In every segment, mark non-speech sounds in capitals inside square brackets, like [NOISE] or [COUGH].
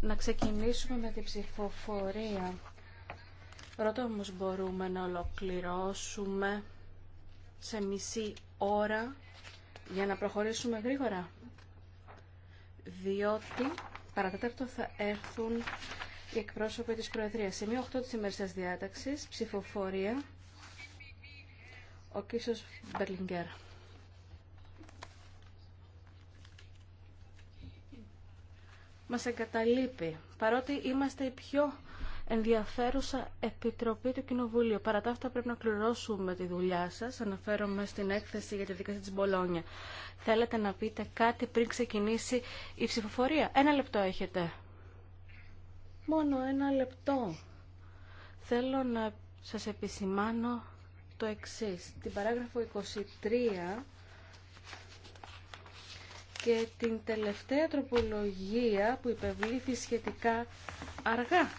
Να ξεκινήσουμε με την ψηφοφορία. Ρωτώ όμω μπορούμε να ολοκληρώσουμε σε μισή ώρα για να προχωρήσουμε γρήγορα. Διότι παρατέταρτο θα έρθουν οι εκπρόσωποι της Προεδρίας. Σημείο 8 της ημερησίας διάταξης, ψηφοφορία, ο Κίσος Μπερλιγκέρ. μας εγκαταλείπει. Παρότι είμαστε η πιο ενδιαφέρουσα επιτροπή του Κοινοβουλίου. Παρά τα αυτά πρέπει να κληρώσουμε τη δουλειά σας. Αναφέρομαι στην έκθεση για τη δικασία της Μπολόνια. Θέλετε να πείτε κάτι πριν ξεκινήσει η ψηφοφορία. Ένα λεπτό έχετε. Μόνο ένα λεπτό. Θέλω να σας επισημάνω το εξής. Την παράγραφο 23 και την τελευταία τροπολογία που υπευλήθη σχετικά αργά.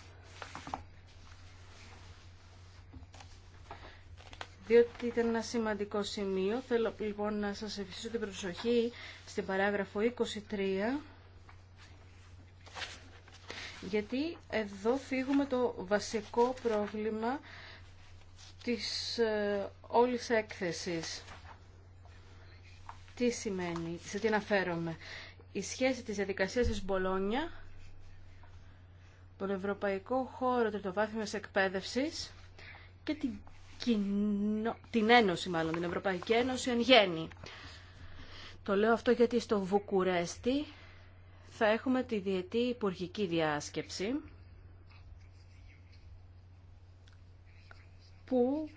διότι ήταν ένα σημαντικό σημείο. Θέλω λοιπόν να σας ευχηθήσω την προσοχή στην παράγραφο 23, γιατί εδώ φύγουμε το βασικό πρόβλημα της ε, όλης έκθεσης τι σημαίνει, σε τι αναφέρομαι. Η σχέση της διαδικασία της Μπολόνια, τον Ευρωπαϊκό Χώρο Τριτοβάθμιας Εκπαίδευσης και την, την Ένωση, μάλλον την Ευρωπαϊκή Ένωση εν γέννη. Το λέω αυτό γιατί στο Βουκουρέστι θα έχουμε τη διετή υπουργική διάσκεψη που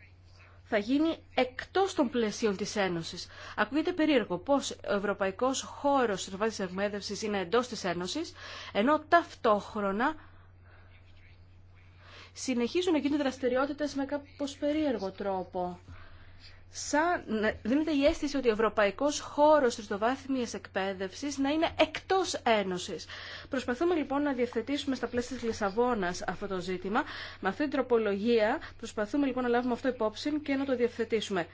θα γίνει εκτός των πλαισίων της Ένωσης. Ακούγεται περίεργο πώς ο ευρωπαϊκός χώρος της βάσης είναι εντός της Ένωσης, ενώ ταυτόχρονα συνεχίζουν να γίνονται δραστηριότητες με κάπως περίεργο τρόπο σαν, να δίνεται η αίσθηση ότι ο ευρωπαϊκός χώρος της δοβάθμιας εκπαίδευσης να είναι εκτός Ένωσης. Προσπαθούμε λοιπόν να διευθετήσουμε στα πλαίσια της Λισαβόνας αυτό το ζήτημα. Με αυτή την τροπολογία προσπαθούμε λοιπόν να λάβουμε αυτό υπόψη και να το διευθετήσουμε.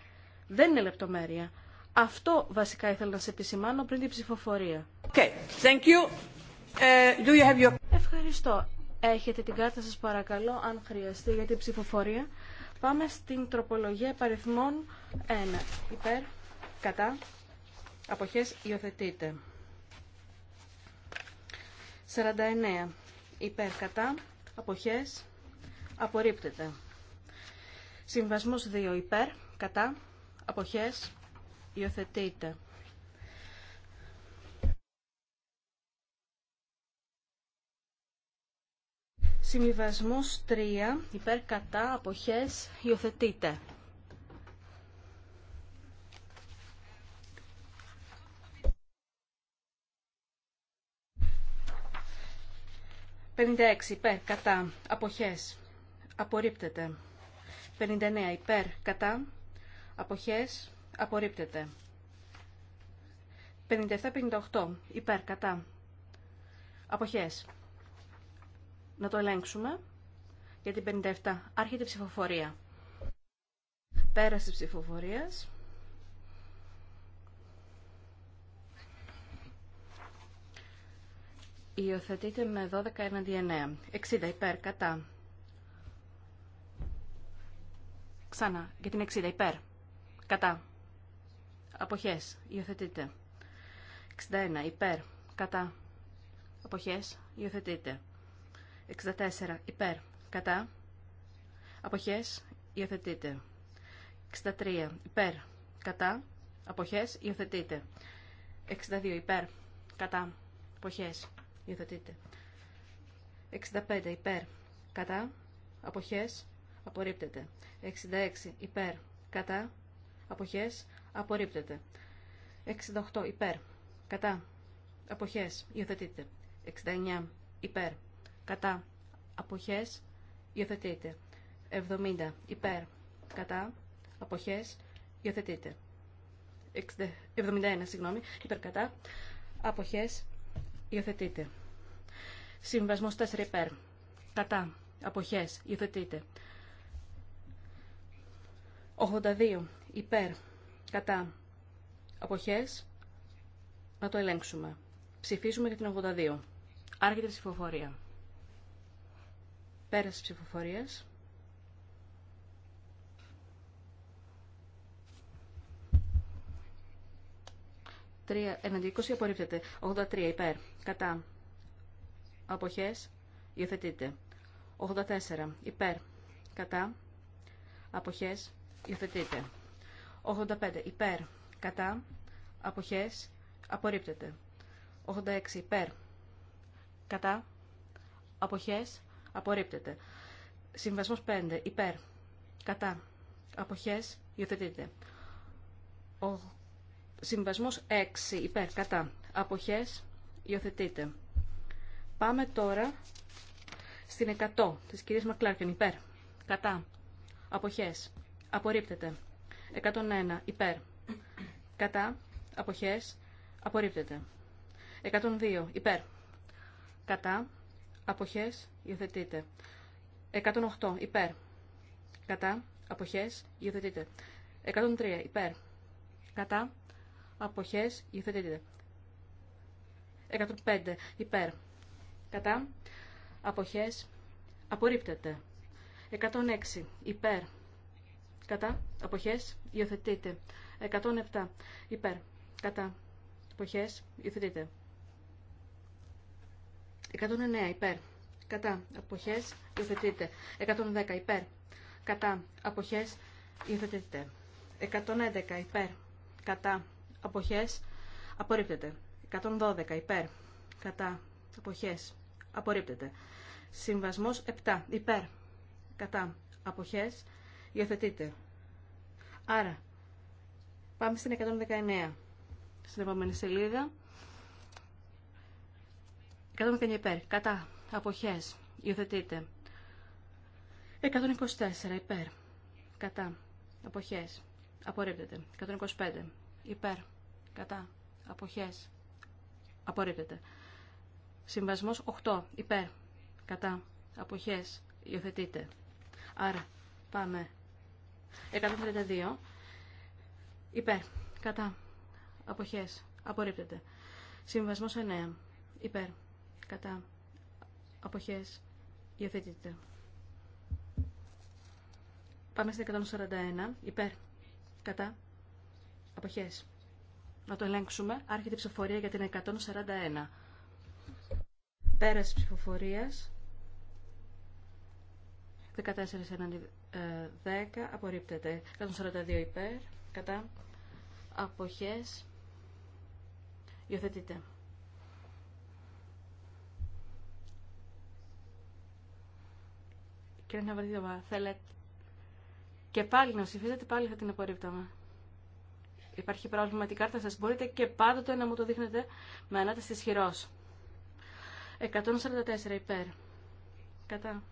Δεν είναι λεπτομέρεια. Αυτό βασικά ήθελα να σε επισημάνω πριν την ψηφοφορία. Okay. Thank you. Ε, do you have your... Ευχαριστώ. Έχετε την κάρτα σας παρακαλώ αν χρειαστεί για την ψηφοφορία. Πάμε στην τροπολογία παριθμών 1. Υπέρ, κατά, αποχές Υιοθετείτε. 49. Υπέρ, κατά, αποχές απορρίπτεται. Συμβασμός 2. Υπέρ, κατά, αποχές Υιοθετείτε. Συμβιβασμός 3, υπέρ κατά αποχές υιοθετείται. «56 υπέρ κατά αποχές απορρίπτεται». «59 υπέρ κατά αποχές απορρίπτεται». «57-58 υπέρ κατά αποχές να το ελέγξουμε για την 57. Άρχεται η ψηφοφορία. Πέραση της ψηφοφορίας. Υιοθετείται με 12 έναντι 9. 60 υπέρ, κατά. Ξανά, για την 60 υπέρ. Κατά. Αποχές. Υιοθετείται. 61 υπέρ. Κατά. Αποχές. Υιοθετείται. 64 υπέρ. Κατά. Αποχές υιοθετείται. 63 υπέρ. Κατά. Αποχές υιοθετείτε. 62 υπέρ. Κατά. Αποχές Υιοθετείτε. 65 υπέρ. Κατά. Αποχές απορρίπτεται. 66 υπέρ. Κατά. Αποχές απορρίπτεται. 68 υπέρ. Κατά. Αποχές Υιοθετείτε. 69 υπέρ κατά αποχές υιοθετείτε. 70 υπέρ κατά αποχές 60, 71 συγγνώμη, υπέρ κατά αποχές υιοθετείτε. Συμβασμός 4 υπέρ κατά αποχές υιοθετείτε. 82 υπέρ κατά αποχές να το ελέγξουμε. Ψηφίσουμε για την 82. Άρχεται η ψηφοφορία. Πέρας ψηφοφορίας. Εναντί 20 απορρίπτεται. 83 υπέρ. Κατά. Αποχές. Υιοθετείται. 84 υπέρ. Κατά. Αποχές. Υιοθετείται. 85 υπέρ. Κατά. Αποχές. Απορρίπτεται. 86 υπέρ. Κατά. Αποχές. Απορρίπτεται. Συμβασμό 5. Υπέρ. Κατά. Αποχέ, Υιοθετείται. Ο συμβασμός 6. Υπέρ. Κατά. Αποχέ, Υιοθετείται. Πάμε τώρα στην 100 της κυρίας Μακλάρκεν. Υπέρ. Κατά. Αποχές. Απορρίπτεται. 101. Υπέρ. Κατά. Αποχές. Απορρίπτεται. 102. Υπέρ. Κατά αποχές υιοθετείτε. 108 υπέρ. Κατά αποχές υιοθετείτε. 103 υπέρ. Κατά αποχές υιοθετείτε 105 υπέρ. Κατά αποχές απορρίπτεται. 106 υπέρ. Κατά αποχές υιοθετείτε. 107 υπέρ. Κατά αποχές υιοθετείτε. 109 υπέρ. Κατά. Αποχές. απόχέ 110 υπέρ. Κατά. Αποχές. υιοθετείται. 111 υπέρ. Κατά. Αποχές. Απορρίπτεται. 112 υπέρ. Κατά. Αποχές. Απορρίπτεται. Συμβασμός 7 υπέρ. Κατά. Αποχές. υιοθετείται. Άρα, πάμε στην 119. Στην επόμενη σελίδα. 115 υπέρ. Κατά. αποχέ, Υιοθετείτε. 124 υπέρ. Κατά. αποχέ. Απορρίπτεται. 125 υπέρ. Κατά. αποχέ. Απορρίπτεται. Συμβασμό 8 υπέρ. Κατά. Αποχέ. Υιοθετείτε. Άρα πάμε. 132 υπέρ. Κατά. Αποχέ, Απορρίπτεται. Συμβασμό 9 υπέρ κατά αποχές υιοθετείται. Πάμε στην 141 υπέρ κατά αποχές. Να το ελέγξουμε. Άρχεται η ψηφοφορία για την 141. Πέραση ψηφοφορίας. 14 10 ε, απορρίπτεται. 142 υπέρ κατά αποχές υιοθετείται. και Κύριε Ναβρίδοβα, θέλετε και πάλι να ψηφίζετε, πάλι θα την απορρίπταμε. Υπάρχει πρόβλημα με την κάρτα σας. Μπορείτε και πάντοτε να μου το δείχνετε με ανάταση χειρός. 144 υπέρ. Κατά.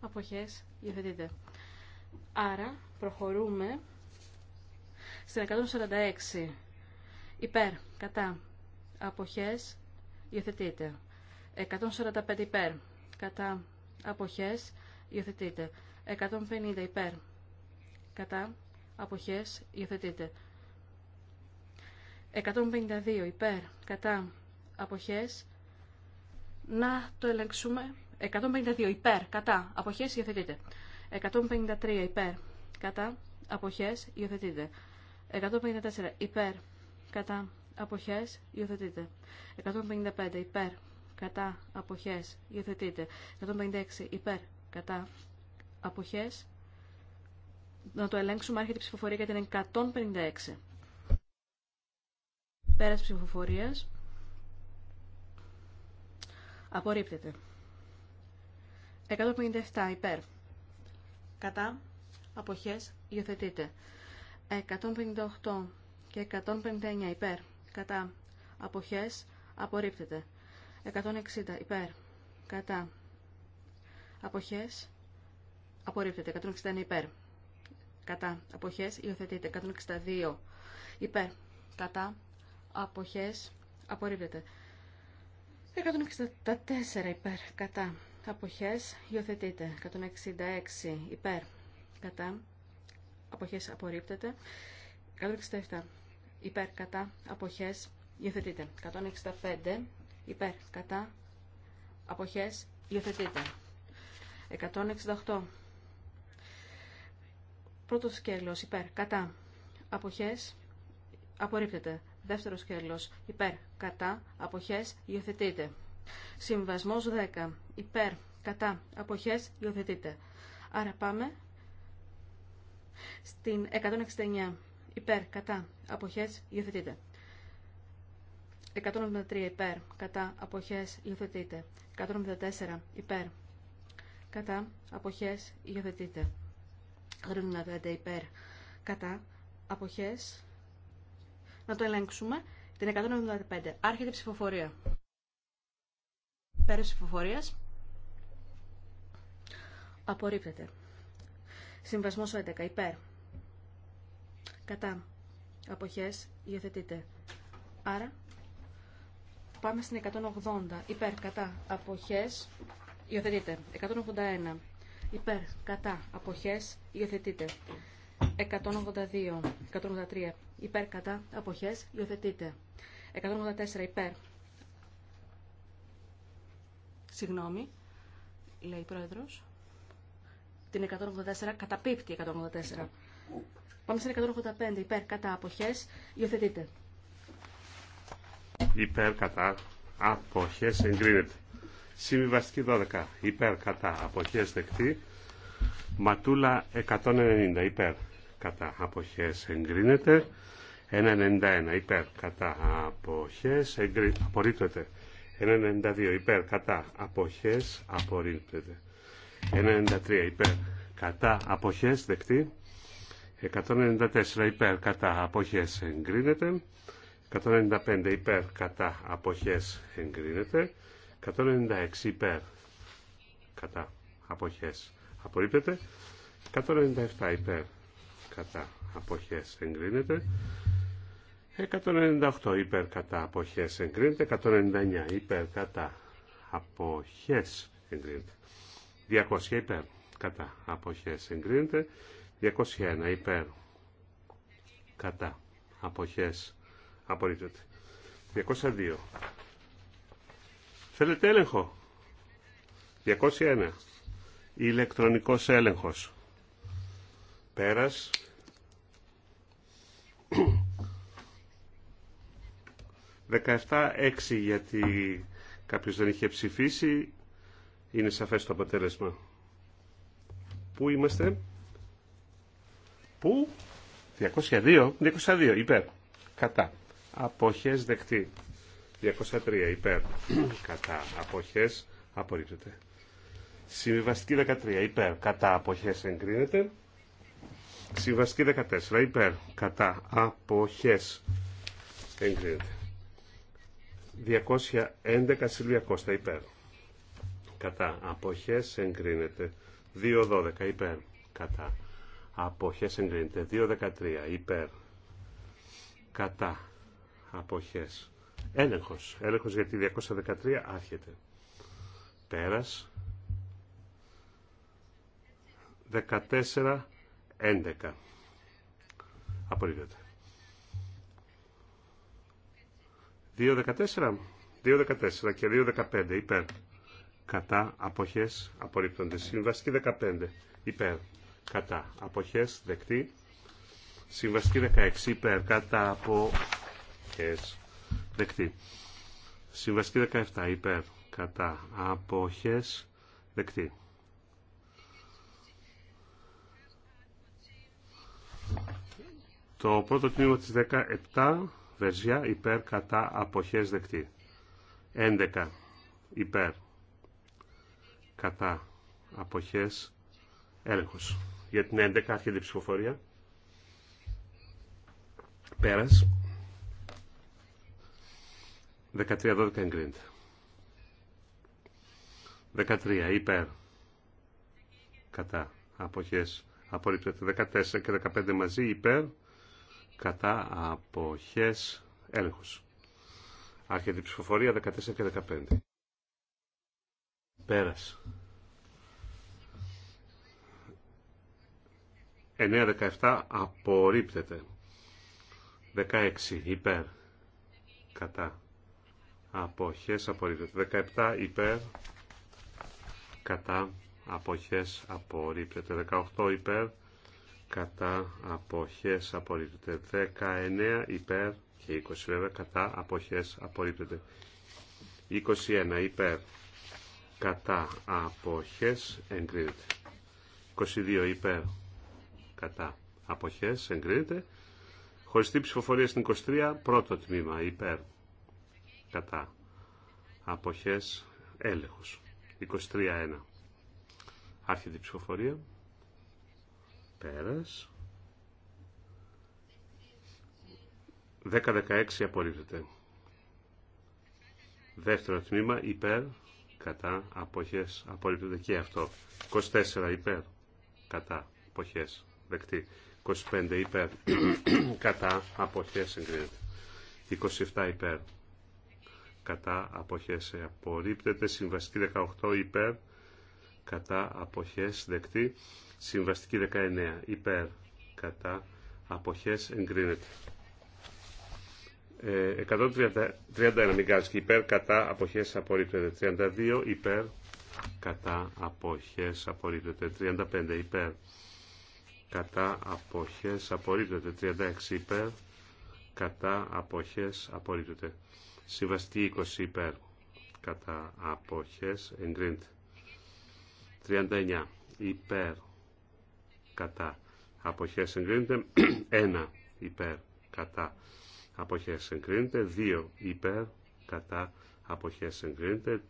Αποχές. Υιοθετείτε. Άρα προχωρούμε στην 146. Υπέρ. Κατά. Αποχές. Υιοθετείτε. 145 υπέρ. Κατά. Αποχές. Υιοθετείται. 150 υπέρ. Κατά. Αποχές. Υιοθετείται. 152 υπέρ. Κατά. Αποχές. Να το ελεγξούμε. 152 υπέρ. Κατά. Αποχές. Υιοθετείται. 153 υπέρ. Κατά. Αποχές. Υιοθετείται. 154 υπέρ. Κατά. Αποχές. Υιοθετείται. 155 υπέρ. Κατά. Αποχές. Υιοθετείται. 156 υπέρ κατά αποχές να το ελέγξουμε άρχεται η ψηφοφορία για την 156 πέρας ψηφοφορίας απορρίπτεται 157 υπέρ κατά αποχές υιοθετείται 158 και 159 υπέρ κατά αποχές απορρίπτεται 160 υπέρ κατά αποχε απορρίπτεται 161 υπέρ κατά Κατά, υιοθετείται 162 υπέρ κατά Αποχέ. απορρίπτεται 164 υπέρ κατά αποχέ, υιοθετείται 166 υπέρ κατά αποχέ απορρίπτεται 167 υπέρ κατά αποχέ, υιοθετείται 165 υπέρ κατά Αποχέ. υιοθετείται 168. Πρώτο σκέλο, υπέρ, κατά, αποχέ απορρίπτεται. Δεύτερο σκέλο, υπέρ, κατά, αποχέ, υιοθετείται. Συμβασμό 10, υπέρ, κατά, αποχέ, υιοθετείται. Άρα πάμε στην 169, υπέρ, κατά, αποχές, υιοθετείται. 173 υπέρ, κατά, αποχές, υιοθετείται. 174 υπέρ, κατά αποχές υιοθετείτε. Γρήγορα υπέρ κατά αποχές. Να το ελέγξουμε. Την 175. Άρχεται η ψηφοφορία. Πέρα ψηφοφορίας. Απορρίπτεται. Συμβασμός 11 υπέρ. Κατά. Αποχές υιοθετείτε. Άρα πάμε στην 180. Υπέρ κατά αποχές Υιοθετείτε. 181. Υπέρ. Κατά. Αποχές. Υιοθετείτε. 182. 183. Υπέρ. Κατά. Αποχές. Υιοθετείτε. 184. Υπέρ. Συγγνώμη. Λέει η Πρόεδρος. Την 184. Καταπίπτει 184. Πάμε στην 185. Υπέρ. Κατά. Αποχές. Υιοθετείτε. Υπέρ. Κατά. Αποχές. Εγκρίνεται. Συμβιβαστική 12 υπέρ κατά αποχές δεκτή. Ματούλα 190 υπέρ κατά απόχέ εγκρίνεται. 191 υπέρ κατά αποχές εγκρι... απορρίπτεται. 192 υπέρ κατά αποχές απορρίπτεται. 193 υπέρ κατά αποχές δεκτή. 194 υπέρ κατά αποχές εγκρίνεται. 195 υπέρ κατά αποχές εγκρίνεται. 196 υπέρ κατά αποχές απορρίπτεται 197 υπέρ κατά αποχές εγκρίνεται 198 υπέρ κατά αποχές εγκρίνεται 199 υπέρ κατά αποχές εγκρίνεται 200 υπέρ κατά αποχές εγκρίνεται 201 υπέρ κατά αποχές απορρίπτεται 202 Θέλετε έλεγχο. 201. Ηλεκτρονικός έλεγχος. Πέρας. πέρας 17-6 γιατί κάποιος δεν είχε ψηφίσει. Είναι σαφές το αποτέλεσμα. Πού είμαστε. Πού. 202. 202 υπέρ. Κατά. Αποχές δεκτή. 203 υπέρ κατά αποχές απορρίπτεται. Συμβιβαστική 13 υπέρ κατά αποχές εγκρίνεται. Συμβιβαστική 14 υπέρ κατά αποχές εγκρίνεται. 211 Σιλβία υπέρ κατά αποχές εγκρίνεται. 212 υπέρ κατά αποχές εγκρίνεται. 213 υπέρ κατά αποχές Έλεγχος. Έλεγχος για 213 άρχεται. Πέρας. 14-11. 2.14. 2.14 και 2-15 υπέρ. Κατά αποχές απορρίπτονται. Συμβαστική 15 υπέρ. Κατά αποχές δεκτή. Συμβαστική 16 υπέρ. Κατά αποχές δεκτή. Συμβαστική 17 υπέρ κατά αποχές δεκτή. Το πρώτο τμήμα της 17 Βερζιά, υπέρ κατά αποχές δεκτή. 11 υπέρ κατά αποχές έλεγχος. Για την 11 άρχεται την ψηφοφορία. Πέρας. 13-12 εγκρίνεται. 13 υπέρ κατά αποχές απορρίπτεται. 14 και 15 μαζί υπέρ κατά αποχές έλεγχος. Άρχεται η ψηφοφορία 14 και 15. Πέρας. 9-17 απορρίπτεται. 16 υπέρ κατά αποχές απορρίπτεται 17 υπέρ κατά αποχές απορρίπτεται 18 υπέρ κατά αποχές απορρίπτεται 19 υπέρ και 20 βέβαια κατά αποχές απορρίπτεται 21 υπέρ κατά αποχές εγκρίνεται 22 υπέρ κατά αποχές εγκρίνεται χωριστή ψηφοφορία στην 23 πρώτο τμήμα υπέρ κατά αποχές έλεγχος. 23-1. Άρχεται η ψηφοφορία. Πέρας. 10-16 απορρίπτεται. Δεύτερο τμήμα υπέρ κατά αποχές απορρίπτεται και αυτό. 24 υπέρ κατά αποχές δεκτή. 25 υπέρ [CLEARS THROAT] κατά αποχές εγκρίνεται. 27 υπέρ κατά αποχές απορρίπτεται, συμβαστική 18 υπέρ, κατά αποχές δεκτή, συμβαστική 19 υπέρ, κατά αποχές εγκρίνεται. 131 ε, Μιγκάλσκι υπέρ, κατά αποχές απορρίπτεται, 32 υπέρ, κατά αποχές απορρίπτεται, 35 υπέρ, κατά αποχές απορρίπτεται, 36 υπέρ, κατά αποχές απορρίπτεται. Συμβαστή 20 υπέρ κατά αποχές εγκρίνεται. 39 υπέρ κατά αποχές εγκρίνεται. 1 [CLEARS THROAT] υπέρ κατά αποχές εγκρίνεται. 2 υπέρ κατά αποχές εγκρίνεται.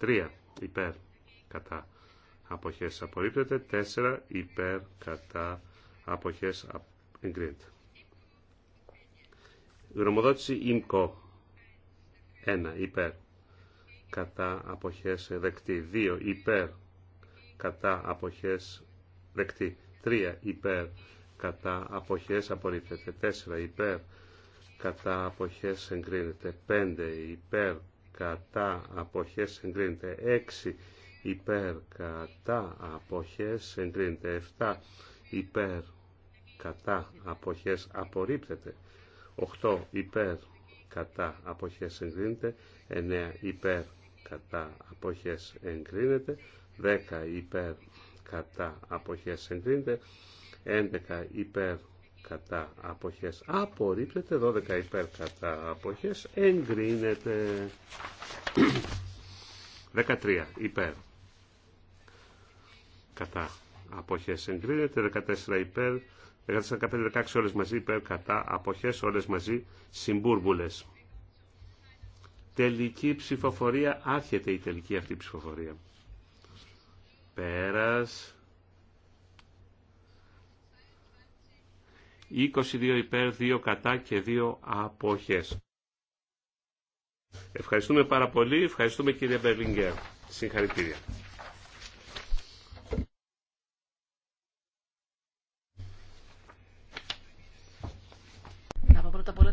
3 υπέρ κατά αποχές απορρίπτεται. 4 υπέρ κατά αποχές εγκρίνεται. Γνωμοδότηση ΙΜΚΟ. 1. Υπέρ. Κατά αποχές δεκτή. 2. Υπέρ. Κατά αποχές δεκτή. 3. Υπέρ. Κατά αποχές απορρίπτεται. 4. Υπέρ. Κατά αποχές εγκρίνεται. 5. Υπέρ. Κατά αποχές εγκρίνεται. 6. Υπέρ. Κατά αποχές εγκρίνεται. 7. Υπέρ. Κατά αποχές απορρίπτεται. 8 υπέρ κατά αποχές εγκρίνεται, 9 υπέρ κατά αποχές εγκρίνεται, 10 υπέρ κατά αποχές εγκρίνεται, 11 υπέρ κατά αποχές απορρίπτεται, 12 υπέρ κατά αποχές εγκρίνεται, 13 [CLEARS THROAT] υπέρ κατά αποχές εγκρίνεται, 14 υπέρ 15, 16 όλες μαζί υπέρ κατά αποχές όλες μαζί συμπούρβουλες. Τελική ψηφοφορία. Άρχεται η τελική αυτή ψηφοφορία. Πέρας. 22 υπέρ, 2 κατά και 2 αποχές. Ευχαριστούμε πάρα πολύ. Ευχαριστούμε κύριε Μπερλίνγκερ. Συγχαρητήρια.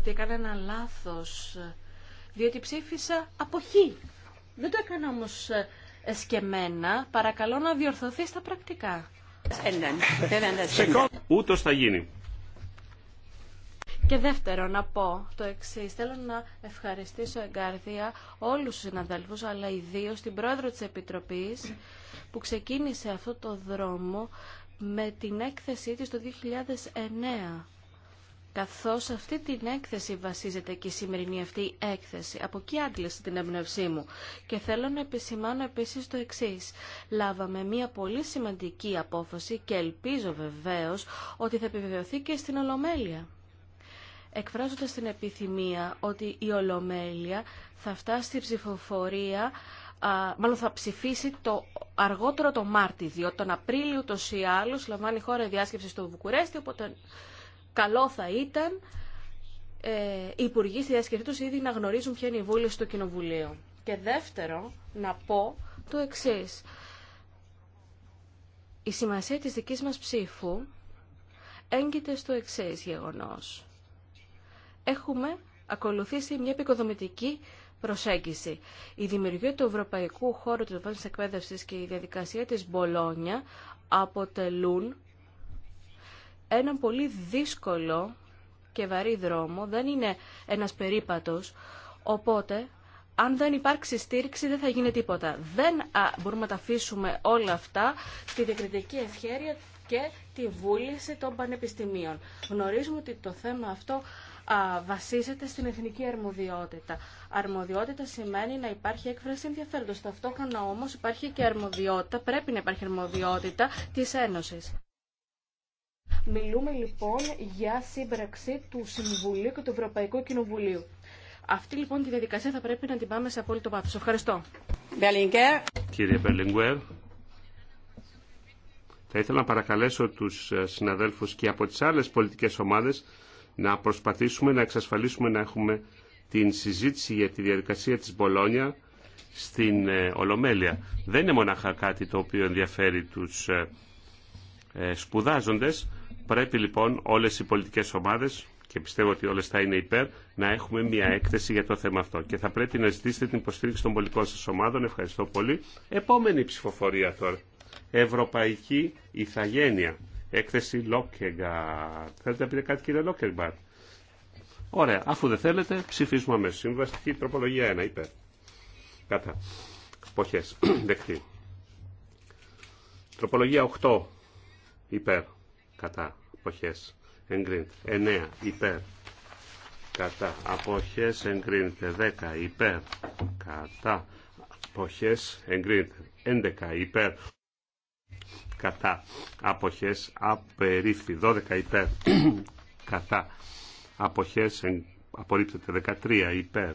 ότι έκανα ένα λάθος, διότι ψήφισα αποχή. Δεν το έκανα όμως ε, εσκεμένα. Παρακαλώ να διορθωθεί στα πρακτικά. Ούτως θα γίνει. Και δεύτερο, να πω το εξή. Θέλω να ευχαριστήσω εγκάρδια όλους τους συναδέλφους, αλλά ιδίως την πρόεδρο της Επιτροπής, που ξεκίνησε αυτό το δρόμο με την έκθεσή της το 2009 καθώς αυτή την έκθεση βασίζεται και η σημερινή αυτή έκθεση. Από εκεί άντλησε την εμπνευσή μου. Και θέλω να επισημάνω επίσης το εξής. Λάβαμε μια πολύ σημαντική απόφαση και ελπίζω βεβαίως ότι θα επιβεβαιωθεί και στην Ολομέλεια. Εκφράζοντας την επιθυμία ότι η Ολομέλεια θα φτάσει στη ψηφοφορία μάλλον θα ψηφίσει το αργότερο το Μάρτιο, διότι τον Απρίλιο το ή άλλως λαμβάνει η χώρα διάσκεψη στο Βουκουρέστι, καλό θα ήταν ε, οι υπουργοί στη διασκευή του ήδη να γνωρίζουν ποια είναι η βούληση του Κοινοβουλίου. Και δεύτερο, να πω το εξή. Η σημασία της δικής μας ψήφου έγκυται στο εξή γεγονός. Έχουμε ακολουθήσει μια επικοδομητική προσέγγιση. Η δημιουργία του Ευρωπαϊκού Χώρου της Εκπαίδευσης και η διαδικασία της Μπολόνια αποτελούν ένα πολύ δύσκολο και βαρύ δρόμο, δεν είναι ένας περίπατος, οπότε αν δεν υπάρξει στήριξη δεν θα γίνει τίποτα. Δεν α, μπορούμε να τα αφήσουμε όλα αυτά στη διακριτική ευχέρεια και τη βούληση των πανεπιστημίων. Γνωρίζουμε ότι το θέμα αυτό βασίζεται στην εθνική αρμοδιότητα. Αρμοδιότητα σημαίνει να υπάρχει έκφραση ενδιαφέροντος. Ταυτόχρονα όμως υπάρχει και αρμοδιότητα, πρέπει να υπάρχει αρμοδιότητα της Ένωσης. Μιλούμε λοιπόν για σύμπραξη του Συμβουλίου και του Ευρωπαϊκού Κοινοβουλίου. Αυτή λοιπόν τη διαδικασία θα πρέπει να την πάμε σε απόλυτο πάθος. Ευχαριστώ. Κύριε Μπερλιγκουέρ, θα ήθελα να παρακαλέσω τους ε, συναδέλφους και από τις άλλες πολιτικές ομάδες να προσπαθήσουμε να εξασφαλίσουμε να έχουμε την συζήτηση για τη διαδικασία της Μπολόνια στην ε, Ολομέλεια. Δεν είναι μονάχα κάτι το οποίο ενδιαφέρει τους ε, σπουδάζοντες, Πρέπει λοιπόν όλες οι πολιτικές ομάδες και πιστεύω ότι όλες θα είναι υπέρ, να έχουμε μια έκθεση για το θέμα αυτό. Και θα πρέπει να ζητήσετε την υποστήριξη των πολιτικών σας ομάδων. Ευχαριστώ πολύ. Επόμενη ψηφοφορία τώρα. Ευρωπαϊκή Ιθαγένεια. Έκθεση Λόκεγκαρτ. Θέλετε να πείτε κάτι κύριε Λόκεγκαρτ. Ωραία. Αφού δεν θέλετε, ψηφίσουμε αμέσως. Συμβαστική τροπολογία 1. Υπέρ. Κατά. Ποχές. [CLEARS THROAT] Δεκτή. Τροπολογία 8. Υπέρ κατά αποχές εγκρίνεται 9 υπέρ κατά αποχές εγκρίνεται 10 υπέρ κατά αποχές εγκρίνεται 11 υπέρ κατά αποχές απερίφθη 12 υπέρ κατά αποχές απορρίπτεται 13 υπέρ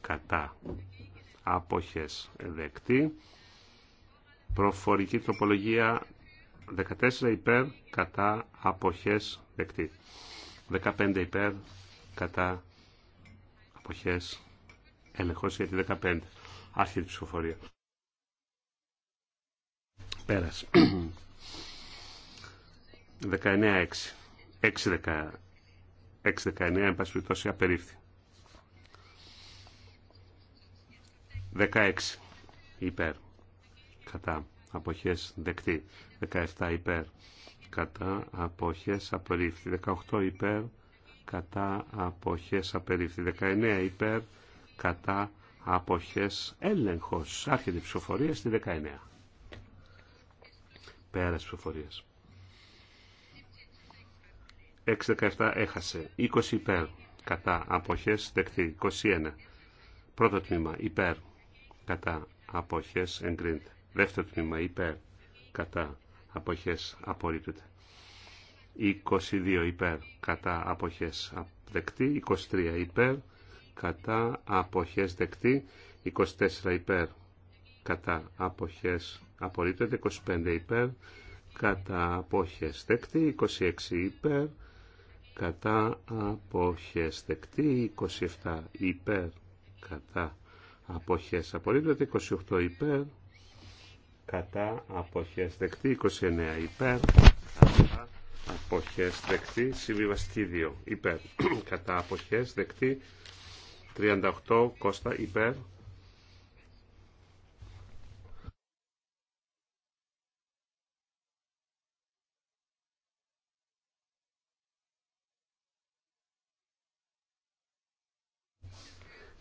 κατά αποχές δεκτή προφορική τροπολογία 14 υπέρ κατά αποχές δεκτή. 15 υπέρ κατά αποχές έλεγχος για 15. Άρχιε η ψηφοφορια περασε Πέρας. 19-6. 6-19 εν πάση απερίφθη. 16 υπέρ κατά αποχές δεκτή. 17 υπέρ κατά αποχές απερίφθη. 18 υπέρ κατά αποχές απερίφθη. 19 υπέρ κατά αποχές έλεγχος. Άρχεται η ψηφοφορία στη 19. Πέρας ψηφοφορίας. 6-17 έχασε. 20 υπέρ κατά αποχές δεκτή. 21. Πρώτο τμήμα υπέρ κατά αποχές εγκρίνεται. Δεύτερο τμήμα υπέρ κατά αποχές απορρίπτεται. 22 υπέρ κατά αποχές δεκτή. 23 υπέρ κατά αποχές δεκτή. 24 υπέρ κατά αποχές απορρίπτεται. 25 υπέρ κατά αποχές δεκτή. 26 υπέρ κατά αποχές δεκτή. 27 υπέρ κατά αποχές απορρίπτεται. 28 υπέρ κατά αποχές δεκτή 29 υπέρ κατά αποχές δεκτή συμβιβαστική 2 υπέρ [CLEARS THROAT] κατά αποχές δεκτή 38 κόστα υπέρ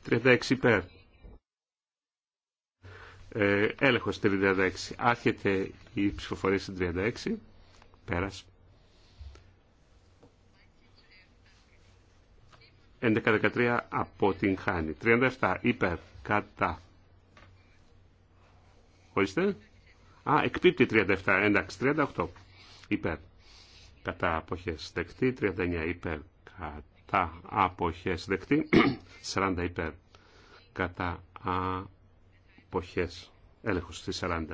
36 υπέρ ε, έλεγχος 36. Άρχεται η ψηφοφορία στην 36. περασε 11 11-13 από την χάνη. 37 υπέρ κατά. Ορίστε. Α, εκπίπτει 37. Εντάξει, 38 υπέρ κατά αποχές δεκτή. 39 υπέρ κατά αποχές δεκτή. 40 [CLEARS THROAT] υπέρ κατά α αποχές έλεγχος 40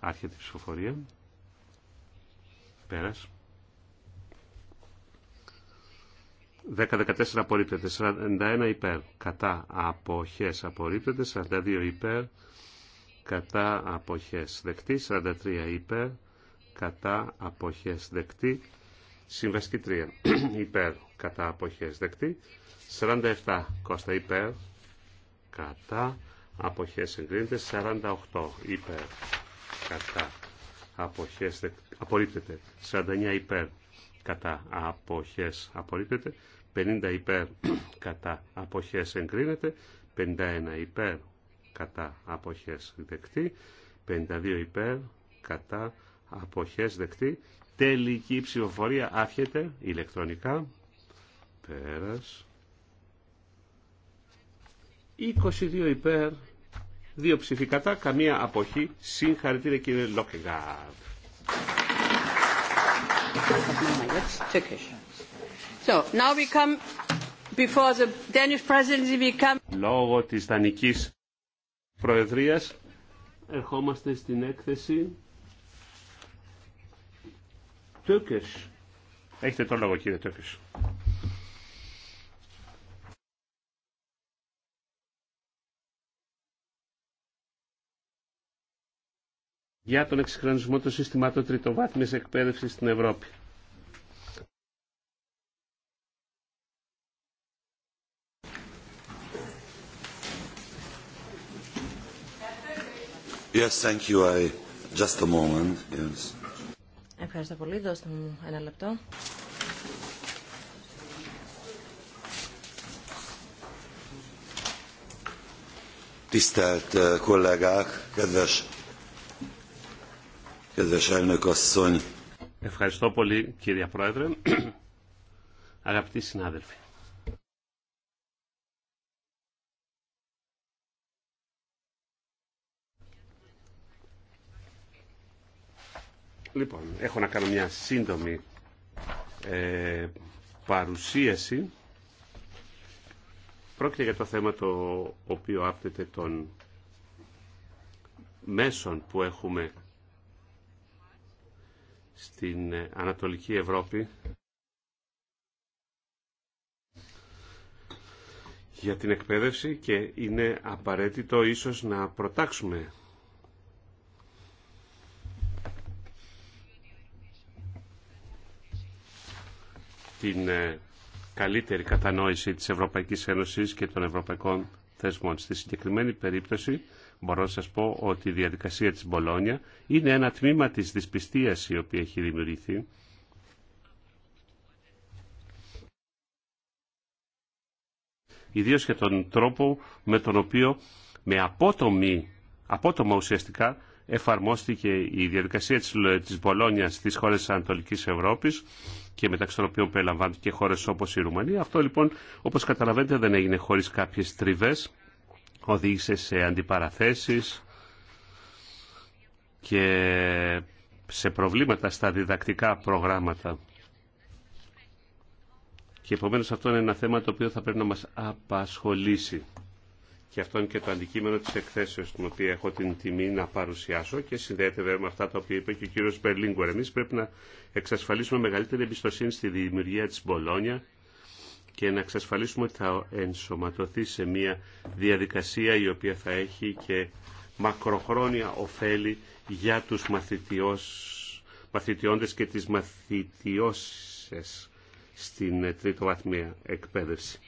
άρχεται η ψηφοφορία πέρας 10-14 απορρίπτεται 41 υπέρ κατά αποχές απορρίπτεται 42 υπέρ κατά αποχές δεκτή 43 υπέρ κατά αποχές δεκτή Συμβαστική 3 [CLEARS THROAT] υπέρ κατά αποχές δεκτή 47 κοστα υπέρ κατά αποχές εγκρίνεται 48 υπέρ κατά αποχές απορρίπτεται 49 υπέρ κατά αποχές απορρίπτεται 50 υπέρ κατά αποχές εγκρίνεται 51 υπέρ κατά αποχές δεκτή 52 υπέρ κατά αποχές δεκτή τελική ψηφοφορία άρχεται ηλεκτρονικά πέρας 22 υπέρ, δύο ψηφίκατα. καμία αποχή. Συγχαρητήρια κύριε Λόκεγκαρντ. Λόγω της Δανικής Προεδρίας ερχόμαστε στην έκθεση Τούκε. Έχετε το λόγο κύριε Τούκε. για τον εξυγχρονισμό του συστημάτων τριτοβάθμιας εκπαίδευσης στην Ευρώπη. Yes, thank you. I... Just a moment. Yes. Ευχαριστώ πολύ. Δώστε μου ένα λεπτό. Tisztelt uh, kollégák, kedves Ευχαριστώ πολύ κύριε Πρόεδρε. [CLEARS THROAT] Αγαπητοί συνάδελφοι. Λοιπόν, έχω να κάνω μια σύντομη ε, παρουσίαση. Πρόκειται για το θέμα το οποίο άπτεται των μέσων που έχουμε στην ε, Ανατολική Ευρώπη για την εκπαίδευση και είναι απαραίτητο ίσως να προτάξουμε την ε, καλύτερη κατανόηση της Ευρωπαϊκής Ένωσης και των ευρωπαϊκών θεσμών. Στη συγκεκριμένη περίπτωση Μπορώ να σας πω ότι η διαδικασία της Μπολόνια είναι ένα τμήμα της δυσπιστίας η οποία έχει δημιουργηθεί. Ιδίως για τον τρόπο με τον οποίο με απότομη, απότομα ουσιαστικά εφαρμόστηκε η διαδικασία της, της Μπολόνιας στις χώρες της Ανατολικής Ευρώπης και μεταξύ των οποίων περιλαμβάνονται και χώρες όπως η Ρουμανία. Αυτό λοιπόν όπως καταλαβαίνετε δεν έγινε χωρίς κάποιες τριβές οδήγησε σε αντιπαραθέσεις και σε προβλήματα στα διδακτικά προγράμματα. Και επομένως αυτό είναι ένα θέμα το οποίο θα πρέπει να μας απασχολήσει. Και αυτό είναι και το αντικείμενο της εκθέσεως την οποία έχω την τιμή να παρουσιάσω και συνδέεται βέβαια με αυτά τα οποία είπε και ο κύριος Μπερλίνγκορ. Εμείς πρέπει να εξασφαλίσουμε μεγαλύτερη εμπιστοσύνη στη δημιουργία της Μπολόνια και να εξασφαλίσουμε ότι θα ενσωματωθεί σε μια διαδικασία η οποία θα έχει και μακροχρόνια ωφέλη για τους μαθητιώντες και τις μαθητιώσεις στην τρίτο βαθμία εκπαίδευση.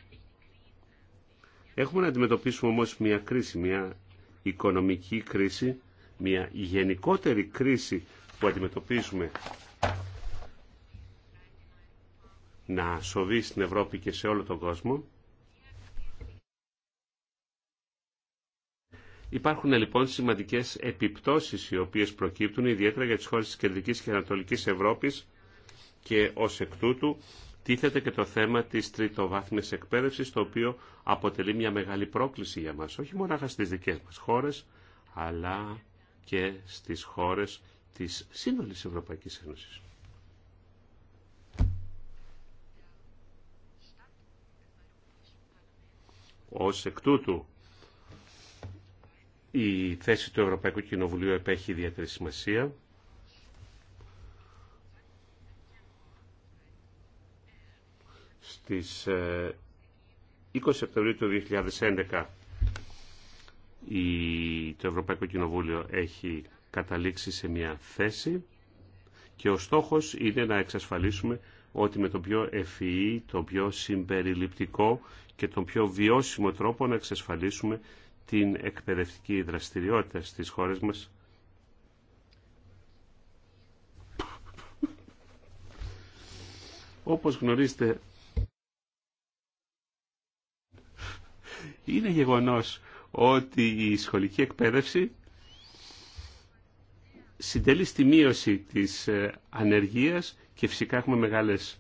Έχουμε να αντιμετωπίσουμε όμως μια κρίση, μια οικονομική κρίση, μια γενικότερη κρίση που αντιμετωπίζουμε να σοβεί στην Ευρώπη και σε όλο τον κόσμο. Υπάρχουν λοιπόν σημαντικές επιπτώσεις οι οποίες προκύπτουν ιδιαίτερα για τις χώρες της Κεντρικής και Ανατολικής Ευρώπης και ως εκ τούτου τίθεται και το θέμα της τριτοβάθμιας εκπαίδευσης το οποίο αποτελεί μια μεγάλη πρόκληση για μας όχι μόνο στις δικές μας χώρες αλλά και στις χώρες της σύνολης Ευρωπαϊκής Ένωσης. Ως εκ τούτου, η θέση του Ευρωπαϊκού Κοινοβουλίου επέχει ιδιαίτερη σημασία. Στις 20 ε, Σεπτεμβρίου του 2011 το Ευρωπαϊκό Κοινοβούλιο έχει καταλήξει σε μια θέση και ο στόχος είναι να εξασφαλίσουμε ότι με τον πιο ευφυή, τον πιο συμπεριληπτικό και τον πιο βιώσιμο τρόπο να εξασφαλίσουμε την εκπαιδευτική δραστηριότητα στις χώρες μας. Όπως γνωρίζετε, είναι γεγονός ότι η σχολική εκπαίδευση συντελεί στη μείωση της ε, ανεργίας και φυσικά έχουμε μεγάλες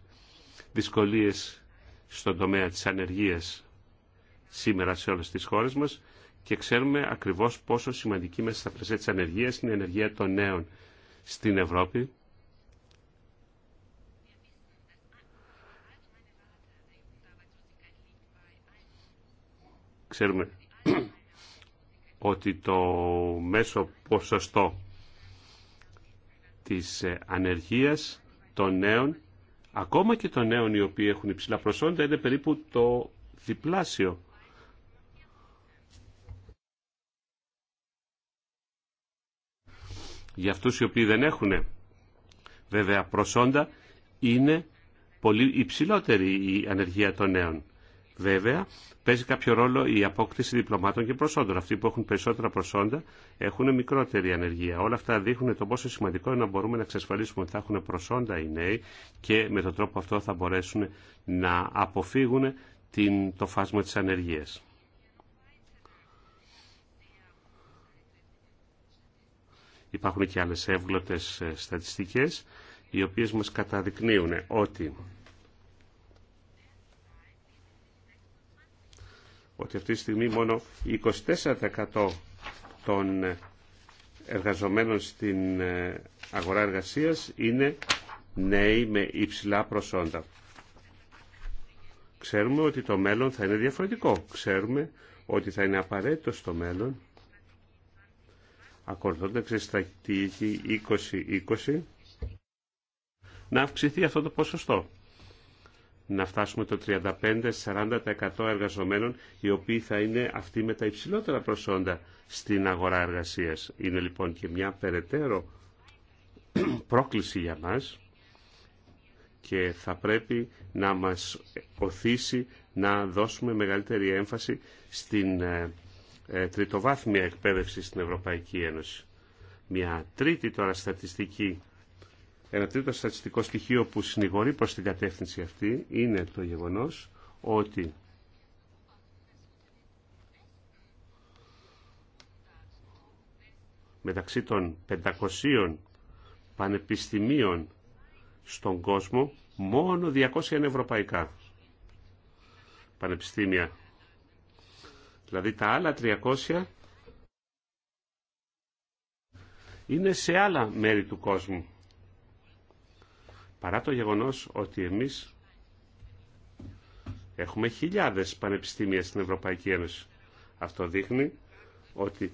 δυσκολίες στον τομέα της ανεργίας σήμερα σε όλες τις χώρες μας και ξέρουμε ακριβώς πόσο σημαντική μέσα στα πλαίσια της ανεργίας είναι η ενεργεία των νέων στην Ευρώπη. Ξέρουμε [CLEARS THROAT] ότι το μέσο ποσοστό της ε, ανεργίας των νέων, ακόμα και των νέων οι οποίοι έχουν υψηλά προσόντα, είναι περίπου το διπλάσιο. Για αυτούς οι οποίοι δεν έχουν βέβαια προσόντα, είναι πολύ υψηλότερη η ανεργία των νέων. Βέβαια, παίζει κάποιο ρόλο η απόκτηση διπλωμάτων και προσόντων. Αυτοί που έχουν περισσότερα προσόντα έχουν μικρότερη ανεργία. Όλα αυτά δείχνουν το πόσο σημαντικό είναι να μπορούμε να εξασφαλίσουμε ότι θα έχουν προσόντα οι νέοι και με τον τρόπο αυτό θα μπορέσουν να αποφύγουν την, το φάσμα της ανεργίας. Υπάρχουν και άλλες εύγλωτες ε, στατιστικές οι οποίες μας καταδεικνύουν ότι ότι αυτή τη στιγμή μόνο 24% των εργαζομένων στην ε, αγορά εργασίας είναι νέοι με υψηλά προσόντα. Ξέρουμε ότι το μέλλον θα είναι διαφορετικό. Ξέρουμε ότι θα είναι απαραίτητο στο μέλλον, ακολουθώντας τη στρατηγική 2020, να αυξηθεί αυτό το ποσοστό να φτάσουμε το 35-40% εργαζομένων οι οποίοι θα είναι αυτοί με τα υψηλότερα προσόντα στην αγορά εργασίας. Είναι λοιπόν και μια περαιτέρω πρόκληση για μας και θα πρέπει να μας οθήσει να δώσουμε μεγαλύτερη έμφαση στην ε, ε, τριτοβάθμια εκπαίδευση στην Ευρωπαϊκή Ένωση. Μια τρίτη τώρα στατιστική ένα τρίτο στατιστικό στοιχείο που συνηγορεί προς την κατεύθυνση αυτή είναι το γεγονός ότι μεταξύ των 500 πανεπιστημίων στον κόσμο μόνο 200 είναι ευρωπαϊκά πανεπιστήμια. Δηλαδή τα άλλα 300 είναι σε άλλα μέρη του κόσμου. Παρά το γεγονός ότι εμείς έχουμε χιλιάδες πανεπιστήμια στην Ευρωπαϊκή Ένωση. Αυτό δείχνει ότι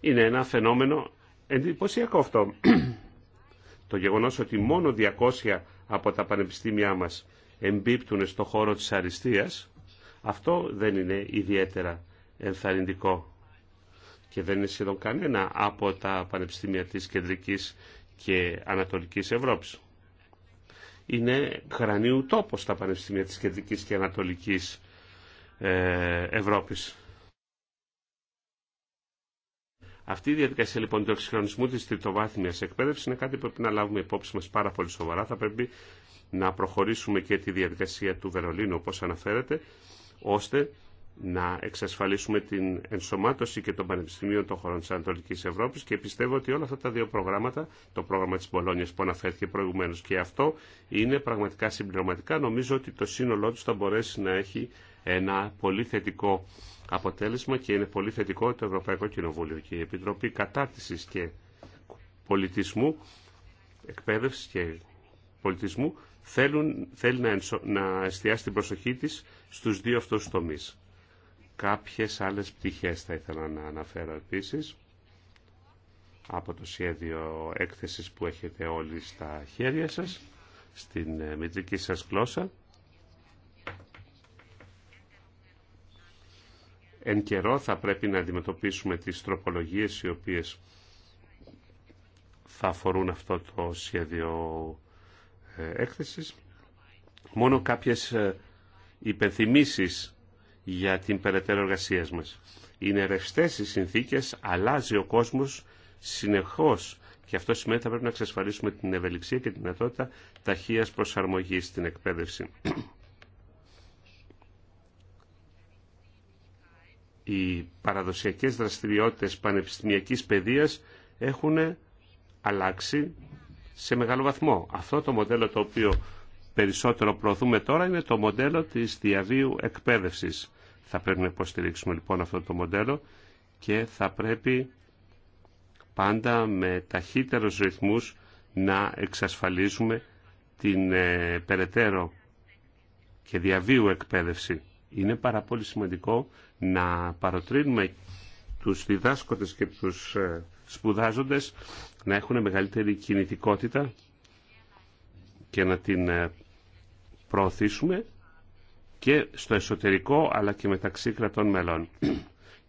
είναι ένα φαινόμενο εντυπωσιακό αυτό. το γεγονός ότι μόνο 200 από τα πανεπιστήμια μας εμπίπτουν στο χώρο της αριστείας, αυτό δεν είναι ιδιαίτερα ενθαρρυντικό και δεν είναι σχεδόν κανένα από τα πανεπιστήμια της Κεντρικής και Ανατολικής Ευρώπης. Είναι κρανίου τόπος τα πανεπιστήμια της Κεντρικής και Ανατολικής ε, Ευρώπης. Αυτή η διαδικασία λοιπόν του εξυγχρονισμού της τριτοβάθμιας εκπαίδευσης είναι κάτι που πρέπει να λάβουμε υπόψη μα πάρα πολύ σοβαρά. Θα πρέπει να προχωρήσουμε και τη διαδικασία του Βερολίνου όπως αναφέρεται, ώστε να εξασφαλίσουμε την ενσωμάτωση και των πανεπιστημίων των χωρών της Ανατολικής Ευρώπης και πιστεύω ότι όλα αυτά τα δύο προγράμματα, το πρόγραμμα της Μπολόνια που αναφέρθηκε προηγουμένως και αυτό είναι πραγματικά συμπληρωματικά. Νομίζω ότι το σύνολό τους θα μπορέσει να έχει ένα πολύ θετικό αποτέλεσμα και είναι πολύ θετικό το Ευρωπαϊκό Κοινοβούλιο και η Επιτροπή Κατάρτισης και Πολιτισμού, Εκπαίδευσης και Πολιτισμού θέλουν, θέλει να, να εστιάσει την προσοχή της στους δύο αυτούς τομείς. Κάποιες άλλες πτυχές θα ήθελα να αναφέρω επίσης από το σχέδιο έκθεσης που έχετε όλοι στα χέρια σας, στην ε, μητρική σας γλώσσα. Εν καιρό θα πρέπει να αντιμετωπίσουμε τις τροπολογίες οι οποίες θα αφορούν αυτό το σχέδιο ε, έκθεσης. Μόνο κάποιες ε, υπενθυμίσεις για την περαιτέρω εργασία μα. Είναι ρευστέ οι συνθήκε αλλάζει ο κόσμο συνεχώ. και αυτό σημαίνει ότι θα πρέπει να εξασφαλίσουμε την ευελιξία και τη δυνατότητα ταχεία προσαρμογή στην εκπαίδευση. Οι παραδοσιακές δραστηριότητες πανεπιστημιακής παιδείας έχουν αλλάξει σε μεγάλο βαθμό. Αυτό το μοντέλο το οποίο περισσότερο προωθούμε τώρα είναι το μοντέλο της διαβίου εκπαίδευσης. Θα πρέπει να υποστηρίξουμε λοιπόν αυτό το μοντέλο και θα πρέπει πάντα με ταχύτερους ρυθμούς να εξασφαλίσουμε την ε, περαιτέρω και διαβίου εκπαίδευση. Είναι πάρα πολύ σημαντικό να παροτρύνουμε τους διδάσκοντες και τους ε, σπουδάζοντες να έχουν μεγαλύτερη κινητικότητα και να την ε, προωθήσουμε και στο εσωτερικό αλλά και μεταξύ κρατών μελών. [CLEARS THROAT]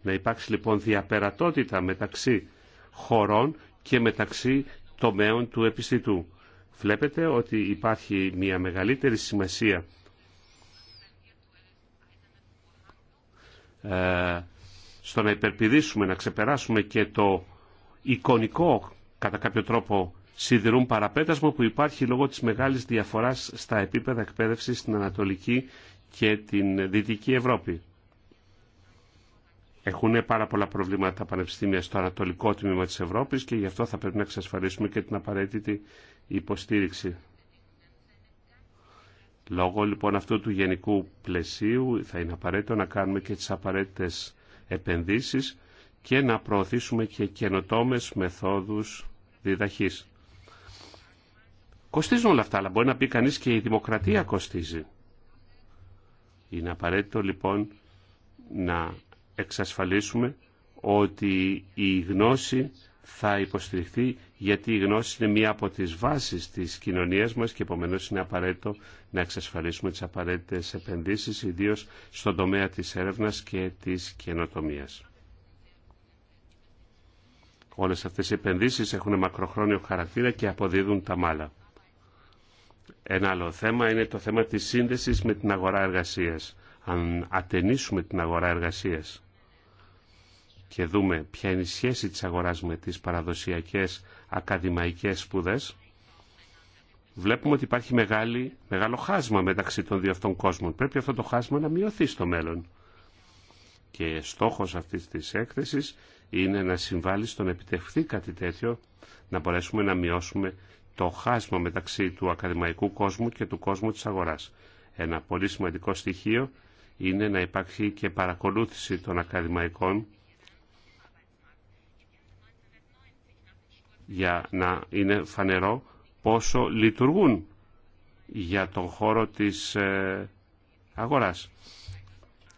Να υπάρξει λοιπόν διαπερατότητα μεταξύ χωρών και μεταξύ τομέων του επιστητού. Βλέπετε ότι υπάρχει μια μεγαλύτερη σημασία ε, στο να υπερπηδήσουμε, να ξεπεράσουμε και το εικονικό κατά κάποιο τρόπο σιδηρούν παραπέτασμα που υπάρχει λόγω της μεγάλης διαφοράς στα επίπεδα εκπαίδευσης στην Ανατολική και την Δυτική Ευρώπη. Έχουν πάρα πολλά προβλήματα τα πανεπιστήμια στο ανατολικό τμήμα της Ευρώπης και γι' αυτό θα πρέπει να εξασφαλίσουμε και την απαραίτητη υποστήριξη. Λόγω λοιπόν αυτού του γενικού πλαισίου θα είναι απαραίτητο να κάνουμε και τις απαραίτητες επενδύσεις και να προωθήσουμε και καινοτόμες μεθόδους διδαχής. Κοστίζουν όλα αυτά, αλλά μπορεί να πει κανείς και η δημοκρατία κοστίζει. Είναι απαραίτητο λοιπόν να εξασφαλίσουμε ότι η γνώση θα υποστηριχθεί γιατί η γνώση είναι μία από τις βάσεις της κοινωνίας μας και επομένως είναι απαραίτητο να εξασφαλίσουμε τις απαραίτητες επενδύσεις ιδίως στον τομέα της έρευνας και της καινοτομίας. Όλες αυτές οι επενδύσεις έχουν μακροχρόνιο χαρακτήρα και αποδίδουν τα μάλα. Ένα άλλο θέμα είναι το θέμα της σύνδεσης με την αγορά εργασίας. Αν ατενίσουμε την αγορά εργασίας και δούμε ποια είναι η σχέση της αγοράς με τις παραδοσιακές ακαδημαϊκές σπουδές, βλέπουμε ότι υπάρχει μεγάλο χάσμα μεταξύ των δύο αυτών κόσμων. Πρέπει αυτό το χάσμα να μειωθεί στο μέλλον. Και στόχος αυτής της έκθεσης είναι να συμβάλλει στο να επιτευχθεί κάτι τέτοιο, να μπορέσουμε να μειώσουμε το χάσμα μεταξύ του ακαδημαϊκού κόσμου και του κόσμου της αγοράς. Ένα πολύ σημαντικό στοιχείο είναι να υπάρχει και παρακολούθηση των ακαδημαϊκών για να είναι φανερό πόσο λειτουργούν για τον χώρο της ε, αγοράς.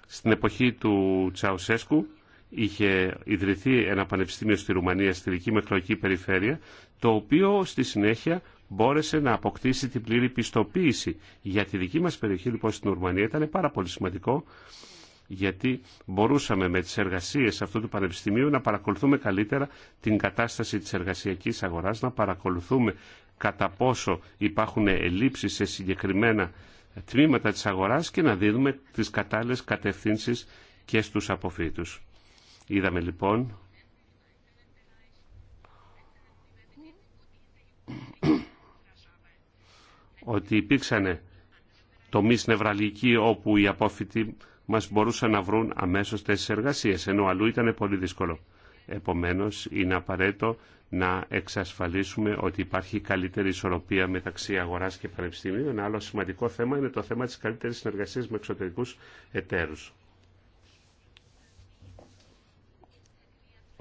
Στην εποχή του Τσαουσέσκου είχε ιδρυθεί ένα πανεπιστήμιο στη Ρουμανία, στη δική μου εκλογική περιφέρεια, το οποίο στη συνέχεια μπόρεσε να αποκτήσει την πλήρη πιστοποίηση. Για τη δική μας περιοχή λοιπόν στην Ρουμανία ήταν πάρα πολύ σημαντικό, γιατί μπορούσαμε με τις εργασίες αυτού του πανεπιστημίου να παρακολουθούμε καλύτερα την κατάσταση της εργασιακής αγοράς, να παρακολουθούμε κατά πόσο υπάρχουν ελλείψεις σε συγκεκριμένα τμήματα της αγοράς και να δίνουμε τις κατάλληλες κατευθύνσεις και στους αποφύτους. Είδαμε λοιπόν ότι υπήρξαν τομείς νευραλικοί όπου οι απόφοιτοι μας μπορούσαν να βρουν αμέσως τέσσερις εργασίες, ενώ αλλού ήταν πολύ δύσκολο. Επομένως, είναι απαραίτητο να εξασφαλίσουμε ότι υπάρχει καλύτερη ισορροπία μεταξύ αγοράς και πανεπιστημίου. Ένα άλλο σημαντικό θέμα είναι το θέμα της καλύτερης συνεργασίας με εξωτερικούς εταίρους.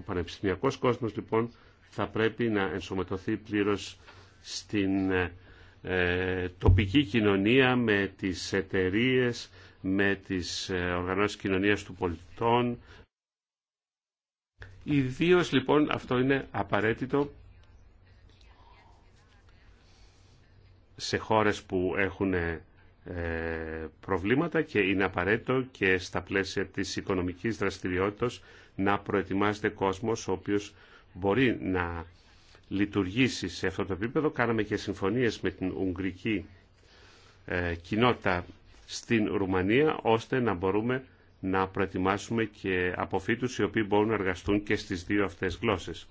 Ο πανεπιστημιακός κόσμος λοιπόν θα πρέπει να ενσωματωθεί πλήρως στην ε, ε, τοπική κοινωνία με τις εταιρείε, με τις ε, οργανώσεις κοινωνίας του πολιτών. Ιδίω λοιπόν αυτό είναι απαραίτητο σε χώρες που έχουν προβλήματα και είναι απαραίτητο και στα πλαίσια της οικονομικής δραστηριότητας να προετοιμάζεται κόσμος ο οποίος μπορεί να λειτουργήσει σε αυτό το επίπεδο. Κάναμε και συμφωνίες με την Ουγγρική ε, κοινότητα στην Ρουμανία ώστε να μπορούμε να προετοιμάσουμε και αποφύτους οι οποίοι μπορούν να εργαστούν και στις δύο αυτές γλώσσες.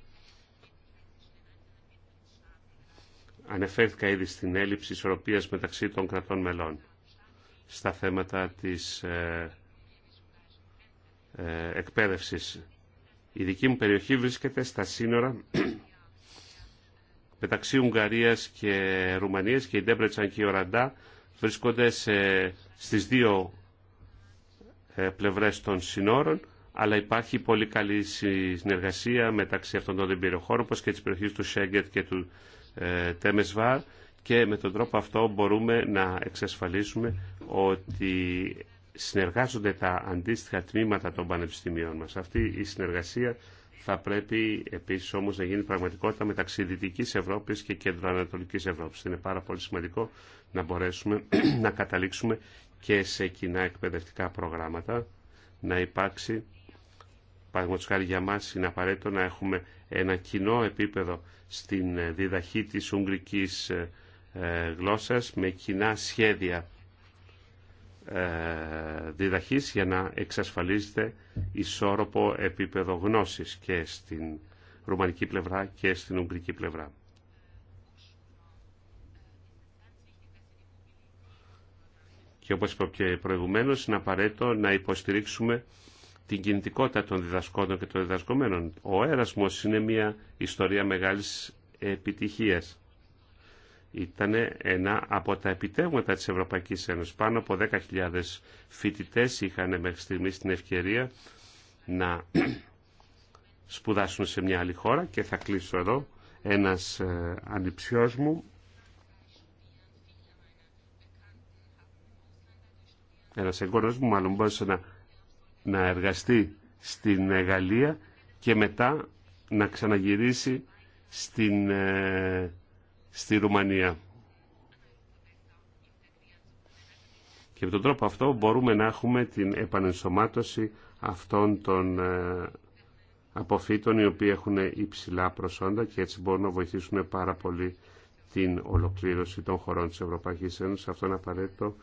Ανεφέρθηκα ήδη στην έλλειψη ισορροπίας μεταξύ των κρατών μελών στα θέματα της ε, ε, εκπαίδευσης. Η δική μου περιοχή βρίσκεται στα σύνορα [CLEARS THROAT] μεταξύ Ουγγαρίας και Ρουμανίας και η Ντέμπρετσαν και η Οραντά βρίσκονται στις δύο ε, πλευρές των σύνορων αλλά υπάρχει πολύ καλή συνεργασία μεταξύ αυτών των περιοχών όπως και της περιοχής του Σέγκετ και του ε, Τέμεσβάρ και με τον τρόπο αυτό μπορούμε να εξασφαλίσουμε ότι συνεργάζονται τα αντίστοιχα τμήματα των πανεπιστημίων μας. Αυτή η συνεργασία θα πρέπει επίσης όμως να γίνει πραγματικότητα μεταξύ Δυτικής Ευρώπης και Κεντροανατολικής Ευρώπης. Είναι πάρα πολύ σημαντικό να μπορέσουμε [CLEARS THROAT] να καταλήξουμε και σε κοινά εκπαιδευτικά προγράμματα, να υπάρξει, παραδείγματος χάρη για μας είναι απαραίτητο να έχουμε ένα κοινό επίπεδο στην ε, διδαχή της ουγγρικής ε, ε, γλώσσας με κοινά σχέδια ε, διδαχής για να εξασφαλίζεται ισόρροπο επίπεδο γνώσης και στην ρουμανική πλευρά και στην ουγγρική πλευρά. Και όπως είπα και προηγουμένως, είναι απαραίτητο να υποστηρίξουμε την κινητικότητα των διδασκόντων και των διδασκομένων. Ο έρασμος είναι μια ιστορία μεγάλης επιτυχίας ήταν ένα από τα επιτεύγματα της Ευρωπαϊκής Ένωσης. Πάνω από 10.000 φοιτητές είχαν μέχρι στιγμή την ευκαιρία να [CLEARS THROAT] σπουδάσουν σε μια άλλη χώρα και θα κλείσω εδώ ένας ε, ανιψιός μου ένας εγγόνος μου μάλλον μπορούσε να, να εργαστεί στην ε, Γαλλία και μετά να ξαναγυρίσει στην ε, στη Ρουμανία. Και με τον τρόπο αυτό μπορούμε να έχουμε την επανενσωμάτωση αυτών των ε, αποφύτων οι οποίοι έχουν υψηλά προσόντα και έτσι μπορούν να βοηθήσουν πάρα πολύ την ολοκλήρωση των χωρών της Ευρωπαϊκής Ένωσης. Αυτό είναι απαραίτητο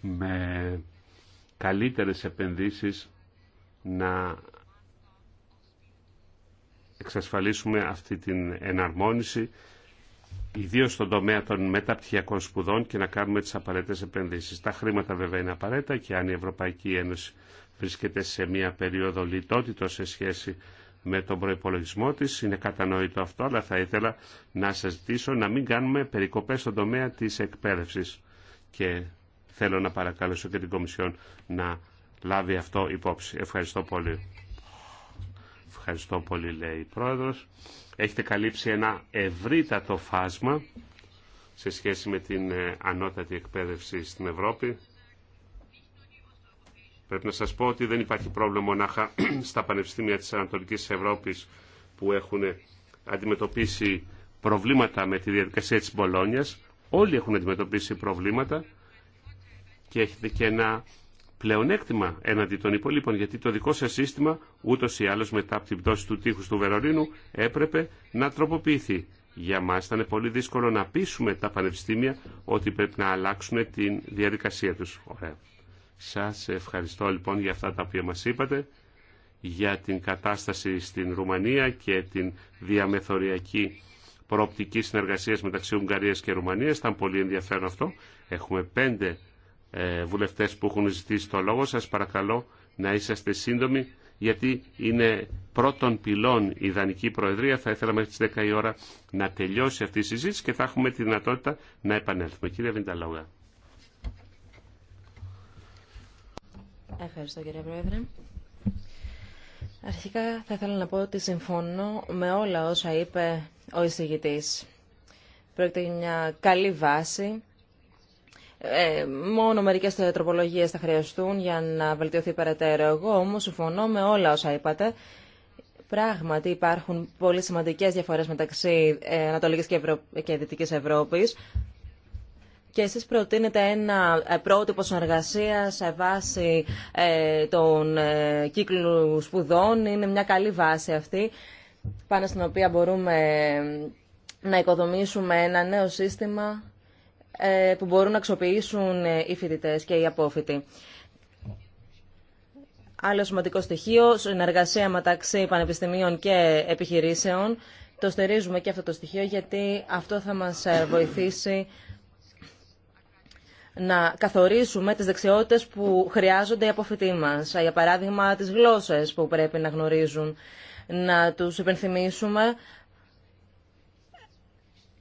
με καλύτερες επενδύσεις να εξασφαλίσουμε αυτή την εναρμόνιση ιδίω στον τομέα των μεταπτυχιακών σπουδών και να κάνουμε τι απαραίτητε επενδύσει. Τα χρήματα βέβαια είναι απαραίτητα και αν η Ευρωπαϊκή Ένωση βρίσκεται σε μια περίοδο λιτότητα σε σχέση με τον προπολογισμό τη. Είναι κατανοητό αυτό, αλλά θα ήθελα να σα ζητήσω να μην κάνουμε περικοπές στον τομέα τη εκπαίδευση. Και θέλω να παρακαλέσω και την Κομισιόν να λάβει αυτό υπόψη. Ευχαριστώ πολύ. Ευχαριστώ πολύ, λέει η Πρόεδρος έχετε καλύψει ένα ευρύτατο φάσμα σε σχέση με την ε, ανώτατη εκπαίδευση στην Ευρώπη. Πρέπει να σας πω ότι δεν υπάρχει πρόβλημα μονάχα [CLEARS THROAT] στα πανεπιστήμια της Ανατολικής Ευρώπης που έχουν αντιμετωπίσει προβλήματα με τη διαδικασία της Μπολόνιας. Όλοι έχουν αντιμετωπίσει προβλήματα και έχετε και ένα πλεονέκτημα έναντι των υπολείπων, γιατί το δικό σας σύστημα ούτως ή άλλως μετά από την πτώση του τείχους του Βερολίνου έπρεπε να τροποποιηθεί. Για μας ήταν πολύ δύσκολο να πείσουμε τα πανεπιστήμια ότι πρέπει να αλλάξουν την διαδικασία τους. Ωραία. Σας ευχαριστώ λοιπόν για αυτά τα οποία μας είπατε, για την κατάσταση στην Ρουμανία και την διαμεθοριακή προοπτική συνεργασία μεταξύ Ουγγαρίας και Ρουμανίας. Ήταν πολύ ενδιαφέρον αυτό. Έχουμε πέντε ε, βουλευτές που έχουν ζητήσει το λόγο. Σας παρακαλώ να είσαστε σύντομοι γιατί είναι πρώτον πυλών η Ιδανική Προεδρία. Θα ήθελα μέχρι τις 10 η ώρα να τελειώσει αυτή η συζήτηση και θα έχουμε τη δυνατότητα να επανέλθουμε. Κύριε Βινταλόγα. Ευχαριστώ κύριε Πρόεδρε. Αρχικά θα ήθελα να πω ότι συμφωνώ με όλα όσα είπε ο εισηγητής. Πρόκειται για μια καλή βάση ε, μόνο μερικέ τροπολογίε θα χρειαστούν για να βελτιωθεί περαιτέρω. Εγώ όμως συμφωνώ με όλα όσα είπατε. Πράγματι υπάρχουν πολύ σημαντικές διαφορές μεταξύ ε, Ανατολικής και, Ευρω... και Δυτικής Ευρώπης. Και εσείς προτείνετε ένα ε, πρότυπο συνεργασία σε βάση των κύκλου σπουδών. Είναι μια καλή βάση αυτή, πάνω στην οποία μπορούμε να οικοδομήσουμε ένα νέο σύστημα ε, που μπορούν να αξιοποιήσουν ε, οι φοιτητέ και οι απόφοιτοι. Άλλο σημαντικό στοιχείο, συνεργασία μεταξύ πανεπιστημίων και επιχειρήσεων. Το στερίζουμε και αυτό το στοιχείο γιατί αυτό θα μας ε, βοηθήσει να καθορίσουμε τις δεξιότητες που χρειάζονται οι αποφοιτοί μας. Για παράδειγμα, τις γλώσσες που πρέπει να γνωρίζουν. Να τους υπενθυμίσουμε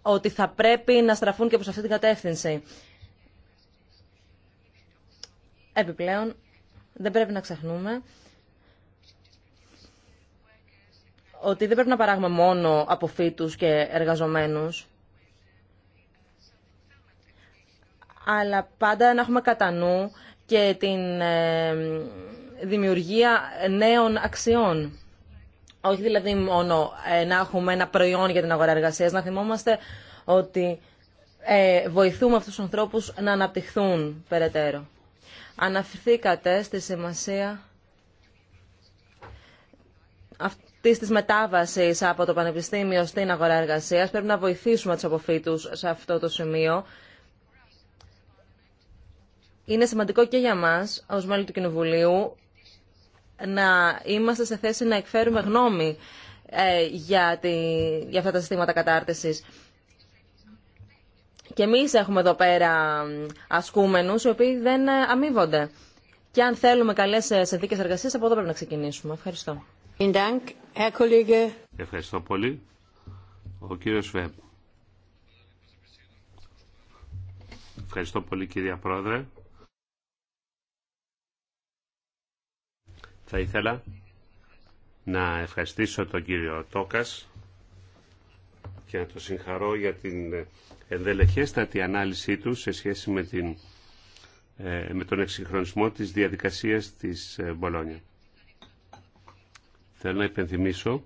ότι θα πρέπει να στραφούν και προς αυτή την κατεύθυνση. Επιπλέον, δεν πρέπει να ξεχνούμε ότι δεν πρέπει να παράγουμε μόνο από φύτους και εργαζομένους, αλλά πάντα να έχουμε κατά νου και την ε, δημιουργία νέων αξιών. Όχι δηλαδή μόνο ε, να έχουμε ένα προϊόν για την αγορά εργασία, να θυμόμαστε ότι ε, βοηθούμε αυτούς τους ανθρώπους να αναπτυχθούν περαιτέρω. Αναφερθήκατε στη σημασία αυτής της μετάβασης από το Πανεπιστήμιο στην αγορά εργασίας. Πρέπει να βοηθήσουμε τους αποφύτους σε αυτό το σημείο. Είναι σημαντικό και για μας, ως μέλη του Κοινοβουλίου, να είμαστε σε θέση να εκφέρουμε γνώμη ε, για, τη, για αυτά τα συστήματα κατάρτισης. Και εμείς έχουμε εδώ πέρα ασκούμενους οι οποίοι δεν ε, αμείβονται. Και αν θέλουμε καλές ε, συνθήκες εργασίας, από εδώ πρέπει να ξεκινήσουμε. Ευχαριστώ. Ευχαριστώ πολύ. Ο κύριος Βέμπ. Ευχαριστώ πολύ κυρία Πρόεδρε. Θα ήθελα να ευχαριστήσω τον κύριο Τόκας και να το συγχαρώ για την ενδελεχέστατη ανάλυση του σε σχέση με, την, ε, με τον εξυγχρονισμό της διαδικασίας της ε, Μπολόνια. Θέλω να υπενθυμίσω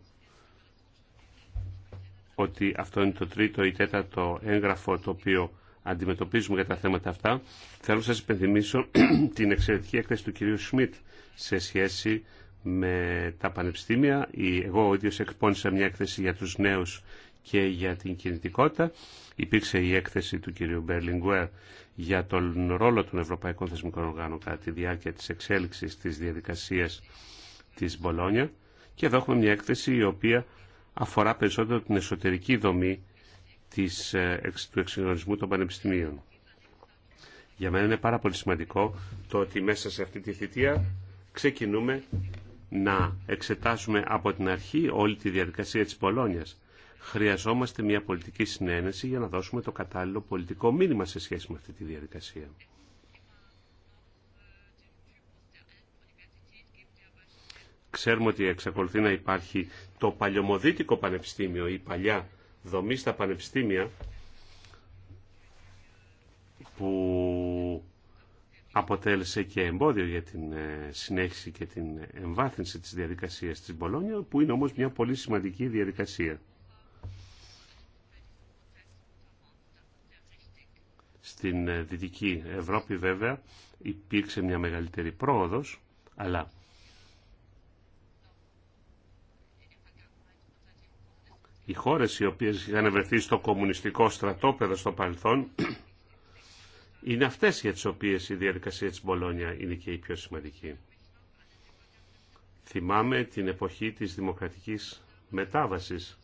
ότι αυτό είναι το τρίτο ή τέταρτο έγγραφο το οποίο αντιμετωπίζουμε για τα θέματα αυτά. Θέλω να σας υπενθυμίσω [CLEARS THROAT] την εξαιρετική έκθεση του κυρίου Σμιτ σε σχέση με τα πανεπιστήμια. Εγώ ο ίδιος εκπώνησα μια έκθεση για τους νέους και για την κινητικότητα. Υπήρξε η έκθεση του κυρίου Μπερλιγκουέρ για τον ρόλο των Ευρωπαϊκών Θεσμικών Οργάνων κατά τη διάρκεια της εξέλιξης της διαδικασίας της Μπολόνια. Και εδώ έχουμε μια έκθεση η οποία αφορά περισσότερο την εσωτερική δομή της, ε, του εξυγχρονισμού των πανεπιστημίων. Για μένα είναι πάρα πολύ σημαντικό το ότι μέσα σε αυτή τη θητεία ξεκινούμε να εξετάσουμε από την αρχή όλη τη διαδικασία της Πολώνιας. Χρειαζόμαστε μια πολιτική συνένεση για να δώσουμε το κατάλληλο πολιτικό μήνυμα σε σχέση με αυτή τη διαδικασία. Ξέρουμε ότι εξακολουθεί να υπάρχει το παλιωμοδίτικο πανεπιστήμιο, η παλιά δομή στα πανεπιστήμια, που αποτέλεσε και εμπόδιο για την ε, συνέχιση και την εμβάθυνση της διαδικασίας της Μπολόνια, που είναι όμως μια πολύ σημαντική διαδικασία. Στην ε, Δυτική Ευρώπη βέβαια υπήρξε μια μεγαλύτερη πρόοδος, αλλά οι χώρες οι οποίες είχαν βρεθεί στο κομμουνιστικό στρατόπεδο στο παρελθόν είναι αυτές για τις οποίες η διαδικασία της Μπολόνια είναι και η πιο σημαντική. Θυμάμαι την εποχή της δημοκρατικής μετάβασης.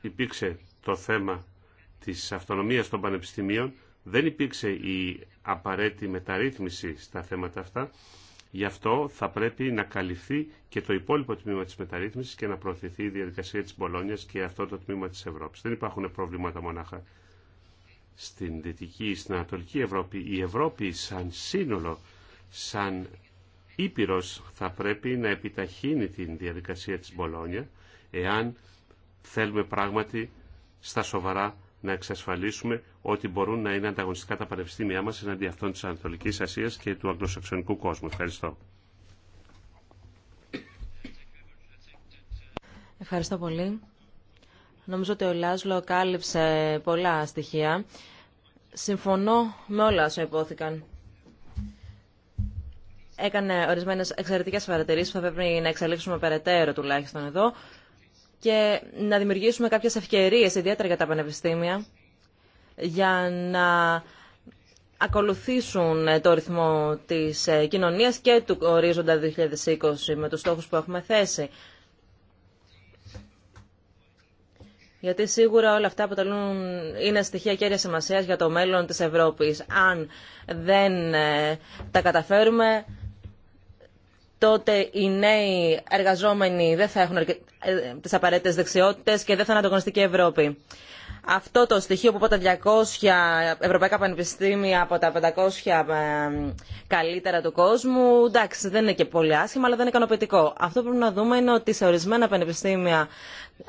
Υπήρξε το θέμα της αυτονομίας των πανεπιστημίων, δεν υπήρξε η απαραίτητη μεταρρύθμιση στα θέματα αυτά Γι' αυτό θα πρέπει να καλυφθεί και το υπόλοιπο τμήμα της μεταρρύθμισης και να προωθηθεί η διαδικασία της Μπολόνιας και αυτό το τμήμα της Ευρώπης. Δεν υπάρχουν προβλήματα μονάχα στην Δυτική ή στην Ανατολική Ευρώπη. Η Ευρώπη σαν σύνολο, σαν Ήπειρος θα πρέπει να επιταχύνει την διαδικασία της Μπολόνια εάν θέλουμε πράγματι στα σοβαρά να εξασφαλίσουμε ότι μπορούν να είναι ανταγωνιστικά τα πανεπιστήμια μας εναντί αυτών της Ανατολικής Ασίας και του αγγλοσαξονικού κόσμου. Ευχαριστώ. Ευχαριστώ πολύ. Νομίζω ότι ο Λάσλο κάλυψε πολλά στοιχεία. Συμφωνώ με όλα όσα υπόθηκαν. Έκανε ορισμένες εξαιρετικές παρατηρήσεις που θα πρέπει να εξελίξουμε περαιτέρω τουλάχιστον εδώ και να δημιουργήσουμε κάποιες ευκαιρίες, ιδιαίτερα για τα πανεπιστήμια, για να ακολουθήσουν το ρυθμό της ε, κοινωνίας και του ορίζοντα 2020 με τους στόχους που έχουμε θέσει. Γιατί σίγουρα όλα αυτά αποτελούν, είναι στοιχεία κέρια σημασίας για το μέλλον της Ευρώπης. Αν δεν ε, τα καταφέρουμε, τότε οι νέοι εργαζόμενοι δεν θα έχουν ε, τι απαραίτητες δεξιότητες και δεν θα είναι ανταγωνιστική Ευρώπη. Αυτό το στοιχείο που από τα 200 ευρωπαϊκά πανεπιστήμια από τα 500 ε, καλύτερα του κόσμου, εντάξει δεν είναι και πολύ άσχημα αλλά δεν είναι ικανοποιητικό. Αυτό που πρέπει να δούμε είναι ότι σε ορισμένα πανεπιστήμια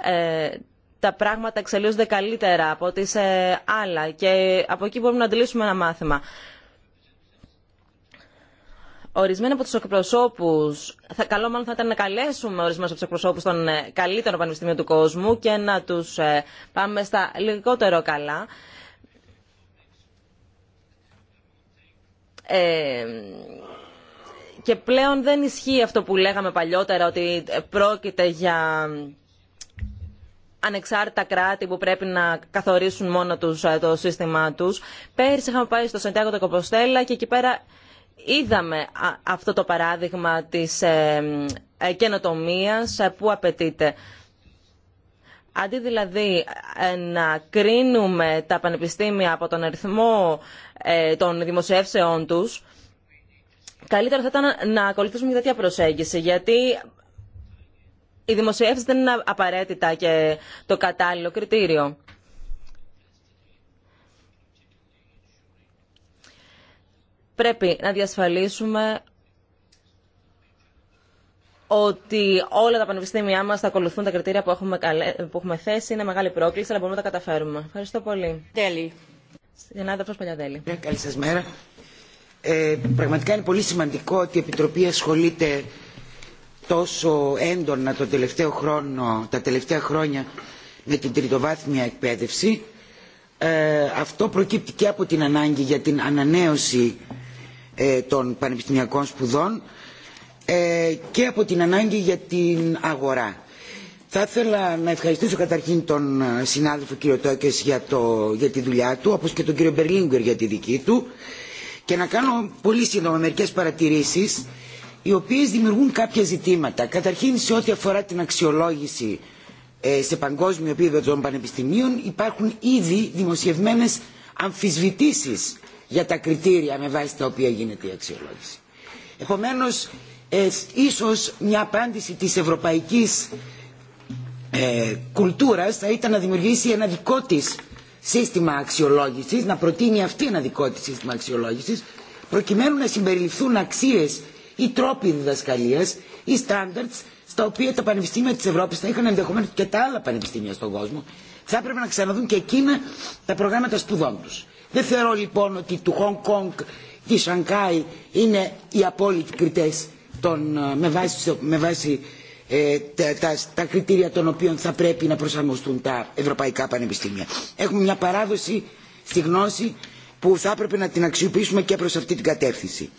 ε, τα πράγματα εξελίσσονται καλύτερα από ό,τι σε άλλα και από εκεί μπορούμε να αντιλήσουμε ένα μάθημα. Ορισμένοι από του εκπροσώπου, καλό μάλλον θα ήταν να καλέσουμε ορισμένου από του εκπροσώπου των ε, καλύτερων πανεπιστημίων του κόσμου και να του ε, πάμε στα λιγότερο καλά. Ε, και πλέον δεν ισχύει αυτό που λέγαμε παλιότερα ότι πρόκειται για ανεξάρτητα κράτη που πρέπει να καθορίσουν μόνο τους το σύστημά τους. Πέρυσι είχαμε πάει στο Σεντιάκο, το Κοποστέλα και εκεί πέρα είδαμε αυτό το παράδειγμα της ε, ε, καινοτομίας ε, που απαιτείται. Αντί δηλαδή να κρίνουμε τα πανεπιστήμια από τον αριθμό των δημοσιεύσεών τους, καλύτερα θα ήταν να ακολουθήσουμε μια τέτοια προσέγγιση, γιατί οι δημοσιεύσεις δεν είναι απαραίτητα και το κατάλληλο κριτήριο. πρέπει να διασφαλίσουμε ότι όλα τα πανεπιστήμια μας θα ακολουθούν τα κριτήρια που έχουμε, καλέ, θέσει. Είναι μεγάλη πρόκληση, αλλά μπορούμε να τα καταφέρουμε. Ευχαριστώ πολύ. Τέλει. Παλιαδέλη. Ναι, καλή σας μέρα. Ε, πραγματικά είναι πολύ σημαντικό ότι η Επιτροπή ασχολείται τόσο έντονα το τελευταίο χρόνο, τα τελευταία χρόνια με την τριτοβάθμια εκπαίδευση. Ε, αυτό προκύπτει και από την ανάγκη για την ανανέωση ε, των πανεπιστημιακών σπουδών ε, και από την ανάγκη για την αγορά. Θα ήθελα να ευχαριστήσω καταρχήν τον ε, συνάδελφο κύριο Τόκες για, το, για τη δουλειά του, όπως και τον κύριο Μπερλίνγκερ για τη δική του και να κάνω πολύ σύντομα μερικέ παρατηρήσεις οι οποίες δημιουργούν κάποια ζητήματα. Καταρχήν σε ό,τι αφορά την αξιολόγηση σε παγκόσμιο επίπεδο των πανεπιστημίων υπάρχουν ήδη δημοσιευμένες αμφισβητήσεις για τα κριτήρια με βάση τα οποία γίνεται η αξιολόγηση. Επομένως, ε, ίσως μια απάντηση της ευρωπαϊκής ε, κουλτούρας θα ήταν να δημιουργήσει ένα δικό της σύστημα αξιολόγησης, να προτείνει αυτή ένα δικό της σύστημα αξιολόγησης, προκειμένου να συμπεριληφθούν αξίες ή τρόποι διδασκαλίας ή standards στα οποία τα πανεπιστήμια της Ευρώπης θα είχαν ενδεχομένως και τα άλλα πανεπιστήμια στον κόσμο θα έπρεπε να ξαναδούν και εκείνα τα προγράμματα σπουδών τους. Δεν θεωρώ λοιπόν ότι του Χονγκ Κονγκ και η Σανκάη είναι οι απόλυτοι κριτές ε, με βάση, ε, τα, κριτήρια των οποίων θα πρέπει να προσαρμοστούν τα ευρωπαϊκά πανεπιστήμια. Έχουμε μια παράδοση στη γνώση που θα έπρεπε να την αξιοποιήσουμε και προς αυτή την κατεύθυνση.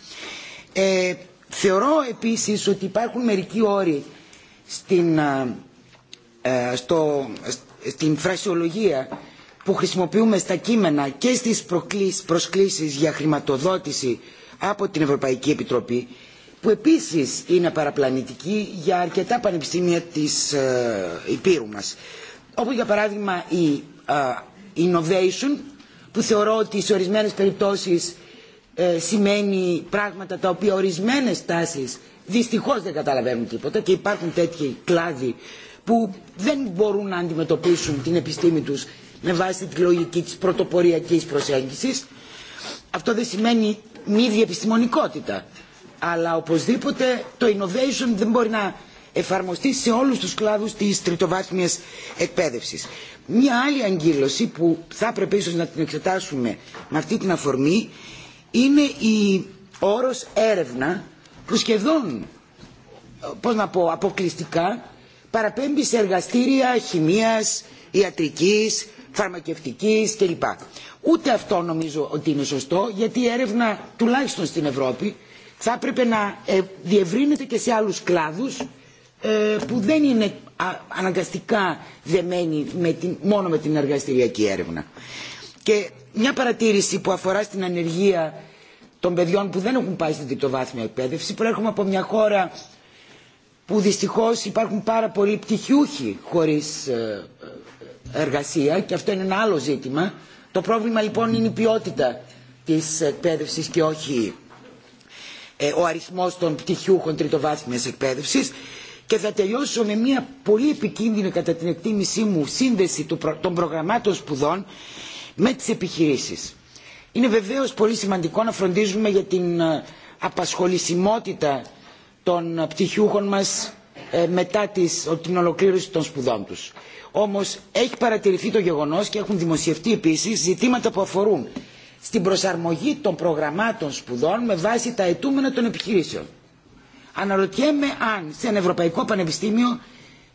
Ε, θεωρώ επίσης ότι υπάρχουν μερικοί όροι στην, ε, στο, στην φρασιολογία που χρησιμοποιούμε στα κείμενα και στις προσκλήσεις για χρηματοδότηση από την Ευρωπαϊκή Επιτροπή που επίσης είναι παραπλανητική για αρκετά πανεπιστήμια της ε, Υπήρου μας. Όπως για παράδειγμα η ε, Innovation που θεωρώ ότι σε ορισμένες περιπτώσεις ε, σημαίνει πράγματα τα οποία ορισμένες τάσεις δυστυχώς δεν καταλαβαίνουν τίποτα και υπάρχουν τέτοιοι κλάδοι που δεν μπορούν να αντιμετωπίσουν την επιστήμη τους με βάση τη λογική της πρωτοποριακής προσέγγισης. Αυτό δεν σημαίνει μη διεπιστημονικότητα, αλλά οπωσδήποτε το innovation δεν μπορεί να εφαρμοστεί σε όλους τους κλάδους της τριτοβάθμιας εκπαίδευσης. Μία άλλη αγκύλωση που θα έπρεπε ίσως να την εξετάσουμε με αυτή την αφορμή είναι η όρος έρευνα που σχεδόν πώς να πω, αποκλειστικά παραπέμπει σε εργαστήρια χημίας, ιατρικής, φαρμακευτικής κλπ. Ούτε αυτό νομίζω ότι είναι σωστό γιατί η έρευνα τουλάχιστον στην Ευρώπη θα έπρεπε να ε, διευρύνεται και σε άλλους κλάδους ε, που δεν είναι αναγκαστικά δεμένοι με την, μόνο με την εργαστηριακή έρευνα. Και μια παρατήρηση που αφορά στην ανεργία των παιδιών που δεν έχουν πάει στην τριτοβάθμια εκπαίδευση. Προέρχομαι από μια χώρα που δυστυχώς υπάρχουν πάρα πολλοί πτυχιούχοι χωρίς ε, εργασία και αυτό είναι ένα άλλο ζήτημα. Το πρόβλημα λοιπόν είναι η ποιότητα της εκπαίδευσης και όχι ε, ο αριθμός των πτυχιούχων τριτοβάθμιας εκπαίδευσης και θα τελειώσω με μια πολύ επικίνδυνη κατά την εκτίμησή μου σύνδεση του των προγραμμάτων σπουδών με τις επιχειρήσεις. Είναι βεβαίως πολύ σημαντικό να φροντίζουμε για την ε, απασχολησιμότητα των πτυχιούχων μας ε, μετά την ολοκλήρωση των σπουδών τους. Όμως έχει παρατηρηθεί το γεγονός και έχουν δημοσιευτεί επίσης ζητήματα που αφορούν στην προσαρμογή των προγραμμάτων σπουδών με βάση τα αιτούμενα των επιχειρήσεων. Αναρωτιέμαι αν σε ένα Ευρωπαϊκό Πανεπιστήμιο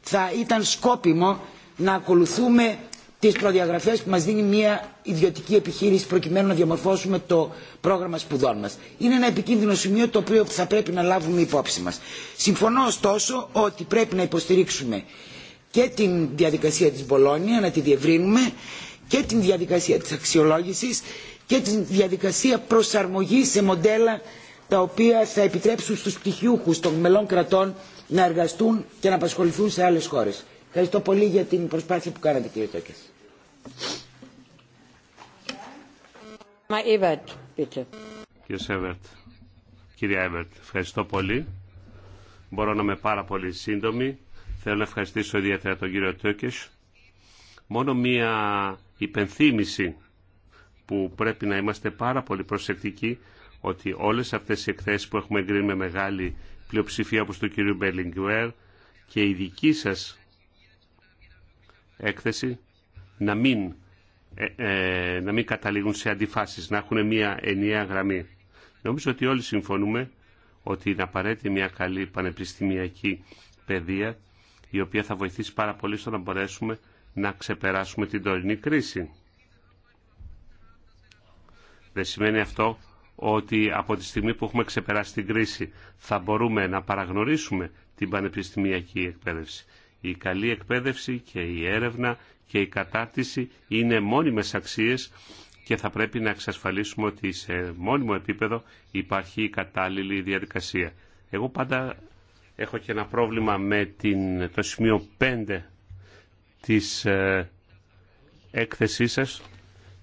θα ήταν σκόπιμο να ακολουθούμε τις προδιαγραφές που μας δίνει μια ιδιωτική επιχείρηση προκειμένου να διαμορφώσουμε το πρόγραμμα σπουδών μας. Είναι ένα επικίνδυνο σημείο το οποίο θα πρέπει να λάβουμε υπόψη μας. Συμφωνώ ωστόσο ότι πρέπει να υποστηρίξουμε και την διαδικασία της Μπολόνια, να τη διευρύνουμε, και την διαδικασία της αξιολόγησης και την διαδικασία προσαρμογής σε μοντέλα τα οποία θα επιτρέψουν στους πτυχιούχους των μελών κρατών να εργαστούν και να απασχοληθούν σε άλλες χώρες. Ευχαριστώ πολύ για την προσπάθεια που κάνατε κύριε Τόκες. Κύριε Σέβερτ, κύριε Έβερτ, ευχαριστώ πολύ. Μπορώ να είμαι πάρα πολύ σύντομη. Θέλω να ευχαριστήσω ιδιαίτερα τον κύριο Τόκες. Μόνο μία υπενθύμηση που πρέπει να είμαστε πάρα πολύ προσεκτικοί ότι όλες αυτές οι εκθέσεις που έχουμε εγκρίνει με μεγάλη πλειοψηφία όπως του κυρίου Μπελιγκουέρ και η δική σας έκθεση να μην, ε, ε, να μην καταλήγουν σε αντιφάσεις, να έχουν μια ενιαία γραμμή. Νομίζω ότι όλοι συμφωνούμε ότι είναι απαραίτητη μια καλή πανεπιστημιακή παιδεία η οποία θα βοηθήσει πάρα πολύ στο να μπορέσουμε να ξεπεράσουμε την τωρινή κρίση. Δεν σημαίνει αυτό ότι από τη στιγμή που έχουμε ξεπεράσει την κρίση θα μπορούμε να παραγνωρίσουμε την πανεπιστημιακή εκπαίδευση. Η καλή εκπαίδευση και η έρευνα και η κατάρτιση είναι μόνιμες αξίες και θα πρέπει να εξασφαλίσουμε ότι σε μόνιμο επίπεδο υπάρχει η κατάλληλη διαδικασία. Εγώ πάντα έχω και ένα πρόβλημα με την, το σημείο 5 της ε, έκθεσής σας,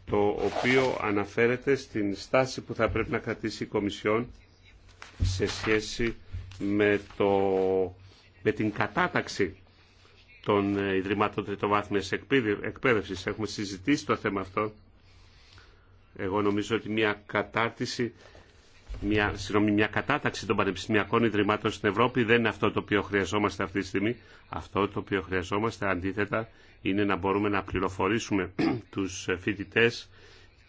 το οποίο αναφέρεται στην στάση που θα πρέπει να κρατήσει η Κομισιόν σε σχέση με, το, με την κατάταξη των ε, Ιδρυμάτων Τριτοβάθμιας Εκπαίδευσης. Έχουμε συζητήσει το θέμα αυτό. Εγώ νομίζω ότι μια κατάρτιση, μια, κατάταξη των πανεπιστημιακών ιδρυμάτων στην Ευρώπη δεν είναι αυτό το οποίο χρειαζόμαστε αυτή τη στιγμή. Αυτό το οποίο χρειαζόμαστε αντίθετα είναι να μπορούμε να πληροφορήσουμε [CLEARS THROAT] τους φοιτητέ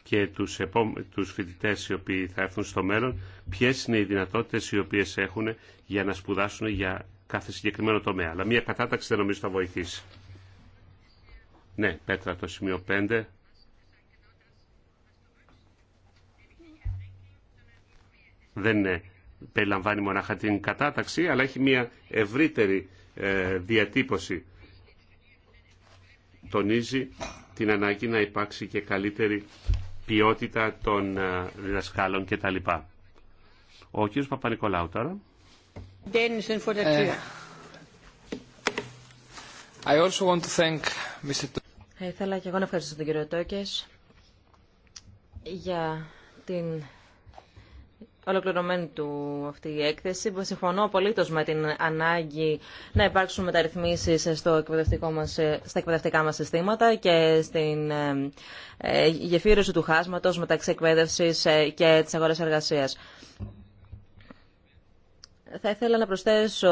και τους, επό... τους φοιτητέ οι οποίοι θα έρθουν στο μέλλον ποιες είναι οι δυνατότητες οι οποίες έχουν για να σπουδάσουν για κάθε συγκεκριμένο τομέα. Αλλά μια κατάταξη δεν νομίζω θα βοηθήσει. Ναι, πέτρα το σημείο 5. Δεν είναι, περιλαμβάνει μονάχα την κατάταξη, αλλά έχει μια ευρύτερη ε, διατύπωση. Τονίζει την ανάγκη να υπάρξει και καλύτερη ποιότητα των ε, διδασκάλων κτλ. Ο κ. Παπα-Νικολάου τώρα. Ε, I also want to thank Mr. Θα ήθελα και εγώ να ευχαριστήσω τον κύριο Τόκες για την ολοκληρωμένη του αυτή η έκθεση. Συμφωνώ απολύτω με την ανάγκη να υπάρξουν μεταρρυθμίσεις στο εκπαιδευτικό μας, στα εκπαιδευτικά μας συστήματα και στην ε, ε, γεφύρωση του χάσματος μεταξύ εκπαίδευσης και της αγορά εργασίας. Θα ήθελα να προσθέσω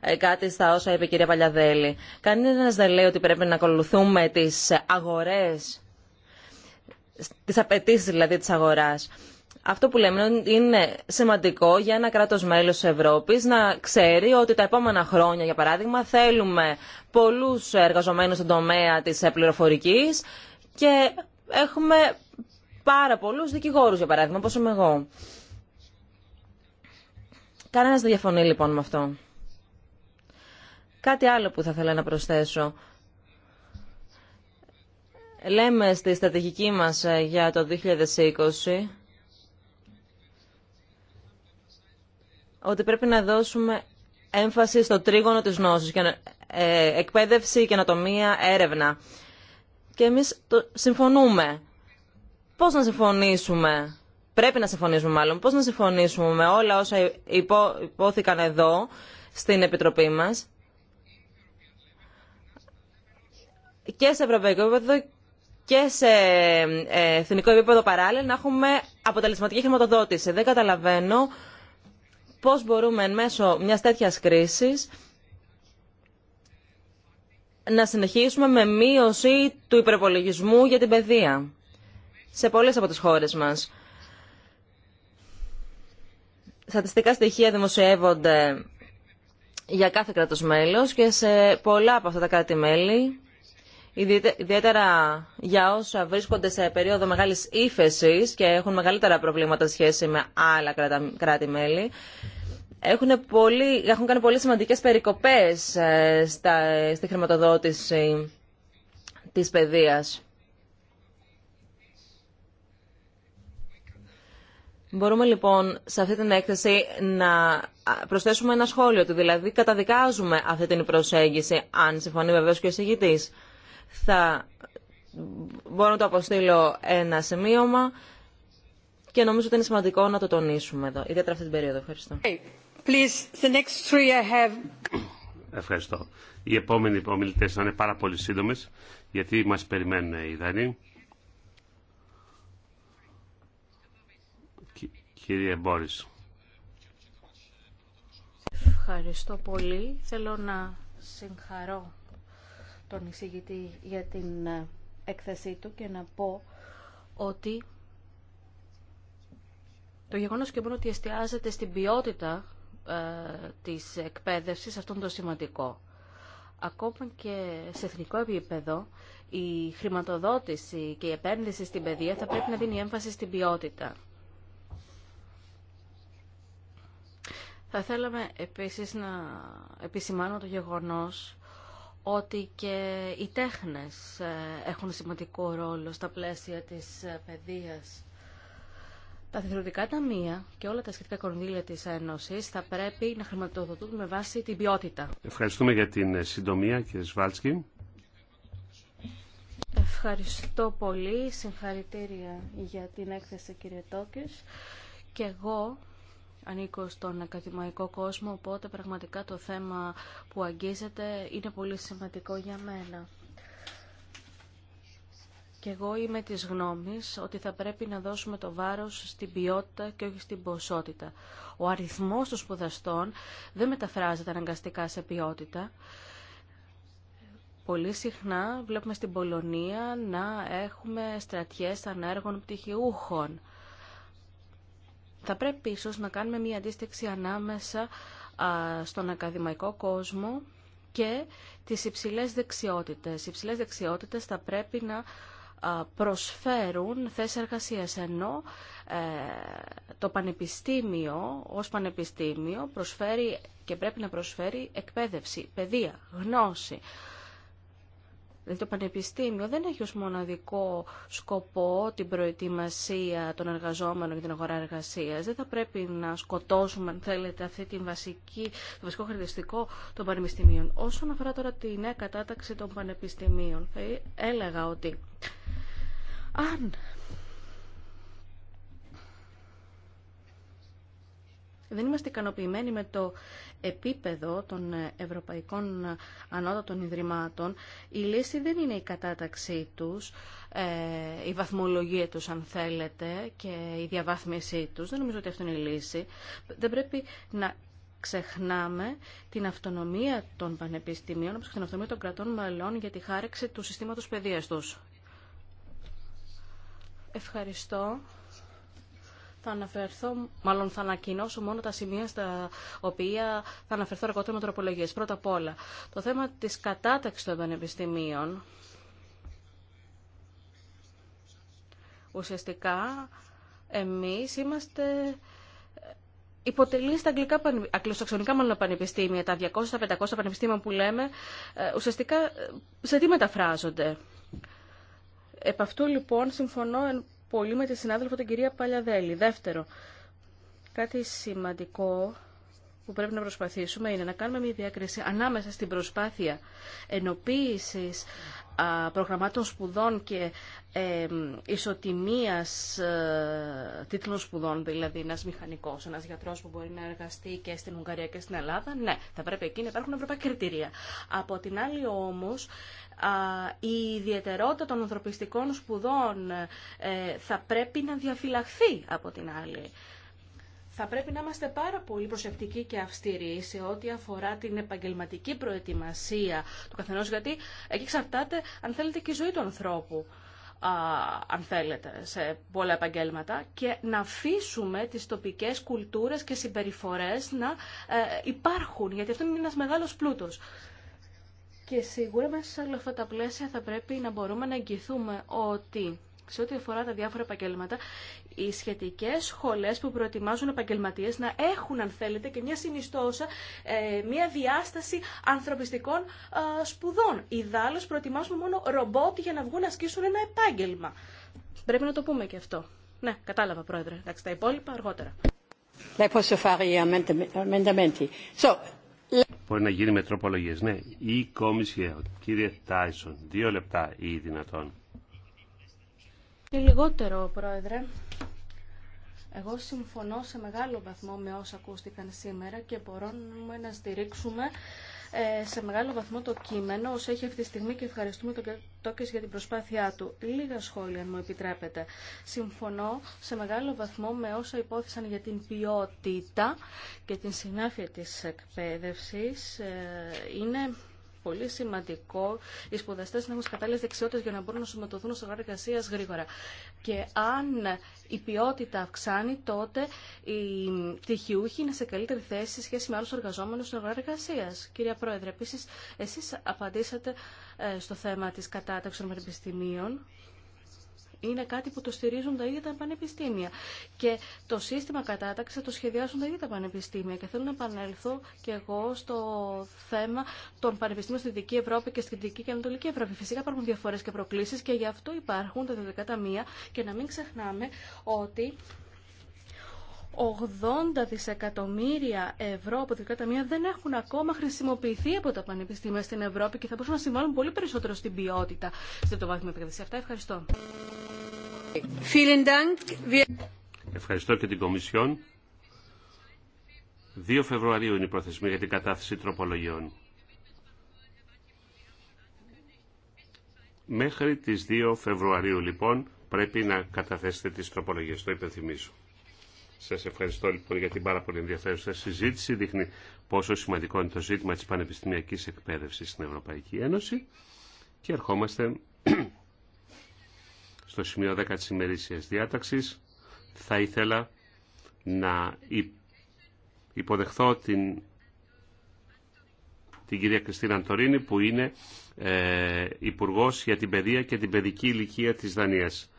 ε, κάτι στα όσα είπε η κυρία Παλιαδέλη. Κανένας δεν λέει ότι πρέπει να ακολουθούμε τις αγορές, τις απαιτήσει δηλαδή της αγοράς. Αυτό που λέμε είναι σημαντικό για ένα κράτος μέλος της Ευρώπης να ξέρει ότι τα επόμενα χρόνια, για παράδειγμα, θέλουμε πολλούς εργαζομένους στον τομέα της πληροφορικής και έχουμε πάρα πολλούς δικηγόρους, για παράδειγμα, όπως είμαι εγώ. Κανένα δεν διαφωνεί λοιπόν με αυτό. Κάτι άλλο που θα ήθελα να προσθέσω. Λέμε στη στρατηγική μας ε, για το 2020 ότι πρέπει να δώσουμε έμφαση στο τρίγωνο της και ε, εκπαίδευση, καινοτομία, έρευνα. Και εμείς συμφωνούμε. Πώς να συμφωνήσουμε πρέπει να συμφωνήσουμε μάλλον, πώς να συμφωνήσουμε με όλα όσα υπό, υπόθηκαν εδώ στην Επιτροπή μας και σε ευρωπαϊκό επίπεδο και σε ε, εθνικό επίπεδο παράλληλα να έχουμε αποτελεσματική χρηματοδότηση. Δεν καταλαβαίνω πώς μπορούμε εν μέσω μιας τέτοιας κρίσης να συνεχίσουμε με μείωση του υπερπολογισμού για την παιδεία σε πολλές από τις χώρες μας στατιστικά στοιχεία δημοσιεύονται για κάθε κράτος μέλος και σε πολλά από αυτά τα κράτη-μέλη, ιδιαίτερα για όσα βρίσκονται σε περίοδο μεγάλης ύφεση και έχουν μεγαλύτερα προβλήματα σχέση με άλλα κράτη-μέλη, έχουν, πολύ, έχουν κάνει πολύ σημαντικές περικοπές ε, στα, στη χρηματοδότηση της παιδείας. Μπορούμε λοιπόν σε αυτή την έκθεση να προσθέσουμε ένα σχόλιο ότι δηλαδή καταδικάζουμε αυτή την προσέγγιση, αν συμφωνεί βεβαίως και ο εισηγητής. Θα μπορώ να το αποστείλω ένα σημείωμα και νομίζω ότι είναι σημαντικό να το τονίσουμε εδώ, ιδιαίτερα αυτή την περίοδο. Ευχαριστώ. please, the next three I have... Ευχαριστώ. Οι επόμενοι ομιλητέ θα είναι πάρα πολύ σύντομε, γιατί μα περιμένουν οι Δανείοι. κύριε Μπόρις. Ευχαριστώ πολύ. Θέλω να συγχαρώ τον εισηγητή για την ε, έκθεσή του και να πω ότι το γεγονός και μόνο ότι εστιάζεται στην ποιότητα ε, της εκπαίδευσης, αυτό είναι το σημαντικό. Ακόμα και σε εθνικό επίπεδο, η χρηματοδότηση και η επένδυση στην παιδεία θα πρέπει να δίνει έμφαση στην ποιότητα. Θα θέλαμε επίσης να επισημάνω το γεγονός ότι και οι τέχνες ε, έχουν σημαντικό ρόλο στα πλαίσια της ε, παιδείας. Τα τα ταμεία και όλα τα σχετικά κονδύλια της Ένωσης θα πρέπει να χρηματοδοτούν με βάση την ποιότητα. Ευχαριστούμε για την ε, συντομία κύριε Σβάλτσκι. Ευχαριστώ πολύ. Συγχαρητήρια για την έκθεση κύριε Τόκης. Και εγώ ανήκω στον ακαδημαϊκό κόσμο, οπότε πραγματικά το θέμα που αγγίζεται είναι πολύ σημαντικό για μένα. Και εγώ είμαι της γνώμης ότι θα πρέπει να δώσουμε το βάρος στην ποιότητα και όχι στην ποσότητα. Ο αριθμός των σπουδαστών δεν μεταφράζεται αναγκαστικά σε ποιότητα. Πολύ συχνά βλέπουμε στην Πολωνία να έχουμε στρατιές ανέργων πτυχιούχων. Θα πρέπει ίσως να κάνουμε μια αντίστοιξη ανάμεσα στον ακαδημαϊκό κόσμο και τις υψηλές δεξιότητες. Οι υψηλές δεξιότητες θα πρέπει να προσφέρουν θέσεις εργασίας, ενώ ε, το πανεπιστήμιο ως πανεπιστήμιο προσφέρει και πρέπει να προσφέρει εκπαίδευση, παιδεία, γνώση. Δηλαδή το Πανεπιστήμιο δεν έχει ως μοναδικό σκοπό την προετοιμασία των εργαζόμενων για την αγορά εργασίας. Δεν θα πρέπει να σκοτώσουμε, αν θέλετε, αυτή την βασική, το βασικό χαρακτηριστικό των πανεπιστημίων. Όσον αφορά τώρα τη νέα κατάταξη των πανεπιστημίων, θα έλεγα ότι αν δεν είμαστε ικανοποιημένοι με το επίπεδο των ευρωπαϊκών ανώτατων ιδρυμάτων, η λύση δεν είναι η κατάταξή τους, ε, η βαθμολογία τους αν θέλετε και η διαβάθμιση τους. Δεν νομίζω ότι αυτό είναι η λύση. Δεν πρέπει να ξεχνάμε την αυτονομία των πανεπιστημίων, όπως και την αυτονομία των κρατών μελών για τη χάρεξη του συστήματος παιδείας τους. Ευχαριστώ θα αναφερθώ, μάλλον θα ανακοινώσω μόνο τα σημεία στα οποία θα αναφερθώ αργότερα με τροπολογίε. Πρώτα απ' όλα, το θέμα τη κατάταξη των πανεπιστημίων. Ουσιαστικά, εμείς είμαστε Υποτελεί στα αγγλικά, μάλλον πανεπιστήμια, τα 200-500 πανεπιστήμια που λέμε, ε, ουσιαστικά ε, σε τι μεταφράζονται. Επ' αυτού λοιπόν συμφωνώ πολύ με τη συνάδελφο την κυρία Παλιαδέλη. Δεύτερο, κάτι σημαντικό που πρέπει να προσπαθήσουμε είναι να κάνουμε μια διάκριση ανάμεσα στην προσπάθεια ενοποίησης προγραμμάτων σπουδών και ε, ισοτιμίας ε, τίτλων σπουδών, δηλαδή ένα μηχανικός, ένας γιατρός που μπορεί να εργαστεί και στην Ουγγαρία και στην Ελλάδα, ναι, θα πρέπει εκεί να υπάρχουν ευρωπαϊκά κριτήρια. Από την άλλη όμω, η ιδιαιτερότητα των ανθρωπιστικών σπουδών ε, θα πρέπει να διαφυλαχθεί από την άλλη θα πρέπει να είμαστε πάρα πολύ προσεκτικοί και αυστηροί σε ό,τι αφορά την επαγγελματική προετοιμασία του καθενός, γιατί εκεί εξαρτάται, αν θέλετε, και η ζωή του ανθρώπου, αν θέλετε, σε πολλά επαγγέλματα, και να αφήσουμε τις τοπικές κουλτούρες και συμπεριφορές να ε, υπάρχουν, γιατί αυτό είναι ένας μεγάλος πλούτος. Και σίγουρα μέσα σε όλα αυτά τα πλαίσια θα πρέπει να μπορούμε να εγγυηθούμε ότι σε ό,τι αφορά τα διάφορα επαγγέλματα, οι σχετικέ σχολέ που προετοιμάζουν επαγγελματίε να έχουν, αν θέλετε, και μια συνιστόσα, ε, μια διάσταση ανθρωπιστικών σπουδών. Ιδάλω προετοιμάζουμε μόνο ρομπότ για να βγουν να ασκήσουν ένα επάγγελμα. Πρέπει να το πούμε και αυτό. Ναι, κατάλαβα, Πρόεδρε. Εντάξει, τα υπόλοιπα αργότερα. Μπορεί να γίνει με τροπολογίες. Ναι, η κόμιση, κύριε Τάισον, δύο λεπτά ή δυνατόν. Και λιγότερο, Πρόεδρε. Εγώ συμφωνώ σε μεγάλο βαθμό με όσα ακούστηκαν σήμερα και μπορούμε να στηρίξουμε ε, σε μεγάλο βαθμό το κείμενο όσο έχει αυτή τη στιγμή και ευχαριστούμε τον Τόκες για την προσπάθειά του. Λίγα σχόλια, αν μου επιτρέπετε. Συμφωνώ σε μεγάλο βαθμό με όσα υπόθεσαν για την ποιότητα και την συνάφεια της εκπαίδευσης. Ε, είναι πολύ σημαντικό οι σπουδαστέ να έχουν τι κατάλληλε δεξιότητε για να μπορούν να συμμετοχθούν στο αγορά εργασία γρήγορα. Και αν η ποιότητα αυξάνει, τότε οι τυχιούχοι είναι σε καλύτερη θέση σε σχέση με άλλου εργαζόμενου στην αγορά εργασία. Κυρία Πρόεδρε, επίση, εσεί απαντήσατε ε, στο θέμα τη κατάταξη των πανεπιστημίων είναι κάτι που το στηρίζουν τα ίδια τα πανεπιστήμια. Και το σύστημα κατάταξη το σχεδιάζουν τα ίδια τα πανεπιστήμια. Και θέλω να επανέλθω και εγώ στο θέμα των πανεπιστήμιων στη Δυτική Ευρώπη και στη Δυτική και Ανατολική Ευρώπη. Φυσικά υπάρχουν διαφορέ και προκλήσει και γι' αυτό υπάρχουν τα δεκαταμία. Και να μην ξεχνάμε ότι 80 δισεκατομμύρια ευρώ από την ταμεία δεν έχουν ακόμα χρησιμοποιηθεί από τα πανεπιστήμια στην Ευρώπη και θα μπορούσαν να συμβάλλουν πολύ περισσότερο στην ποιότητα σε το βάθμιο εκπαίδευση. Αυτά ευχαριστώ. Ευχαριστώ και την Κομισιόν. 2 Φεβρουαρίου είναι η προθεσμία για την κατάθεση τροπολογιών. Μέχρι τις 2 Φεβρουαρίου λοιπόν πρέπει να καταθέσετε τις τροπολογίες. Το υπενθυμίσω. Σα ευχαριστώ λοιπόν για την πάρα πολύ ενδιαφέρουσα συζήτηση. Δείχνει πόσο σημαντικό είναι το ζήτημα τη πανεπιστημιακής εκπαίδευση στην Ευρωπαϊκή Ένωση. Και ερχόμαστε [CLEARS THROAT] στο σημείο 10 τη ημερήσιας διάταξης. Θα ήθελα να υποδεχθώ την, κυρία Κριστίνα Αντορίνη που είναι ε, Υπουργός για την Παιδεία και την Παιδική Ηλικία τη Δανίας.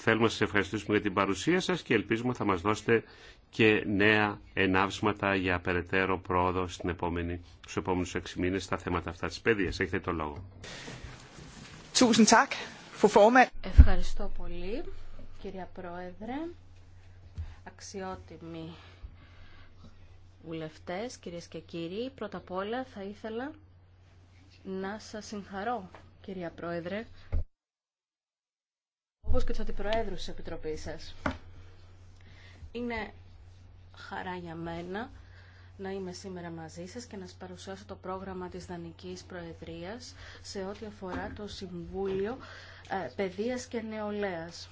Θέλουμε να σας ευχαριστήσουμε για την παρουσία σας και ελπίζουμε θα μας δώσετε και νέα ενάψματα για περαιτέρω πρόοδο στην επόμενη, στους επόμενους έξι μήνες στα θέματα αυτά της παιδείας. Έχετε το λόγο. Ευχαριστώ πολύ, κυρία Πρόεδρε, αξιότιμοι βουλευτές, κυρίες και κύριοι. Πρώτα απ' όλα θα ήθελα να σας συγχαρώ, κυρία Πρόεδρε, όπως και του Αντιπροέδρου της Επιτροπής σας. Είναι χαρά για μένα να είμαι σήμερα μαζί σας και να σας παρουσιάσω το πρόγραμμα της Δανικής Προεδρίας σε ό,τι αφορά το Συμβούλιο ε, Παιδείας και Νεολαίας.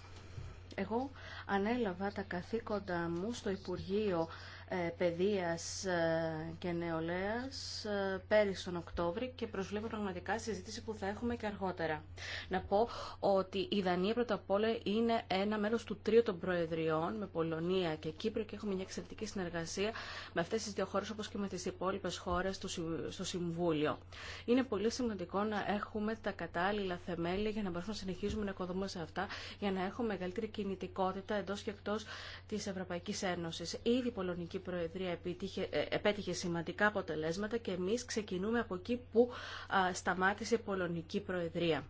Εγώ ανέλαβα τα καθήκοντά μου στο Υπουργείο ε, παιδείας ε, και νεολαίας ε, πέρυσι τον Οκτώβρη και προσβλέπω πραγματικά συζήτηση που θα έχουμε και αργότερα. Να πω ότι η Δανία πρώτα απ' όλα είναι ένα μέρος του τρίου των Προεδριών με Πολωνία και Κύπρο και έχουμε μια εξαιρετική συνεργασία με αυτές τις δύο χώρες όπως και με τις υπόλοιπε χώρες στο Συμβούλιο. Είναι πολύ σημαντικό να έχουμε τα κατάλληλα θεμέλια για να μπορούμε να συνεχίζουμε να οικοδομούμε σε αυτά για να έχουμε μεγαλύτερη κινητικότητα εντός και εκτός της Ευρωπαϊκής Ένωσης. Ήδη η η Προεδρία επίτυχε, ε, επέτυχε σημαντικά αποτελέσματα και εμείς ξεκινούμε από εκεί που σταμάτησε η Πολωνική Προεδρία.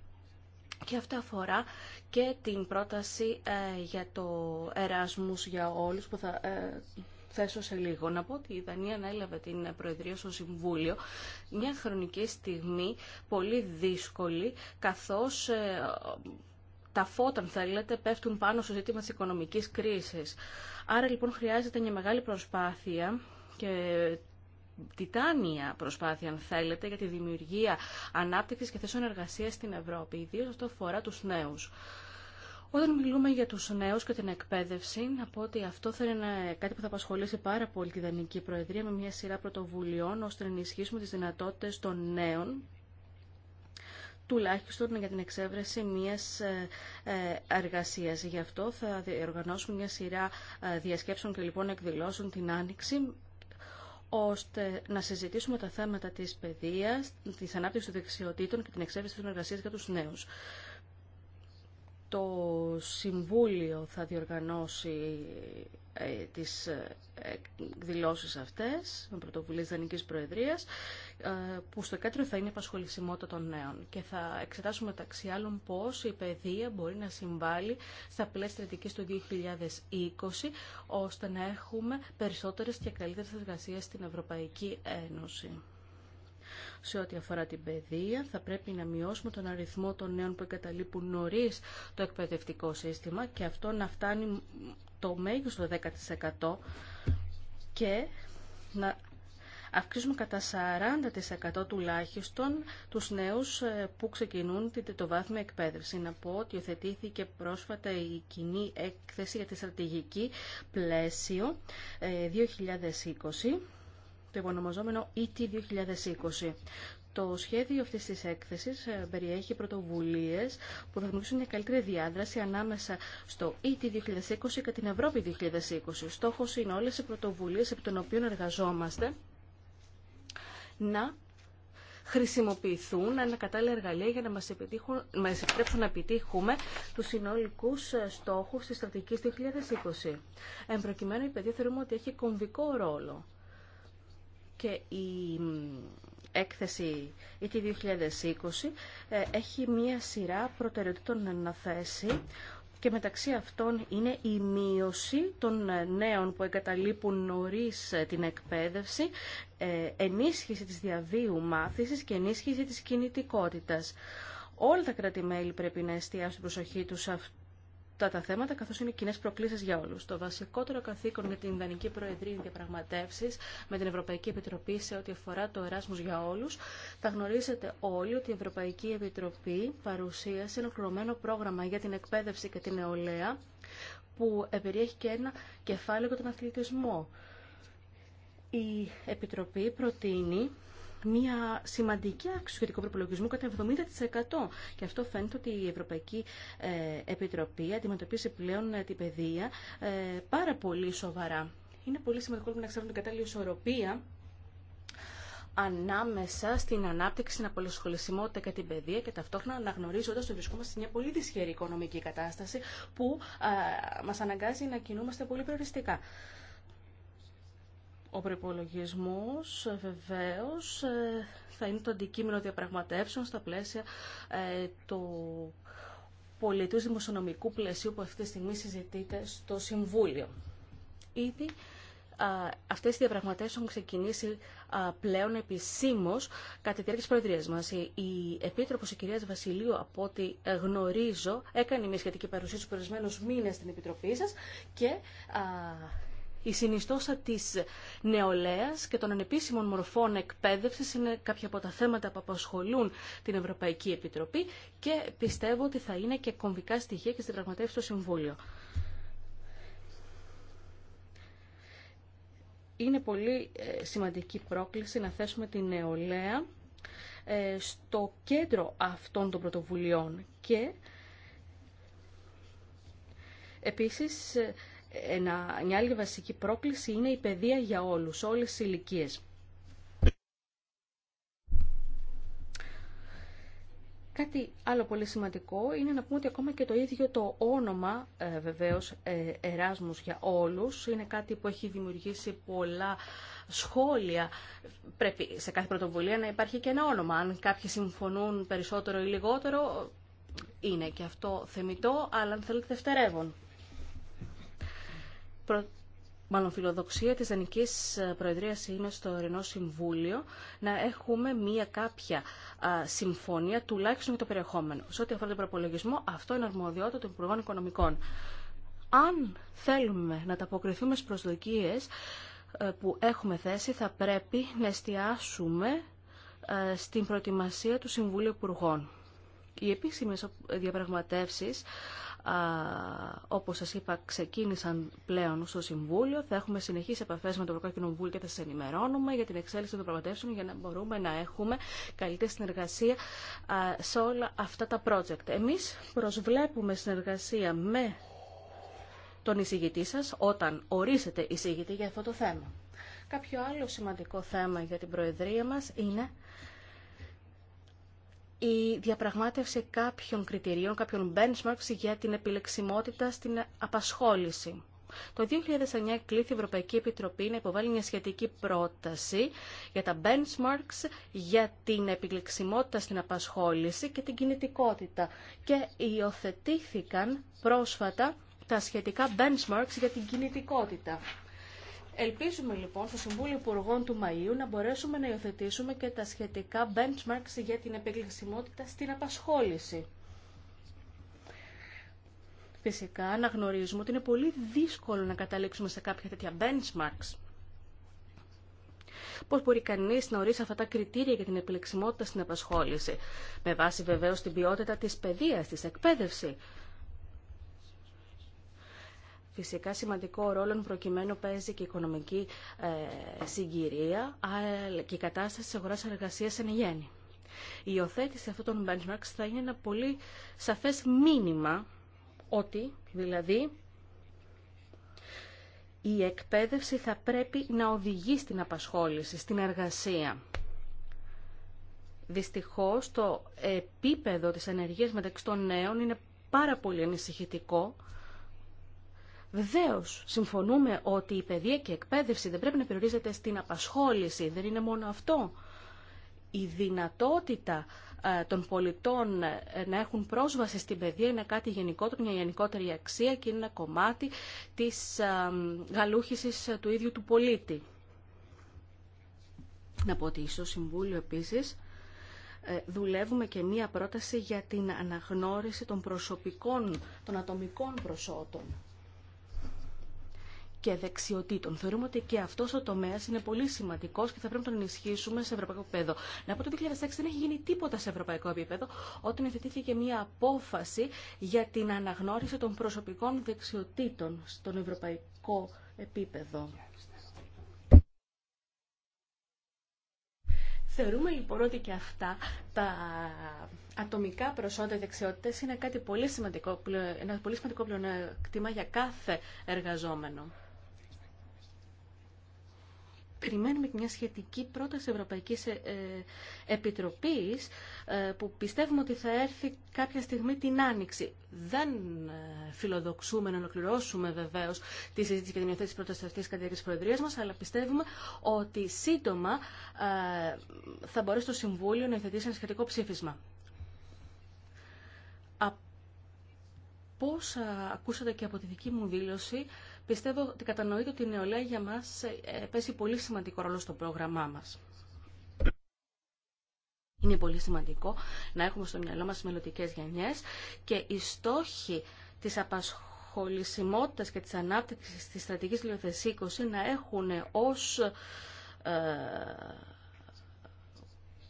Και αυτό αφορά και την πρόταση ε, για το Εράσμους για όλους που θα ε, θέσω σε λίγο. Να πω ότι η Δανία ανέλαβε την Προεδρία στο Συμβούλιο μια χρονική στιγμή πολύ δύσκολη, καθώς τα φώτα, αν θέλετε, πέφτουν πάνω στο ζήτημα της οικονομικής κρίσης. Άρα λοιπόν χρειάζεται μια μεγάλη προσπάθεια και τιτάνια προσπάθεια, αν θέλετε, για τη δημιουργία ανάπτυξης και θέσεων εργασίας στην Ευρώπη, ιδίω αυτό αφορά τους νέους. Όταν μιλούμε για τους νέους και την εκπαίδευση, να πω ότι αυτό θα είναι κάτι που θα απασχολήσει πάρα πολύ τη Δανική Προεδρία με μια σειρά πρωτοβουλειών ώστε να ενισχύσουμε τις δυνατότητες των νέων τουλάχιστον για την εξέβρεση μιας ε, ε, εργασίας. Γι' αυτό θα οργανώσουμε μια σειρά ε, διασκέψεων και λοιπόν εκδηλώσεων την Άνοιξη ώστε να συζητήσουμε τα θέματα της παιδείας, της ανάπτυξης των δεξιοτήτων και την εξέβρεση των εργασίας για τους νέους το Συμβούλιο θα διοργανώσει ε, τις ε, δηλώσεις αυτές με πρωτοβουλίες Δανικής Προεδρίας ε, που στο κέντρο θα είναι η απασχολησιμότητα των νέων και θα εξετάσουμε μεταξύ άλλων πώς η παιδεία μπορεί να συμβάλλει στα πλαίσια στρατηγικής του 2020 ώστε να έχουμε περισσότερες και καλύτερες εργασίες στην Ευρωπαϊκή Ένωση σε ό,τι αφορά την παιδεία. Θα πρέπει να μειώσουμε τον αριθμό των νέων που εγκαταλείπουν νωρί το εκπαιδευτικό σύστημα και αυτό να φτάνει το μέγιστο 10% και να αυξήσουμε κατά 40% τουλάχιστον τους νέους ε, που ξεκινούν την τετοβάθμια εκπαίδευση. Να πω ότι οθετήθηκε πρόσφατα η κοινή έκθεση για τη στρατηγική πλαίσιο 2020 ε, το υπονομαζόμενο ET 2020. Το σχέδιο αυτής της έκθεσης ε, περιέχει πρωτοβουλίες που θα δημιουργήσουν μια καλύτερη διάδραση ανάμεσα στο ET 2020 και την Ευρώπη 2020. στόχος είναι όλες οι πρωτοβουλίες από των οποίων εργαζόμαστε να χρησιμοποιηθούν ένα κατάλληλα εργαλεία για να μας, μας επιτρέψουν να επιτύχουμε τους συνολικούς ε, στόχους της στρατηγικής 2020. Εν προκειμένου, η παιδεία θεωρούμε ότι έχει κομβικό ρόλο και η έκθεση ET 2020 ε, έχει μία σειρά προτεραιοτήτων να αναθέσει και μεταξύ αυτών είναι η μείωση των ε, νέων που εγκαταλείπουν νωρίς ε, την εκπαίδευση, ενίσχυση της διαβίου μάθησης και ενίσχυση της κινητικότητας. Όλα τα κράτη-μέλη πρέπει να εστιάσουν την προσοχή τους σε αυτό αυτά τα θέματα, καθώ είναι κοινέ προκλήσει για όλου. Το βασικότερο καθήκον για την Ιδανική Προεδρία είναι διαπραγματεύσει με την Ευρωπαϊκή Επιτροπή σε ό,τι αφορά το Εράσμου για όλου. Θα γνωρίζετε όλοι ότι η Ευρωπαϊκή Επιτροπή παρουσίασε ένα ολοκληρωμένο πρόγραμμα για την εκπαίδευση και την νεολαία, που περιέχει και ένα κεφάλαιο για τον αθλητισμό. Η Επιτροπή προτείνει μια σημαντική αύξηση σχετικού προπολογισμού κατά 70%. Και αυτό φαίνεται ότι η Ευρωπαϊκή ε, Επιτροπή αντιμετωπίζει πλέον ε, την παιδεία ε, πάρα πολύ σοβαρά. Είναι πολύ σημαντικό λοιπόν, να ξέρουμε την κατάλληλη ισορροπία ανάμεσα στην ανάπτυξη, στην απολυσχολησιμότητα και την παιδεία και ταυτόχρονα αναγνωρίζοντα ότι βρισκόμαστε σε μια πολύ δυσχερή οικονομική κατάσταση που μα αναγκάζει να κινούμαστε πολύ περιοριστικά. Ο προπολογισμό βεβαίω ε, θα είναι το αντικείμενο διαπραγματεύσεων στα πλαίσια ε, του πολιτού δημοσιονομικού πλαισίου που αυτή τη στιγμή συζητείται στο Συμβούλιο. Ήδη αυτές οι διαπραγματεύσεις έχουν ξεκινήσει πλέον επισήμως κατά τη διάρκεια της Προεδρίας μας. Η Επίτροπος, η κυρία Βασιλείου, από ό,τι ε, γνωρίζω, έκανε μια σχετική παρουσία στους προηγουμένους μήνες στην Επιτροπή σας και η συνιστόσα της νεολαίας και των ανεπίσημων μορφών εκπαίδευσης είναι κάποια από τα θέματα που απασχολούν την Ευρωπαϊκή Επιτροπή και πιστεύω ότι θα είναι και κομβικά στοιχεία και στην πραγματεύση στο Συμβούλιο. Είναι πολύ ε, σημαντική πρόκληση να θέσουμε την νεολαία ε, στο κέντρο αυτών των πρωτοβουλειών και επίσης ε, ένα, μια άλλη βασική πρόκληση είναι η παιδεία για όλους, όλες τις ηλικίε. Κάτι άλλο πολύ σημαντικό είναι να πούμε ότι ακόμα και το ίδιο το όνομα, ε, βεβαίως, ε, Εράσμους για όλους, είναι κάτι που έχει δημιουργήσει πολλά σχόλια. Πρέπει σε κάθε πρωτοβουλία να υπάρχει και ένα όνομα. Αν κάποιοι συμφωνούν περισσότερο ή λιγότερο, είναι και αυτό θεμητό, αλλά αν θέλετε δευτερεύουν προ... μάλλον φιλοδοξία της Δανικής ε, Προεδρίας είναι στο Ερεινό Συμβούλιο να έχουμε μία κάποια συμφωνία, τουλάχιστον για το περιεχόμενο. Σε ό,τι αφορά τον προπολογισμό, αυτό είναι αρμοδιότητα των Υπουργών Οικονομικών. Αν θέλουμε να ταποκριθούμε στις προσδοκίες ε, που έχουμε θέσει, θα πρέπει να εστιάσουμε ε, στην προετοιμασία του Συμβούλου Υπουργών. Οι επίσημες διαπραγματεύσεις όπως σας είπα, ξεκίνησαν πλέον στο Συμβούλιο. Θα έχουμε συνεχείς επαφές με το Ευρωπαϊκό Κοινοβούλιο και θα σας ενημερώνουμε για την εξέλιξη των πραγματεύσεων για να μπορούμε να έχουμε καλύτερη συνεργασία σε όλα αυτά τα project. Εμείς προσβλέπουμε συνεργασία με τον εισηγητή σας όταν ορίσετε εισηγητή για αυτό το θέμα. Κάποιο άλλο σημαντικό θέμα για την Προεδρία μας είναι η διαπραγμάτευση κάποιων κριτηρίων, κάποιων benchmarks για την επιλεξιμότητα στην απασχόληση. Το 2009 κλείθη η Ευρωπαϊκή Επιτροπή να υποβάλει μια σχετική πρόταση για τα benchmarks για την επιλεξιμότητα στην απασχόληση και την κινητικότητα και υιοθετήθηκαν πρόσφατα τα σχετικά benchmarks για την κινητικότητα. Ελπίζουμε λοιπόν στο Συμβούλιο Υπουργών του Μαΐου να μπορέσουμε να υιοθετήσουμε και τα σχετικά benchmarks για την επιλεξιμότητα στην απασχόληση. Φυσικά αναγνωρίζουμε ότι είναι πολύ δύσκολο να καταλήξουμε σε κάποια τέτοια benchmarks. Πώς μπορεί κανείς να ορίσει αυτά τα κριτήρια για την επιλεξιμότητα στην απασχόληση, με βάση βεβαίως την ποιότητα της παιδείας, της εκπαίδευση, Φυσικά σημαντικό ρόλο προκειμένου παίζει και η οικονομική ε, συγκυρία αλλά και η κατάσταση της αγοράς εργασίας εν γέννη. Η υιοθέτηση αυτών των benchmarks θα είναι ένα πολύ σαφές μήνυμα ότι δηλαδή η εκπαίδευση θα πρέπει να οδηγεί στην απασχόληση, στην εργασία. Δυστυχώς το επίπεδο της ενεργείας μεταξύ των νέων είναι πάρα πολύ ανησυχητικό Βεβαίω, συμφωνούμε ότι η παιδεία και η εκπαίδευση δεν πρέπει να περιορίζεται στην απασχόληση. Δεν είναι μόνο αυτό. Η δυνατότητα ε, των πολιτών ε, να έχουν πρόσβαση στην παιδεία είναι κάτι γενικότερο, μια γενικότερη αξία και είναι ένα κομμάτι της ε, γαλούχησης του ίδιου του πολίτη. Να πω ότι στο Συμβούλιο επίσης δουλεύουμε και μία πρόταση για την αναγνώριση των προσωπικών, των ατομικών προσώτων και δεξιοτήτων. Θεωρούμε ότι και αυτό ο τομέα είναι πολύ σημαντικό και θα πρέπει να τον ενισχύσουμε σε ευρωπαϊκό επίπεδο. Να πω το 2006 δεν έχει γίνει τίποτα σε ευρωπαϊκό επίπεδο όταν υιοθετήθηκε μια απόφαση για την αναγνώριση των προσωπικών δεξιοτήτων στον ευρωπαϊκό επίπεδο. Θεωρούμε λοιπόν ότι και αυτά τα ατομικά προσόντα δεξιότητε είναι κάτι πολύ σημαντικό, ένα πολύ σημαντικό πλεονέκτημα για κάθε εργαζόμενο περιμένουμε μια σχετική πρόταση Ευρωπαϊκής ε, ε, Επιτροπής ε, που πιστεύουμε ότι θα έρθει κάποια στιγμή την Άνοιξη. Δεν φιλοδοξούμε να ολοκληρώσουμε βεβαίω τη συζήτηση και την υιοθέτηση πρόταση αυτή κατά τη Προεδρία μα, αλλά πιστεύουμε ότι σύντομα θα μπορέσει το Συμβούλιο να υιοθετήσει ένα σχετικό ψήφισμα. Πώς ακούσατε και από τη δική μου δήλωση, Πιστεύω ότι κατανοείται ότι η νεολαία για μας ε, παίζει πολύ σημαντικό ρόλο στο πρόγραμμά μας. Είναι πολύ σημαντικό να έχουμε στο μυαλό μας μελλοντικέ γενιές και οι στόχοι της απασχολησιμότητας και της ανάπτυξης της στρατηγικής 2020 να έχουν ως ε,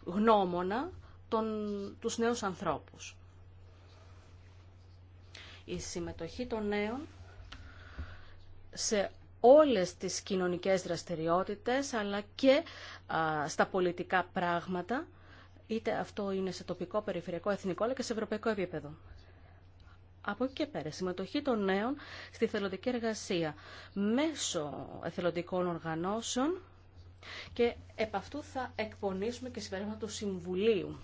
γνώμονα τον, τους νέους ανθρώπους. Η συμμετοχή των νέων σε όλες τις κοινωνικές δραστηριότητες αλλά και στα πολιτικά πράγματα, είτε αυτό είναι σε τοπικό, περιφερειακό, εθνικό αλλά και σε ευρωπαϊκό επίπεδο. Από εκεί και πέρα, συμμετοχή των νέων στη θελοντική εργασία μέσω εθελοντικών οργανώσεων και επ' αυτού θα εκπονήσουμε και συμπέρασμα του Συμβουλίου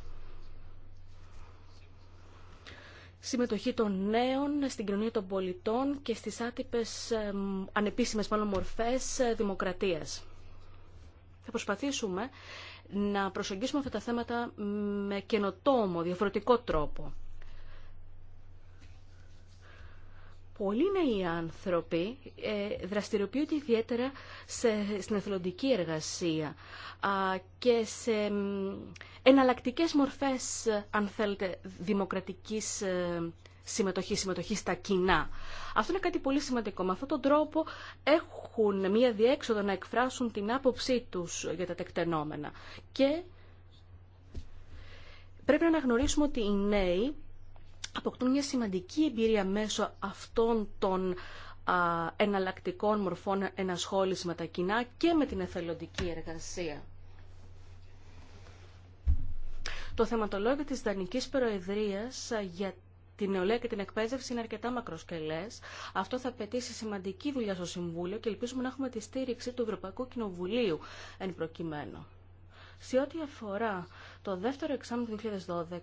συμμετοχή των νέων στην κοινωνία των πολιτών και στις άτυπες, ανεπίσημες μάλλον μορφές ε, δημοκρατίας. Θα προσπαθήσουμε να προσεγγίσουμε αυτά τα θέματα με καινοτόμο, διαφορετικό τρόπο. πολλοί νέοι άνθρωποι ε, δραστηριοποιούνται ιδιαίτερα σε, στην εθελοντική εργασία και σε εναλλακτικές μορφές, αν θέλετε, δημοκρατικής συμμετοχή, συμμετοχή στα κοινά. Αυτό είναι κάτι πολύ σημαντικό. Με αυτόν τον τρόπο έχουν μία διέξοδο να εκφράσουν την άποψή τους για τα τεκτενόμενα. Και πρέπει να αναγνωρίσουμε ότι οι νέοι αποκτούν μια σημαντική εμπειρία μέσω αυτών των εναλλακτικών μορφών ενασχόλησης με τα κοινά και με την εθελοντική εργασία. Το θεματολόγιο της Δανικής Προεδρίας για την νεολαία και την εκπαίδευση είναι αρκετά μακροσκελές. Αυτό θα απαιτήσει σημαντική δουλειά στο Συμβούλιο και ελπίζουμε να έχουμε τη στήριξη του Ευρωπαϊκού Κοινοβουλίου εν προκειμένου. Σε ό,τι αφορά το δεύτερο εξάμεινο του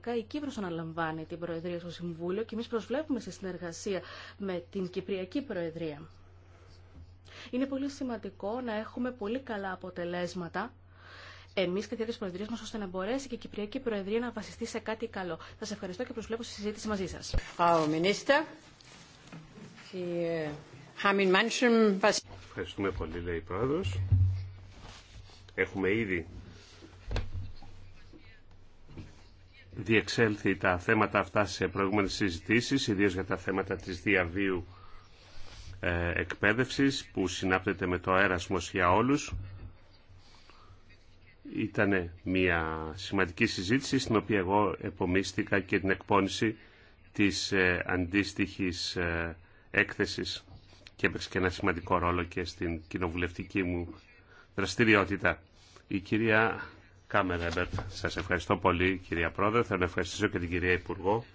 2012, η Κύπρος αναλαμβάνει την Προεδρία στο Συμβούλιο και εμείς προσβλέπουμε στη συνεργασία με την Κυπριακή Προεδρία. Είναι πολύ σημαντικό να έχουμε πολύ καλά αποτελέσματα εμεί και τη Προεδρία μα, ώστε να μπορέσει και η Κυπριακή Προεδρία να βασιστεί σε κάτι καλό. Σα ευχαριστώ και προσβλέπω στη συζήτηση μαζί σα. Ευχαριστούμε πολύ, λέει η Πρόεδρος. διεξέλθει τα θέματα αυτά σε προηγούμενες συζητήσεις, ιδίως για τα θέματα της διαβίου ε, εκπαίδευσης που συνάπτεται με το αέρασμος για όλους. Ήταν μια σημαντική συζήτηση στην οποία εγώ επομίστηκα και την εκπόνηση της ε, αντίστοιχης ε, έκθεσης και έπαιξε και ένα σημαντικό ρόλο και στην κοινοβουλευτική μου δραστηριότητα. Η κυρία Εμπέρτ, Σας ευχαριστώ πολύ κυρία Πρόεδρε. Θέλω να ευχαριστήσω και την κυρία Υπουργό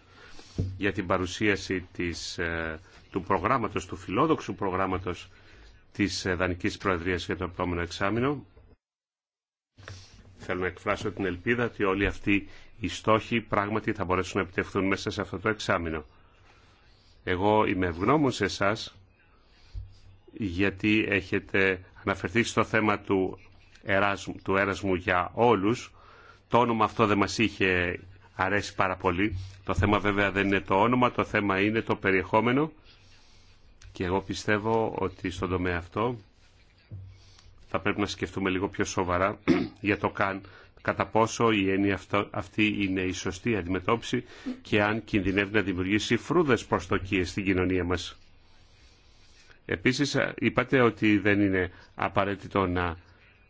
για την παρουσίαση της, ε, του προγράμματος, του φιλόδοξου προγράμματος της ε, Δανικής Προεδρίας για το επόμενο εξάμεινο. Θέλω να εκφράσω την ελπίδα ότι όλοι αυτοί οι στόχοι πράγματι θα μπορέσουν να επιτευχθούν μέσα σε αυτό το εξάμεινο. Εγώ είμαι ευγνώμων σε εσά γιατί έχετε αναφερθεί στο θέμα του του έρασμου για όλους. Το όνομα αυτό δεν μας είχε αρέσει πάρα πολύ. Το θέμα βέβαια δεν είναι το όνομα, το θέμα είναι το περιεχόμενο. Και εγώ πιστεύω ότι στον τομέα αυτό θα πρέπει να σκεφτούμε λίγο πιο σοβαρά [CLEARS THROAT] για το καν κατά πόσο η έννοια αυτή είναι η σωστή αντιμετώπιση και αν κινδυνεύει να δημιουργήσει φρούδες προστοκίες στην κοινωνία μας. Επίσης είπατε ότι δεν είναι απαραίτητο να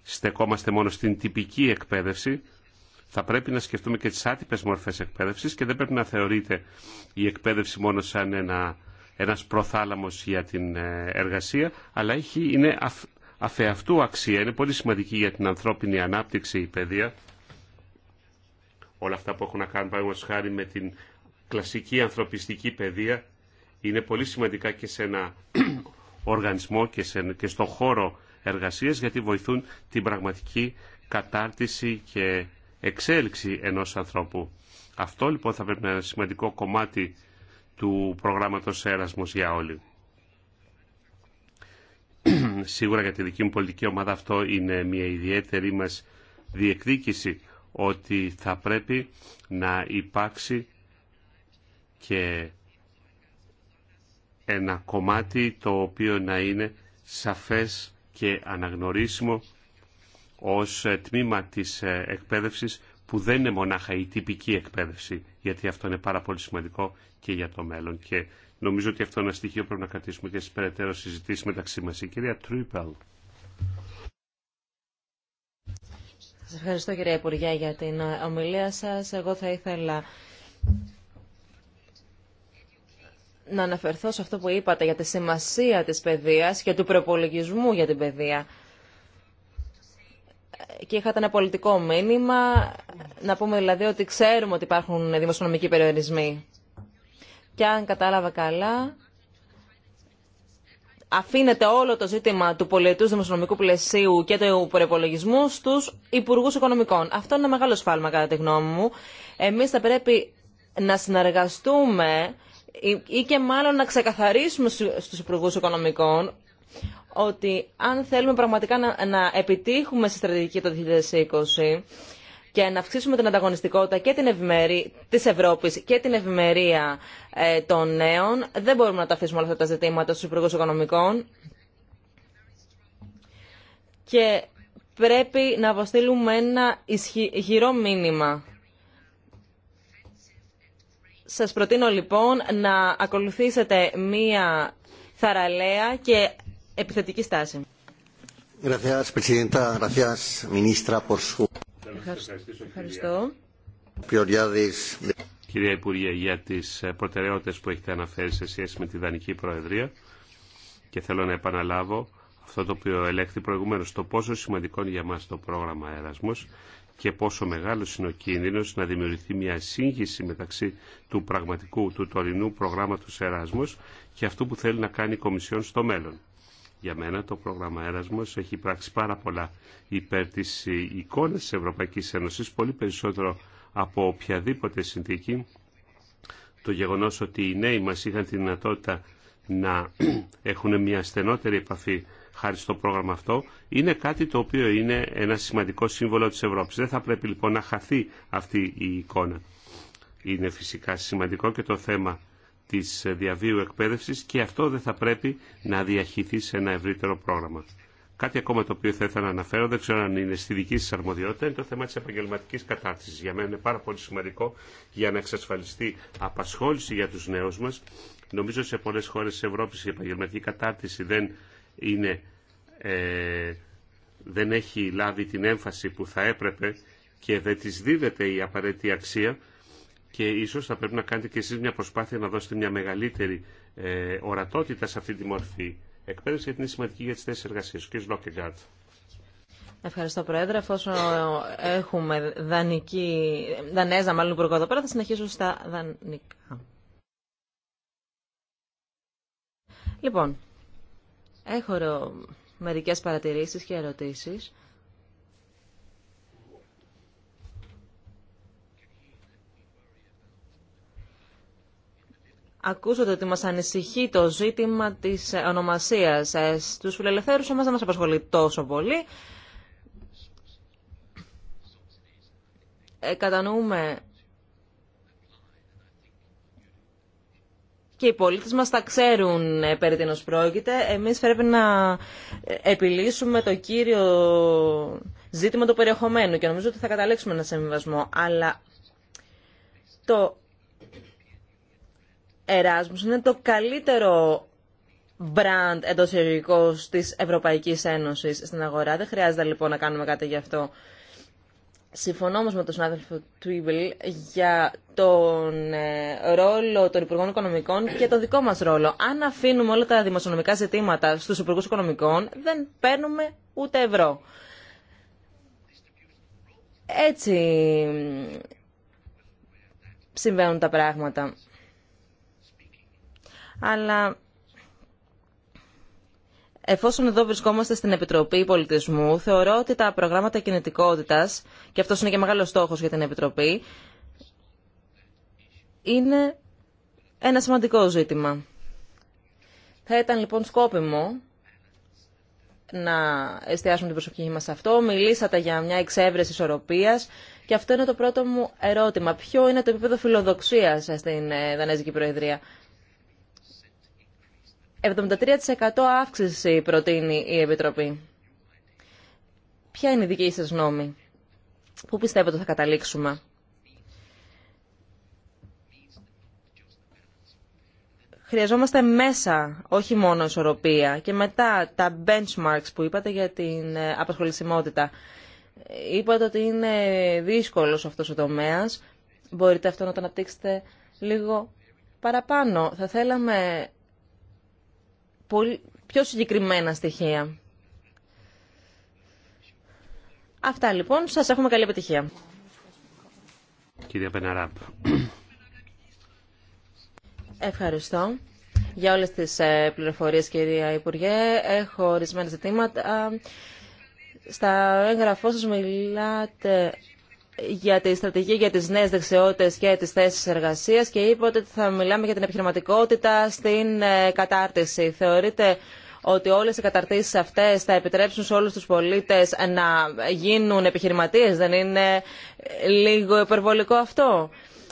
στεκόμαστε μόνο στην τυπική εκπαίδευση, θα πρέπει να σκεφτούμε και τις άτυπες μορφές εκπαίδευσης και δεν πρέπει να θεωρείται η εκπαίδευση μόνο σαν ένα, ένας προθάλαμος για την ε, εργασία, αλλά έχει, είναι αφ, αφεαυτού αξία, είναι πολύ σημαντική για την ανθρώπινη ανάπτυξη η παιδεία. Όλα αυτά που έχουν να κάνουν παραδείγματος χάρη με την κλασική ανθρωπιστική παιδεία είναι πολύ σημαντικά και σε ένα [CLEARS THROAT] οργανισμό και, σε, και στον χώρο Εργασίες γιατί βοηθούν την πραγματική κατάρτιση και εξέλιξη ενός ανθρώπου. Αυτό λοιπόν θα πρέπει να είναι ένα σημαντικό κομμάτι του προγράμματος Έρασμος για όλοι. [CLEARS THROAT] Σίγουρα για τη δική μου πολιτική ομάδα αυτό είναι μια ιδιαίτερη μας διεκδίκηση ότι θα πρέπει να υπάρξει και ένα κομμάτι το οποίο να είναι σαφές και αναγνωρίσιμο ως ε, τμήμα της ε, εκπαίδευσης που δεν είναι μονάχα η τυπική εκπαίδευση, γιατί αυτό είναι πάρα πολύ σημαντικό και για το μέλλον. Και νομίζω ότι αυτό είναι ένα στοιχείο που πρέπει να κρατήσουμε και στις περαιτέρω συζητήσεις μεταξύ μας. Η κυρία Τρουιπελ. Σας ευχαριστώ κυρία Υπουργέ για την ε, ομιλία σας. Εγώ θα ήθελα να αναφερθώ σε αυτό που είπατε για τη σημασία της παιδείας και του προπολογισμού για την παιδεία. Και είχατε ένα πολιτικό μήνυμα, να πούμε δηλαδή ότι ξέρουμε ότι υπάρχουν δημοσιονομικοί περιορισμοί. Και αν κατάλαβα καλά, αφήνεται όλο το ζήτημα του πολιτού δημοσιονομικού πλαισίου και του προπολογισμού στους υπουργού οικονομικών. Αυτό είναι ένα μεγάλο σφάλμα κατά τη γνώμη μου. Εμείς θα πρέπει να συνεργαστούμε ή και μάλλον να ξεκαθαρίσουμε στους υπουργού οικονομικών ότι αν θέλουμε πραγματικά να, επιτύχουμε στη στρατηγική το 2020 και να αυξήσουμε την ανταγωνιστικότητα και την ευημερία της Ευρώπης και την ευημερία ε, των νέων, δεν μπορούμε να τα αφήσουμε όλα αυτά τα ζητήματα στους υπουργού οικονομικών και πρέπει να αποστείλουμε ένα ισχυρό μήνυμα σας προτείνω λοιπόν να ακολουθήσετε μία θαραλέα και επιθετική στάση. Ευχαριστώ. Κυρία Υπουργέ, για τις ε, προτεραιότητες που έχετε αναφέρει σε σχέση με τη Δανική Προεδρία και θέλω να επαναλάβω αυτό το οποίο ελέγχθη προηγουμένως, το πόσο σημαντικό είναι για μας το πρόγραμμα Έρασμος και πόσο μεγάλος είναι ο κίνδυνος να δημιουργηθεί μια σύγχυση μεταξύ του πραγματικού του τωρινού προγράμματος Εράσμος και αυτού που θέλει να κάνει η Κομισιόν στο μέλλον. Για μένα το πρόγραμμα Έρασμος έχει πράξει πάρα πολλά υπέρ της ε, εικόνας της Ευρωπαϊκής Ένωσης, πολύ περισσότερο από οποιαδήποτε συνθήκη. Το γεγονός ότι οι νέοι μας είχαν τη δυνατότητα να [CLEARS THROAT] έχουν μια στενότερη επαφή χάρη στο πρόγραμμα αυτό, είναι κάτι το οποίο είναι ένα σημαντικό σύμβολο της Ευρώπης. Δεν θα πρέπει λοιπόν να χαθεί αυτή η εικόνα. Είναι φυσικά σημαντικό και το θέμα της διαβίου εκπαίδευσης και αυτό δεν θα πρέπει να διαχυθεί σε ένα ευρύτερο πρόγραμμα. Κάτι ακόμα το οποίο θα ήθελα να αναφέρω, δεν ξέρω αν είναι στη δική σα αρμοδιότητα, είναι το θέμα τη επαγγελματική κατάρτιση. Για μένα είναι πάρα πολύ σημαντικό για να εξασφαλιστεί απασχόληση για του νέου μα. Νομίζω σε πολλέ χώρε τη Ευρώπη η επαγγελματική κατάρτιση δεν είναι, ε, δεν έχει λάβει την έμφαση που θα έπρεπε και δεν της δίδεται η απαραίτητη αξία και ίσως θα πρέπει να κάνετε και εσείς μια προσπάθεια να δώσετε μια μεγαλύτερη ε, ορατότητα σε αυτή τη μορφή εκπαίδευση γιατί είναι σημαντική για τις θέσεις εργασίας. Κύριε Λόκεγκάρτ. Ευχαριστώ, Πρόεδρε. Εφόσον έχουμε δανική, δανέζα, μάλλον υπουργό θα συνεχίσω στα δανεικά. Λοιπόν, Έχω μερικές παρατηρήσεις και ερωτήσεις. Ακούσατε ότι μας ανησυχεί το ζήτημα της ονομασίας. Ε, στους φιλελευθέρους εμάς δεν μας απασχολεί τόσο πολύ. Ε, κατανοούμε και οι πολίτε μα τα ξέρουν ε, περί τίνο πρόκειται. Εμείς πρέπει να ε, επιλύσουμε το κύριο ζήτημα του περιεχομένου και νομίζω ότι θα καταλήξουμε ένα συμβιβασμό. Αλλά το Εράσμου είναι το καλύτερο μπραντ εντό εισαγωγικών της Ευρωπαϊκής Ένωσης στην αγορά. Δεν χρειάζεται λοιπόν να κάνουμε κάτι γι' αυτό. Συμφωνώ όμως με τον συνάδελφο Τουίβιλ για τον ε, ρόλο των Υπουργών Οικονομικών και το δικό μας ρόλο. Αν αφήνουμε όλα τα δημοσιονομικά ζητήματα στους Υπουργούς Οικονομικών, δεν παίρνουμε ούτε ευρώ. Έτσι συμβαίνουν τα πράγματα. Αλλά Εφόσον εδώ βρισκόμαστε στην Επιτροπή Πολιτισμού, θεωρώ ότι τα προγράμματα κινητικότητας, και αυτός είναι και μεγάλος στόχος για την Επιτροπή, είναι ένα σημαντικό ζήτημα. Θα ήταν λοιπόν σκόπιμο να εστιάσουμε την προσοχή μας σε αυτό. Μιλήσατε για μια εξέβρεση ισορροπίας και αυτό είναι το πρώτο μου ερώτημα. Ποιο είναι το επίπεδο φιλοδοξίας στην ε, Δανέζικη Προεδρία. 73% αύξηση προτείνει η Επιτροπή. Ποια είναι η δική σας γνώμη. Πού πιστεύετε θα καταλήξουμε. Χρειαζόμαστε μέσα, όχι μόνο ισορροπία, και μετά τα benchmarks που είπατε για την ε, απασχολησιμότητα. Είπατε ότι είναι δύσκολος αυτός ο τομέας. Μπορείτε αυτό να το αναπτύξετε λίγο παραπάνω. Θα θέλαμε πιο συγκεκριμένα στοιχεία. Αυτά λοιπόν. Σας έχουμε καλή επιτυχία. Κυρία Πεναράπ. Ευχαριστώ για όλες τις ε, πληροφορίες, κυρία Υπουργέ. Έχω ορισμένα ζητήματα. Στα έγγραφό σας μιλάτε για τη στρατηγική για τι νέε δεξιότητε και τι θέσει εργασία, και είπε ότι θα μιλάμε για την επιχειρηματικότητα στην ε, κατάρτιση. Θεωρείτε ότι όλε οι καταρτήσει αυτέ θα επιτρέψουν σε όλους τους πολίτες να γίνουν επιχειρηματίε, Δεν είναι ε, λίγο υπερβολικό αυτό.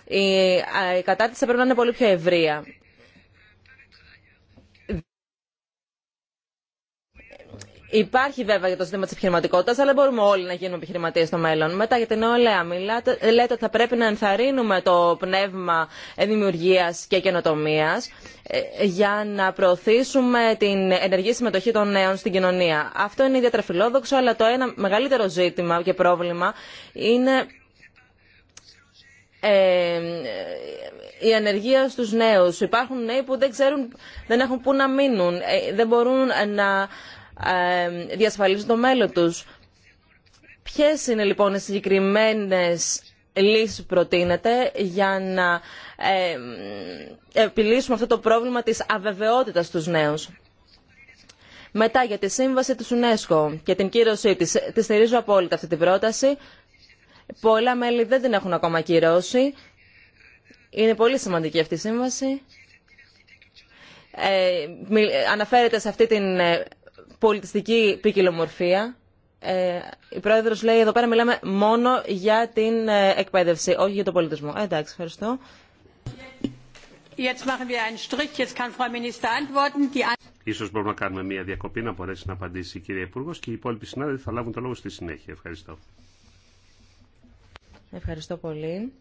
Ε, η κατάρτιση θα πρέπει να είναι πολύ πιο ευρεία. Υπάρχει βέβαια για το ζήτημα τη επιχειρηματικότητα, αλλά μπορούμε όλοι να γίνουμε επιχειρηματίε στο μέλλον. Μετά για την νεολαία, μιλάτε, λέτε ότι θα πρέπει να ενθαρρύνουμε το πνεύμα δημιουργία και καινοτομία ε, για να προωθήσουμε την ενεργή συμμετοχή των νέων στην κοινωνία. Αυτό είναι ιδιαίτερα φιλόδοξο, αλλά το ένα μεγαλύτερο ζήτημα και πρόβλημα είναι ε, η ανεργία στους νέους. Υπάρχουν νέοι που δεν ξέρουν, δεν έχουν που να μείνουν, ε, δεν μπορούν να διασφαλίζουν το μέλλον τους. Ποιες είναι λοιπόν οι συγκεκριμένες λύσεις που προτείνεται για να επιλύσουμε αυτό το πρόβλημα της αβεβαιότητας στους νέους. Μετά για τη σύμβαση της UNESCO και την κύρωσή της. Τη στηρίζω απόλυτα αυτή την πρόταση. Πολλά μέλη δεν την έχουν ακόμα κυρώσει. Είναι πολύ σημαντική αυτή η σύμβαση. Ε, αναφέρεται σε αυτή την ε, πολιτιστική ποικιλομορφία. Ε, η πρόεδρος λέει εδώ πέρα μιλάμε μόνο για την ε, εκπαίδευση, όχι για τον πολιτισμό. Ε, εντάξει, ευχαριστώ. Ίσως μπορούμε να κάνουμε μια διακοπή να μπορέσει να απαντήσει η κυρία Υπουργός και οι υπόλοιποι συνάδελφοι θα λάβουν το λόγο στη συνέχεια. Ευχαριστώ. Ευχαριστώ πολύ.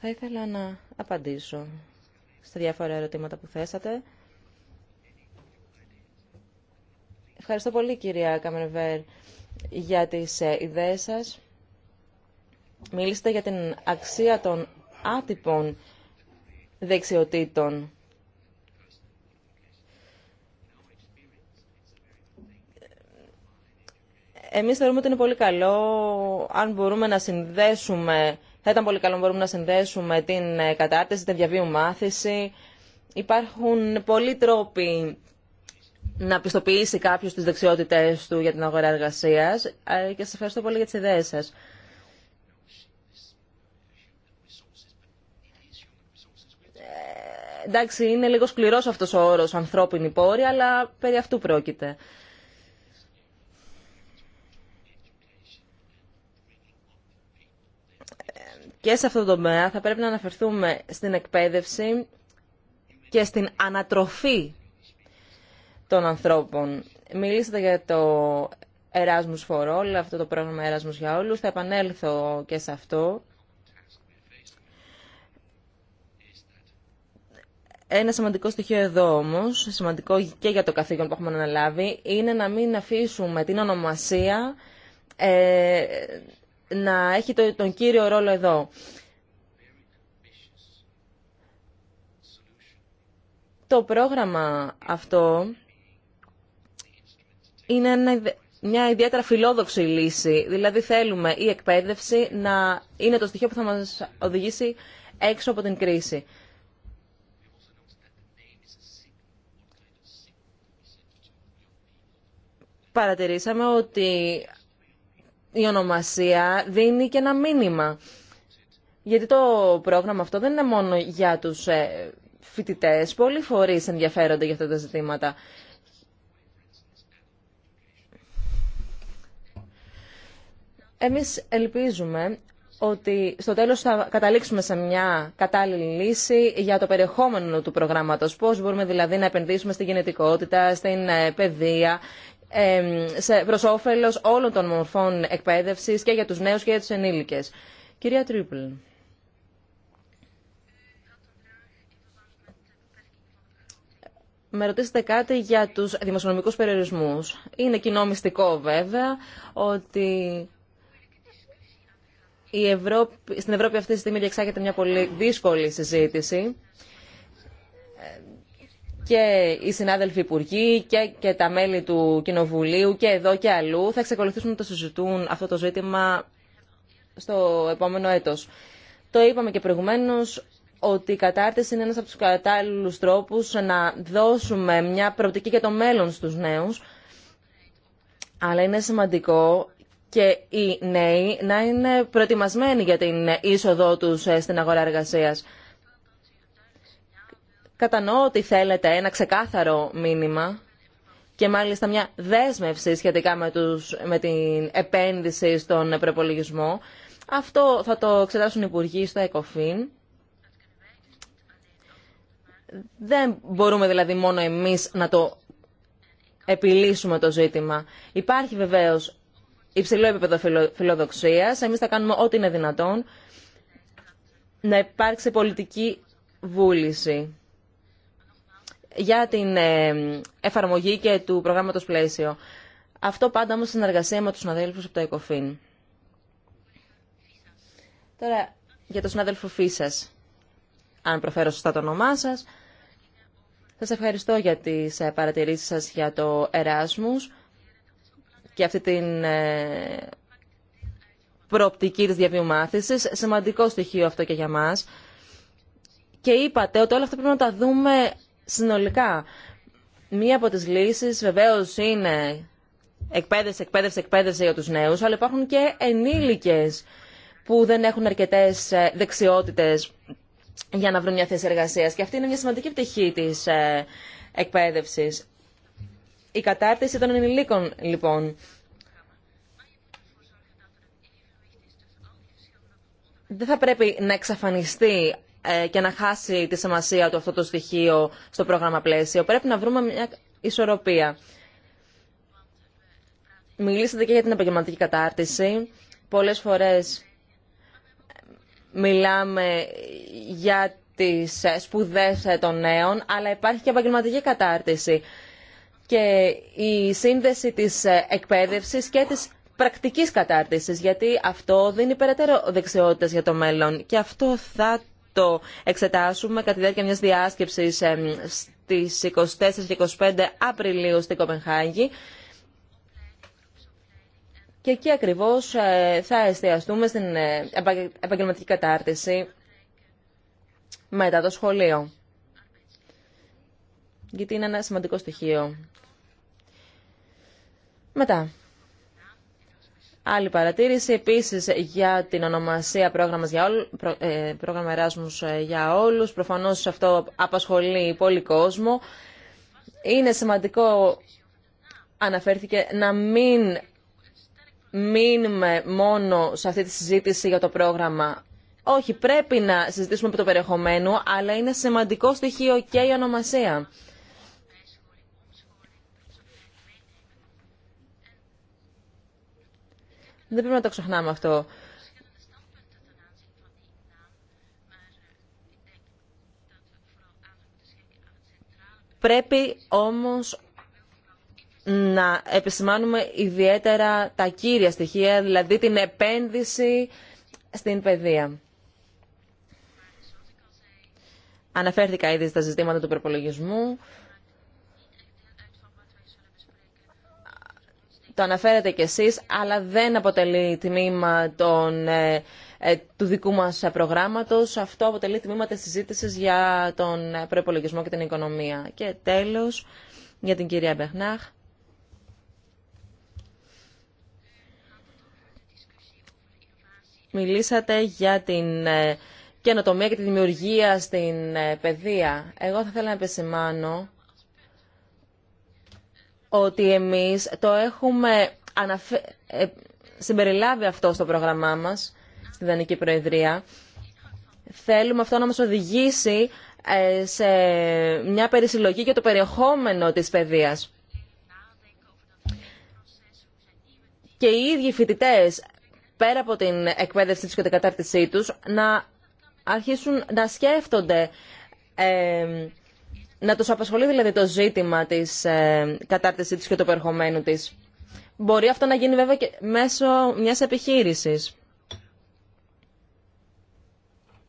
Θα ήθελα να απαντήσω στα διάφορα ερωτήματα που θέσατε. Ευχαριστώ πολύ κυρία Καμερβέρ για τις ε, ιδέες σας. Μιλήσατε για την αξία των άτυπων δεξιοτήτων. Εμείς θεωρούμε ότι είναι πολύ καλό αν μπορούμε να συνδέσουμε, θα ήταν πολύ καλό αν μπορούμε να συνδέσουμε την ε, κατάρτιση, την διαβίου μάθηση. Υπάρχουν πολλοί τρόποι να πιστοποιήσει κάποιος τις δεξιότητες του για την αγορά εργασίας ε, και σας ευχαριστώ πολύ για τις ιδέες σας. Ε, εντάξει, είναι λίγο σκληρός αυτός ο όρος ανθρώπινη πόρη, αλλά περί αυτού πρόκειται. Και σε αυτό το τομέα θα πρέπει να αναφερθούμε στην εκπαίδευση και στην ανατροφή των ανθρώπων. Μιλήσατε για το Erasmus for All, αυτό το πρόγραμμα Erasmus για όλους. Θα επανέλθω και σε αυτό. Ένα σημαντικό στοιχείο εδώ όμως, σημαντικό και για το καθήκον που έχουμε αναλάβει, είναι να μην αφήσουμε την ονομασία ε, να έχει τον κύριο ρόλο εδώ. Το πρόγραμμα αυτό είναι μια ιδιαίτερα φιλόδοξη λύση. Δηλαδή θέλουμε η εκπαίδευση να είναι το στοιχείο που θα μας οδηγήσει έξω από την κρίση. Παρατηρήσαμε ότι η ονομασία δίνει και ένα μήνυμα. Γιατί το πρόγραμμα αυτό δεν είναι μόνο για τους ε, φοιτητέ. Πολλοί φορεί ενδιαφέρονται για αυτά τα ζητήματα. Εμείς ελπίζουμε ότι στο τέλος θα καταλήξουμε σε μια κατάλληλη λύση για το περιεχόμενο του προγράμματος. Πώς μπορούμε δηλαδή να επενδύσουμε στην γενετικότητα, στην ε, παιδεία, προς όφελος όλων των μορφών εκπαίδευσης και για τους νέους και για τους ενήλικες. Κυρία Τρίπλ. Με ρωτήσετε κάτι για τους δημοσιονομικούς περιορισμούς. Είναι κοινό μυστικό βέβαια ότι η Ευρώπη, στην Ευρώπη αυτή τη στιγμή διεξάγεται μια πολύ δύσκολη συζήτηση και οι συνάδελφοι υπουργοί και, και τα μέλη του Κοινοβουλίου και εδώ και αλλού θα εξακολουθήσουν να το συζητούν αυτό το ζήτημα στο επόμενο έτος. Το είπαμε και προηγουμένως ότι η κατάρτιση είναι ένας από τους κατάλληλους τρόπους να δώσουμε μια προοπτική για το μέλλον στους νέους αλλά είναι σημαντικό και οι νέοι να είναι προετοιμασμένοι για την είσοδό τους ε, στην αγορά εργασίας. Κατανοώ ότι θέλετε ένα ξεκάθαρο μήνυμα και μάλιστα μια δέσμευση σχετικά με, τους, με την επένδυση στον προπολογισμό. Αυτό θα το εξετάσουν οι υπουργοί στο ΕΚΟΦΗΝ. Δεν μπορούμε δηλαδή μόνο εμείς να το επιλύσουμε το ζήτημα. Υπάρχει βεβαίως υψηλό επίπεδο φιλοδοξία. Εμεί θα κάνουμε ό,τι είναι δυνατόν να υπάρξει πολιτική βούληση για την ε, εφαρμογή και του προγράμματος πλαίσιο. Αυτό πάντα όμως συνεργασία με τους συναδέλφους από το ΕΚΟΦΗΝ. Τώρα, για τον συνάδελφο Φίσας, αν προφέρω σωστά το όνομά σας, σας ευχαριστώ για τις ε, παρατηρήσεις σας για το Εράσμους και αυτή την ε, προοπτική της διαβιομάθησης. Σημαντικό στοιχείο αυτό και για μας. Και είπατε ότι όλα αυτά πρέπει να τα δούμε συνολικά. Μία από τις λύσεις βεβαίως είναι εκπαίδευση, εκπαίδευση, εκπαίδευση για τους νέους, αλλά υπάρχουν και ενήλικες που δεν έχουν αρκετές ε, δεξιότητες για να βρουν μια θέση εργασίας. Και αυτή είναι μια σημαντική πτυχή της ε, εκπαίδευσης. Η κατάρτιση των ενηλίκων, λοιπόν, δεν θα πρέπει να εξαφανιστεί ε, και να χάσει τη σημασία του αυτό το στοιχείο στο πρόγραμμα πλαίσιο. Πρέπει να βρούμε μια ισορροπία. Μιλήσατε και για την επαγγελματική κατάρτιση. Πολλές φορές μιλάμε για τις σπουδές των νέων, αλλά υπάρχει και επαγγελματική κατάρτιση και η σύνδεση της ε, εκπαίδευσης και της πρακτικής κατάρτισης, γιατί αυτό δίνει περαιτέρω δεξιότητες για το μέλλον και αυτό θα το εξετάσουμε κατά τη διάρκεια μιας διάσκεψης στις 24 και 25 Απριλίου στην Κοπενχάγη. Και εκεί ακριβώς ε, θα εστιαστούμε στην ε, επαγγελματική κατάρτιση μετά το σχολείο. Γιατί είναι ένα σημαντικό στοιχείο μετά. Άλλη παρατήρηση Επίση για την ονομασία προγράμματος για ε, πρόγραμμα Εράσμου για όλους. Προφανώς αυτό απασχολεί πολύ κόσμο. Είναι σημαντικό, αναφέρθηκε, να μην μείνουμε μόνο σε αυτή τη συζήτηση για το πρόγραμμα. Όχι, πρέπει να συζητήσουμε από το περιεχομένο, αλλά είναι σημαντικό στοιχείο και η ονομασία. Δεν πρέπει να το ξεχνάμε αυτό. Πρέπει όμως να επισημάνουμε ιδιαίτερα τα κύρια στοιχεία, δηλαδή την επένδυση στην παιδεία. Αναφέρθηκα ήδη στα ζητήματα του προπολογισμού. το αναφέρετε κι εσείς, αλλά δεν αποτελεί τμήμα ε, ε, του δικού μας προγράμματος. Αυτό αποτελεί τμήμα της συζήτησης για τον προϋπολογισμό και την οικονομία. Και τέλος, για την κυρία Μπεχνάχ. Μιλήσατε για την ε, καινοτομία και τη δημιουργία στην παιδεία. Εγώ θα ήθελα να επισημάνω ότι εμείς το έχουμε αναφε... Ε, συμπεριλάβει αυτό στο πρόγραμμά μας, στη Δανική Προεδρία. Θέλουμε αυτό να μας οδηγήσει ε, σε μια περισυλλογή για το περιεχόμενο της παιδείας. Και οι ίδιοι φοιτητέ, πέρα από την εκπαίδευση τους και την κατάρτισή τους, να αρχίσουν να σκέφτονται ε, να τους απασχολεί δηλαδή το ζήτημα της ε, κατάρτισης της και του περχομένου της. Μπορεί αυτό να γίνει βέβαια και μέσω μιας επιχείρησης.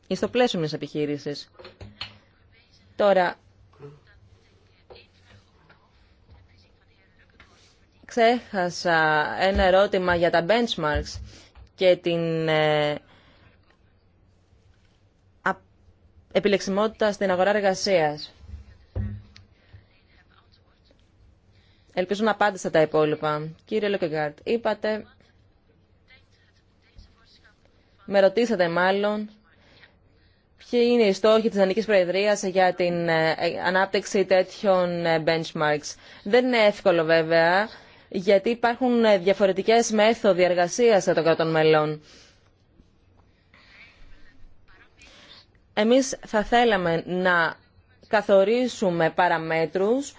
Ή στο πλαίσιο μιας επιχείρησης. Τώρα, ξέχασα ένα ερώτημα για τα benchmarks και την ε, επιλεξιμότητα στην αγορά εργασίας. Ελπίζω να απάντησα τα υπόλοιπα. Κύριε Λοκεγκάρτ, είπατε... Με ρωτήσατε μάλλον ποιοι είναι οι στόχοι της Δανικής Προεδρίας για την ε, ανάπτυξη τέτοιων ε, benchmarks. Δεν είναι εύκολο βέβαια, γιατί υπάρχουν ε, διαφορετικές μέθοδοι εργασίας των κρατών μελών. Εμείς θα θέλαμε να καθορίσουμε παραμέτρους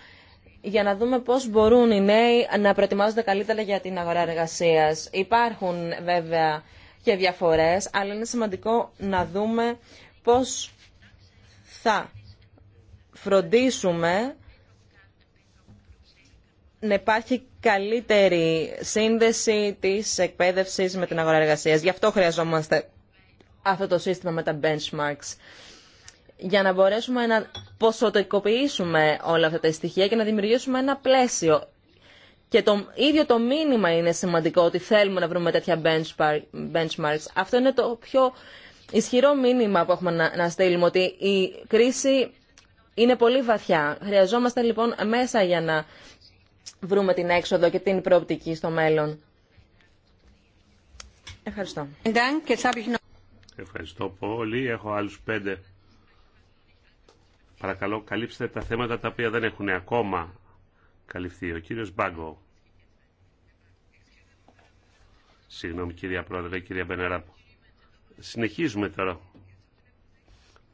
για να δούμε πώς μπορούν οι νέοι να προετοιμάζονται καλύτερα για την αγορά εργασίας. Υπάρχουν βέβαια και διαφορές, αλλά είναι σημαντικό να δούμε πώς θα φροντίσουμε να υπάρχει καλύτερη σύνδεση της εκπαίδευσης με την αγορά εργασίας. Γι' αυτό χρειαζόμαστε αυτό το σύστημα με τα benchmarks για να μπορέσουμε να ποσοτικοποιήσουμε όλα αυτά τα στοιχεία και να δημιουργήσουμε ένα πλαίσιο. Και το ίδιο το μήνυμα είναι σημαντικό ότι θέλουμε να βρούμε τέτοια benchmarks. Αυτό είναι το πιο ισχυρό μήνυμα που έχουμε να στείλουμε, ότι η κρίση είναι πολύ βαθιά. Χρειαζόμαστε λοιπόν μέσα για να βρούμε την έξοδο και την προοπτική στο μέλλον. Ευχαριστώ. Ευχαριστώ πολύ. Έχω άλλους πέντε Παρακαλώ, καλύψτε τα θέματα τα οποία δεν έχουν ακόμα καλυφθεί. Ο κύριος Μπάγκο. Συγγνώμη κυρία Πρόεδρε, κυρία Μπενερά. Συνεχίζουμε τώρα.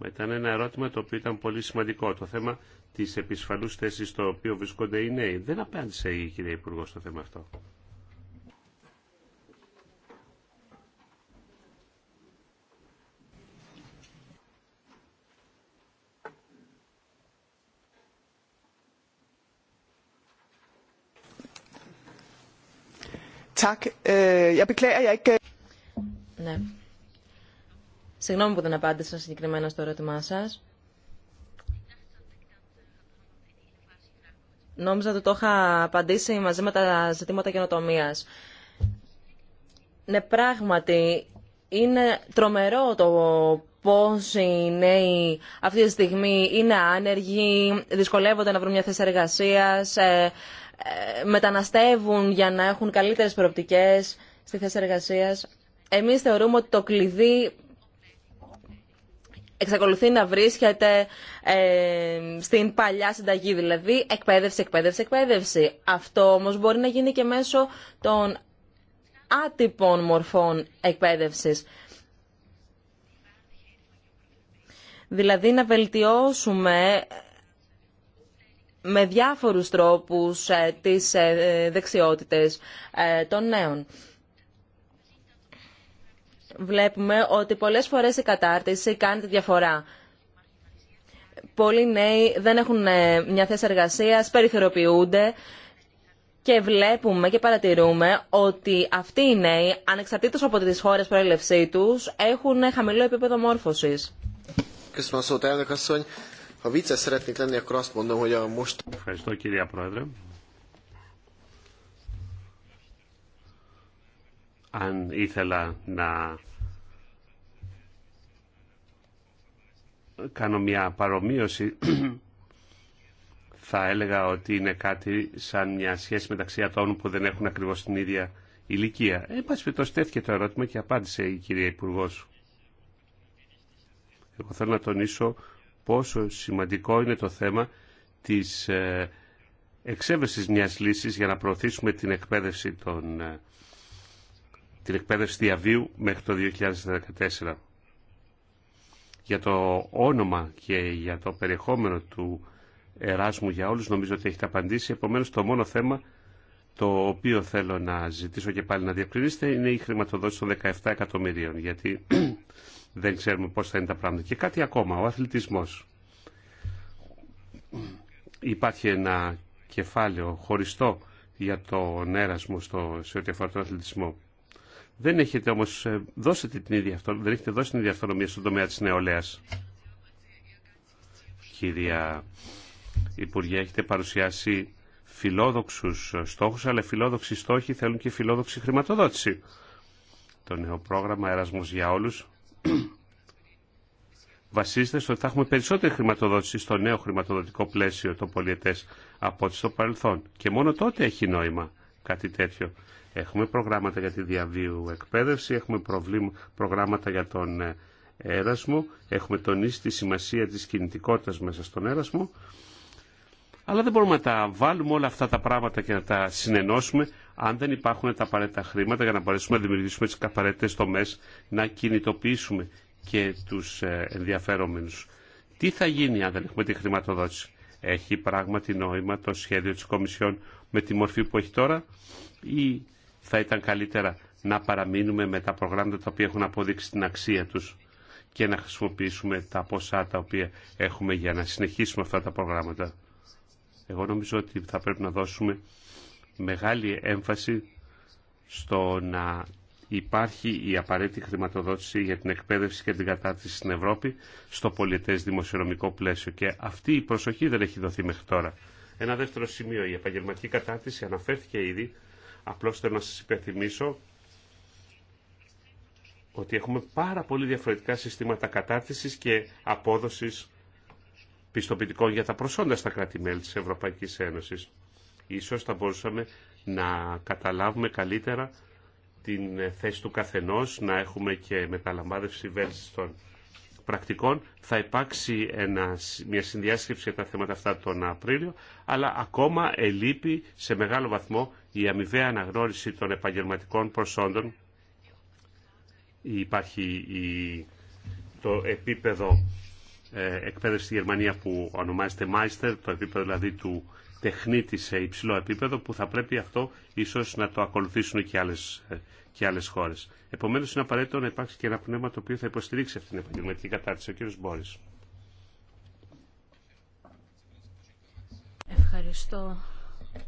Ήταν ένα ερώτημα το οποίο ήταν πολύ σημαντικό. Το θέμα της επισφαλούς θέσης στο οποίο βρισκόνται οι νέοι. Δεν απάντησε η κυρία Υπουργό στο θέμα αυτό. Øh, øh. ναι. Συγγνώμη που δεν απάντησα συγκεκριμένα στο ερώτημά σα. Νόμιζα ότι το είχα απαντήσει μαζί με τα ζητήματα καινοτομία. Ναι, πράγματι, είναι τρομερό το πώς οι νέοι αυτή τη στιγμή είναι άνεργοι, δυσκολεύονται να βρουν μια θέση εργασίας, ε, ε, μεταναστεύουν για να έχουν καλύτερες προοπτικές στη θέση εργασίας. Εμείς θεωρούμε ότι το κλειδί εξακολουθεί να βρίσκεται ε, στην παλιά συνταγή, δηλαδή εκπαίδευση, εκπαίδευση, εκπαίδευση. Αυτό όμως μπορεί να γίνει και μέσω των άτυπων μορφών εκπαίδευσης. Δηλαδή να βελτιώσουμε με διάφορους τρόπους ε, τις ε, δεξιότητες ε, των νέων. Βλέπουμε ότι πολλές φορές η κατάρτιση κάνει τη διαφορά. Πολλοί νέοι δεν έχουν μια θέση εργασίας, περιθωριοποιούνται και βλέπουμε και παρατηρούμε ότι αυτοί οι νέοι, ανεξαρτήτως από τις χώρες προέλευσή τους, έχουν χαμηλό επίπεδο μόρφωσης. Ευχαριστώ κυρία Πρόεδρε. Αν ήθελα να κάνω μια παρομοίωση θα έλεγα ότι είναι κάτι σαν μια σχέση μεταξύ ατόμων που δεν έχουν ακριβώ την ίδια ηλικία. Ε, πάση τέθηκε το ερώτημα και απάντησε η κυρία Υπουργό. Εγώ θέλω να τονίσω πόσο σημαντικό είναι το θέμα της ε, εξέβεσης μιας λύσης για να προωθήσουμε την εκπαίδευση, των, ε, την εκπαίδευση διαβίου μέχρι το 2014. Για το όνομα και για το περιεχόμενο του Εράσμου για όλους νομίζω ότι έχετε απαντήσει. Επομένως το μόνο θέμα το οποίο θέλω να ζητήσω και πάλι να διευκρινίσετε είναι η χρηματοδότηση των 17 εκατομμυρίων. Γιατί δεν ξέρουμε πώς θα είναι τα πράγματα. Και κάτι ακόμα, ο αθλητισμός. Υπάρχει ένα κεφάλαιο χωριστό για τον έρασμο στο, σε ό,τι αφορά τον αθλητισμό. Δεν έχετε όμως ε, δώσετε την ίδια, δεν έχετε δώσει την ίδια αυτονομία στον τομέα της νεολαίας. Κυρία Υπουργέ, έχετε παρουσιάσει φιλόδοξους στόχους, αλλά φιλόδοξοι στόχοι θέλουν και φιλόδοξη χρηματοδότηση. Το νέο πρόγραμμα Εράσμος για όλους [CLEARS THROAT] βασίζεται στο ότι θα έχουμε περισσότερη χρηματοδότηση στο νέο χρηματοδοτικό πλαίσιο των πολιετές από ό,τι στο παρελθόν. Και μόνο τότε έχει νόημα κάτι τέτοιο. Έχουμε προγράμματα για τη διαβίου εκπαίδευση, έχουμε προγράμματα για τον ε, έρασμο, έχουμε τονίσει τη σημασία της κινητικότητας μέσα στον έρασμο αλλά δεν μπορούμε να τα βάλουμε όλα αυτά τα πράγματα και να τα συνενώσουμε αν δεν υπάρχουν τα απαραίτητα χρήματα για να μπορέσουμε να δημιουργήσουμε τις απαραίτητες τομές να κινητοποιήσουμε και τους ε, ενδιαφέρομενους. Τι θα γίνει αν δεν έχουμε τη χρηματοδότηση. Έχει πράγματι νόημα το σχέδιο της Κομισιόν με τη μορφή που έχει τώρα ή θα ήταν καλύτερα να παραμείνουμε με τα προγράμματα τα οποία έχουν αποδείξει την αξία τους και να χρησιμοποιήσουμε τα ποσά τα οποία έχουμε για να συνεχίσουμε αυτά τα προγράμματα. Εγώ νομίζω ότι θα πρέπει να δώσουμε μεγάλη έμφαση στο να υπάρχει η απαραίτητη χρηματοδότηση για την εκπαίδευση και την κατάρτιση στην Ευρώπη στο πολιτές δημοσιονομικό πλαίσιο και αυτή η προσοχή δεν έχει δοθεί μέχρι τώρα. Ένα δεύτερο σημείο, η επαγγελματική κατάρτιση αναφέρθηκε ήδη, απλώς θέλω να σας υπενθυμίσω ότι έχουμε πάρα πολύ διαφορετικά συστήματα κατάρτισης και απόδοσης πιστοποιητικών για τα προσόντα στα κράτη-μέλη της Ευρωπαϊκής Ένωσης. Ίσως θα μπορούσαμε να καταλάβουμε καλύτερα την θέση του καθενός, να έχουμε και μεταλαμβάνευση των πρακτικών. Θα υπάρξει μια συνδιάσκεψη για τα θέματα αυτά τον Απρίλιο, αλλά ακόμα ελείπει σε μεγάλο βαθμό η αμοιβαία αναγνώριση των επαγγελματικών προσόντων. Υπάρχει η, το επίπεδο ε, εκπαίδευση στη Γερμανία που ονομάζεται Meister, το επίπεδο δηλαδή του τεχνίτη σε υψηλό επίπεδο που θα πρέπει αυτό ίσως να το ακολουθήσουν και άλλε ε, και άλλες χώρες. Επομένως είναι απαραίτητο να υπάρξει και ένα πνεύμα το οποίο θα υποστηρίξει αυτή την επαγγελματική κατάρτιση. Ο κύριος Μπόρης. Ευχαριστώ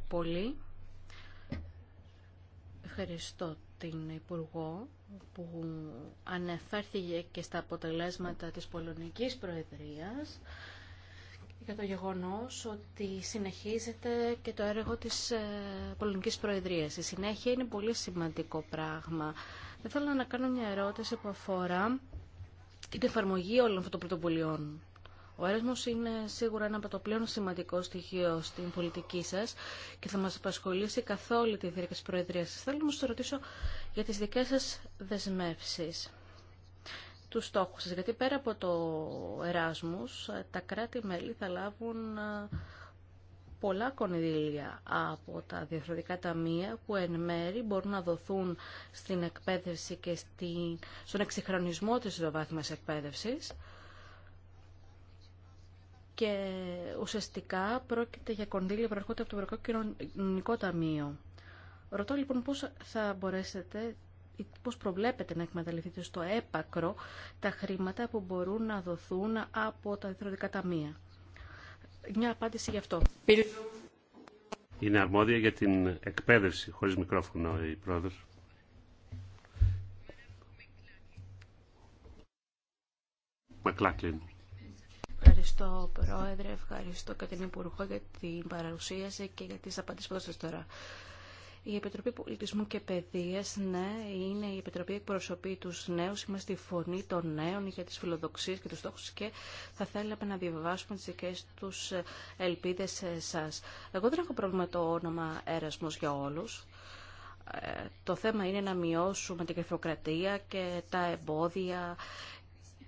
πολύ. Ευχαριστώ την Υπουργό που ανεφέρθηκε και στα αποτελέσματα της Πολωνικής Προεδρίας για το γεγονός ότι συνεχίζεται και το έργο της ε, Πολωνικής Προεδρίας. Η συνέχεια είναι πολύ σημαντικό πράγμα. Θα θέλω να κάνω μια ερώτηση που αφορά την εφαρμογή όλων αυτών των πρωτοβουλειών. Ο έρασμο είναι σίγουρα ένα από το πλέον σημαντικό στοιχείο στην πολιτική σας και θα μας απασχολήσει καθ' όλη τη διάρκεια τη Προεδρίας σας. Θέλω να σα ρωτήσω για τις δικέ σας δεσμεύσεις του στόχου σας, γιατί πέρα από το Εράσμους τα κράτη-μέλη θα λάβουν ε, πολλά κονδύλια από τα διαφορετικά ταμεία που εν μέρη μπορούν να δοθούν στην εκπαίδευση και στην, στον εξυγχρονισμό της βάθμιας εκπαίδευσης και ουσιαστικά πρόκειται για κονδύλια που από το Ευρωπαϊκό Κοινωνικό Ταμείο. Ρωτώ λοιπόν πώς θα μπορέσετε ή πώς προβλέπετε να εκμεταλλευτείτε στο έπακρο τα χρήματα που μπορούν να δοθούν από τα διεθνωτικά ταμεία. Μια απάντηση γι' αυτό. Είναι αρμόδια για την εκπαίδευση, χωρίς μικρόφωνο η πρόεδρος. Μακλάκλιν. Ευχαριστώ, Πρόεδρε. Ευχαριστώ και την Υπουργό για την παρουσίαση και για τις απαντήσεις που δώσατε τώρα. Η Επιτροπή Πολιτισμού και Παιδείας, ναι, είναι η Επιτροπή Εκπροσωπή τους νέους. Είμαστε η φωνή των νέων για τις φιλοδοξίες και τους στόχους και θα θέλαμε να διαβάσουμε τις δικές τους ελπίδες σε εσάς. Εγώ δεν έχω πρόβλημα το όνομα Έρασμος για όλους. Ε, το θέμα είναι να μειώσουμε την κρυφοκρατία και τα εμπόδια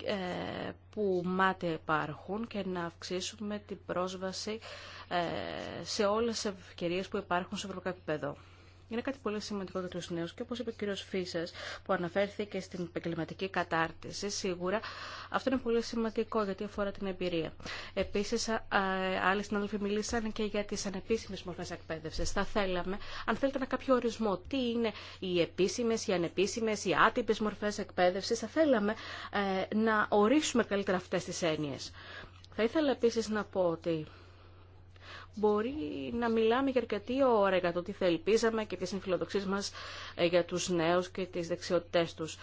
ε, που μάτια υπάρχουν και να αυξήσουμε την πρόσβαση ε, σε όλες τις ευκαιρίες που υπάρχουν σε ευρωπαϊκό επίπεδο. Είναι κάτι πολύ σημαντικό για του νέου και όπω είπε ο κύριο Φίσα που αναφέρθηκε στην επαγγελματική κατάρτιση, σίγουρα αυτό είναι πολύ σημαντικό γιατί αφορά την εμπειρία. Επίση, άλλοι συνάδελφοι μιλήσαν και για τι ανεπίσημε μορφέ εκπαίδευση. Θα θέλαμε, αν θέλετε ένα κάποιο ορισμό, τι είναι οι επίσημε, οι ανεπίσημε, οι άτυπε μορφέ εκπαίδευση, θα θέλαμε ε, να ορίσουμε καλύτερα αυτέ τι έννοιε. Θα ήθελα επίση να πω ότι μπορεί να μιλάμε για αρκετή ώρα για το τι θα ελπίζαμε και τις συμφιλοδοξίες μας ε, για τους νέους και τις δεξιότητές τους.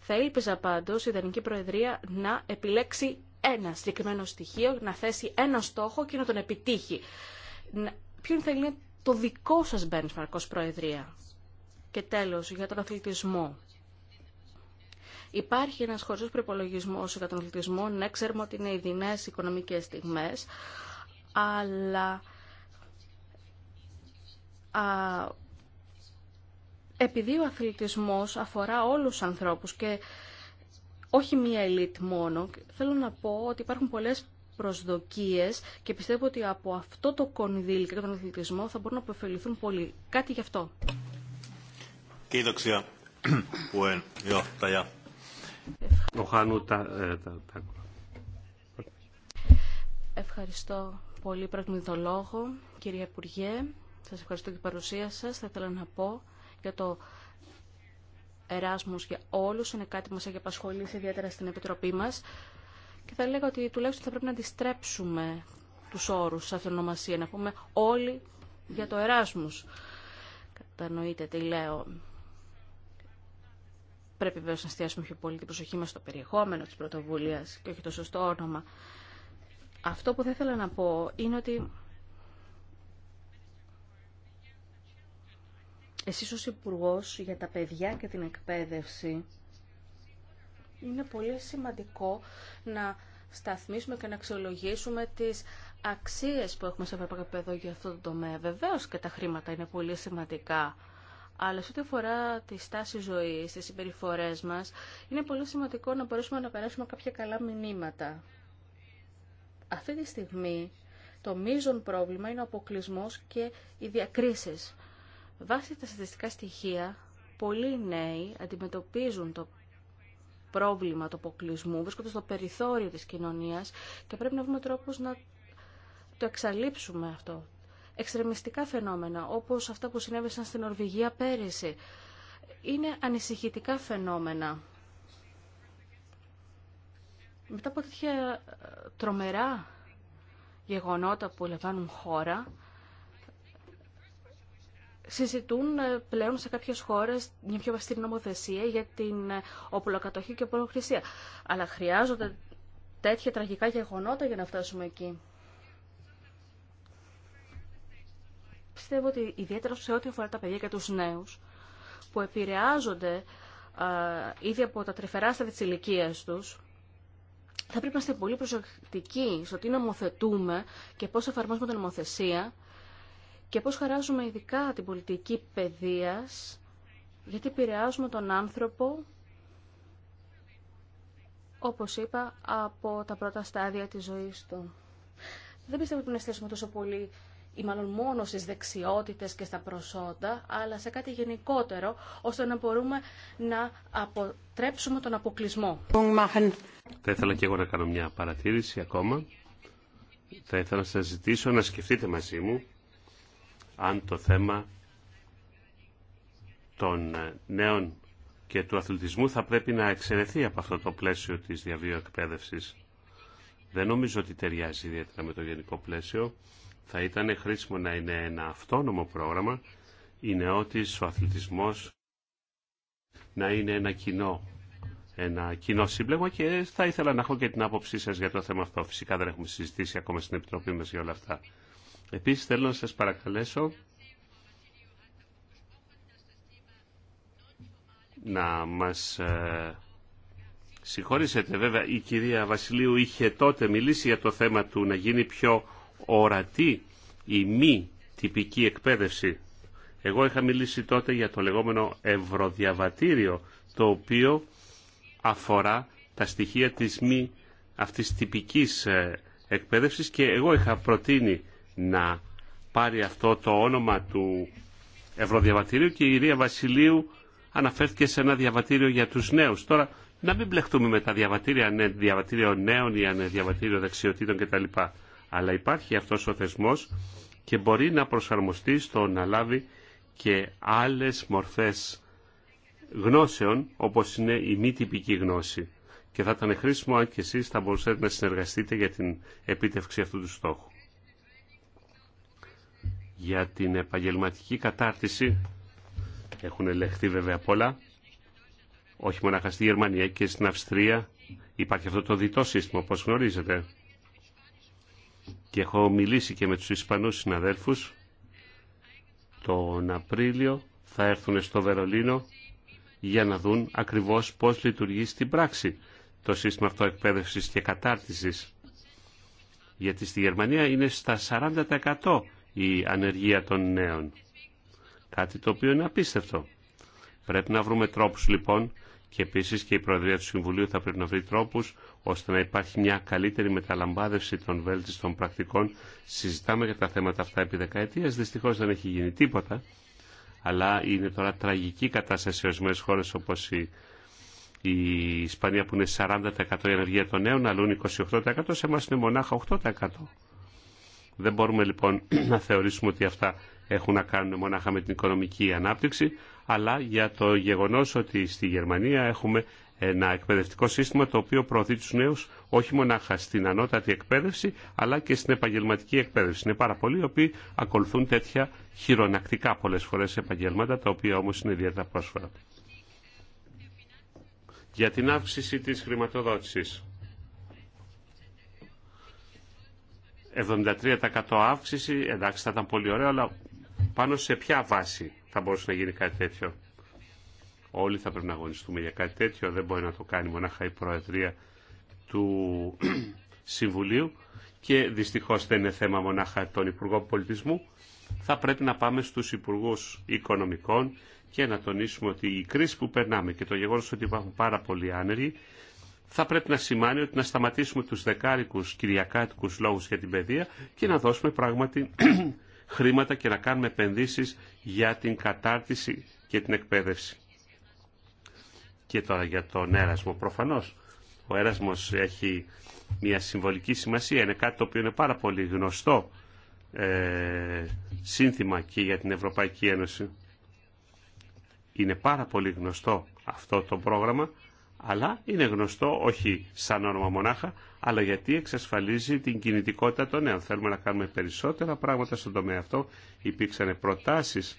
Θα ήλπιζα πάντως η Ιδανική Προεδρία να επιλέξει ένα συγκεκριμένο στοιχείο, να θέσει ένα στόχο και να τον επιτύχει. Ποιο θα είναι το δικό σας benchmark ως Προεδρία. Και τέλος, για τον αθλητισμό. Υπάρχει ένας χωριστός προπολογισμό για τον αθλητισμό, ναι, ξέρουμε ότι είναι ειδινές οικονομικές στιγμές, αλλά επειδή ο αθλητισμός αφορά όλους τους ανθρώπους και όχι μία ελίτ μόνο, θέλω να πω ότι υπάρχουν πολλές προσδοκίες και πιστεύω ότι από αυτό το κονδύλι και τον αθλητισμό θα μπορούν να αποφεληθούν πολύ. Κάτι γι' αυτό. Ευχαριστώ πολύ πραγματικό λόγο, κύριε Υπουργέ. Σας ευχαριστώ για την παρουσία σας. Θα ήθελα να πω για το εράσμος για όλους. Είναι κάτι που μας έχει απασχολήσει ιδιαίτερα στην Επιτροπή μας. Και θα λέγα ότι τουλάχιστον θα πρέπει να αντιστρέψουμε τους όρους σε αυτήν ονομασία. Να πούμε όλοι για το εράσμος. Κατανοείτε τι λέω. Πρέπει βέβαια να εστιάσουμε πιο πολύ την προσοχή μας στο περιεχόμενο της πρωτοβουλίας και όχι το σωστό όνομα. Αυτό που θα ήθελα να πω είναι ότι Εσείς ως υπουργό για τα παιδιά και την εκπαίδευση είναι πολύ σημαντικό να σταθμίσουμε και να αξιολογήσουμε τις αξίες που έχουμε σε επίπεδο για αυτό το τομέα. Βεβαίως και τα χρήματα είναι πολύ σημαντικά. Αλλά σε ό,τι αφορά τη στάση ζωή, τι συμπεριφορέ μα, είναι πολύ σημαντικό να μπορέσουμε να περάσουμε κάποια καλά μηνύματα. Αυτή τη στιγμή το μείζον πρόβλημα είναι ο αποκλεισμό και οι διακρίσει. Βάσει τα στατιστικά στοιχεία, πολλοί νέοι αντιμετωπίζουν το πρόβλημα του αποκλεισμού, βρίσκονται στο περιθώριο της κοινωνίας και πρέπει να βρούμε τρόπους να το εξαλείψουμε αυτό. Εξτρεμιστικά φαινόμενα, όπως αυτά που συνέβησαν στην Ορβηγία πέρυσι, είναι ανησυχητικά φαινόμενα. Μετά από τέτοια ε, τρομερά γεγονότα που λαμβάνουν χώρα, συζητούν ε, πλέον σε κάποιες χώρες μια πιο βασική νομοθεσία για την ε, οπλοκατοχή και οπλοκρισία. Αλλά χρειάζονται τέτοια τραγικά γεγονότα για να φτάσουμε εκεί. Πιστεύω ότι ιδιαίτερα σε ό,τι αφορά τα παιδιά και τους νέους που επηρεάζονται α, ήδη από τα τρυφερά στάδια της ηλικία τους, θα πρέπει να είστε πολύ προσεκτικοί στο τι νομοθετούμε και πώς εφαρμόζουμε την νομοθεσία και πώς χαράζουμε ειδικά την πολιτική παιδείας, γιατί επηρεάζουμε τον άνθρωπο, όπως είπα, από τα πρώτα στάδια της ζωής του. Δεν πιστεύω ότι να εστιάσουμε τόσο πολύ ή μάλλον μόνο στις δεξιότητες και στα προσόντα, αλλά σε κάτι γενικότερο, ώστε να μπορούμε να αποτρέψουμε τον αποκλεισμό. Θα ήθελα και εγώ να κάνω μια παρατήρηση ακόμα. Θα ήθελα να σας ζητήσω να σκεφτείτε μαζί μου αν το θέμα των νέων και του αθλητισμού θα πρέπει να εξαιρεθεί από αυτό το πλαίσιο της διαβίω εκπαίδευσης. Δεν νομίζω ότι ταιριάζει ιδιαίτερα με το γενικό πλαίσιο. Θα ήταν χρήσιμο να είναι ένα αυτόνομο πρόγραμμα. Η νεότης, ο αθλητισμός, να είναι ένα κοινό ένα κοινό σύμπλεγμα και θα ήθελα να έχω και την άποψή σας για το θέμα αυτό. Φυσικά δεν έχουμε συζητήσει ακόμα στην Επιτροπή μας για όλα αυτά. Επίσης θέλω να σας παρακαλέσω να μας ε, συγχώρησετε βέβαια η κυρία Βασιλείου είχε τότε μιλήσει για το θέμα του να γίνει πιο ορατή η μη τυπική εκπαίδευση. Εγώ είχα μιλήσει τότε για το λεγόμενο ευρωδιαβατήριο το οποίο αφορά τα στοιχεία της μη αυτής τυπικής ε, εκπαίδευσης και εγώ είχα προτείνει να πάρει αυτό το όνομα του Ευρωδιαβατηρίου και η Ιρία Βασιλείου αναφέρθηκε σε ένα διαβατήριο για τους νέους. Τώρα να μην μπλεχτούμε με τα διαβατήρια, ναι, διαβατήριο νέων ή ναι, διαβατήριο δεξιοτήτων κτλ. Αλλά υπάρχει αυτός ο θεσμός και μπορεί να προσαρμοστεί στο να λάβει και άλλες μορφές γνώσεων όπως είναι η μη τυπική γνώση. Και θα ήταν χρήσιμο αν και εσείς θα μπορούσατε να συνεργαστείτε για την επίτευξη αυτού του στόχου για την επαγγελματική κατάρτιση. Έχουν ελεγχθεί βέβαια πολλά, όχι μόνο στη Γερμανία και στην Αυστρία. Υπάρχει αυτό το διτό σύστημα, όπως γνωρίζετε. Και έχω μιλήσει και με τους Ισπανούς συναδέλφους. Τον Απρίλιο θα έρθουν στο Βερολίνο για να δουν ακριβώς πώς λειτουργεί στην πράξη το σύστημα αυτό εκπαίδευσης και κατάρτισης. Γιατί στη Γερμανία είναι στα 40% η ανεργία των νέων. Κάτι το οποίο είναι απίστευτο. Πρέπει να βρούμε τρόπους λοιπόν και επίσης και η Προεδρία του Συμβουλίου θα πρέπει να βρει τρόπους ώστε να υπάρχει μια καλύτερη μεταλαμπάδευση των βέλτιστων πρακτικών. Συζητάμε για τα θέματα αυτά επί δεκαετίες, δυστυχώς δεν έχει γίνει τίποτα, αλλά είναι τώρα τραγική κατάσταση σε ορισμένες χώρες όπως η Ισπανία που είναι 40% η ενεργεία των νέων, αλλού 28%, σε εμάς είναι μονάχα 8%. Δεν μπορούμε λοιπόν [CLEARS THROAT] να θεωρήσουμε ότι αυτά έχουν να κάνουν μονάχα με την οικονομική ανάπτυξη, αλλά για το γεγονός ότι στη Γερμανία έχουμε ένα εκπαιδευτικό σύστημα το οποίο προωθεί τους νέους όχι μονάχα στην ανώτατη εκπαίδευση αλλά και στην επαγγελματική εκπαίδευση. Είναι πάρα πολλοί οι οποίοι ακολουθούν τέτοια χειρονακτικά πολλές φορές επαγγέλματα τα οποία όμως είναι ιδιαίτερα πρόσφατα. Για την αύξηση της χρηματοδότησης. 73% αύξηση, εντάξει θα ήταν πολύ ωραίο, αλλά πάνω σε ποια βάση θα μπορούσε να γίνει κάτι τέτοιο. Όλοι θα πρέπει να αγωνιστούμε για κάτι τέτοιο, δεν μπορεί να το κάνει μονάχα η Προεδρία του [CLEARS THROAT] Συμβουλίου και δυστυχώς δεν είναι θέμα μονάχα των Υπουργών Πολιτισμού. Θα πρέπει να πάμε στους Υπουργούς Οικονομικών και να τονίσουμε ότι η κρίση που περνάμε και το γεγονός ότι υπάρχουν πάρα πολλοί άνεργοι θα πρέπει να σημάνει ότι να σταματήσουμε τους δεκάρικους κυριακάτικους λόγους για την παιδεία και να δώσουμε πράγματι [CLEARS THROAT] χρήματα και να κάνουμε επενδύσεις για την κατάρτιση και την εκπαίδευση. Και τώρα για τον έρασμο προφανώς. Ο έρασμος έχει μια συμβολική σημασία, είναι κάτι το οποίο είναι πάρα πολύ γνωστό ε, σύνθημα και για την Ευρωπαϊκή Ένωση. Είναι πάρα πολύ γνωστό αυτό το πρόγραμμα αλλά είναι γνωστό όχι σαν όνομα μονάχα, αλλά γιατί εξασφαλίζει την κινητικότητα των νέων. Θέλουμε να κάνουμε περισσότερα πράγματα στον τομέα αυτό. Υπήρξαν προτάσεις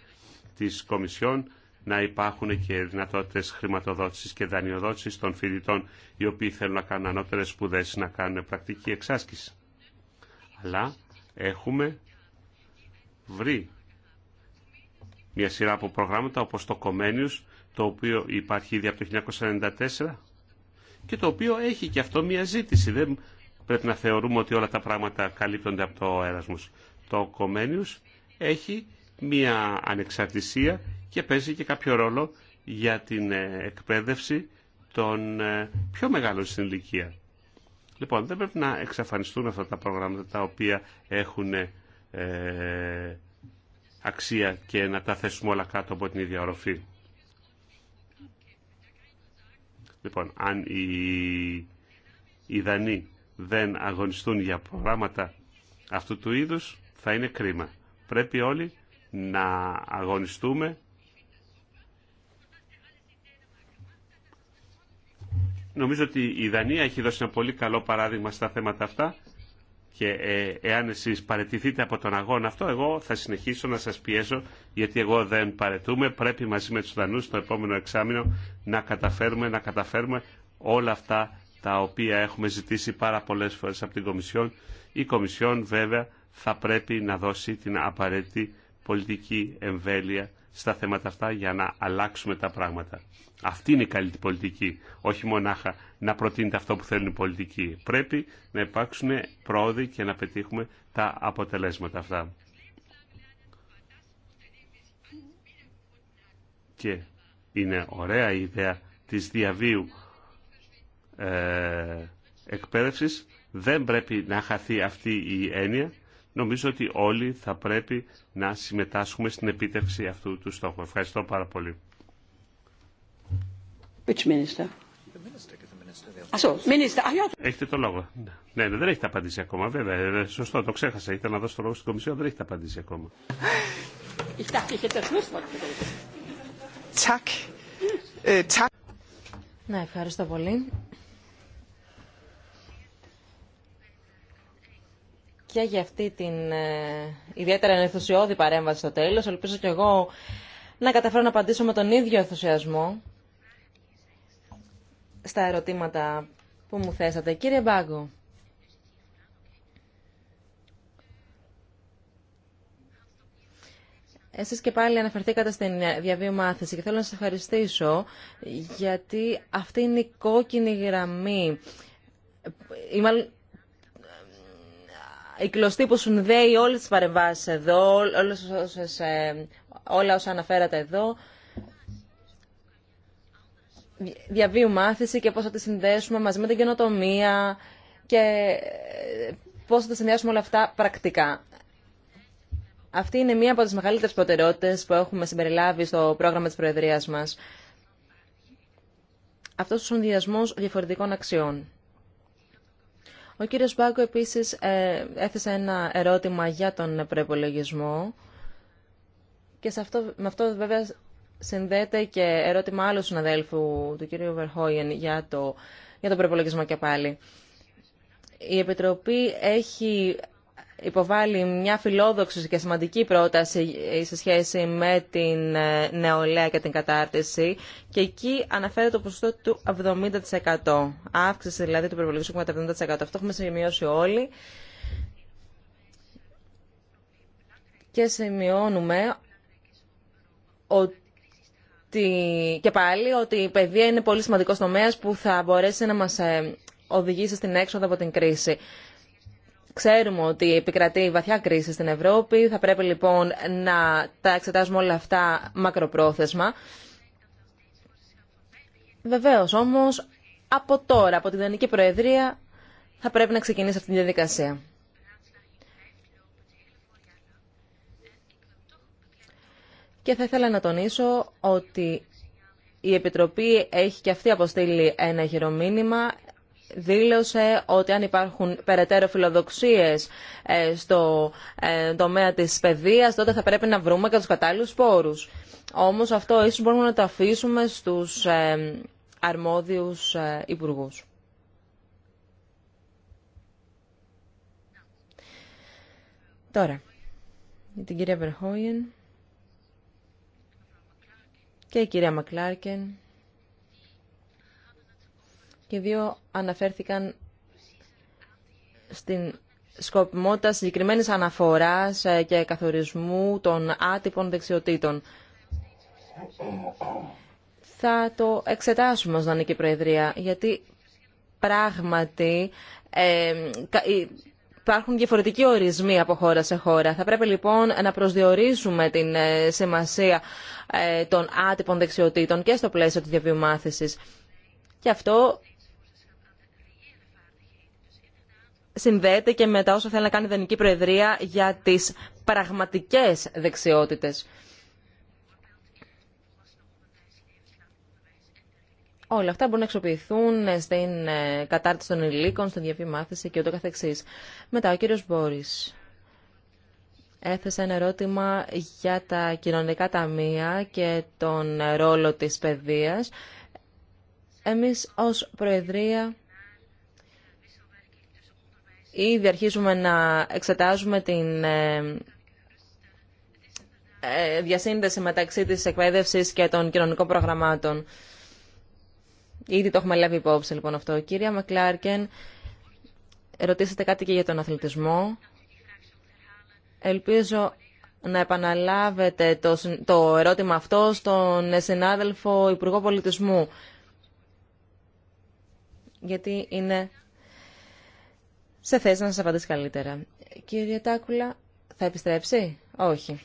της Κομισιόν να υπάρχουν και δυνατότητε χρηματοδότηση και δανειοδότηση των φοιτητών οι οποίοι θέλουν να κάνουν ανώτερε σπουδέ, να κάνουν πρακτική εξάσκηση. Αλλά έχουμε βρει μια σειρά από προγράμματα όπως το Comenius το οποίο υπάρχει ήδη από το 1994 και το οποίο έχει και αυτό μια ζήτηση. Δεν πρέπει να θεωρούμε ότι όλα τα πράγματα καλύπτονται από το Erasmus. Το Comenius έχει μια ανεξαρτησία και παίζει και κάποιο ρόλο για την ε, εκπαίδευση των ε, πιο μεγάλων στην ηλικία. Λοιπόν, δεν πρέπει να εξαφανιστούν αυτά τα προγράμματα τα οποία έχουν ε, αξία και να τα θέσουμε όλα κάτω από την ίδια οροφή. Λοιπόν, αν οι, οι δεν αγωνιστούν για προγράμματα αυτού του είδους, θα είναι κρίμα. Πρέπει όλοι να αγωνιστούμε Νομίζω ότι η Δανία έχει δώσει ένα πολύ καλό παράδειγμα στα θέματα αυτά και ε, εάν εσείς παρετηθείτε από τον αγώνα αυτό, εγώ θα συνεχίσω να σας πιέσω, γιατί εγώ δεν παρετούμε. Πρέπει μαζί με τους Δανούς στο επόμενο εξάμεινο να καταφέρουμε, να καταφέρουμε όλα αυτά τα οποία έχουμε ζητήσει πάρα πολλές φορές από την Κομισιόν. Η Κομισιόν βέβαια θα πρέπει να δώσει την απαραίτητη πολιτική εμβέλεια στα θέματα αυτά για να αλλάξουμε τα πράγματα. Αυτή είναι η καλή πολιτική, όχι μονάχα να προτείνεται αυτό που θέλουν οι πολιτικοί. Πρέπει να υπάρξουν πρόοδοι και να πετύχουμε τα αποτελέσματα αυτά. Και είναι ωραία η ιδέα της διαβίου ε, εκπαίδευσης. Δεν πρέπει να χαθεί αυτή η έννοια νομίζω ότι όλοι θα πρέπει να συμμετάσχουμε στην επίτευξη αυτού του στόχου. Ευχαριστώ πάρα πολύ. Which minister? Έχετε το λόγο. Ναι, ναι, δεν έχετε απαντήσει ακόμα, βέβαια. Ε, σωστό, το ξέχασα. Ήταν να δώσω το λόγο στην Κομισιόν, δεν έχετε απαντήσει ακόμα. Ε, ναι, ευχαριστώ πολύ. και για αυτή την ε, ιδιαίτερα ενθουσιώδη παρέμβαση στο τέλο. Ελπίζω και εγώ να καταφέρω να απαντήσω με τον ίδιο ενθουσιασμό στα ερωτήματα που μου θέσατε. Κύριε Μπάγκο, Εσείς και πάλι αναφερθήκατε στην διαβίου μάθηση και θέλω να σας ευχαριστήσω γιατί αυτή είναι η κόκκινη γραμμή ή η κλωστή που συνδέει όλες τις παρεμβάσεις εδώ, ε, όλα όσα αναφέρατε εδώ, διαβίου μάθηση και πώς θα τη συνδέσουμε μαζί με την καινοτομία και ε, πώς θα τα συνδυάσουμε όλα αυτά πρακτικά. Αυτή είναι μία από τις μεγαλύτερες προτεραιότητες που έχουμε συμπεριλάβει στο πρόγραμμα της Προεδρίας μας. Αυτός ο συνδυασμός διαφορετικών αξιών. Ο κύριος Μπάκο επίσης ε, έθεσε ένα ερώτημα για τον προπολογισμό και σε αυτό, με αυτό βέβαια συνδέεται και ερώτημα άλλου συναδέλφου του κύριου Βερχόιεν για, το, για τον προπολογισμό και πάλι. Η Επιτροπή έχει υποβάλει μια φιλόδοξη και σημαντική πρόταση σε σχέση με την ε, νεολαία και την κατάρτιση και εκεί αναφέρεται το ποσοστό του 70%. Αύξηση δηλαδή του με το 70%. Αυτό έχουμε σημειώσει όλοι. Και σημειώνουμε ότι και πάλι ότι η παιδεία είναι πολύ σημαντικός τομέας που θα μπορέσει να μας ε, οδηγήσει στην έξοδο από την κρίση. Ξέρουμε ότι επικρατεί βαθιά κρίση στην Ευρώπη. Θα πρέπει λοιπόν να τα εξετάσουμε όλα αυτά μακροπρόθεσμα. Βεβαίω, όμως από τώρα, από την Δανική Προεδρία, θα πρέπει να ξεκινήσει αυτή τη διαδικασία. Και θα ήθελα να τονίσω ότι η Επιτροπή έχει και αυτή αποστείλει ένα χειρομήνυμα δήλωσε ότι αν υπάρχουν περαιτέρω φιλοδοξίες ε, στο ε, τομέα της παιδεία, τότε θα πρέπει να βρούμε και του κατάλληλου πόρου. Όμως αυτό ίσως μπορούμε να το αφήσουμε στους ε, αρμόδιους υπουργού. Τώρα, για την κυρία Βερχόγεν και η κυρία Μακλάρκεν και δύο αναφέρθηκαν στην σκοπιμότητα συγκεκριμένης αναφοράς ε, και καθορισμού των άτυπων δεξιοτήτων. Θα το εξετάσουμε ως Δανική Προεδρία, γιατί πράγματι ε, υπάρχουν διαφορετικοί ορισμοί από χώρα σε χώρα. Θα πρέπει λοιπόν να προσδιορίσουμε την ε, σημασία ε, των άτυπων δεξιοτήτων και στο πλαίσιο της διαβιομάθησης. Και αυτό συνδέεται και με τα όσα θέλει να κάνει η Δανική Προεδρία για τις πραγματικές δεξιότητες. Όλα αυτά μπορούν να εξοπληθούν στην ε, κατάρτιση των υλίκων, στην διαβή μάθηση και ούτω καθεξής. Μετά ο κύριος Μπόρης έθεσε ένα ερώτημα για τα κοινωνικά ταμεία και τον ρόλο της παιδείας. Εμείς ως Προεδρία Ήδη αρχίζουμε να εξετάζουμε την ε, ε, διασύνδεση μεταξύ της εκπαίδευσης και των κοινωνικών προγραμμάτων. Ήδη το έχουμε λάβει υπόψη λοιπόν αυτό. Κυρία Μακλάρκεν, ρωτήσατε κάτι και για τον αθλητισμό. Ελπίζω να επαναλάβετε το, το ερώτημα αυτό στον συνάδελφο Υπουργό Πολιτισμού. Γιατί είναι σε θέση να σας απαντήσει καλύτερα. Κύριε Τάκουλα, θα επιστρέψει? Όχι.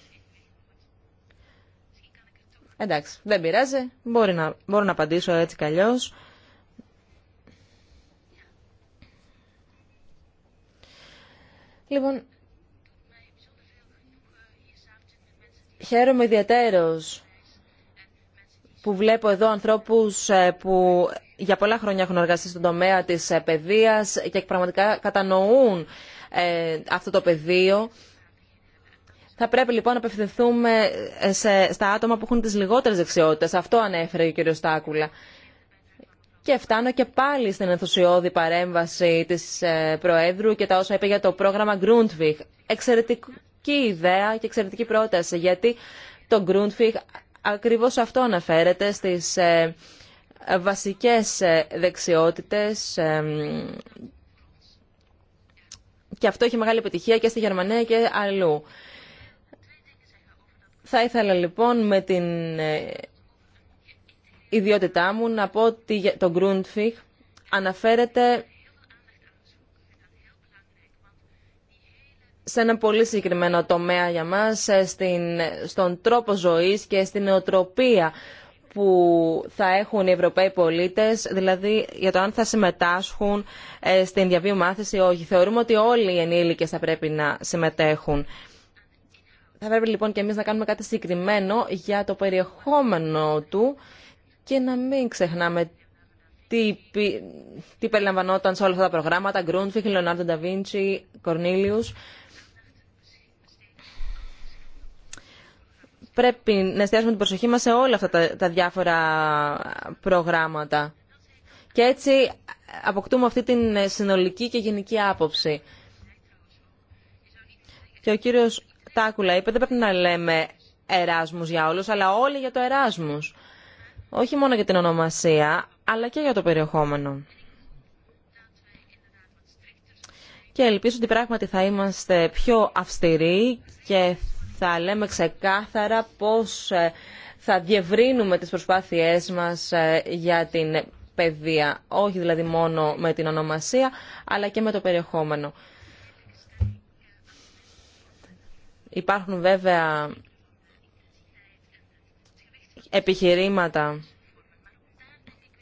Εντάξει, δεν πειράζει. Μπορεί να, μπορώ να απαντήσω έτσι κι Λοιπόν, χαίρομαι ιδιαίτερος που βλέπω εδώ ανθρώπους ε, που για πολλά χρόνια έχουν εργαστεί στον τομέα της ε, παιδείας και πραγματικά κατανοούν ε, αυτό το πεδίο. Θα πρέπει λοιπόν να απευθυνθούμε ε, σε, στα άτομα που έχουν τις λιγότερες δεξιότητες. Αυτό ανέφερε ο κ. Στάκουλα. Και φτάνω και πάλι στην ενθουσιώδη παρέμβαση της Προέδρου και τα όσα είπε για το πρόγραμμα Grundtvig. Εξαιρετική ιδέα και εξαιρετική πρόταση, γιατί το Grundtvig ακριβώς αυτό αναφέρεται στις βασικές ε, δεξιότητες ε, και αυτό έχει μεγάλη επιτυχία και στη Γερμανία και αλλού. Θα ήθελα λοιπόν με την ε, ιδιότητά μου να πω ότι το Grundfig αναφέρεται σε ένα πολύ συγκεκριμένο τομέα για μας, στην, στον τρόπο ζωής και στην νεοτροπία που θα έχουν οι Ευρωπαίοι πολίτες, δηλαδή για το αν θα συμμετάσχουν ε, στην διαβίου ή όχι. Θεωρούμε ότι όλοι οι ενήλικες θα πρέπει να συμμετέχουν. Θα πρέπει λοιπόν και εμείς να κάνουμε κάτι συγκεκριμένο για το περιεχόμενο του και να μην ξεχνάμε τι, τι περιλαμβανόταν σε όλα αυτά τα προγράμματα, Γκρούντφιχ, Λεωνάρντο Νταβίντσι, Κορνίλιους. πρέπει να εστιάσουμε την προσοχή μας σε όλα αυτά τα, διάφορα προγράμματα. Και έτσι αποκτούμε αυτή την συνολική και γενική άποψη. Και ο κύριος Τάκουλα είπε δεν πρέπει να λέμε Εράσμους για όλους, αλλά όλοι για το Εράσμους. Όχι μόνο για την ονομασία, αλλά και για το περιεχόμενο. Και ελπίζω ότι πράγματι θα είμαστε πιο αυστηροί και θα λέμε ξεκάθαρα πώς ε, θα διευρύνουμε τις προσπάθειές μας ε, για την παιδεία. Όχι δηλαδή μόνο με την ονομασία, αλλά και με το περιεχόμενο. Υπάρχουν βέβαια επιχειρήματα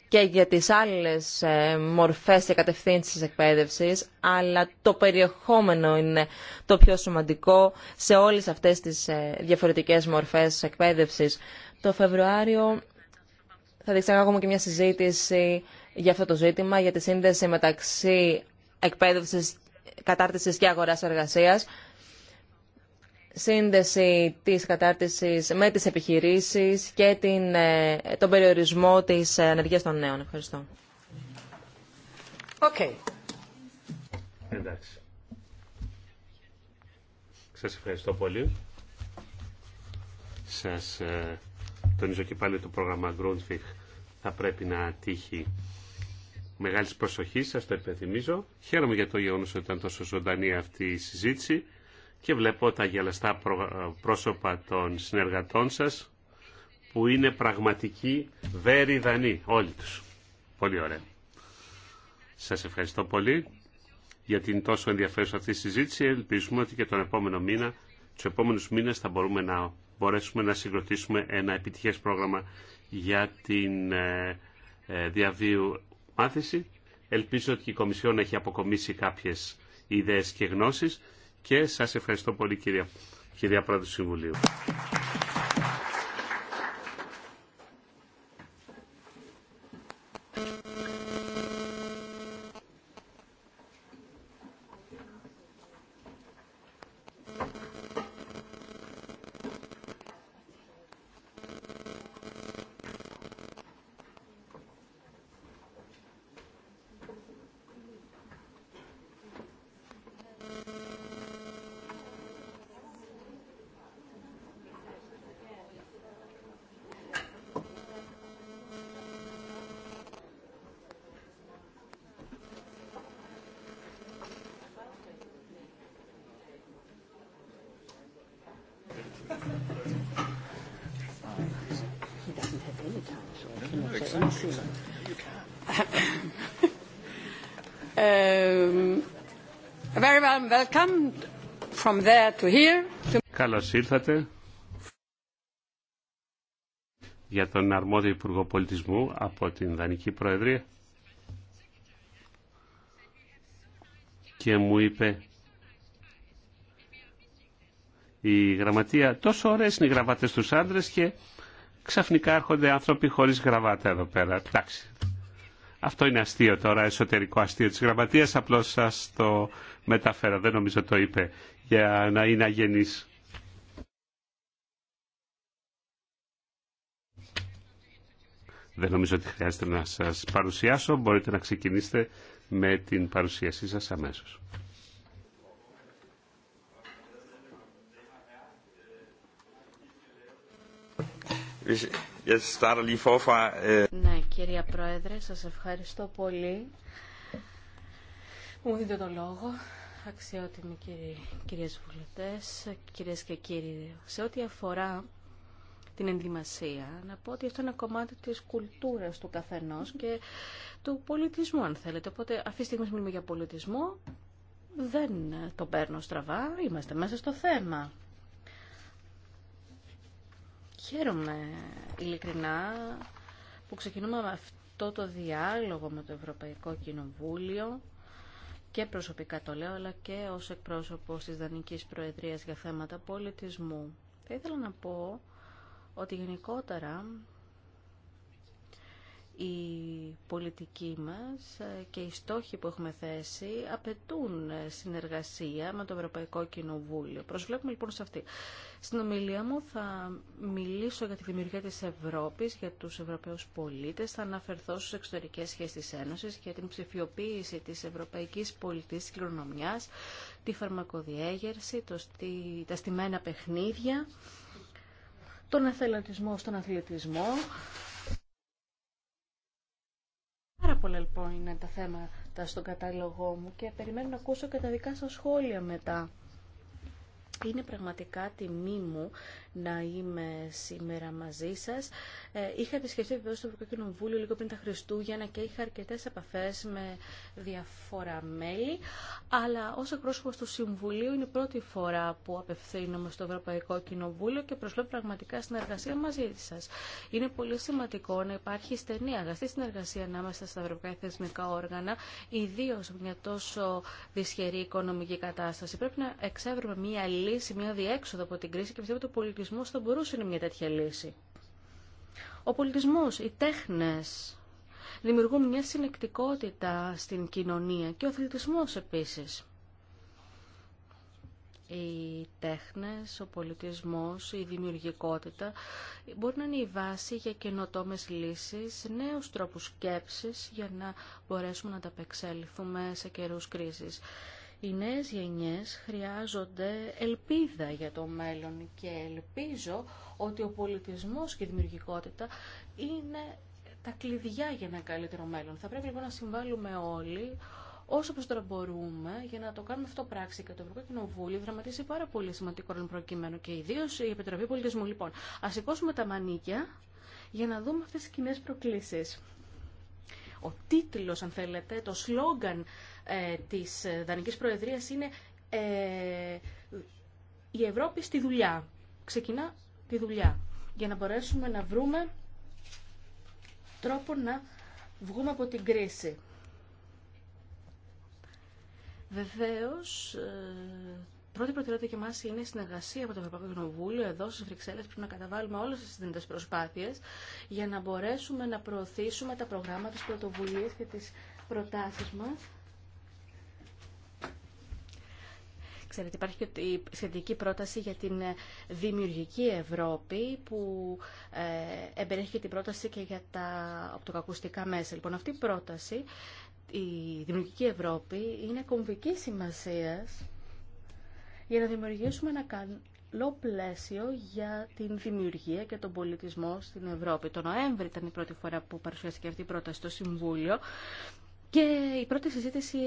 και για τις άλλες ε, μορφές και κατευθύνσεις της εκπαίδευσης, αλλά το περιεχόμενο είναι το πιο σημαντικό σε όλες αυτές τις ε, διαφορετικές μορφές εκπαίδευσης. Το Φεβρουάριο θα ακόμα και μια συζήτηση για αυτό το ζήτημα, για τη σύνδεση μεταξύ εκπαίδευσης, κατάρτισης και αγοράς εργασίας σύνδεση της κατάρτισης με τις επιχειρήσεις και την, ε, τον περιορισμό της ενεργείας των νέων. Ευχαριστώ. Okay. Εντάξει. Σας ευχαριστώ πολύ. Σας ε, τονίζω και πάλι το πρόγραμμα Grundfig θα πρέπει να τύχει μεγάλης προσοχής, σας το επιθυμίζω. Χαίρομαι για το γεγονός ότι ήταν τόσο ζωντανή αυτή η συζήτηση και βλέπω τα γελαστά πρόσωπα των συνεργατών σας που είναι πραγματικοί δανείοι, όλοι τους. Πολύ ωραία. Σας ευχαριστώ πολύ για την τόσο ενδιαφέρουσα αυτή τη συζήτηση. Ελπίζουμε ότι και τον επόμενο μήνα, τους επόμενους μήνες θα μπορούμε να μπορέσουμε να συγκροτήσουμε ένα επιτυχές πρόγραμμα για την ε, ε, διαβίου μάθηση. Ελπίζω ότι η Κομισιόν έχει αποκομίσει κάποιες ιδέες και γνώσεις και σας ευχαριστώ πολύ κυρία, κυρία Πρόεδρε του Συμβουλίου. Καλώς ήρθατε για τον αρμόδιο Υπουργό Πολιτισμού από την Δανική Προεδρία και μου είπε η γραμματεία τόσο ωραίες είναι οι γραβάτες στους άντρες και ξαφνικά έρχονται άνθρωποι χωρίς γραβάτα εδώ πέρα. Εντάξει, αυτό είναι αστείο τώρα, εσωτερικό αστείο της γραμματείας, απλώς σας το μεταφέρω, δεν νομίζω το είπε, για να είναι αγενής. Δεν νομίζω ότι χρειάζεται να σας παρουσιάσω, μπορείτε να ξεκινήσετε με την παρουσίασή σας αμέσως. Ε, ναι, κυρία Πρόεδρε. Σας ευχαριστώ πολύ. Μου δίνετε το λόγο. Αξιότιμοι κύριοι, κυρίες βουλευτές, κυρίες και κύριοι. Σε ό,τι αφορά την ενδυμασία, να πω ότι αυτό είναι ένα κομμάτι της κουλτούρας του καθενός και του πολιτισμού, αν θέλετε. Οπότε αυτή τη στιγμή μιλούμε για πολιτισμό, δεν το παίρνω στραβά, είμαστε μέσα στο θέμα. Χαίρομαι ειλικρινά που ξεκινούμε με αυτό το διάλογο με το Ευρωπαϊκό Κοινοβούλιο και προσωπικά το λέω, αλλά και ως εκπρόσωπος της Δανικής Προεδρίας για θέματα πολιτισμού. Θα ήθελα να πω ότι γενικότερα η πολιτική μας ε, και οι στόχοι που έχουμε θέσει απαιτούν ε, συνεργασία με το Ευρωπαϊκό Κοινοβούλιο. Προσβλέπουμε λοιπόν σε αυτή. Στην ομιλία μου θα μιλήσω για τη δημιουργία της Ευρώπης, για τους Ευρωπαίους πολίτες, θα αναφερθώ στους εξωτερικές σχέσεις της Ένωσης, για την ψηφιοποίηση της ευρωπαϊκής πολιτικής κληρονομιάς, τη φαρμακοδιέγερση, το τα στημένα παιχνίδια, τον εθελοντισμό στον αθλητισμό, πολλά λοιπόν είναι τα θέματα στον κατάλογό μου και περιμένω να ακούσω και τα δικά σας σχόλια μετά. Είναι πραγματικά τιμή μου να είμαι σήμερα μαζί σας. Ε, είχα επισκεφτεί βεβαίω το Ευρωπαϊκό Κοινοβούλιο λίγο πριν τα Χριστούγεννα και είχα αρκετέ επαφέ με διαφορά μέλη, αλλά ω εκπρόσωπο του Συμβουλίου είναι η πρώτη φορά που απευθύνομαι στο Ευρωπαϊκό Κοινοβούλιο και προσλέπω πραγματικά συνεργασία μαζί σα. Είναι πολύ σημαντικό να υπάρχει στενή αγαστή συνεργασία ανάμεσα στα ευρωπαϊκά θεσμικά όργανα, ιδίω μια τόσο δυσχερή οικονομική κατάσταση. Πρέπει να εξεύρουμε μια λύση, μια διέξοδο από την κρίση και πιστεύω ότι ο πολιτισμό θα μπορούσε να είναι μια τέτοια λύση. Ο πολιτισμός, οι τέχνες δημιουργούν μια συνεκτικότητα στην κοινωνία και ο αθλητισμό επίσης. Οι τέχνες, ο πολιτισμός, η δημιουργικότητα μπορεί να είναι η βάση για καινοτόμες λύσεις, νέους τρόπους σκέψης για να μπορέσουμε να ανταπεξέλθουμε σε καιρούς κρίσης. Οι νέες γενιές χρειάζονται ελπίδα για το μέλλον και ελπίζω ότι ο πολιτισμός και η δημιουργικότητα είναι τα κλειδιά για ένα καλύτερο μέλλον. Θα πρέπει λοιπόν να συμβάλλουμε όλοι όσο προς τώρα μπορούμε για να το κάνουμε αυτό πράξη. Και το Ευρωπαϊκό Κοινοβούλιο δραματίζει πάρα πολύ σημαντικό ρόλο προκειμένου και ιδίω η Επιτροπή Πολιτισμού. Λοιπόν, α σηκώσουμε τα μανίκια για να δούμε αυτές τις κοινέ προκλήσεις. Ο τίτλος, αν θέλετε, το σλόγγαν ε, της Δανικής Προεδρίας είναι ε, η Ευρώπη στη δουλειά. Ξεκινά τη δουλειά για να μπορέσουμε να βρούμε τρόπο να βγούμε από την κρίση. Βεβαίως, ε, πρώτη προτεραιότητα και μας είναι η συνεργασία από το Ευρωπαϊκό Κοινοβούλιο εδώ στις Βρυξέλλες πρέπει να καταβάλουμε όλες τις δυνατές προσπάθειες για να μπορέσουμε να προωθήσουμε τα προγράμματα, της πρωτοβουλίας και τις προτάσεις μας Ξέρετε, υπάρχει και η σχετική πρόταση για την ε, δημιουργική Ευρώπη που ε, εμπεριέχει και την πρόταση και για τα οπτοκακουστικά μέσα. Λοιπόν, αυτή η πρόταση, η δημιουργική Ευρώπη, είναι κομβική σημασία για να δημιουργήσουμε ένα καλό πλαίσιο για την δημιουργία και τον πολιτισμό στην Ευρώπη. Το Νοέμβρη ήταν η πρώτη φορά που παρουσιάστηκε αυτή η πρόταση στο Συμβούλιο και η πρώτη συζήτηση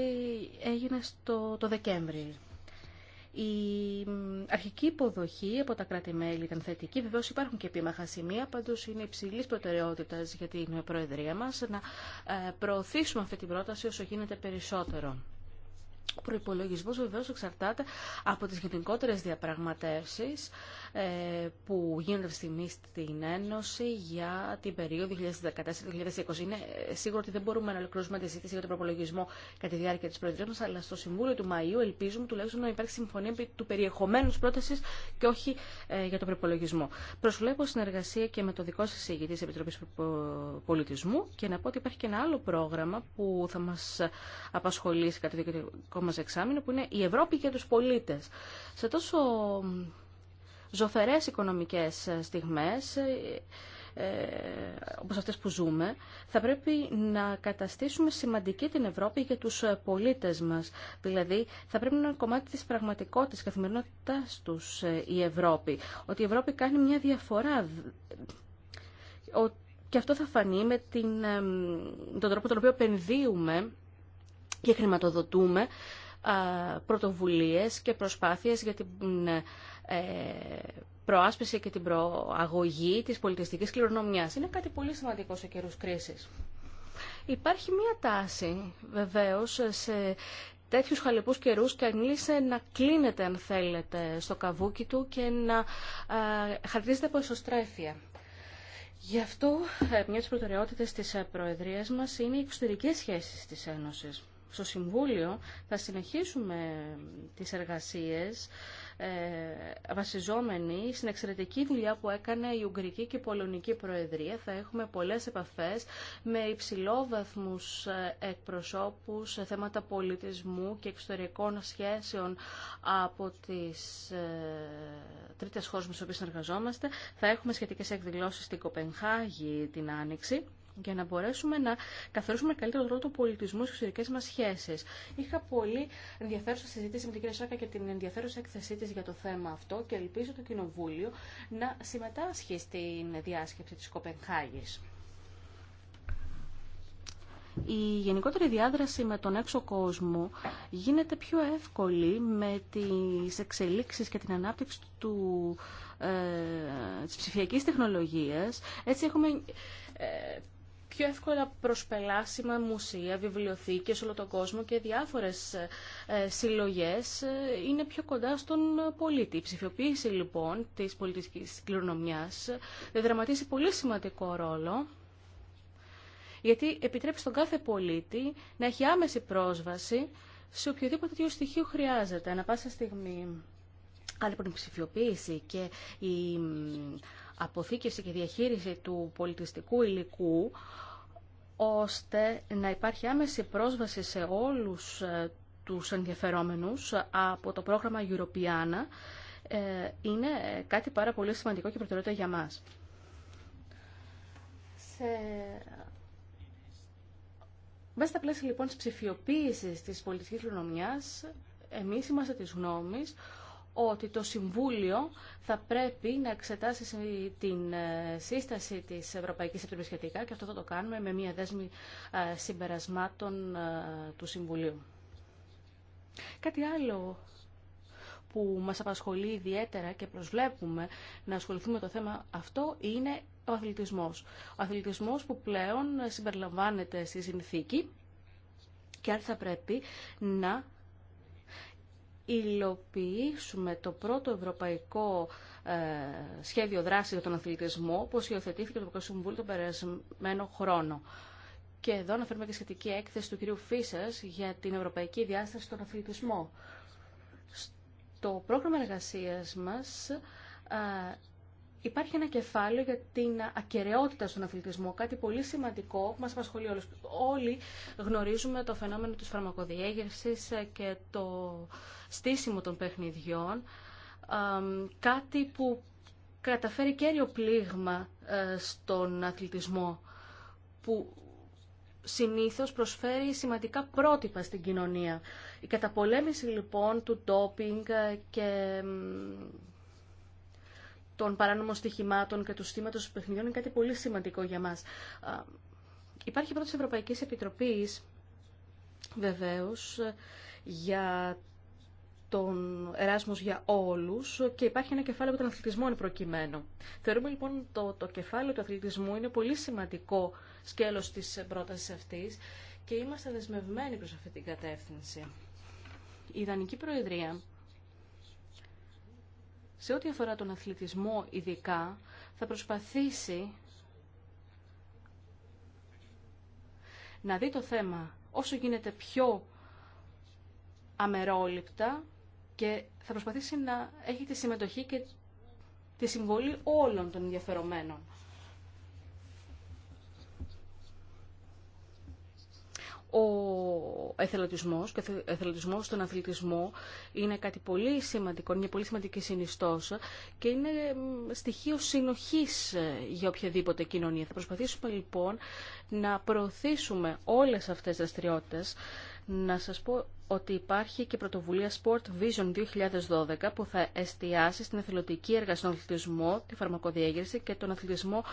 έγινε το Δεκέμβρη. Η αρχική υποδοχή από τα κράτη-μέλη ήταν θετική. Βεβαίω υπάρχουν και επίμαχα σημεία, πάντω είναι υψηλή προτεραιότητα για την Προεδρία μα να ε, προωθήσουμε αυτή την πρόταση όσο γίνεται περισσότερο. Ο προϋπολογισμός βεβαίως εξαρτάται από τις γενικότερες διαπραγματεύσεις ε, που γίνονται αυτή τη στιγμή στην Ένωση για την περίοδο 2014-2020. Είναι ε, σίγουρο ότι δεν μπορούμε να ολοκληρώσουμε τη συζήτηση για τον προπολογισμό κατά τη διάρκεια της Προεδρίας μας, αλλά στο Συμβούλιο του Μαΐου ελπίζουμε τουλάχιστον να υπάρξει συμφωνία του περιεχομένου πρόταση πρότασης και όχι ε, για τον προπολογισμό. Προσβλέπω συνεργασία και με το δικό σας ηγητή της Πολιτισμού και να πω ότι υπάρχει και ένα άλλο πρόγραμμα που θα μας απασχολήσει κατά το μας εξάμεινο που είναι η Ευρώπη και τους πολίτες. Σε τόσο ζωφερές οικονομικές ε, στιγμές, ε, ε, όπως αυτές που ζούμε, θα πρέπει να καταστήσουμε σημαντική την Ευρώπη για τους ε, πολίτες μας. Δηλαδή, θα πρέπει να είναι κομμάτι της πραγματικότητας, της καθημερινότητάς τους η Ευρώπη. Ότι η Ευρώπη κάνει μια διαφορά. Και αυτό θα φανεί με την, τον τρόπο τον οποίο επενδύουμε και χρηματοδοτούμε πρωτοβουλίες και προσπάθειες για την ε, προάσπιση και την προαγωγή της πολιτιστικής κληρονομιάς. Είναι κάτι πολύ σημαντικό σε καιρούς κρίσης. Υπάρχει μία τάση, βεβαίως, σε τέτοιους χαλεπούς καιρούς και κανείς να κλείνεται, αν θέλετε, στο καβούκι του και να χαρτίζεται από εσωστρέφεια. Γι' αυτό ε, μια από τις προτεραιότητες της ε, Προεδρίας μας είναι οι εξωτερικές σχέσεις της Ένωσης στο Συμβούλιο θα συνεχίσουμε τις εργασίες ε, βασιζόμενοι στην εξαιρετική δουλειά που έκανε η Ουγγρική και η Πολωνική Προεδρία. Θα έχουμε πολλές επαφές με υψηλόβαθμους ε, εκπροσώπους σε θέματα πολιτισμού και εξωτερικών σχέσεων από τις ε, τρίτες χώρες με τις οποίες συνεργαζόμαστε. Θα έχουμε σχετικές εκδηλώσεις στην Κοπενχάγη την Άνοιξη για να μπορέσουμε να καθορίσουμε καλύτερο τρόπο του πολιτισμού στι εξωτερικέ μα σχέσει. Είχα πολύ ενδιαφέρουσα συζήτηση με την κυρία Σάκα και την ενδιαφέρουσα έκθεσή τη για το θέμα αυτό και ελπίζω το Κοινοβούλιο να συμμετάσχει στην διάσκεψη τη Κοπενχάγη. Η γενικότερη διάδραση με τον έξω κόσμο γίνεται πιο εύκολη με τις εξελίξεις και την ανάπτυξη του, ε, της ψηφιακής τεχνολογίας. Έτσι έχουμε ε, πιο εύκολα προσπελάσιμα μουσεία, βιβλιοθήκες όλο τον κόσμο και διάφορες ε, συλλογές ε, είναι πιο κοντά στον πολίτη. Η ψηφιοποίηση λοιπόν της πολιτικής κληρονομιάς ε, δραματίζει πολύ σημαντικό ρόλο γιατί επιτρέπει στον κάθε πολίτη να έχει άμεση πρόσβαση σε οποιοδήποτε τέτοιο στοιχείο χρειάζεται, ανα πάσα στιγμή. αν λοιπόν ψηφιοποίηση και η αποθήκευση και διαχείριση του πολιτιστικού υλικού ώστε να υπάρχει άμεση πρόσβαση σε όλους ε, τους ενδιαφερόμενους από το πρόγραμμα Europeana ε, είναι κάτι πάρα πολύ σημαντικό και προτεραιότητα για μας. Σε... Μέσα στα πλαίσια λοιπόν της ψηφιοποίησης της πολιτικής κληρονομιάς, εμείς είμαστε της γνώμης ότι το Συμβούλιο θα πρέπει να εξετάσει την ε, σύσταση της Ευρωπαϊκής Επιτροπής σχετικά και αυτό θα το κάνουμε με μια δέσμη ε, συμπερασμάτων ε, του Συμβουλίου. Κάτι άλλο που μας απασχολεί ιδιαίτερα και προσβλέπουμε να ασχοληθούμε με το θέμα αυτό είναι ο αθλητισμός. Ο αθλητισμός που πλέον συμπεριλαμβάνεται στη συνθήκη και άρα θα πρέπει να υλοποιήσουμε το πρώτο ευρωπαϊκό ε, σχέδιο δράσης για τον αθλητισμό, που υιοθετήθηκε το Ευρωπαϊκό Συμβούλιο τον περασμένο χρόνο. Και εδώ αναφέρουμε και σχετική έκθεση του κυρίου Φίσας για την ευρωπαϊκή διάσταση στον αθλητισμό. Το πρόγραμμα εργασίας μας ε, Υπάρχει ένα κεφάλαιο για την ακαιρεότητα στον αθλητισμό, κάτι πολύ σημαντικό που μας απασχολεί όλους. Όλοι γνωρίζουμε το φαινόμενο της φαρμακοδιέγερσης και το στήσιμο των παιχνιδιών, κάτι που καταφέρει κέριο πλήγμα ε, στον αθλητισμό, που συνήθως προσφέρει σημαντικά πρότυπα στην κοινωνία. Η καταπολέμηση λοιπόν του ντόπινγκ και των παράνομων στοιχημάτων και του στήματο του παιχνιδιών είναι κάτι πολύ σημαντικό για μα. Υπάρχει πρώτη Ευρωπαϊκή Επιτροπή, βεβαίω για τον Εράσμος για όλους και υπάρχει ένα κεφάλαιο για τον αθλητισμό είναι προκειμένου. Θεωρούμε λοιπόν το, το κεφάλαιο του αθλητισμού είναι πολύ σημαντικό σκέλος της πρόταση αυτή και είμαστε δεσμευμένοι προς αυτή την κατεύθυνση. Η Ιδανική Προεδρία σε ό,τι αφορά τον αθλητισμό ειδικά, θα προσπαθήσει να δει το θέμα όσο γίνεται πιο αμερόληπτα και θα προσπαθήσει να έχει τη συμμετοχή και τη συμβολή όλων των ενδιαφερομένων. ο εθελοντισμός και ο εθελοντισμός στον αθλητισμό είναι κάτι πολύ σημαντικό, μια πολύ σημαντική συνιστόσα και είναι στοιχείο συνοχής ε, για οποιαδήποτε κοινωνία. Θα προσπαθήσουμε λοιπόν να προωθήσουμε όλες αυτές τις δραστηριότητες. Να σας πω ότι υπάρχει και πρωτοβουλία Sport Vision 2012 που θα εστιάσει στην εθελοντική έργα στον αθλητισμό, τη φαρμακοδιέγερση και τον αθλητισμό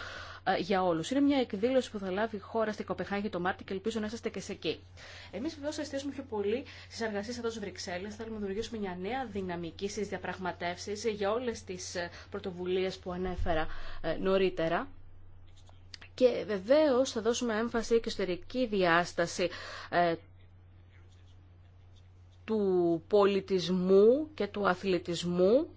ε, για όλου. Είναι μια εκδήλωση που θα λάβει η χώρα στην Κοπεχάγη το Μάρτιο και ελπίζω να είσαστε και σε εκεί. Εμεί βεβαίω θα εστιάσουμε πιο πολύ στι εργασίε εδώ στι Βρυξέλλε. Θέλουμε να δημιουργήσουμε μια νέα δυναμική στι διαπραγματεύσει για όλε τι ε, πρωτοβουλίε που ανέφερα ε, νωρίτερα. Και βεβαίω θα δώσουμε έμφαση και εσωτερική διάσταση του πολιτισμού και του αθλητισμού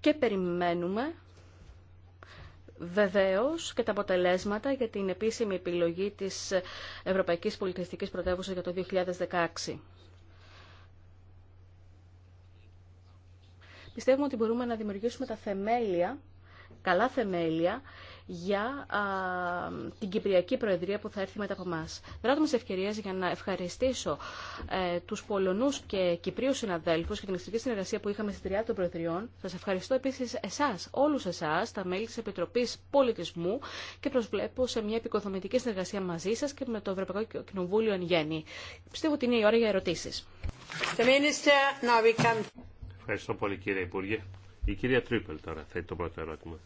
και περιμένουμε βεβαίως και τα αποτελέσματα για την επίσημη επιλογή της Ευρωπαϊκής Πολιτιστικής Πρωτεύουσας για το 2016. Πιστεύουμε ότι μπορούμε να δημιουργήσουμε τα θεμέλια, καλά θεμέλια, για την Κυπριακή Προεδρία που θα έρθει μετά από εμά. Δράτω τι ευκαιρία για να ευχαριστήσω ε, του Πολωνούς και κυπρίου συναδέλφου και την εξωτερική συνεργασία που είχαμε στη τρία των Προεδριών. Σα ευχαριστώ επίσης εσάς, όλους εσά, τα μέλη τη Επιτροπή Πολιτισμού και προσβλέπω σε μια επικοδομητική συνεργασία μαζί σα και με το Ευρωπαϊκό Κοινοβούλιο εν γέννη. Πιστεύω ότι είναι η ώρα για ερωτήσει. Ευχαριστώ πολύ κύριε Υπουργέ. Η κυρία Τρίπελ τώρα θέτει το πρώτο ερώτημα.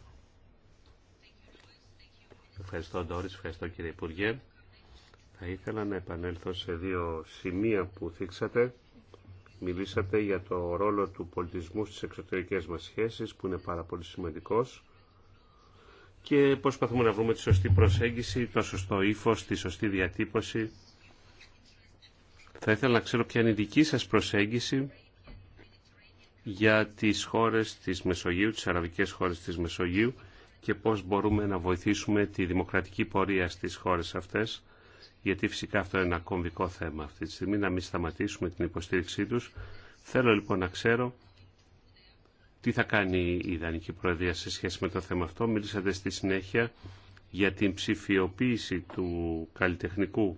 Ευχαριστώ Ντόρις, ευχαριστώ κύριε Υπουργέ. Θα ήθελα να επανέλθω σε δύο σημεία που θίξατε. Μιλήσατε για το ρόλο του πολιτισμού στις εξωτερικές μας σχέσεις που είναι πάρα πολύ σημαντικός και προσπαθούμε να βρούμε τη σωστή προσέγγιση, το σωστό ύφος, τη σωστή διατύπωση. Θα ήθελα να ξέρω ποια είναι η δική σας προσέγγιση για τις χώρες της Μεσογείου, τις αραβικές χώρες της Μεσογείου και πώς μπορούμε να βοηθήσουμε τη δημοκρατική πορεία στις χώρες αυτές, γιατί φυσικά αυτό είναι ένα κομβικό θέμα αυτή τη στιγμή, να μην σταματήσουμε την υποστήριξή τους. Θέλω λοιπόν να ξέρω τι θα κάνει η Ιδανική Προεδρία σε σχέση με το θέμα αυτό. Μίλησατε στη συνέχεια για την ψηφιοποίηση του καλλιτεχνικού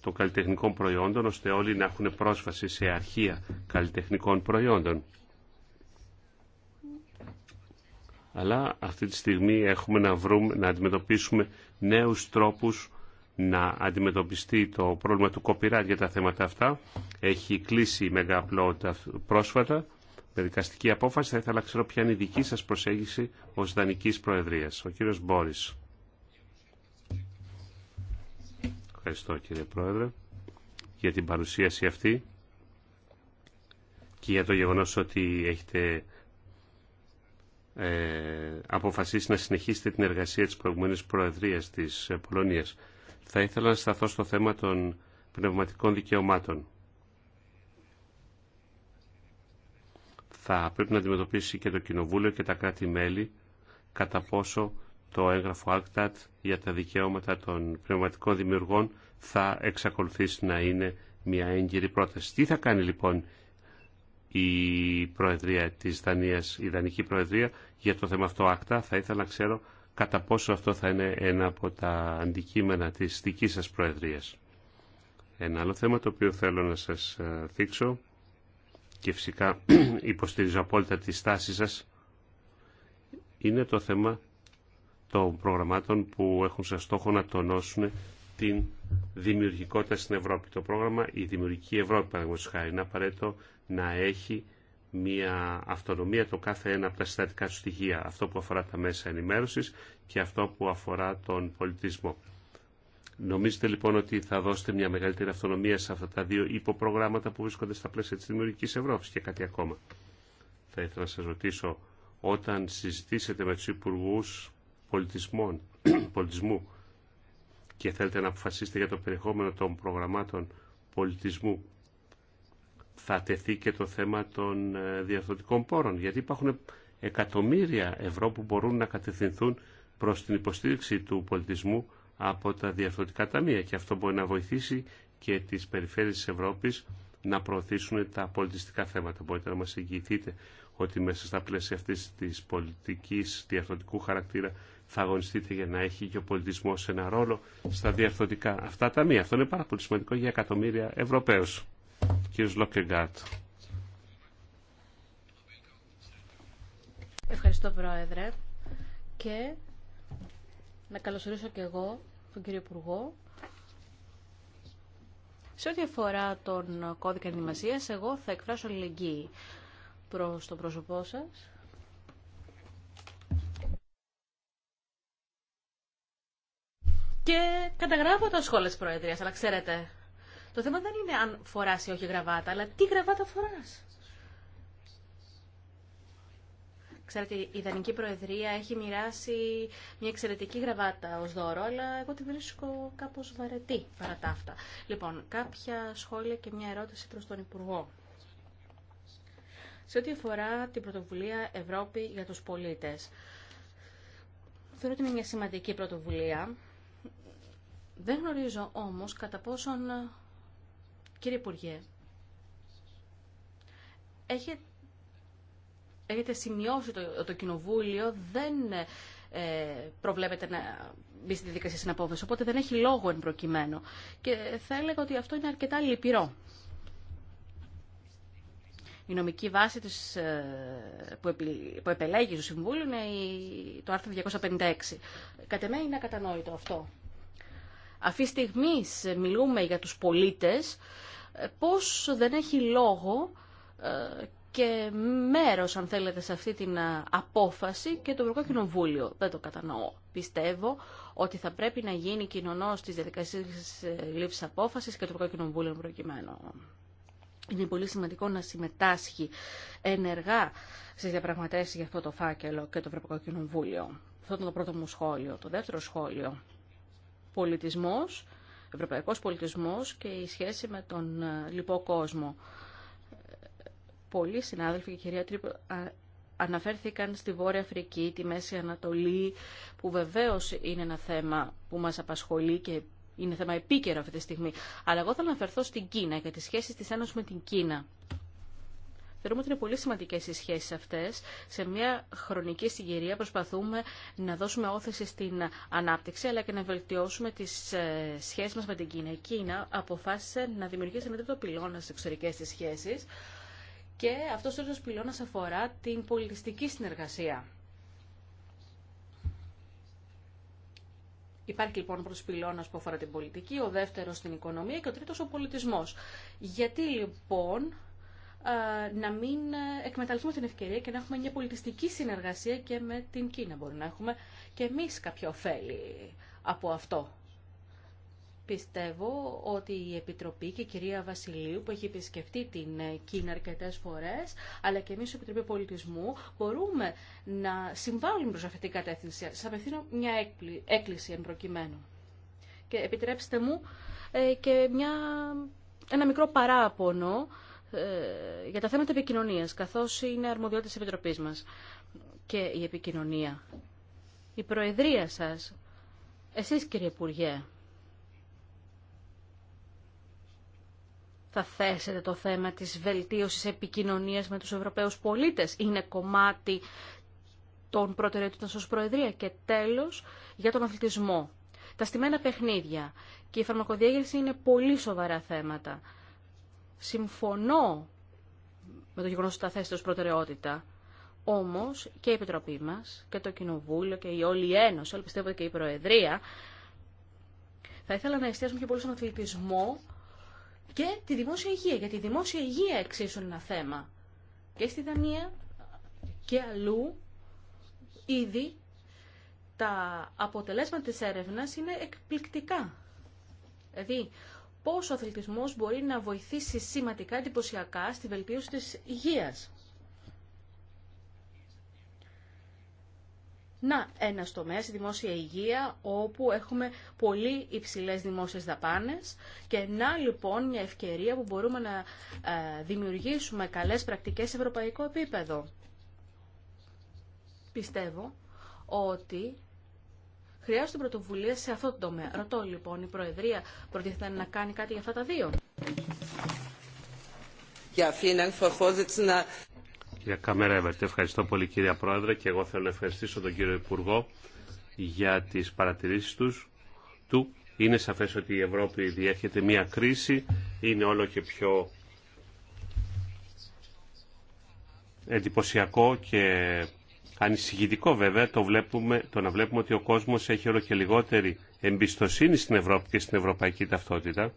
των καλλιτεχνικών προϊόντων, ώστε όλοι να έχουν πρόσβαση σε αρχεία καλλιτεχνικών προϊόντων. αλλά αυτή τη στιγμή έχουμε να, βρούμε, να αντιμετωπίσουμε νέους τρόπους να αντιμετωπιστεί το πρόβλημα του copyright για τα θέματα αυτά. Έχει κλείσει η πρόσφατα με δικαστική απόφαση. Θα ήθελα να ξέρω ποια είναι η δική σας προσέγγιση ως Δανικής Προεδρίας. Ο κύριος Μπόρις. Ευχαριστώ κύριε Πρόεδρε για την παρουσίαση αυτή και για το γεγονός ότι έχετε ε, αποφασίσει να συνεχίσετε την εργασία της προηγουμένης Προεδρίας της ε, Πολωνίας. Θα ήθελα να σταθώ στο θέμα των πνευματικών δικαιωμάτων. Θα πρέπει να αντιμετωπίσει και το Κοινοβούλιο και τα κράτη-μέλη κατά πόσο το έγγραφο ΑΚΤΑΤ για τα δικαιώματα των πνευματικών δημιουργών θα εξακολουθήσει να είναι μια έγκυρη πρόταση. Τι θα κάνει λοιπόν η Προεδρία της Δανίας, η Δανική Προεδρία για το θέμα αυτό ακτά. Θα ήθελα να ξέρω κατά πόσο αυτό θα είναι ένα από τα αντικείμενα της δικής σας Προεδρίας. Ένα άλλο θέμα το οποίο θέλω να σας ε, δείξω και φυσικά [CLEARS THROAT] υποστηρίζω απόλυτα τη στάση σας είναι το θέμα των προγραμμάτων που έχουν σαν στόχο να τονώσουν την δημιουργικότητα στην Ευρώπη. Το πρόγραμμα «Η Δημιουργική Ευρώπη» παραδείγματος είναι απαραίτητο να έχει μια αυτονομία το κάθε ένα από τα συστατικά του στοιχεία, αυτό που αφορά τα μέσα ενημέρωσης και αυτό που αφορά τον πολιτισμό. Νομίζετε λοιπόν ότι θα δώσετε μια μεγαλύτερη αυτονομία σε αυτά τα δύο υποπρογράμματα που βρίσκονται στα πλαίσια της Δημιουργικής Ευρώπης και κάτι ακόμα. Θα ήθελα να σας ρωτήσω, όταν συζητήσετε με τους υπουργού [CLEARS THROAT] πολιτισμού και θέλετε να αποφασίσετε για το περιεχόμενο των προγραμμάτων πολιτισμού θα τεθεί και το θέμα των ε, διαθωτικών πόρων, γιατί υπάρχουν εκατομμύρια ευρώ που μπορούν να κατευθυνθούν προς την υποστήριξη του πολιτισμού από τα διαρθρωτικά ταμεία και αυτό μπορεί να βοηθήσει και τις περιφέρειες της Ευρώπης να προωθήσουν τα πολιτιστικά θέματα. Μπορείτε να μας εγγυηθείτε ότι μέσα στα πλαίσια αυτής της πολιτικής διαρθρωτικού χαρακτήρα θα αγωνιστείτε για να έχει και ο πολιτισμός ένα ρόλο στα διαρθρωτικά αυτά ταμεία. Αυτό είναι πάρα πολύ σημαντικό για εκατομμύρια Ευρωπαίους. Κύριος Λόκεγκάρτ. Ευχαριστώ Πρόεδρε και να καλωσορίσω και εγώ τον κύριο Υπουργό. Σε ό,τι αφορά τον κώδικα ενημασίας, εγώ θα εκφράσω αλληλεγγύη προς το πρόσωπό σας. Και καταγράφω τα σχόλια της Προεδρίας, αλλά ξέρετε, το θέμα δεν είναι αν φορά ή όχι γραβάτα αλλά τι γραβάτα φορά. Ξέρετε, η Ιδανική τι γραβατα φορα έχει μοιράσει μια εξαιρετική γραβάτα ως δώρο, αλλά εγώ τη βρίσκω κάπως βαρετή παρά τα αυτά. Λοιπόν, κάποια σχόλια και μια ερώτηση προ τον Υπουργό. Σε ό,τι αφορά την πρωτοβουλία Ευρώπη για τους πολίτε θεωρώ ότι είναι μια σημαντική πρωτοβουλία. Δεν γνωρίζω όμως κατά πόσον Κύριε Υπουργέ, έχετε, έχετε σημειώσει το, το Κοινοβούλιο δεν ε, προβλέπεται να μπει στη διαδικασία απόφαση, οπότε δεν έχει λόγο εν προκειμένου. Και θα έλεγα ότι αυτό είναι αρκετά λυπηρό. Η νομική βάση της, ε, που, επι, που επελέγει στο Συμβούλιο είναι το άρθρο 256. Κατ' εμέ είναι ακατανόητο αυτό. Αυτή τη στιγμή μιλούμε για τους πολίτες, ε, πώς δεν έχει λόγο ε, και μέρος, αν θέλετε, σε αυτή την ε, απόφαση και το Ευρωπαϊκό Κοινοβούλιο. Δεν το κατανοώ. Πιστεύω ότι θα πρέπει να γίνει κοινωνός της διαδικασίας λήψης απόφασης και το Ευρωπαϊκό Κοινοβούλιο προκειμένου. Είναι πολύ σημαντικό να συμμετάσχει ενεργά στις διαπραγματεύσεις για αυτό το φάκελο και το Ευρωπαϊκό Κοινοβούλιο. Αυτό ήταν το πρώτο μου σχόλιο. Το δεύτερο σχόλιο πολιτισμός, ευρωπαϊκός πολιτισμός και η σχέση με τον ε, λοιπό κόσμο. Πολλοί συνάδελφοι και κυρία Τρίπο αναφέρθηκαν στη Βόρεια Αφρική, τη Μέση Ανατολή, που βεβαίως είναι ένα θέμα που μας απασχολεί και είναι θέμα επίκαιρο αυτή τη στιγμή. Αλλά εγώ θα αναφερθώ στην Κίνα και τις σχέσεις της Ένωσης με την Κίνα. Θεωρούμε ότι είναι πολύ σημαντικές οι σχέσεις αυτές. Σε μια χρονική συγκυρία προσπαθούμε να δώσουμε όθεση στην ανάπτυξη, αλλά και να βελτιώσουμε τις ε, σχέσεις μας με την Κίνα. Η Κίνα αποφάσισε να δημιουργήσει ένα τρίτο πυλώνα στις εξωτερικές της σχέσεις και αυτός ο τρίτος πυλώνας αφορά την πολιτιστική συνεργασία. Υπάρχει λοιπόν ο πρώτο πυλώνα που αφορά την πολιτική, ο δεύτερο την οικονομία και ο τρίτο ο πολιτισμό. Γιατί λοιπόν ε, να μην ε, εκμεταλλευτούμε την ευκαιρία και να έχουμε μια πολιτιστική συνεργασία και με την Κίνα. Μπορεί να έχουμε και εμείς κάποιο ωφέλη από αυτό. Πιστεύω ότι η Επιτροπή και η κυρία Βασιλείου που έχει επισκεφτεί την ε, Κίνα αρκετές φορές, αλλά και εμείς η Επιτροπή Πολιτισμού, μπορούμε να συμβάλλουμε προς αυτή την κατεύθυνση. Σας απευθύνω μια έκκληση εν προκειμένου. Και επιτρέψτε μου και μια, ένα μικρό παράπονο ε, για τα θέματα επικοινωνία, καθώς είναι αρμοδιότητα τη Επιτροπής μας και η επικοινωνία. Η Προεδρία σας, εσείς κύριε Υπουργέ, θα θέσετε το θέμα της βελτίωσης επικοινωνίας με τους Ευρωπαίους πολίτες. Είναι κομμάτι των προτεραιότητων σας Προεδρία. Και τέλος, για τον αθλητισμό. Τα στημένα παιχνίδια και η φαρμακοδιέγερση είναι πολύ σοβαρά θέματα συμφωνώ με το γεγονός ότι τα θέσετε ως προτεραιότητα. Όμως και η Επιτροπή μας και το Κοινοβούλιο και η όλη Ένωση, όλοι πιστεύω και η Προεδρία, θα ήθελα να εστιάσουμε και πολύ στον αθλητισμό και τη δημόσια υγεία, γιατί η δημόσια υγεία εξίσου είναι ένα θέμα. Και στη Δανία και αλλού ήδη τα αποτελέσματα της έρευνας είναι εκπληκτικά. Δηλαδή, πώς ο αθλητισμός μπορεί να βοηθήσει σημαντικά εντυπωσιακά στη βελτίωση της υγείας. Να, ένα τομέα, η δημόσια υγεία, όπου έχουμε πολύ υψηλές δημόσιες δαπάνες Και να, λοιπόν, μια ευκαιρία που μπορούμε να ε, δημιουργήσουμε καλές πρακτικές σε ευρωπαϊκό επίπεδο. Πιστεύω ότι χρειάζονται πρωτοβουλίε σε αυτό το τομέα. Ρωτώ λοιπόν, η Προεδρία προτίθεται να κάνει κάτι για αυτά τα δύο. Κυρία Καμέρα ευχαριστώ πολύ κύριε Πρόεδρε και εγώ θέλω να ευχαριστήσω τον κύριο Υπουργό για τις παρατηρήσεις τους, του. Είναι σαφές ότι η Ευρώπη διέρχεται μια κρίση, είναι όλο και πιο εντυπωσιακό και Ανησυχητικό βέβαια το, βλέπουμε, το να βλέπουμε ότι ο κόσμος έχει όλο και λιγότερη εμπιστοσύνη στην Ευρώπη και στην ευρωπαϊκή ταυτότητα.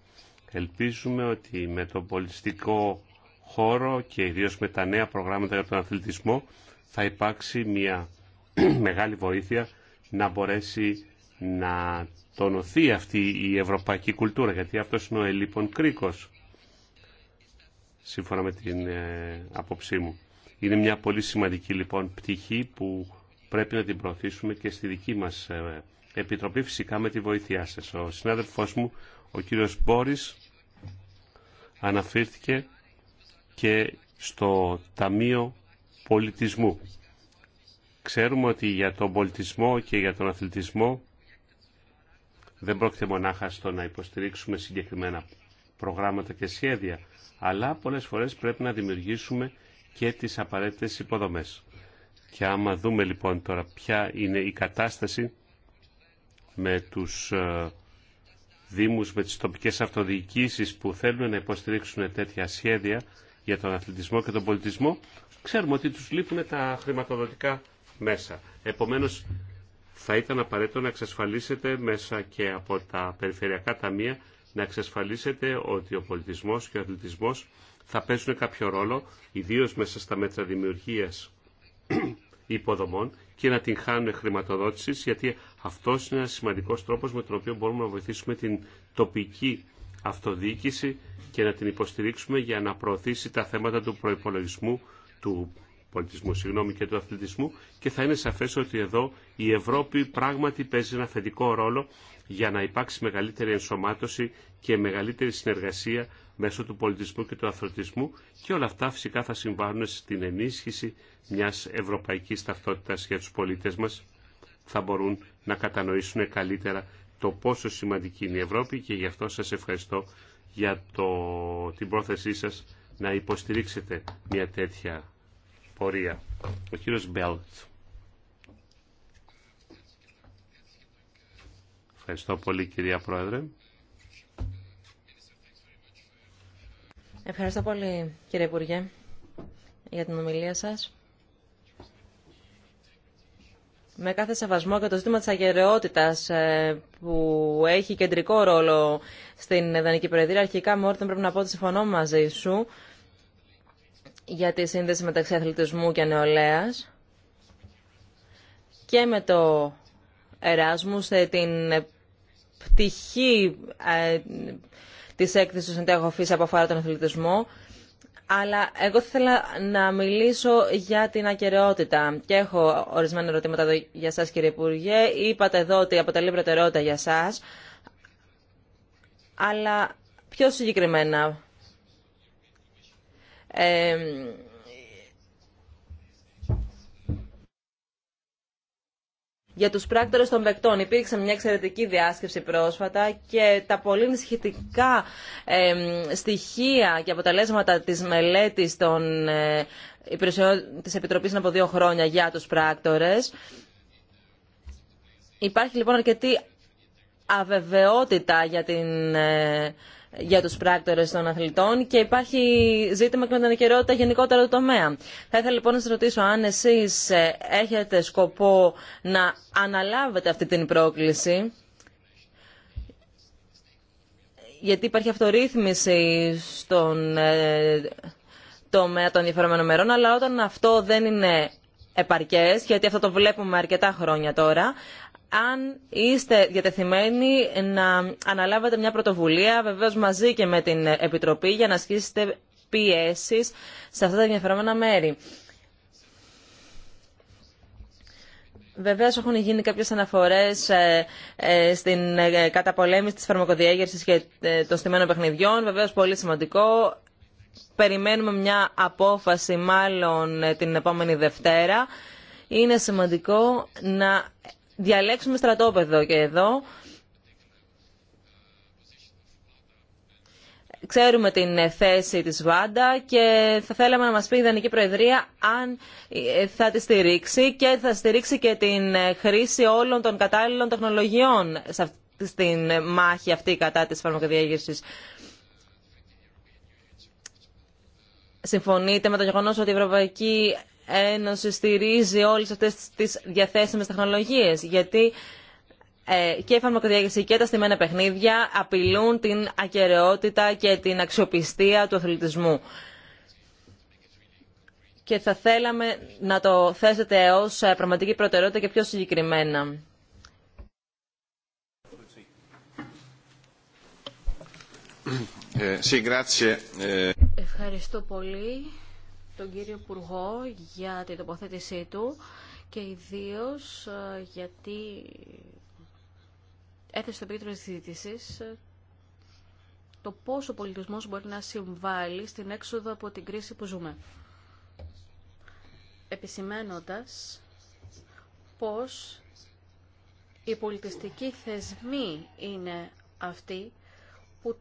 Ελπίζουμε ότι με τον πολιτιστικό χώρο και ιδίως με τα νέα προγράμματα για τον αθλητισμό θα υπάρξει μια [CLEARS THROAT] μεγάλη βοήθεια να μπορέσει να τονωθεί αυτή η ευρωπαϊκή κουλτούρα, γιατί αυτό είναι ο ελίπων κρίκος, σύμφωνα με την ε, άποψή μου. Είναι μια πολύ σημαντική λοιπόν πτυχή που πρέπει να την προωθήσουμε και στη δική μας ε, Επιτροπή φυσικά με τη βοήθειά σας. Ο συνάδελφός μου, ο κύριος Μπόρις, αναφέρθηκε και στο Ταμείο Πολιτισμού. Ξέρουμε ότι για τον πολιτισμό και για τον αθλητισμό δεν πρόκειται μονάχα στο να υποστηρίξουμε συγκεκριμένα προγράμματα και σχέδια, αλλά πολλές φορές πρέπει να δημιουργήσουμε και τις απαραίτητες υποδομές. Και άμα δούμε λοιπόν τώρα ποια είναι η κατάσταση με τους ε, δήμους, με τις τοπικές αυτοδιοικήσεις που θέλουν να υποστηρίξουν τέτοια σχέδια για τον αθλητισμό και τον πολιτισμό, ξέρουμε ότι τους λείπουν τα χρηματοδοτικά μέσα. Επομένως, θα ήταν απαραίτητο να εξασφαλίσετε μέσα και από τα περιφερειακά ταμεία να εξασφαλίσετε ότι ο πολιτισμός και ο αθλητισμός θα παίζουν κάποιο ρόλο, ιδίω μέσα στα μέτρα δημιουργία [CLEARS THROAT] υποδομών και να την χάνουν χρηματοδότηση, γιατί αυτό είναι ένα σημαντικό τρόπο με τον οποίο μπορούμε να βοηθήσουμε την τοπική αυτοδιοίκηση και να την υποστηρίξουμε για να προωθήσει τα θέματα του προπολογισμού του πολιτισμού συγγνώμη, και του αθλητισμού και θα είναι σαφές ότι εδώ η Ευρώπη πράγματι παίζει ένα θετικό ρόλο για να υπάρξει μεγαλύτερη ενσωμάτωση και μεγαλύτερη συνεργασία μέσω του πολιτισμού και του αθλητισμού και όλα αυτά φυσικά θα συμβάλλουν στην ενίσχυση μιας ευρωπαϊκής ταυτότητας για τους πολίτες μας. Θα μπορούν να κατανοήσουν καλύτερα το πόσο σημαντική είναι η Ευρώπη και γι' αυτό σας ευχαριστώ για το, την πρόθεσή σας να υποστηρίξετε μια τέτοια πορεία. Ο κύριος Μπέλτ. Ευχαριστώ πολύ κυρία Πρόεδρε. Ευχαριστώ πολύ κύριε Υπουργέ για την ομιλία σας. Με κάθε σεβασμό και το ζήτημα της αγεραιότητας ε, που έχει κεντρικό ρόλο στην Δανική Προεδρία, αρχικά Μόρτεν πρέπει να πω ότι συμφωνώ μαζί σου για τη σύνδεση μεταξύ αθλητισμού και νεολαίας και με το σε την πτυχή ε, της έκθεσης εντεγωφής από αφορά τον αθλητισμό αλλά εγώ θα ήθελα να μιλήσω για την ακαιρεότητα και έχω ορισμένα ερωτήματα εδώ για σας κύριε Υπουργέ. Είπατε εδώ ότι αποτελεί προτεραιότητα για σας, αλλά πιο συγκεκριμένα για τους πράκτορες των παικτών υπήρξε μια εξαιρετική διάσκεψη πρόσφατα και τα πολύ ενισχυτικά στοιχεία και αποτελέσματα της μελέτης των ε, υπηρεσιών της Επιτροπής από δύο χρόνια για τους πράκτορες. Υπάρχει λοιπόν αρκετή αβεβαιότητα για την ε, για τους πράκτορες των αθλητών και υπάρχει ζήτημα και με την αγκαιρότητα γενικότερα του τομέα. Θα ήθελα λοιπόν να σα ρωτήσω αν εσεί ε, έχετε σκοπό να αναλάβετε αυτή την πρόκληση γιατί υπάρχει αυτορύθμιση στον ε, τομέα των διαφορεμένων μερών, αλλά όταν αυτό δεν είναι επαρκές, γιατί αυτό το βλέπουμε αρκετά χρόνια τώρα, αν είστε διατεθειμένοι να αναλάβετε μια πρωτοβουλία, βεβαίως μαζί και με την Επιτροπή, για να ασκήσετε πιέσεις σε αυτά τα ενδιαφερόμενα μέρη. Βεβαίως έχουν γίνει κάποιες αναφορές ε, ε, στην ε, καταπολέμηση της φαρμακοδιέγερσης και των στιμένων παιχνιδιών. Βεβαίως πολύ σημαντικό. Περιμένουμε μια απόφαση μάλλον την επόμενη Δευτέρα. Είναι σημαντικό να διαλέξουμε στρατόπεδο και εδώ. Ξέρουμε την θέση της Βάντα και θα θέλαμε να μας πει η Δανική Προεδρία αν ε, θα τη στηρίξει και θα στηρίξει και την ε, χρήση όλων των κατάλληλων τεχνολογιών στην μάχη αυτή κατά της φαρμακοδιέγερσης. Συμφωνείτε με το γεγονός ότι η Ευρωπαϊκή Ένωση στηρίζει όλες αυτές τις διαθέσιμες τεχνολογίες, γιατί ε, και η φαρμακοδιάγηση και τα στημένα παιχνίδια απειλούν την ακαιρεότητα και την αξιοπιστία του αθλητισμού. Και θα θέλαμε να το θέσετε ως ε, πραγματική προτεραιότητα και πιο συγκεκριμένα. Ε, Ευχαριστώ πολύ τον κύριο Υπουργό για την τοποθέτησή του και ιδίω ε, γιατί έθεσε στο επίκεντρο της συζήτησης ε, το πόσο ο πολιτισμό μπορεί να συμβάλλει στην έξοδο από την κρίση που ζούμε. Επισημένοντα πώς οι πολιτιστικοί θεσμοί είναι αυτοί που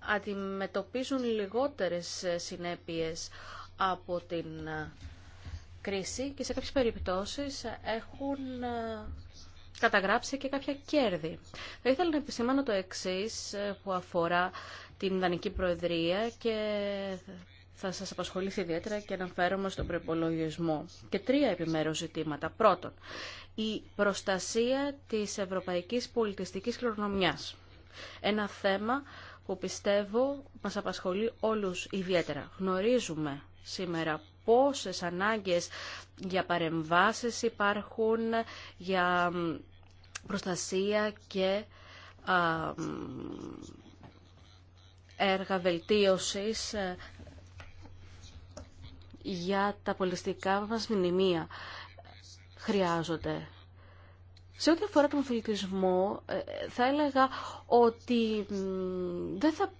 αντιμετωπίζουν λιγότερες ε, συνέπειες από την ε, κρίση και σε κάποιες περιπτώσεις έχουν ε, καταγράψει και κάποια κέρδη. Θα ήθελα να επισημάνω το εξής ε, που αφορά την Δανική Προεδρία και θα σας απασχολήσει ιδιαίτερα και αναφέρομαι στον προπολογισμό. Και τρία επιμέρους ζητήματα. Πρώτον, η προστασία της ευρωπαϊκής πολιτιστικής κληρονομιάς. Ένα θέμα που πιστεύω μας απασχολεί όλους ιδιαίτερα. Γνωρίζουμε σήμερα. Πόσες ανάγκες για παρεμβάσεις υπάρχουν, για προστασία και α, έργα βελτίωσης ε, για τα πολιτιστικά μας μνημεία χρειάζονται. Σε ό,τι αφορά τον φιλτισμό, ε, θα έλεγα ότι δεν θα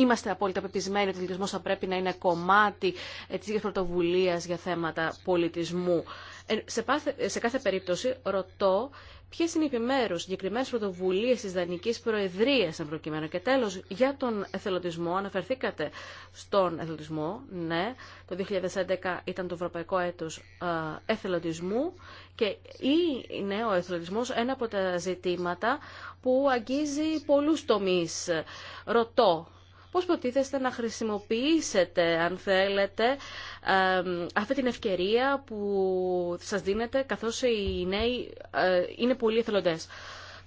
είμαστε απόλυτα πεπισμένοι ότι ο πολιτισμό θα πρέπει να είναι κομμάτι ε, τη ίδια πρωτοβουλία για θέματα πολιτισμού. Ε, σε, πάθε, σε κάθε περίπτωση, ρωτώ ποιε είναι οι επιμέρου συγκεκριμένε πρωτοβουλίε τη Δανική Προεδρία, εν προκειμένου. Και τέλο, για τον εθελοντισμό. Αναφερθήκατε στον εθελοντισμό, ναι. Το 2011 ήταν το Ευρωπαϊκό Έτο ε, Εθελοντισμού και είναι ο εθελοντισμό ένα από τα ζητήματα που αγγίζει πολλού τομεί. Ρωτώ, πώς προτίθεστε να χρησιμοποιήσετε, αν θέλετε, αυτή την ευκαιρία που σας δίνετε, καθώς οι νέοι ε, είναι πολύ εθελοντές.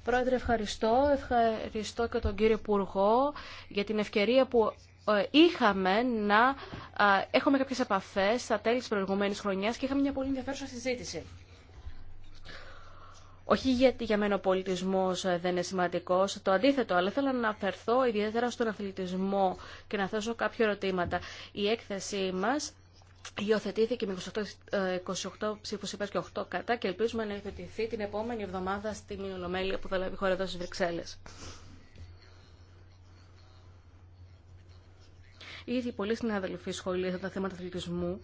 Πρόεδρε, ευχαριστώ. Ευχαριστώ και τον κύριο Υπουργό για την ευκαιρία που ε, είχαμε να ε, έχουμε κάποιες επαφές στα τέλη της προηγουμένης χρονιάς και είχαμε μια πολύ ενδιαφέρουσα συζήτηση. Όχι γιατί για μένα ο πολιτισμό ε, δεν είναι σημαντικό, το αντίθετο, αλλά θέλω να αναφερθώ ιδιαίτερα στον αθλητισμό και να θέσω κάποια ερωτήματα. Η έκθεσή μα υιοθετήθηκε με 28, 28 ψήφου υπέρ και 8 κατά και ελπίζουμε να υιοθετηθεί την επόμενη εβδομάδα στη Ολομέλεια που θα λάβει η χώρα εδώ στι Βρυξέλλε. Ήδη πολλοί συνάδελφοι σχολίασαν τα θέματα αθλητισμού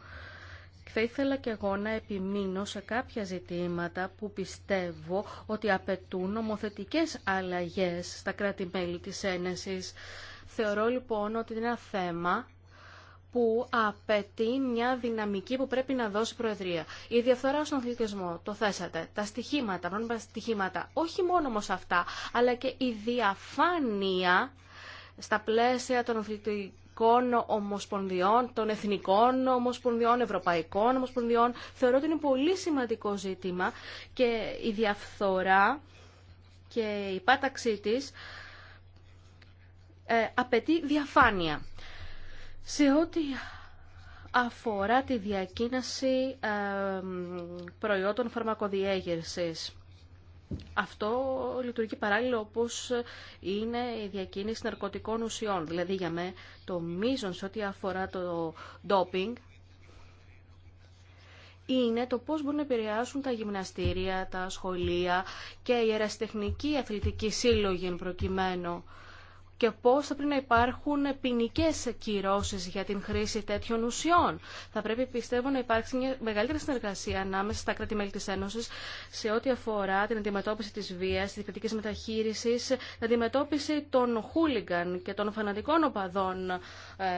θα ήθελα και εγώ να επιμείνω σε κάποια ζητήματα που πιστεύω ότι απαιτούν νομοθετικές αλλαγές στα κράτη-μέλη της Ένεσης. Θεωρώ λοιπόν ότι είναι ένα θέμα που απαιτεί μια δυναμική που πρέπει να δώσει Προεδρία. Η διαφθορά στον αθλητισμό, το θέσατε. Τα στοιχήματα, πρώτα στοιχήματα, όχι μόνο όμω αυτά, αλλά και η διαφάνεια στα πλαίσια των αθλητικών Εθνικών Ομοσπονδιών, των Εθνικών Ομοσπονδιών, Ευρωπαϊκών Ομοσπονδιών. Θεωρώ ότι είναι πολύ σημαντικό ζήτημα και η διαφθορά και η πάταξή της ε, απαιτεί διαφάνεια. Σε ό,τι αφορά τη διακίνηση ε, προϊόντων φαρμακοδιέγερσης αυτό λειτουργεί παράλληλα όπως είναι η διακίνηση ναρκωτικών ουσιών. Δηλαδή για μέ το μείζον σε ό,τι αφορά το ντόπινγκ είναι το πώς μπορούν να επηρεάσουν τα γυμναστήρια, τα σχολεία και η αεραστεχνική αθλητική σύλλογη προκειμένου και πώς θα πρέπει να υπάρχουν ποινικέ κυρώσεις για την χρήση τέτοιων ουσιών. Θα πρέπει, πιστεύω, να υπάρξει μια μεγαλύτερη συνεργασία ανάμεσα στα κράτη-μέλη της Ένωσης σε ό,τι αφορά την αντιμετώπιση της βίας, της διακριτικής μεταχείρισης, την αντιμετώπιση των χούλιγκαν και των φανατικών οπαδών ε,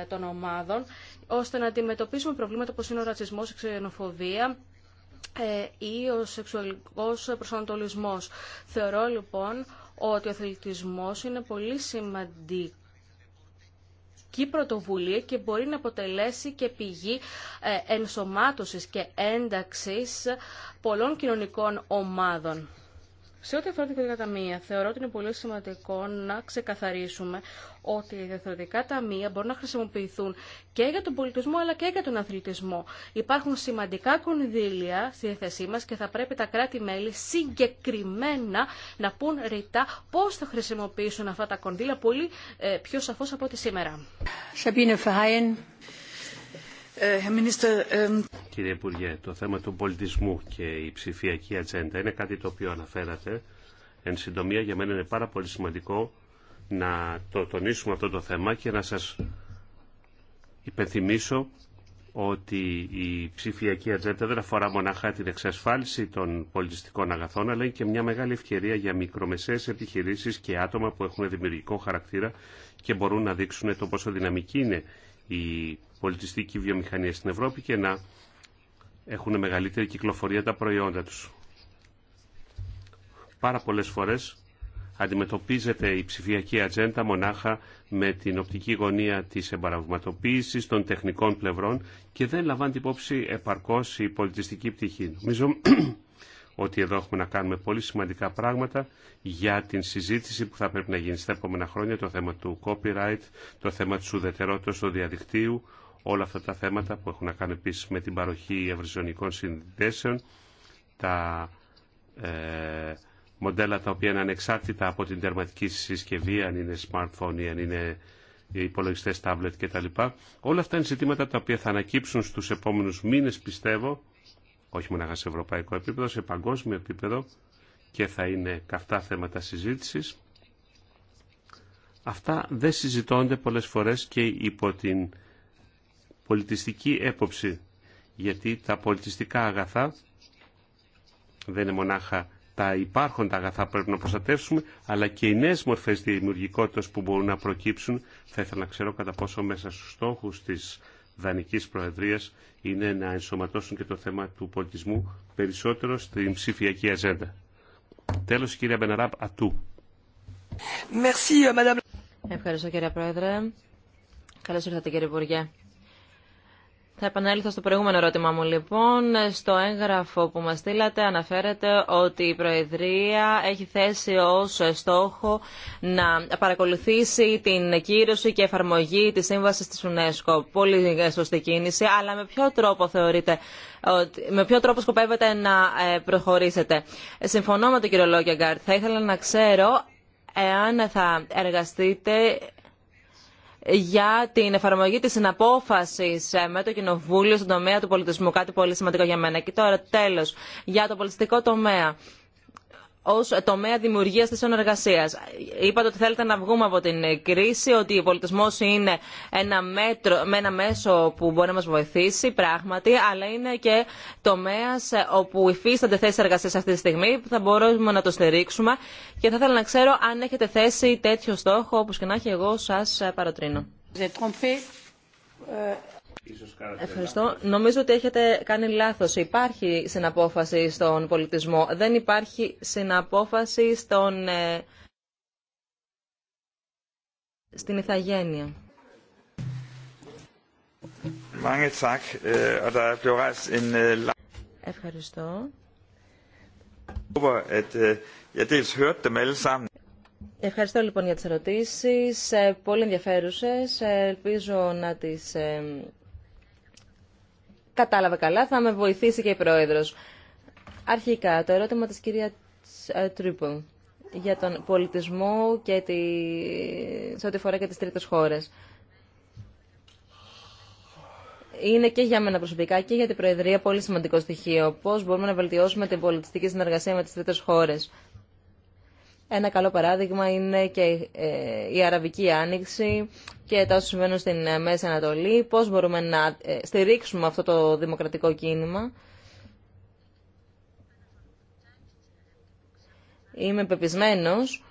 των ομάδων, ώστε να αντιμετωπίσουμε προβλήματα όπως είναι ο ρατσισμός, η ξενοφοβία, ε, ή ο σεξουαλικός προσανατολισμός. Θεωρώ λοιπόν ότι ο αθλητισμός είναι πολύ σημαντική πρωτοβουλία και μπορεί να αποτελέσει και πηγή ε, ενσωμάτωσης και ένταξης πολλών κοινωνικών ομάδων. Σε ό,τι αφορά τα ιδιωτικά ταμεία, θεωρώ ότι είναι πολύ σημαντικό να ξεκαθαρίσουμε ότι τα ιδιωτικά ταμεία μπορούν να χρησιμοποιηθούν και για τον πολιτισμό αλλά και για τον αθλητισμό. Υπάρχουν σημαντικά κονδύλια στη διαθεσή μα και θα πρέπει τα κράτη-μέλη συγκεκριμένα να πούν ρητά πώ θα χρησιμοποιήσουν αυτά τα κονδύλια πολύ ε, πιο σαφώ από ό,τι σήμερα. Ε, ε, Κύριε Υπουργέ, το θέμα του πολιτισμού και η ψηφιακή ατζέντα είναι κάτι το οποίο αναφέρατε. Εν συντομία, για μένα είναι πάρα πολύ σημαντικό να το τονίσουμε αυτό το θέμα και να σας υπενθυμίσω ότι η ψηφιακή ατζέντα δεν αφορά μονάχα την εξασφάλιση των πολιτιστικών αγαθών, αλλά είναι και μια μεγάλη ευκαιρία για μικρομεσαίες επιχειρήσεις και άτομα που έχουν δημιουργικό χαρακτήρα και μπορούν να δείξουν το πόσο δυναμική είναι η πολιτιστική βιομηχανία στην Ευρώπη και να έχουν μεγαλύτερη κυκλοφορία τα προϊόντα τους. Πάρα πολλές φορές αντιμετωπίζεται η ψηφιακή ατζέντα μονάχα με την οπτική γωνία της εμπαραγματοποίησης των τεχνικών πλευρών και δεν λαμβάνει υπόψη επαρκώς η πολιτιστική πτυχή. Νομίζω ότι εδώ έχουμε να κάνουμε πολύ σημαντικά πράγματα για την συζήτηση που θα πρέπει να γίνει στα επόμενα χρόνια, το θέμα του copyright, το θέμα της ουδετερότητας του διαδικτύου, όλα αυτά τα θέματα που έχουν να κάνουν επίσης με την παροχή ευρυζωνικών συνδέσεων, τα ε, μοντέλα τα οποία είναι ανεξάρτητα από την τερματική συσκευή, αν είναι smartphone ή αν είναι υπολογιστές, tablet κτλ. Όλα αυτά είναι ζητήματα τα οποία θα ανακύψουν στους επόμενους μήνες, πιστεύω, όχι μόνο σε ευρωπαϊκό επίπεδο, σε παγκόσμιο επίπεδο και θα είναι καυτά θέματα συζήτησης. Αυτά δεν συζητώνται πολλές φορές και υπό την πολιτιστική έποψη, γιατί τα πολιτιστικά αγαθά δεν είναι μονάχα τα υπάρχοντα αγαθά που πρέπει να προστατεύσουμε, αλλά και οι νέε μορφέ δημιουργικότητα που μπορούν να προκύψουν. Θα ήθελα να ξέρω κατά πόσο μέσα στου στόχου τη Δανική Προεδρία είναι να ενσωματώσουν και το θέμα του πολιτισμού περισσότερο στην ψηφιακή αζέντα. Τέλος, κυρία Μπεναράπ, ατού. Euh, Ευχαριστώ, κύριε Πρόεδρε. Καλώ ήρθατε, κύριε Υπουργέ. Θα επανέλθω στο προηγούμενο ερώτημά μου λοιπόν. Στο έγγραφο που μας στείλατε αναφέρεται ότι η Προεδρία έχει θέσει ως στόχο να παρακολουθήσει την κύρωση και εφαρμογή της σύμβασης της UNESCO. Πολύ σωστή κίνηση, αλλά με ποιο τρόπο θεωρείτε με ποιο τρόπο σκοπεύετε να ε, προχωρήσετε. Συμφωνώ με τον κύριο Λόγκεγκαρτ. Θα ήθελα να ξέρω εάν θα εργαστείτε για την εφαρμογή της συναπόφασης ε, με το Κοινοβούλιο στον τομέα του πολιτισμού. Κάτι πολύ σημαντικό για μένα. Και τώρα τέλος, για το πολιτιστικό τομέα ω τομέα δημιουργία θέσεων εργασία. Είπατε ότι θέλετε να βγούμε από την κρίση, ότι ο πολιτισμό είναι ένα, μέτρο, με ένα μέσο που μπορεί να μα βοηθήσει, πράγματι, αλλά είναι και τομέα όπου υφίστανται θέσει εργασία αυτή τη στιγμή, που θα μπορούμε να το στηρίξουμε. Και θα ήθελα να ξέρω αν έχετε θέσει τέτοιο στόχο, όπω και να έχει, εγώ σα παροτρύνω. Ευχαριστώ. Νομίζω ότι έχετε κάνει λάθος. Υπάρχει συναπόφαση στον πολιτισμό. Δεν υπάρχει συναπόφαση στον... Ε, στην ηθαγένεια. Ευχαριστώ. Ευχαριστώ λοιπόν για τις ερωτήσεις. Ε, πολύ ενδιαφέρουσες. Ε, ελπίζω να τις κατάλαβα καλά, θα με βοηθήσει και η Πρόεδρος. Αρχικά, το ερώτημα της κυρία ε, Τρίπον για τον πολιτισμό και τη... σε ό,τι φορά και τις τρίτες χώρες. Είναι και για μένα προσωπικά και για την Προεδρία πολύ σημαντικό στοιχείο. Πώς μπορούμε να βελτιώσουμε την πολιτιστική συνεργασία με τις τρίτες χώρες. Ένα καλό παράδειγμα είναι και ε, η Αραβική Άνοιξη και τα όσα συμβαίνουν στην ε, Μέση Ανατολή. Πώς μπορούμε να ε, στηρίξουμε αυτό το δημοκρατικό κίνημα. Είμαι πεπισμένος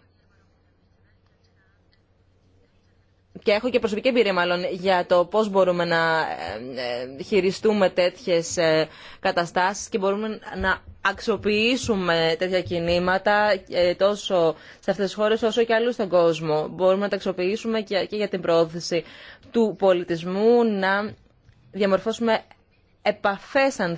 και έχω και προσωπική εμπειρία μάλλον για το πώς μπορούμε να ε, ε, χειριστούμε τέτοιες ε, καταστάσεις και μπορούμε να αξιοποιήσουμε τέτοια κινήματα τόσο σε αυτές τις χώρες όσο και αλλού στον κόσμο. Μπορούμε να τα αξιοποιήσουμε και για την πρόθεση του πολιτισμού να διαμορφώσουμε επαφές αν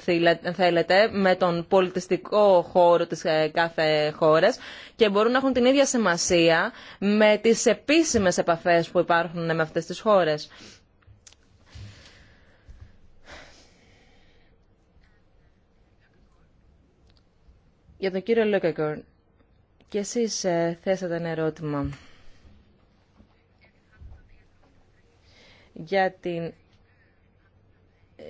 θέλετε με τον πολιτιστικό χώρο της ε, κάθε χώρας και μπορούν να έχουν την ίδια σημασία με τις επίσημες επαφές που υπάρχουν με αυτές τις χώρες. Για τον κύριο Λόκακορν, και εσείς ε, θέσατε ένα ερώτημα για την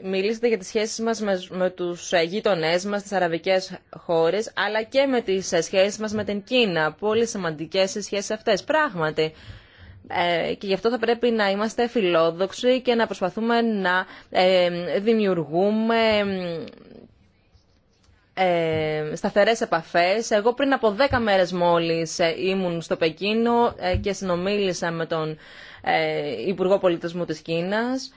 Μιλήσατε για τις σχέσεις μας με, με τους ε, γείτονές μας, τις αραβικές χώρες, αλλά και με τις ε, σχέσεις μας με την Κίνα. Πολύ σημαντικές οι σχέσεις αυτές, πράγματι. Ε, και γι' αυτό θα πρέπει να είμαστε φιλόδοξοι και να προσπαθούμε να δημιουργούμε ε, σταθερές επαφές. Εγώ πριν από δέκα μέρες μόλις ήμουν στο Πεκίνο και συνομίλησα με τον Υπουργό Πολιτισμού της Κίνας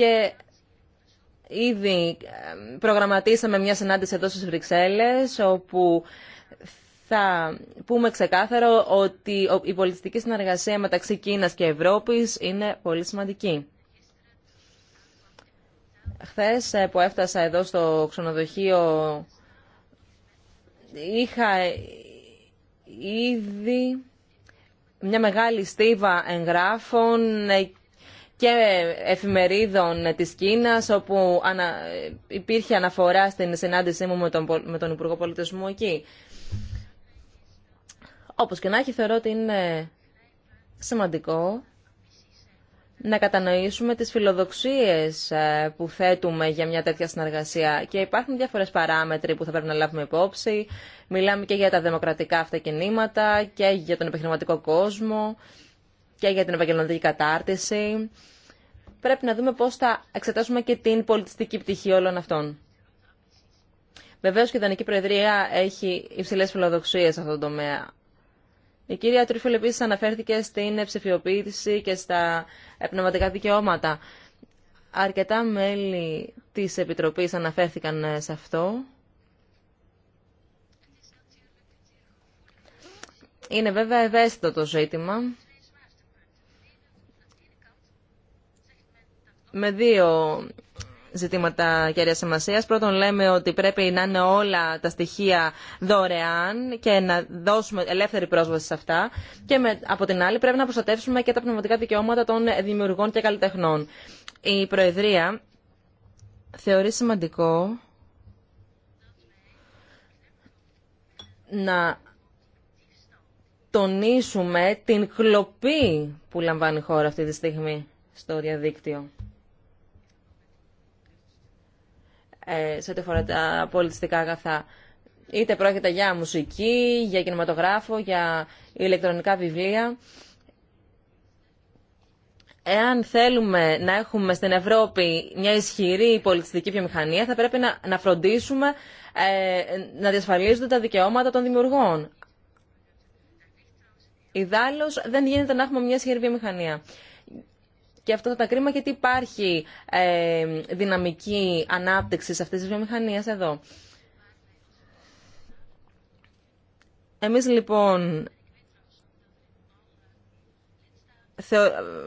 και ήδη προγραμματίσαμε μια συνάντηση εδώ στις Βρυξέλλες όπου θα πούμε ξεκάθαρο ότι η πολιτιστική συνεργασία μεταξύ Κίνας και Ευρώπης είναι πολύ σημαντική. Χθε ε, που έφτασα εδώ στο ξενοδοχείο είχα ήδη μια μεγάλη στίβα εγγράφων ε, και εφημερίδων της Κίνας, όπου υπήρχε αναφορά στην συνάντησή μου με τον, με τον Υπουργό Πολιτισμού εκεί. Όπως και να έχει, θεωρώ ότι είναι σημαντικό να κατανοήσουμε τις φιλοδοξίες ε, που θέτουμε για μια τέτοια συνεργασία. Και υπάρχουν διάφορες παράμετροι που θα πρέπει να λάβουμε υπόψη. Μιλάμε και για τα δημοκρατικά αυτά και για τον επιχειρηματικό κόσμο και για την επαγγελματική κατάρτιση. Πρέπει να δούμε πώς θα εξετάσουμε και την πολιτιστική πτυχή όλων αυτών. Βεβαίω και η Δανική Προεδρία έχει υψηλέ φιλοδοξίε σε αυτό το τομέα. Η κυρία Τρίφελ επίση αναφέρθηκε στην ψηφιοποίηση και στα πνευματικά δικαιώματα. Αρκετά μέλη τη Επιτροπής αναφέρθηκαν σε αυτό. Είναι βέβαια ευαίσθητο το ζήτημα. με δύο ζητήματα κυρία σημασία. Πρώτον, λέμε ότι πρέπει να είναι όλα τα στοιχεία δωρεάν και να δώσουμε ελεύθερη πρόσβαση σε αυτά. Και με, από την άλλη, πρέπει να προστατεύσουμε και τα πνευματικά δικαιώματα των δημιουργών και καλλιτεχνών. Η Προεδρία θεωρεί σημαντικό να τονίσουμε την κλοπή που λαμβάνει η χώρα αυτή τη στιγμή στο διαδίκτυο. Ε, σε ό,τι αφορά τα πολιτιστικά αγαθά. Είτε πρόκειται για μουσική, για κινηματογράφο, για ηλεκτρονικά βιβλία. Εάν θέλουμε να έχουμε στην Ευρώπη μια ισχυρή πολιτιστική βιομηχανία, θα πρέπει να, να φροντίσουμε ε, να διασφαλίζονται τα δικαιώματα των δημιουργών. Ιδάλλως δεν γίνεται να έχουμε μια ισχυρή βιομηχανία και αυτό τα κρίμα γιατί υπάρχει ε, δυναμική ανάπτυξη σε αυτές τις βιομηχανίες εδώ. Εμείς λοιπόν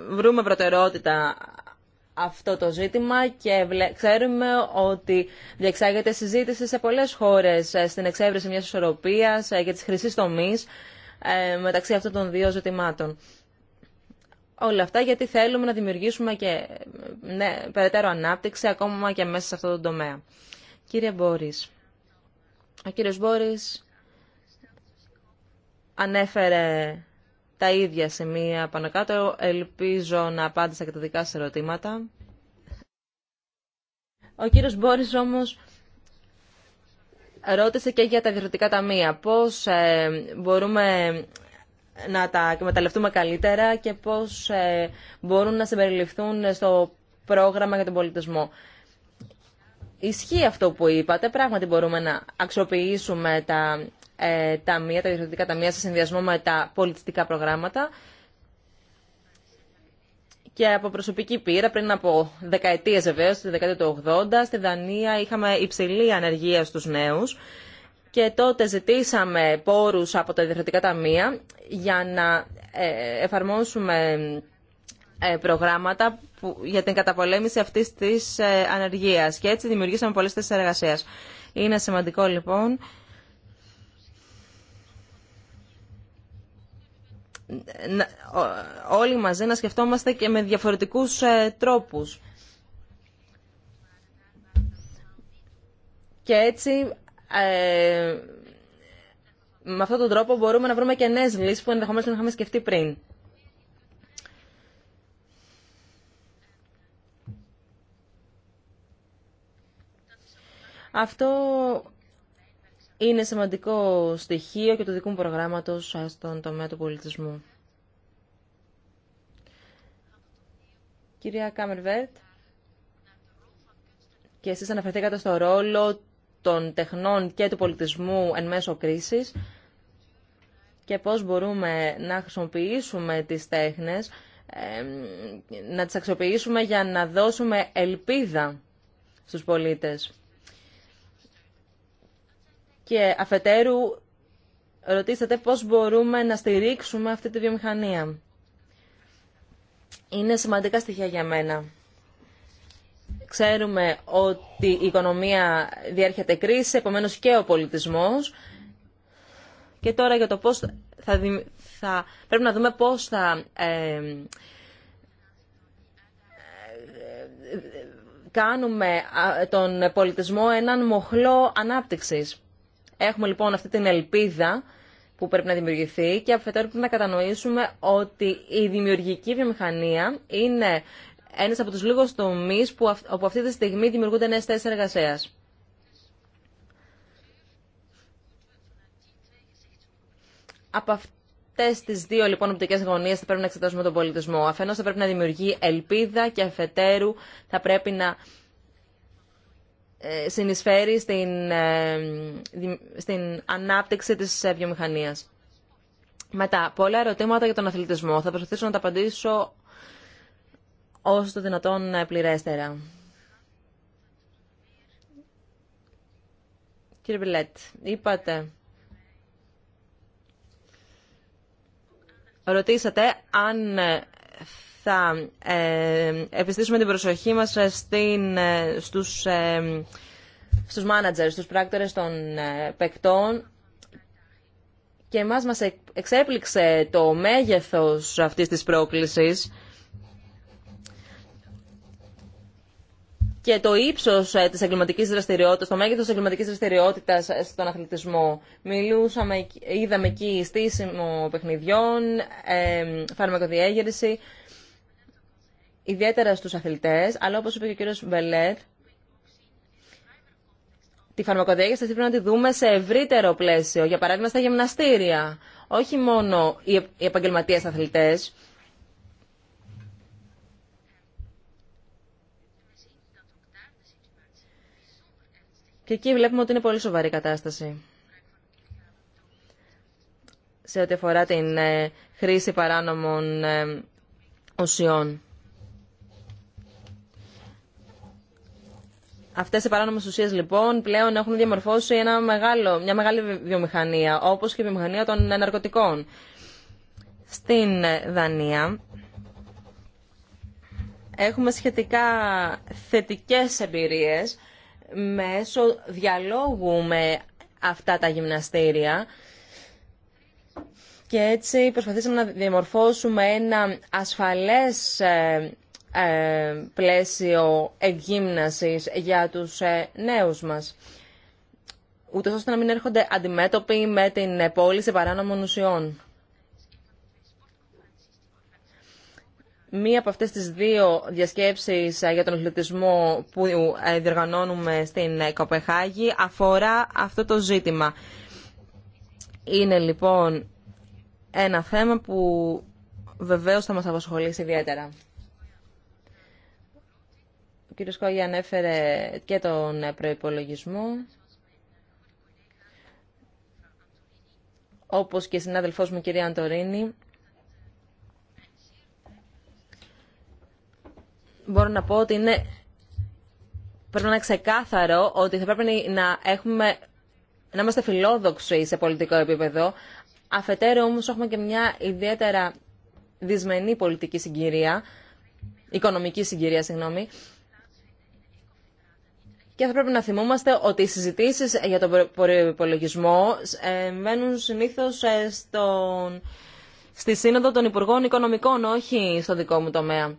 βρούμε προτεραιότητα αυτό το ζήτημα και ξέρουμε ότι διεξάγεται συζήτηση σε πολλές χώρες ε, στην εξέβρεση μιας ισορροπίας για ε, τις χρυσή τομής ε, μεταξύ αυτών των δύο ζητημάτων όλα αυτά γιατί θέλουμε να δημιουργήσουμε και ναι, περαιτέρω ανάπτυξη ακόμα και μέσα σε αυτό το τομέα. Κύριε Μπόρις, ο κύριος Μπόρις ανέφερε τα ίδια σημεία πάνω κάτω. Ελπίζω να απάντησα και τα δικά σας ερωτήματα. Ο κύριος Μπόρις όμως ρώτησε και για τα διευθυντικά ταμεία. Πώς ε, μπορούμε να τα εκμεταλλευτούμε καλύτερα και πώς ε, μπορούν να συμπεριληφθούν στο πρόγραμμα για τον πολιτισμό. Ισχύει αυτό που είπατε. Πράγματι μπορούμε να αξιοποιήσουμε τα ε, ταμεία, τα διευθυντικά ταμεία σε συνδυασμό με τα πολιτιστικά προγράμματα. Και από προσωπική πείρα, πριν από δεκαετίες, βεβαίως, στη δεκαετία του 80, στη Δανία είχαμε υψηλή ανεργία στους νέους και τότε ζητήσαμε πόρους από τα διευθυντικά ταμεία για να ε, εφαρμόσουμε ε, προγράμματα για την καταπολέμηση αυτής της ε, ανεργίας και έτσι δημιουργήσαμε πολλές θέσεις εργασίας. Είναι σημαντικό λοιπόν όλοι μαζί να σκεφτόμαστε και με διαφορετικούς τρόπους. Και έτσι ε, με αυτόν τον τρόπο μπορούμε να βρούμε και νέε λύσει που ενδεχομένω δεν είχαμε σκεφτεί πριν. Αυτό είναι σημαντικό στοιχείο και του δικού μου προγράμματος στον τομέα του πολιτισμού. Κυρία Κάμερβερτ, και εσείς αναφερθήκατε στο ρόλο των τεχνών και του πολιτισμού εν μέσω κρίσης και πώς μπορούμε να χρησιμοποιήσουμε τις τέχνες, να τις αξιοποιήσουμε για να δώσουμε ελπίδα στους πολίτες. Και αφετέρου ρωτήσατε πώς μπορούμε να στηρίξουμε αυτή τη βιομηχανία. Είναι σημαντικά στοιχεία για μένα. Ξέρουμε ότι η οικονομία διέρχεται κρίση, επομένως και ο πολιτισμός. Και τώρα για το πώς θα, θα... πρέπει να δούμε πώς θα ε, κάνουμε τον πολιτισμό έναν μοχλό ανάπτυξης. Έχουμε λοιπόν αυτή την ελπίδα που πρέπει να δημιουργηθεί και αφετέρου πρέπει να κατανοήσουμε ότι η δημιουργική βιομηχανία είναι ένας από τους λίγους τομείς που, όπου αυτή τη στιγμή δημιουργούνται νέες θέσεις εργασίας. Από αυτές τις δύο λοιπόν οπτικές γωνίες θα πρέπει να εξετάσουμε τον πολιτισμό. Αφενός θα πρέπει να δημιουργεί ελπίδα και αφετέρου θα πρέπει να ε, συνεισφέρει στην, ε, στην ανάπτυξη της ε, βιομηχανίας. Μετά, πολλά ερωτήματα για τον αθλητισμό. Θα προσπαθήσω να τα απαντήσω όσο το δυνατόν πληρέστερα. Κύριε Μπιλέτ, είπατε... Ρωτήσατε αν ε, θα ε, επιστήσουμε την προσοχή μας ε, στην, ε, στους, ε, στους managers, στους πράκτορες των ε, παικτών και εμάς μας εξέπληξε το μέγεθος αυτής της πρόκλησης και το ύψο ε, τη εγκληματική δραστηριότητα, το μέγεθο τη εγκληματική δραστηριότητα ε, στον αθλητισμό. Μιλούσαμε, είδαμε εκεί στήσιμο παιχνιδιών, ε, φαρμακοδιέγερση, ιδιαίτερα στου αθλητέ, αλλά όπω είπε και ο κύριο Μπελέτ, τη φαρμακοδιέγερση αυτή πρέπει να τη δούμε σε ευρύτερο πλαίσιο. Για παράδειγμα, στα γυμναστήρια. Όχι μόνο οι επαγγελματίε αθλητέ, Και εκεί βλέπουμε ότι είναι πολύ σοβαρή κατάσταση. Σε ό,τι αφορά την ε, χρήση παράνομων ε, ουσιών. Αυτέ οι παράνομε ουσίε λοιπόν πλέον έχουν διαμορφώσει ένα μεγάλο, μια μεγάλη βιομηχανία, όπω και η βιομηχανία των ναρκωτικών. Στην Δανία έχουμε σχετικά θετικές εμπειρίες μέσω διαλόγου με αυτά τα γυμναστήρια και έτσι προσπαθήσαμε να διαμορφώσουμε ένα ασφαλές ε, ε, πλαίσιο εγγύμνασης για τους ε, νέους μας ούτως ώστε να μην έρχονται αντιμέτωποι με την πώληση παράνομων ουσιών. Μία από αυτές τις δύο διασκέψεις ε, για τον αθλητισμό που ε, διοργανώνουμε στην ε, Κοπεχάγη αφορά αυτό το ζήτημα. Είναι λοιπόν ένα θέμα που βεβαίως θα μας απασχολήσει ιδιαίτερα. Ο κύριος Κόγη ανέφερε και τον προϋπολογισμό. Όπως και η συνάδελφός μου κυρία Αντορίνη, μπορώ να πω ότι είναι, πρέπει να είναι ξεκάθαρο ότι θα πρέπει να, έχουμε, να είμαστε φιλόδοξοι σε πολιτικό επίπεδο. Αφετέρου όμως έχουμε και μια ιδιαίτερα δυσμενή πολιτική συγκυρία, οικονομική συγκυρία, συγγνώμη, και θα πρέπει να θυμόμαστε ότι οι συζητήσεις για τον προπολογισμό ε, μένουν συνήθως ε, στον, στη Σύνοδο των Υπουργών Οικονομικών, όχι στο δικό μου τομέα.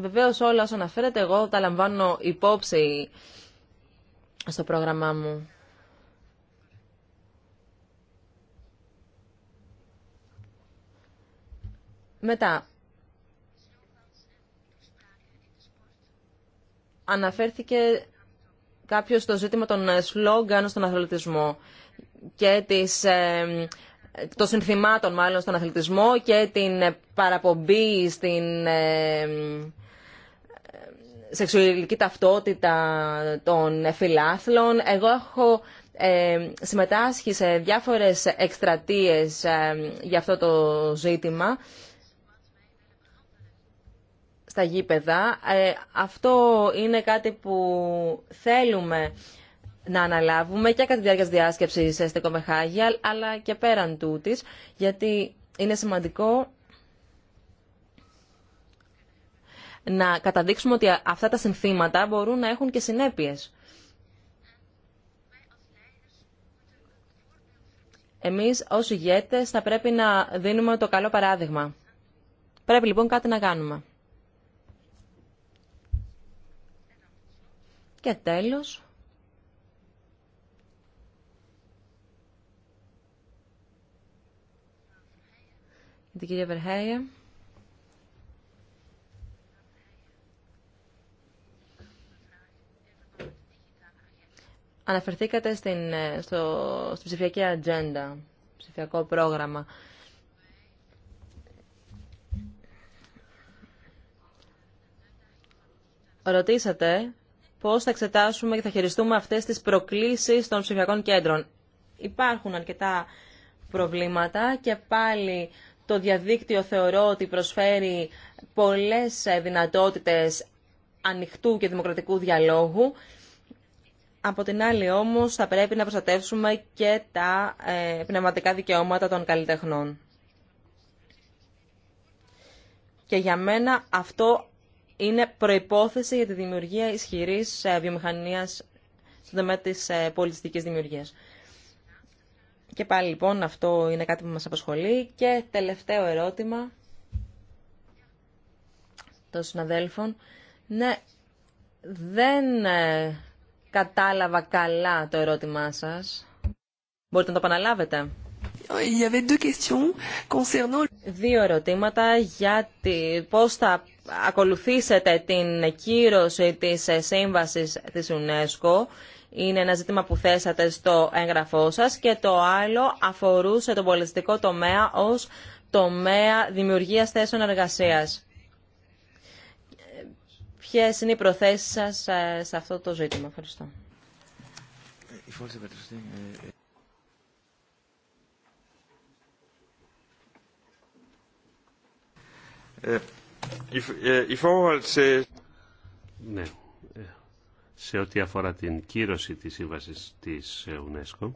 Βεβαίω όλα όσα αναφέρετε εγώ τα λαμβάνω υπόψη στο πρόγραμμά μου. Μετά, αναφέρθηκε κάποιος στο ζήτημα των ε, σλόγγαν στον αθλητισμό και της, ε, των συνθημάτων μάλλον στον αθλητισμό και την ε, παραπομπή στην σεξουαλική ταυτότητα των φιλάθλων. Εγώ έχω ε, συμμετάσχει σε διάφορες εκστρατείες ε, για αυτό το ζήτημα στα γήπεδα. Ε, αυτό είναι κάτι που θέλουμε να αναλάβουμε και κατά τη διάρκεια της διάσκεψης στην αλλά και πέραν τούτης, γιατί είναι σημαντικό να καταδείξουμε ότι αυτά τα συνθήματα μπορούν να έχουν και συνέπειες. Εμείς ως ηγέτες θα πρέπει να δίνουμε το καλό παράδειγμα. Πρέπει λοιπόν κάτι να κάνουμε. Και τέλος... την κυρία Αναφερθήκατε στην, ε, στο, στη ψηφιακή ατζέντα, ψηφιακό πρόγραμμα. Ρωτήσατε πώς θα εξετάσουμε και θα χειριστούμε αυτές τις προκλήσεις των ψηφιακών κέντρων. Υπάρχουν αρκετά προβλήματα και πάλι το διαδίκτυο θεωρώ ότι προσφέρει πολλές ε, δυνατότητες ανοιχτού και δημοκρατικού διαλόγου από την άλλη όμως θα πρέπει να προστατεύσουμε και τα ε, πνευματικά δικαιώματα των καλλιτεχνών. Και για μένα αυτό είναι προϋπόθεση για τη δημιουργία ισχυρής ε, βιομηχανίας στον τομέα της ε, πολιτιστικής δημιουργίας. Και πάλι λοιπόν αυτό είναι κάτι που μας απασχολεί. Και τελευταίο ερώτημα των συναδέλφων. Ναι, δεν κατάλαβα καλά το ερώτημά σας. Μπορείτε να το επαναλάβετε. Δύο ερωτήματα για πώς θα ακολουθήσετε την κύρωση της σύμβασης της UNESCO. Είναι ένα ζήτημα που θέσατε στο έγγραφό σας και το άλλο αφορούσε τον πολιτιστικό τομέα ως τομέα δημιουργίας θέσεων εργασίας. Ποιε είναι οι προθέσει σα ε, σε αυτό το ζήτημα. Ευχαριστώ. Ε, ε. Ναι, σε ό,τι αφορά την κύρωση της σύμβασης της UNESCO,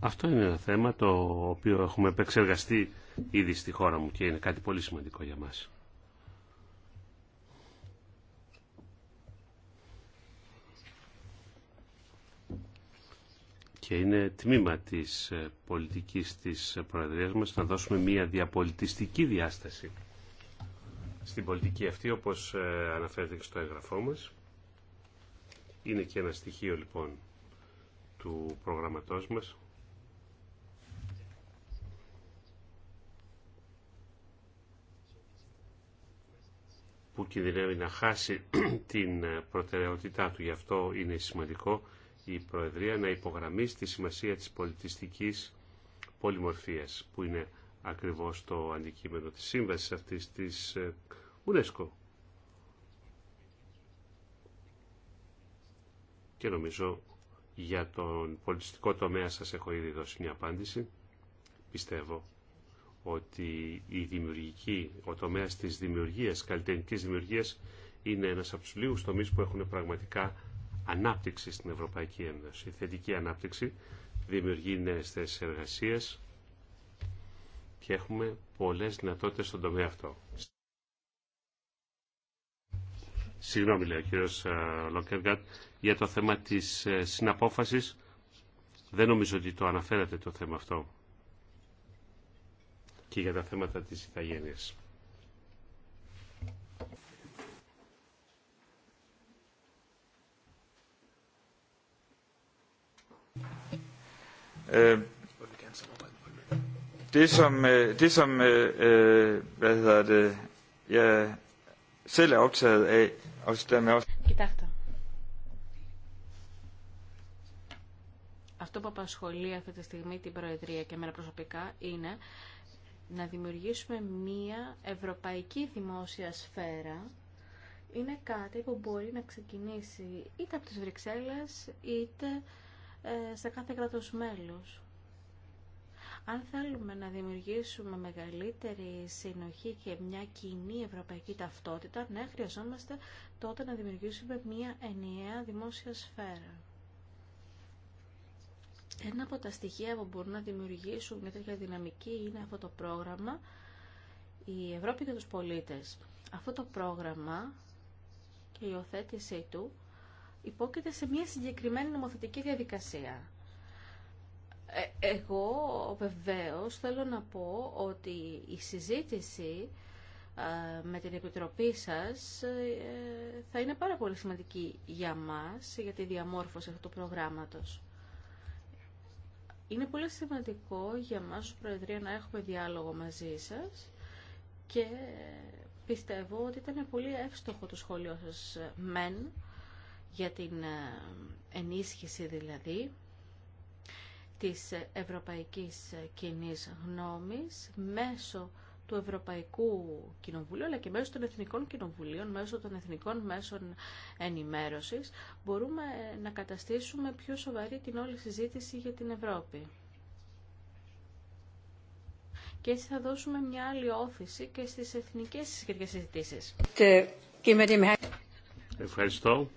αυτό είναι ένα θέμα το οποίο έχουμε επεξεργαστεί ήδη στη χώρα μου και είναι κάτι πολύ σημαντικό για μας. Και είναι τμήμα της ε, πολιτικής της ε, Προεδρίας μας να δώσουμε μια διαπολιτιστική διάσταση στην πολιτική αυτή, όπως ε, αναφέρεται στο έγγραφό μας. Είναι και ένα στοιχείο λοιπόν του προγραμματός μας. που κινδυνεύει να χάσει [CLEARS THROAT] την ε, προτεραιότητά του. Γι' αυτό είναι σημαντικό η Προεδρία να υπογραμμίσει τη σημασία της πολιτιστικής πολυμορφίας, που είναι ακριβώς το αντικείμενο της σύμβασης αυτής της ε, UNESCO. Και νομίζω για τον πολιτιστικό τομέα σας έχω ήδη δώσει μια απάντηση. Πιστεύω ότι η δημιουργική, ο τομέας της δημιουργίας, καλλιτεχνικής δημιουργίας είναι ένας από τους λίγους τομείς που έχουν πραγματικά ανάπτυξη στην Ευρωπαϊκή Ένωση. Η θετική ανάπτυξη δημιουργεί νέες θέσεις εργασίας και έχουμε πολλές δυνατότητες στον τομέα αυτό. Συγγνώμη, λέει ο κύριος ε, Λόκεργατ, για το θέμα της ε, συναπόφασης. Δεν νομίζω ότι το αναφέρατε το θέμα αυτό και για τα θέματα της ηθαγένειας. det som, det som øh, hvad hedder det, jeg selv er optaget af, og dermed også... Κοιτάξτε. Αυτό που απασχολεί αυτή τη στιγμή την Προεδρία και εμένα προσωπικά είναι να δημιουργήσουμε μία ευρωπαϊκή δημόσια σφαίρα είναι κάτι που μπορεί να ξεκινήσει είτε από τις Βρυξέλλες είτε σε κάθε κράτος μέλος. Αν θέλουμε να δημιουργήσουμε μεγαλύτερη συνοχή και μια κοινή ευρωπαϊκή ταυτότητα, ναι, χρειαζόμαστε τότε να δημιουργήσουμε μια ενιαία δημόσια σφαίρα. Ένα από τα στοιχεία που μπορούν να δημιουργήσουν μια τέτοια δυναμική είναι αυτό το πρόγραμμα «Η Ευρώπη και τους πολίτες». Αυτό το πρόγραμμα και η οθέτησή του υπόκειται σε μια συγκεκριμένη νομοθετική διαδικασία. Ε, εγώ βεβαίως θέλω να πω ότι η συζήτηση ε, με την Επιτροπή σας ε, θα είναι πάρα πολύ σημαντική για μας, για τη διαμόρφωση αυτού του προγράμματος. Είναι πολύ σημαντικό για μας ως Προεδρία να έχουμε διάλογο μαζί σας και πιστεύω ότι ήταν πολύ εύστοχο το σχόλιο σας μεν για την ε, ενίσχυση δηλαδή της ευρωπαϊκής ε, κοινής γνώμης μέσω του Ευρωπαϊκού Κοινοβουλίου αλλά και μέσω των Εθνικών Κοινοβουλίων, μέσω των Εθνικών Μέσων Ενημέρωσης μπορούμε να καταστήσουμε πιο σοβαρή την όλη συζήτηση για την Ευρώπη. Και έτσι θα δώσουμε μια άλλη όθηση και στις εθνικές σχετικές συζητήσεις. Ευχαριστώ.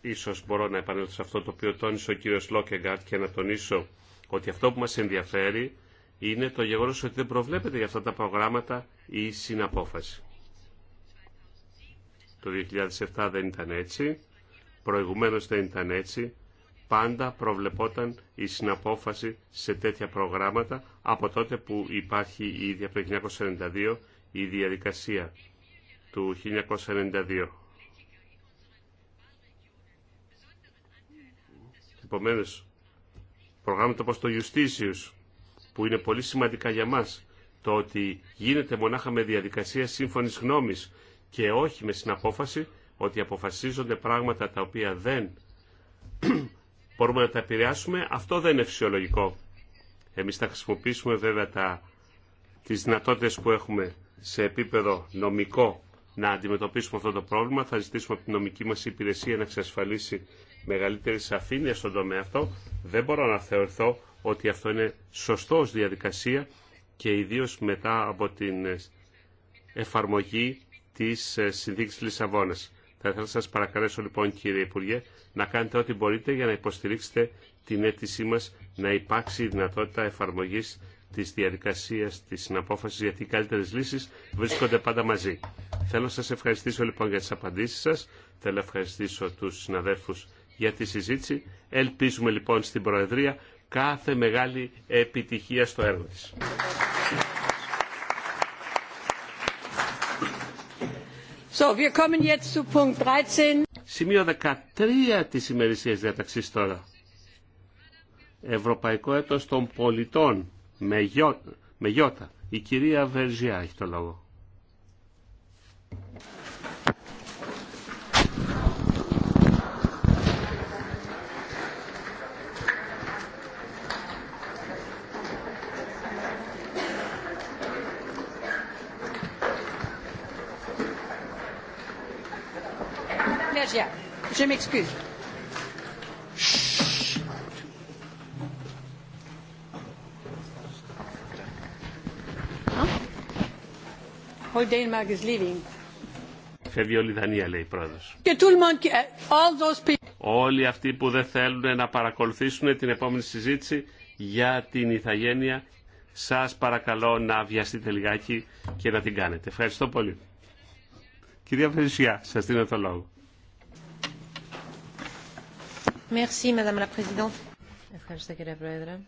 Ίσως μπορώ να επανέλθω σε αυτό το οποίο τόνισε ο κύριος Λόκεγκαρτ και να τονίσω ότι αυτό που μας ενδιαφέρει είναι το γεγονός ότι δεν προβλέπεται για αυτά τα προγράμματα η συναπόφαση. Το 2007 δεν ήταν έτσι, προηγουμένως δεν ήταν έτσι, πάντα προβλεπόταν η συναπόφαση σε τέτοια προγράμματα από τότε που υπάρχει ήδη από το 1992 η διαδικασία του 1992. Επομένως, προγράμματα όπως το Justitius που είναι πολύ σημαντικά για μας. Το ότι γίνεται μονάχα με διαδικασία σύμφωνης γνώμης και όχι με συναπόφαση, ότι αποφασίζονται πράγματα τα οποία δεν [CLEARS THROAT] μπορούμε να τα επηρεάσουμε, αυτό δεν είναι φυσιολογικό. Εμείς θα χρησιμοποιήσουμε βέβαια τα, τις δυνατότητες που έχουμε σε επίπεδο νομικό να αντιμετωπίσουμε αυτό το πρόβλημα. Θα ζητήσουμε από την νομική μας υπηρεσία να εξασφαλίσει μεγαλύτερη σαφήνεια στον τομέα αυτό. Δεν μπορώ να θεωρηθώ ότι αυτό είναι σωστό ως διαδικασία και ιδίως μετά από την εφαρμογή της ε, Συνθήκης Λισαβόνας. Θα ήθελα να σας παρακαλέσω λοιπόν κύριε Υπουργέ να κάνετε ό,τι μπορείτε για να υποστηρίξετε την αίτησή μας να υπάρξει η δυνατότητα εφαρμογής της διαδικασίας της συναπόφασης γιατί οι καλύτερες λύσεις βρίσκονται πάντα μαζί. Θέλω να σας ευχαριστήσω λοιπόν για τις απαντήσεις σας. Θέλω να ευχαριστήσω τους συναδέλφους για τη συζήτηση. Ελπίζουμε λοιπόν στην Προεδρία κάθε μεγάλη επιτυχία στο έργο της. So, wir kommen jetzt zu Punkt 13. Σημείο 13 της ημερησίας διαταξής τώρα. Ευρωπαϊκό έτος των πολιτών με, με γιώτα. Η κυρία Βερζιά έχει το λόγο. Je m'excuse. Φεύγει όλη η Δανία, λέει η πρόεδρο. Eh, Όλοι αυτοί που δεν θέλουν να παρακολουθήσουν την επόμενη συζήτηση για την Ιθαγένεια, Σα παρακαλώ να βιαστείτε λιγάκι και να την κάνετε. Ευχαριστώ πολύ. Κυρία Φερισσιά, σα δίνω το λόγο. Merci, Madame la Présidente. Ευχαριστώ, κύριε Πρόεδρε.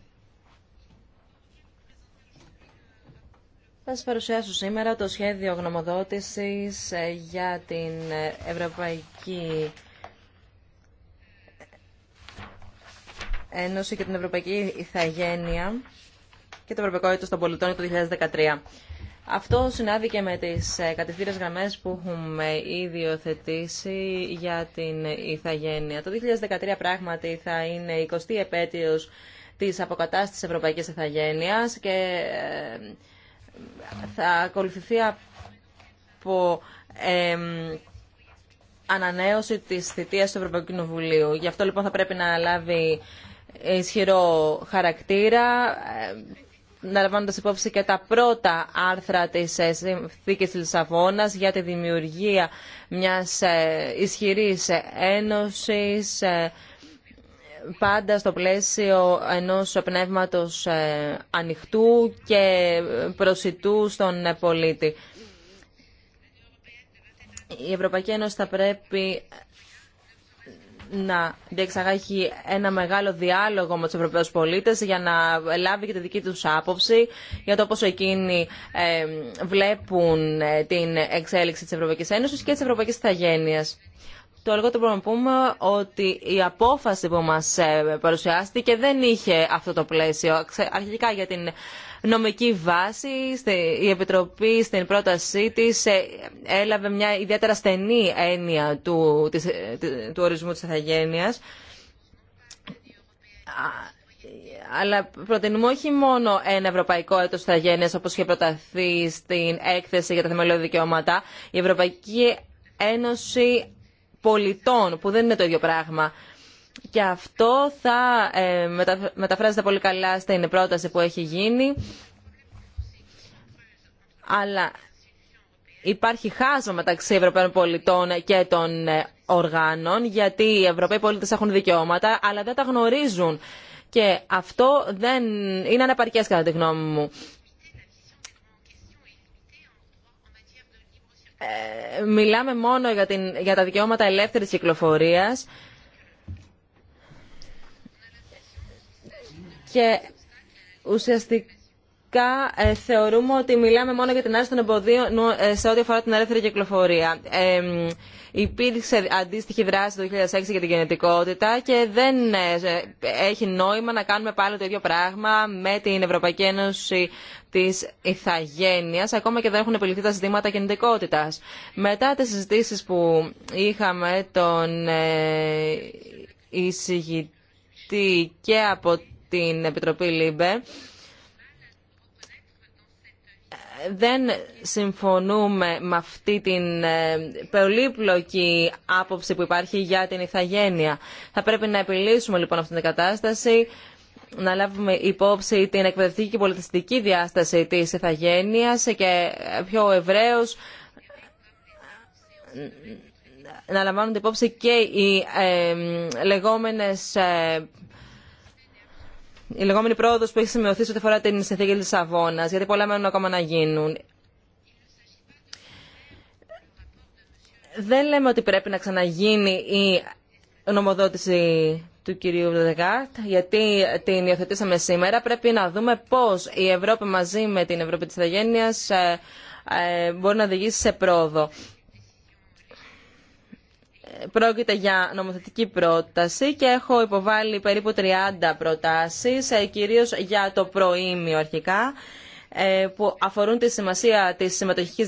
Θα σας παρουσιάσω σήμερα το σχέδιο γνωμοδότησης ε, για την Ευρωπαϊκή Ένωση και την Ευρωπαϊκή Ιθαγένεια και το Ευρωπαϊκό Έτος των Πολιτών το 2013. Αυτό συνάδει και με τις ε, κατευθύνες γραμμές που έχουμε ήδη οθετήσει για την Ιθαγένεια. Το 2013 πράγματι θα είναι η 20η επέτειος της αποκατάστασης Ευρωπαϊκής Ιθαγένειας και ε, θα ακολουθηθεί από ανανέωση της θητείας του Ευρωπαϊκού Κοινοβουλίου. Γι' αυτό λοιπόν θα πρέπει να λάβει ισχυρό χαρακτήρα ε, να λαμβάνοντας υπόψη και τα πρώτα άρθρα της ε, Συνθήκης της για τη δημιουργία μιας ε, ισχυρής ένωσης ε, πάντα στο πλαίσιο ενός πνεύματος ανοιχτού και προσιτού στον πολίτη. Η Ευρωπαϊκή Ένωση θα πρέπει να διεξαγάγει ένα μεγάλο διάλογο με τους Ευρωπαίους πολίτες για να λάβει και τη δική τους άποψη για το πώς εκείνοι ε, βλέπουν ε, την εξέλιξη της Ευρωπαϊκής Ένωσης και της Ευρωπαϊκής Ιθαγένεια. Το λόγο μπορούμε να πούμε ότι η απόφαση που μας ε, παρουσιάστηκε δεν είχε αυτό το πλαίσιο. Αρχικά για την νομική βάση. Η Επιτροπή στην πρότασή της ε, έλαβε μια ιδιαίτερα στενή έννοια του, ε, του ορισμού της αθαγένειας. Αλλά προτείνουμε όχι μόνο ένα ευρωπαϊκό έτο αθαγένειας, όπω είχε προταθεί στην έκθεση για τα θεμελιώδη δικαιώματα. Η Ευρωπαϊκή Ένωση Πολιτών, που δεν είναι το ίδιο πράγμα. Και αυτό θα ε, μεταφράζεται πολύ καλά στην πρόταση που έχει γίνει. Αλλά υπάρχει χάσμα μεταξύ Ευρωπαίων πολιτών και των ε, οργάνων, γιατί οι Ευρωπαίοι πολίτες έχουν δικαιώματα, αλλά δεν τα γνωρίζουν. Και αυτό δεν είναι αναπαρκές κατά τη γνώμη μου. Ε, μιλάμε μόνο για, για τα δικαιώματα ελεύθερης κυκλοφορίας και ουσιαστικά ε, θεωρούμε ότι μιλάμε μόνο για την άρση των εμποδίων ε, σε ό,τι αφορά την ελεύθερη κυκλοφορία. Ε, υπήρξε αντίστοιχη δράση το 2006 για την γενετικότητα και δεν ε, έχει νόημα να κάνουμε πάλι το ίδιο πράγμα με την Ευρωπαϊκή Ένωση της Ιθαγένειας, ακόμα και δεν έχουν επιληθεί τα ζητήματα κινητικότητα. Μετά τις συζητήσεις που είχαμε τον εισηγητή και από την Επιτροπή ΛΥΜΠΕ. Δεν συμφωνούμε με αυτή την ε, πολύπλοκη άποψη που υπάρχει για την ηθαγένεια. Θα πρέπει να επιλύσουμε λοιπόν αυτήν την κατάσταση, να λάβουμε υπόψη την εκπαιδευτική και πολιτιστική διάσταση της ηθαγένειας και πιο ευρέως να λαμβάνονται υπόψη και οι ε, λεγόμενες ε, η λεγόμενη πρόοδο που έχει σημειωθεί σε ό,τι αφορά την συνθήκη Λισαβόνα, γιατί πολλά μένουν ακόμα να γίνουν. Δεν λέμε ότι πρέπει να ξαναγίνει η νομοδότηση του κυρίου Δεγάρτ, γιατί την υιοθετήσαμε σήμερα. Πρέπει να δούμε πώς η Ευρώπη μαζί με την Ευρώπη της Ιθαγένεια ε, ε, μπορεί να οδηγήσει σε πρόοδο. Πρόκειται για νομοθετική πρόταση και έχω υποβάλει περίπου 30 προτάσεις, ε, κυρίως για το προήμιο αρχικά, ε, που αφορούν τη σημασία της συμμετοχικής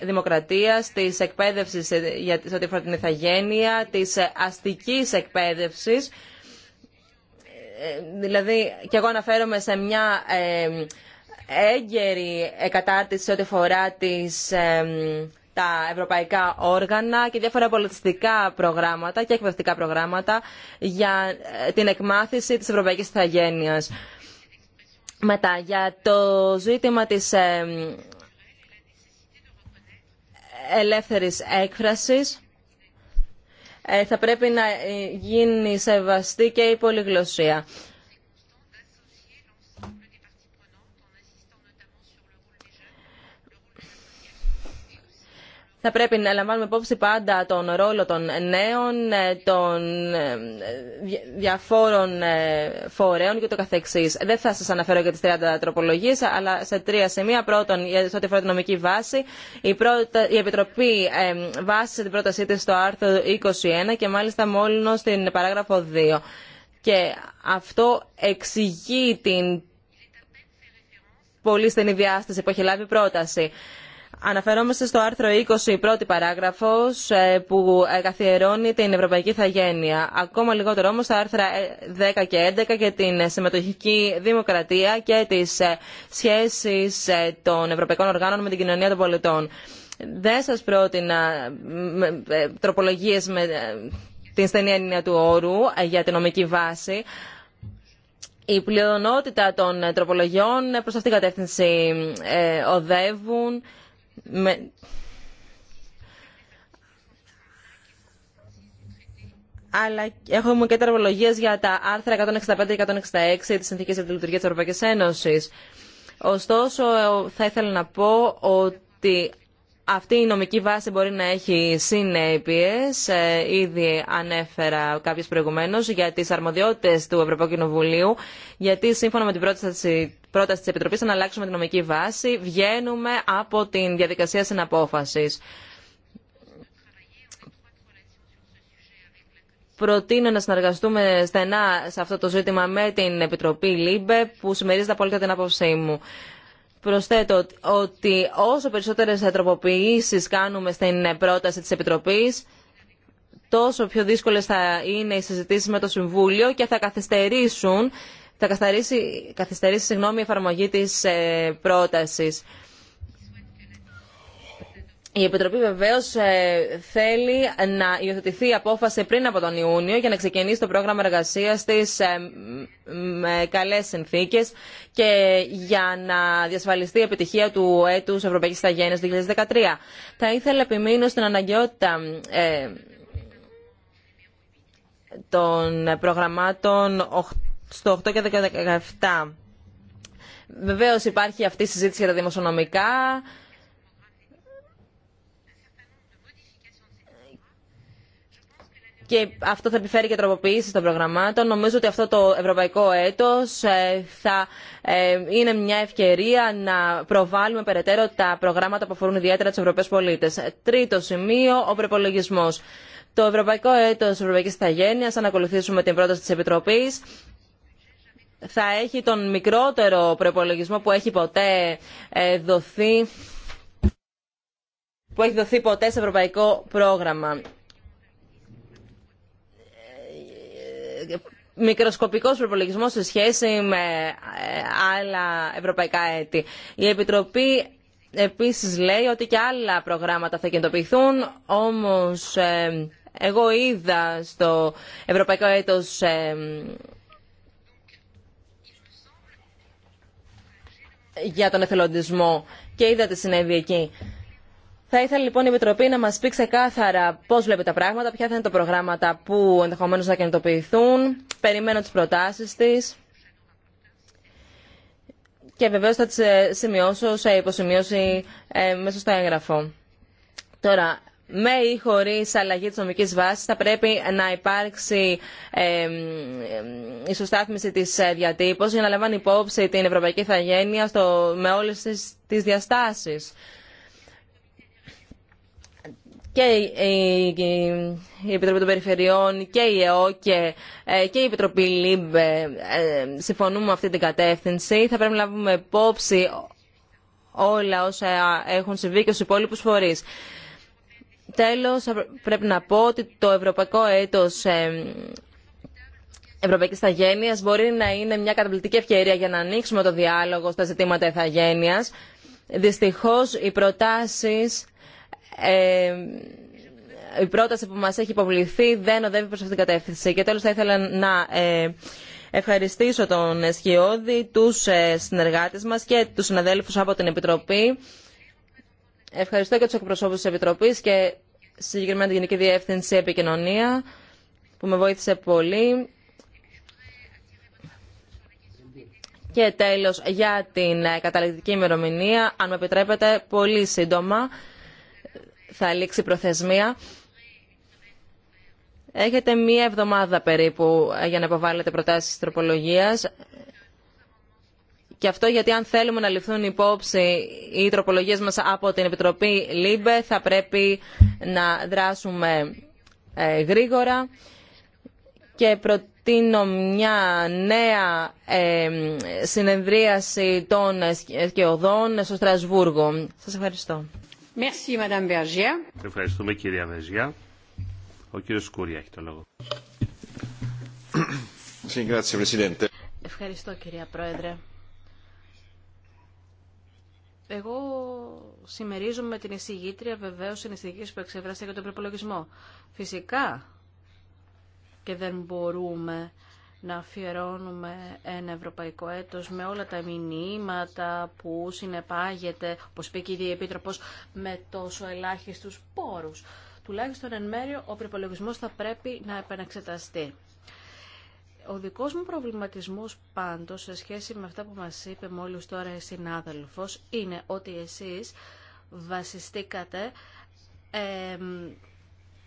δημοκρατίας, της εκπαίδευσης ε, για ό,τι αφορά την ηθαγένεια, της αστικής εκπαίδευσης. Δηλαδή, και εγώ αναφέρομαι σε μια έγκαιρη κατάρτιση ό,τι αφορά τις τα ευρωπαϊκά όργανα και διάφορα πολιτιστικά προγράμματα και εκπαιδευτικά προγράμματα για ε, την εκμάθηση της ευρωπαϊκής ηθαγένειας. Μετά, για το ζήτημα της ε, ελεύθερης έκφρασης, ε, θα πρέπει να γίνει σεβαστή και η πολυγλωσσία. θα πρέπει να λαμβάνουμε υπόψη πάντα τον ρόλο των νέων, ε, των ε, διαφόρων ε, φορέων και το καθεξής. Δεν θα σας αναφέρω για τις 30 τροπολογίες, αλλά σε τρία σημεία. Πρώτον, για ό,τι αφορά την νομική βάση, η, η Επιτροπή ε, βάσισε την πρότασή της στο άρθρο 21 και μάλιστα μόλις στην παράγραφο 2. Και αυτό εξηγεί την πολύ στενή διάσταση που έχει λάβει πρόταση. Αναφερόμαστε στο άρθρο 20, πρώτη παράγραφος, ε, που καθιερώνει την Ευρωπαϊκή Θαγένεια. Ακόμα λιγότερο όμως τα άρθρα 10 ε, και 11 και την συμμετοχική δημοκρατία και τις ε, σχέσεις των Ευρωπαϊκών Οργάνων με την κοινωνία των πολιτών. Δεν σας πρότεινα τροπολογίες με την στενή έννοια του όρου για την νομική βάση. Η πλειονότητα των τροπολογιών προς αυτήν την κατεύθυνση οδεύουν αλλά έχουμε και τερμολογίε για τα άρθρα 165 και 166 τη Συνθήκη για τη Λειτουργία τη Ευρωπαϊκή Ένωση. Ωστόσο, θα ήθελα να πω ότι αυτή η νομική βάση μπορεί να έχει συνέπειες, ε, ήδη ανέφερα κάποιες προηγουμένω για τι αρμοδιότητε του Ευρωπαϊκού Κοινοβουλίου, γιατί σύμφωνα με την πρόταση, πρόταση της Επιτροπής να αλλάξουμε τη νομική βάση, βγαίνουμε από την διαδικασία συναπόφασης. Προτείνω να συνεργαστούμε στενά σε αυτό το ζήτημα με την Επιτροπή ΛΥΜΠΕ, που συμμερίζεται απόλυτα την άποψή μου. Προσθέτω ότι όσο περισσότερες τροποποιήσεις κάνουμε στην πρόταση της Επιτροπής, τόσο πιο δύσκολες θα είναι οι συζητήσεις με το Συμβούλιο και θα καθυστερήσουν, θα καθυστερήσει, καθυστερήσει συγγνώμη, η εφαρμογή της ε, πρότασης. Η Επιτροπή βεβαίω ε, θέλει να υιοθετηθεί η απόφαση πριν από τον Ιούνιο για να ξεκινήσει το πρόγραμμα εργασία τη ε, με καλέ συνθήκε και για να διασφαλιστεί η επιτυχία του έτου Ευρωπαϊκή Σταγένεια 2013. Θα ήθελα επιμείνω στην αναγκαιότητα ε, των προγραμμάτων στο 8 και 17. Βεβαίω υπάρχει αυτή η συζήτηση για τα δημοσιονομικά και αυτό θα επιφέρει και τροποποίηση των προγραμμάτων. Νομίζω ότι αυτό το ευρωπαϊκό έτος ε, θα ε, είναι μια ευκαιρία να προβάλλουμε περαιτέρω τα προγράμματα που αφορούν ιδιαίτερα τους Ευρωπαίους πολίτες. Τρίτο σημείο, ο προπολογισμό. Το Ευρωπαϊκό Έτος Ευρωπαϊκής Ταγένειας, αν ακολουθήσουμε την πρόταση της Επιτροπής, θα έχει τον μικρότερο προπολογισμό που έχει ποτέ ε, δοθεί που έχει δοθεί ποτέ σε ευρωπαϊκό πρόγραμμα. μικροσκοπικός προπολογισμός σε σχέση με ε, άλλα ευρωπαϊκά έτη. Η Επιτροπή επίσης λέει ότι και άλλα προγράμματα θα κινητοποιηθούν, όμως ε, εγώ είδα στο Ευρωπαϊκό Έτος ε, για τον εθελοντισμό και είδα τι συνέβη εκεί. Θα ήθελα λοιπόν η Επιτροπή να μα πει ξεκάθαρα πώ βλέπει τα πράγματα, ποια θα είναι τα προγράμματα που ενδεχομένω θα κινητοποιηθούν. Περιμένω τι προτάσει τη Και βεβαίω θα τι ε, σημειώσω σε υποσημείωση ε, μέσα στο έγγραφο. Τώρα, με ή χωρί αλλαγή τη νομική βάση θα πρέπει να υπάρξει η ε, ε, σωσταθμιση τη διατύπωση για να λαμβάνει υπόψη την ευρωπαϊκή θαγένεια με όλε τι διαστάσει και η Επιτροπή των Περιφερειών και η ΕΟΚΕ και η Επιτροπή ΛΥΜΠΕ ε, συμφωνούμε με αυτή την κατεύθυνση. Θα πρέπει να λάβουμε υπόψη όλα όσα έχουν συμβεί και στους υπόλοιπους φορείς. Τέλος, πρέπει να πω ότι το Ευρωπαϊκό Έτος ε, Ευρωπαϊκής Θαγένειας μπορεί να είναι μια καταπληκτική ευκαιρία για να ανοίξουμε το διάλογο στα ζητήματα ηθαγένειας. Δυστυχώς, οι προτάσεις η πρόταση που μας έχει υποβληθεί δεν οδεύει προς αυτήν την κατεύθυνση. Και τέλος θα ήθελα να ε, ευχαριστήσω τον Σχιώδη, τους ε, συνεργάτες μας και τους συναδέλφους από την Επιτροπή. Ευχαριστώ και τους εκπροσώπους της Επιτροπής και συγκεκριμένα την Γενική Διεύθυνση Επικοινωνία που με βοήθησε πολύ. Και τέλος για την ε, καταληκτική ημερομηνία, αν με επιτρέπετε, πολύ σύντομα θα λήξει η προθεσμία. Έχετε μία εβδομάδα περίπου ε, για να υποβάλλετε προτάσεις τροπολογίας. Και αυτό γιατί αν θέλουμε να ληφθούν υπόψη οι τροπολογίες μας από την Επιτροπή ΛΥΜΠΕ θα πρέπει να δράσουμε ε, γρήγορα και προτείνω μια νέα ε, συνεδρίαση των σκεωδών στο Στρασβούργο. Σας ευχαριστώ. Ευχαριστούμε κυρία Βεζιά. Ο κύριος Σκούρια έχει το λόγο. Ευχαριστώ κυρία Πρόεδρε. Εγώ συμμερίζομαι με την εισηγήτρια βεβαίως στην εισηγήτρια που εξεφράστηκε για τον προπολογισμό. Φυσικά και δεν μπορούμε να αφιερώνουμε ένα ευρωπαϊκό έτος με όλα τα μηνύματα που συνεπάγεται, όπως είπε η Επίτροπος, με τόσο ελάχιστους πόρους. Τουλάχιστον εν μέρει ο προπολογισμό θα πρέπει να επαναξεταστεί. Ο δικός μου προβληματισμός πάντως σε σχέση με αυτά που μας είπε μόλις τώρα η συνάδελφος είναι ότι εσείς βασιστήκατε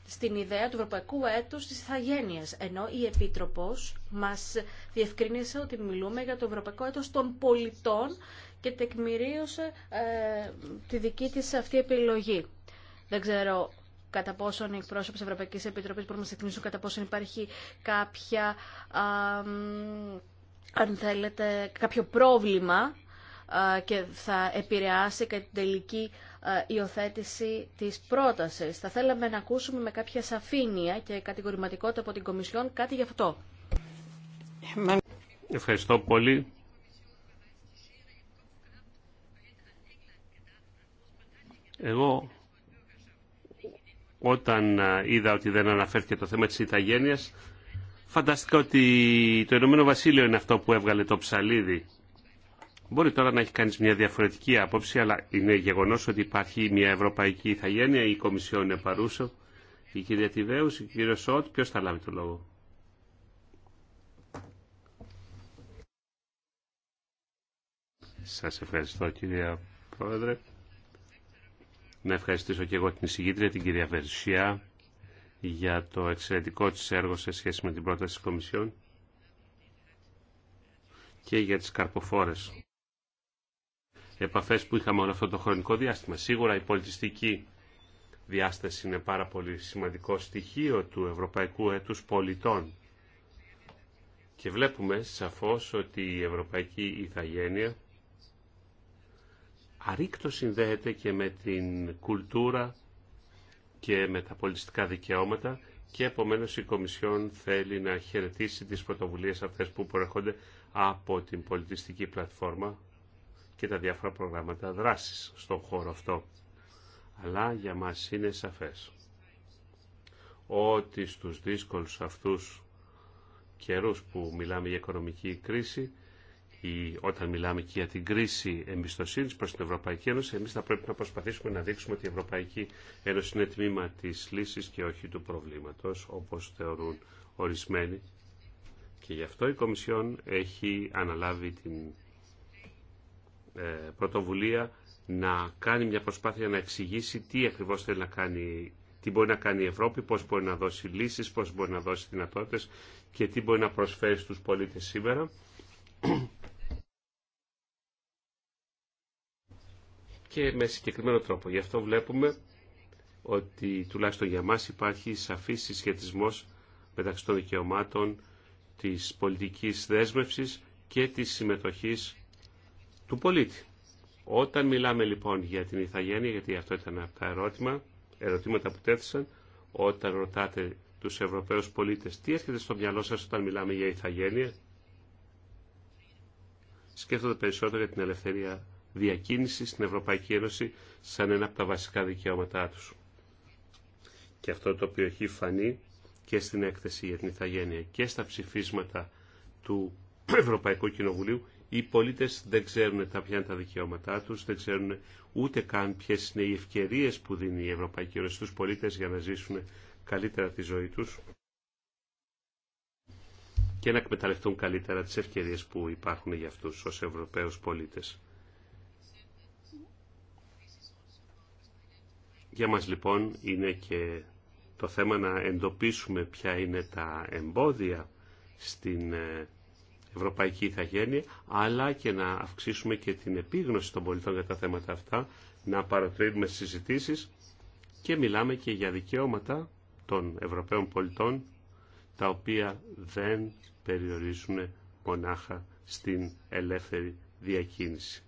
στην ιδέα του Ευρωπαϊκού Έτους της Ιθαγένειας, ενώ η Επίτροπος μας διευκρίνησε ότι μιλούμε για το Ευρωπαϊκό Έτος των πολιτών και τεκμηρίωσε ε, τη δική της αυτή επιλογή. Δεν ξέρω κατά πόσον οι εκπρόσωποι της Ευρωπαϊκής Επιτροπής μπορούν να συγκρίνουν κατά πόσον υπάρχει κάποια, αν θέλετε, κάποιο πρόβλημα ε, και θα επηρεάσει και την τελική ε, υιοθέτηση της πρότασης. Θα θέλαμε να ακούσουμε με κάποια σαφήνεια και κατηγορηματικότητα από την Κομισιόν κάτι γι' αυτό. Ευχαριστώ πολύ. Εγώ όταν ε, είδα ότι δεν αναφέρθηκε το θέμα της Ιθαγένειας φαντάστηκα ότι το Ηνωμένο Βασίλειο είναι αυτό που έβγαλε το ψαλίδι Μπορεί τώρα να έχει κάνει μια διαφορετική άποψη, αλλά είναι γεγονό ότι υπάρχει μια ευρωπαϊκή ηθαγένεια, η Κομισιόν είναι παρούσα. Η κυρία Τιβέου, η κυρία Σότ, ποιο θα λάβει το λόγο. Σας ευχαριστώ κυρία Πρόεδρε. Να ευχαριστήσω και εγώ την συγκίτρια, την κυρία Βερσιά, για το εξαιρετικό της έργο σε σχέση με την πρόταση της Κομισιόν και για τις καρποφόρες επαφές που είχαμε όλο αυτό το χρονικό διάστημα. Σίγουρα η πολιτιστική διάσταση είναι πάρα πολύ σημαντικό στοιχείο του Ευρωπαϊκού Έτους Πολιτών. Και βλέπουμε σαφώς ότι η Ευρωπαϊκή Ιθαγένεια αρήκτο συνδέεται και με την κουλτούρα και με τα πολιτιστικά δικαιώματα και επομένως η Κομισιόν θέλει να χαιρετήσει τις πρωτοβουλίες αυτές που προέρχονται από την πολιτιστική πλατφόρμα και τα διάφορα προγράμματα δράσης στον χώρο αυτό. Αλλά για μας είναι σαφές ότι στους δύσκολους αυτούς καιρούς που μιλάμε για οικονομική κρίση ή όταν μιλάμε και για την κρίση εμπιστοσύνης προς την Ευρωπαϊκή Ένωση, εμείς θα πρέπει να προσπαθήσουμε να δείξουμε ότι η Ευρωπαϊκή Ένωση είναι τμήμα της λύσης και όχι του προβλήματος, όπως θεωρούν ορισμένοι. Και γι' αυτό η Κομισιόν έχει αναλάβει την ε, πρωτοβουλία να κάνει μια προσπάθεια να εξηγήσει τι ακριβώς θέλει να κάνει, τι μπορεί να κάνει η Ευρώπη, πώς μπορεί να δώσει λύσεις, πώς μπορεί να δώσει δυνατότητες και τι μπορεί να προσφέρει στους πολίτες σήμερα. και με συγκεκριμένο τρόπο. Γι' αυτό βλέπουμε ότι τουλάχιστον για μας υπάρχει σαφής συσχετισμός μεταξύ των δικαιωμάτων της πολιτικής δέσμευσης και της συμμετοχής του πολίτη. Όταν μιλάμε λοιπόν για την ηθαγένεια, γιατί αυτό ήταν από τα ερώτημα, ερωτήματα που τέθησαν, όταν ρωτάτε τους Ευρωπαίους πολίτες τι έρχεται στο μυαλό σας όταν μιλάμε για ηθαγένεια, σκέφτονται περισσότερο για την ελευθερία διακίνηση στην Ευρωπαϊκή Ένωση σαν ένα από τα βασικά δικαιώματά τους. Και αυτό το οποίο έχει φανεί και στην έκθεση για την Ιθαγένεια και στα ψηφίσματα του [CLEARS THROAT] Ευρωπαϊκού Κοινοβουλίου οι πολίτες δεν ξέρουν τα ποια είναι τα δικαιώματά τους, δεν ξέρουν ούτε καν ποιες είναι οι ευκαιρίες που δίνει η Ευρωπαϊκή Ένωση στους πολίτες για να ζήσουν καλύτερα τη ζωή τους και να εκμεταλλευτούν καλύτερα τις ευκαιρίες που υπάρχουν για αυτούς ως Ευρωπαίους πολίτες. Για μας λοιπόν είναι και το θέμα να εντοπίσουμε ποια είναι τα εμπόδια στην ε, ευρωπαϊκή ηθαγένεια, αλλά και να αυξήσουμε και την επίγνωση των πολιτών για τα θέματα αυτά, να παροτρύνουμε συζητήσεις και μιλάμε και για δικαιώματα των Ευρωπαίων πολιτών, τα οποία δεν περιορίζουν μονάχα στην ελεύθερη διακίνηση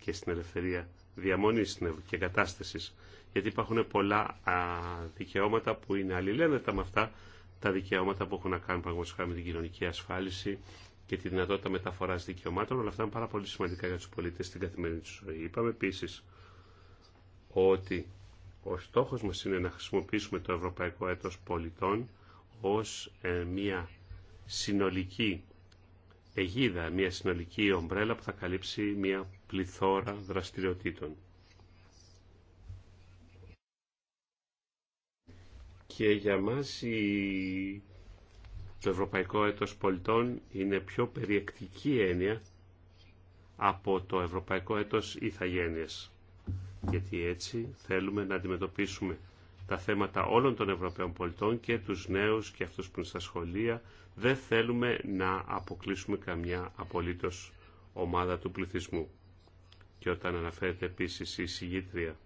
και στην ελευθερία διαμονής και κατάστασης. Γιατί υπάρχουν πολλά δικαιώματα που είναι αλληλένδετα με αυτά τα δικαιώματα που έχουν να κάνουν πραγματικά με την κοινωνική ασφάλιση, και τη δυνατότητα μεταφορά δικαιωμάτων, όλα αυτά είναι πάρα πολύ σημαντικά για τους πολίτες στην καθημερινή του ζωή. Είπαμε επίση ότι ο στόχος μας είναι να χρησιμοποιήσουμε το Ευρωπαϊκό Έτο Πολιτών ως ε, μια συνολική αιγίδα, μια συνολική ομπρέλα που θα καλύψει μια πληθώρα δραστηριοτήτων. Και για μας η το Ευρωπαϊκό Έτος Πολιτών είναι πιο περιεκτική έννοια από το Ευρωπαϊκό Έτος Ιθαγένειας. Γιατί έτσι θέλουμε να αντιμετωπίσουμε τα θέματα όλων των Ευρωπαίων πολιτών και τους νέους και αυτούς που είναι στα σχολεία. Δεν θέλουμε να αποκλείσουμε καμιά απολύτως ομάδα του πληθυσμού. Και όταν αναφέρεται επίσης η συγγήτρια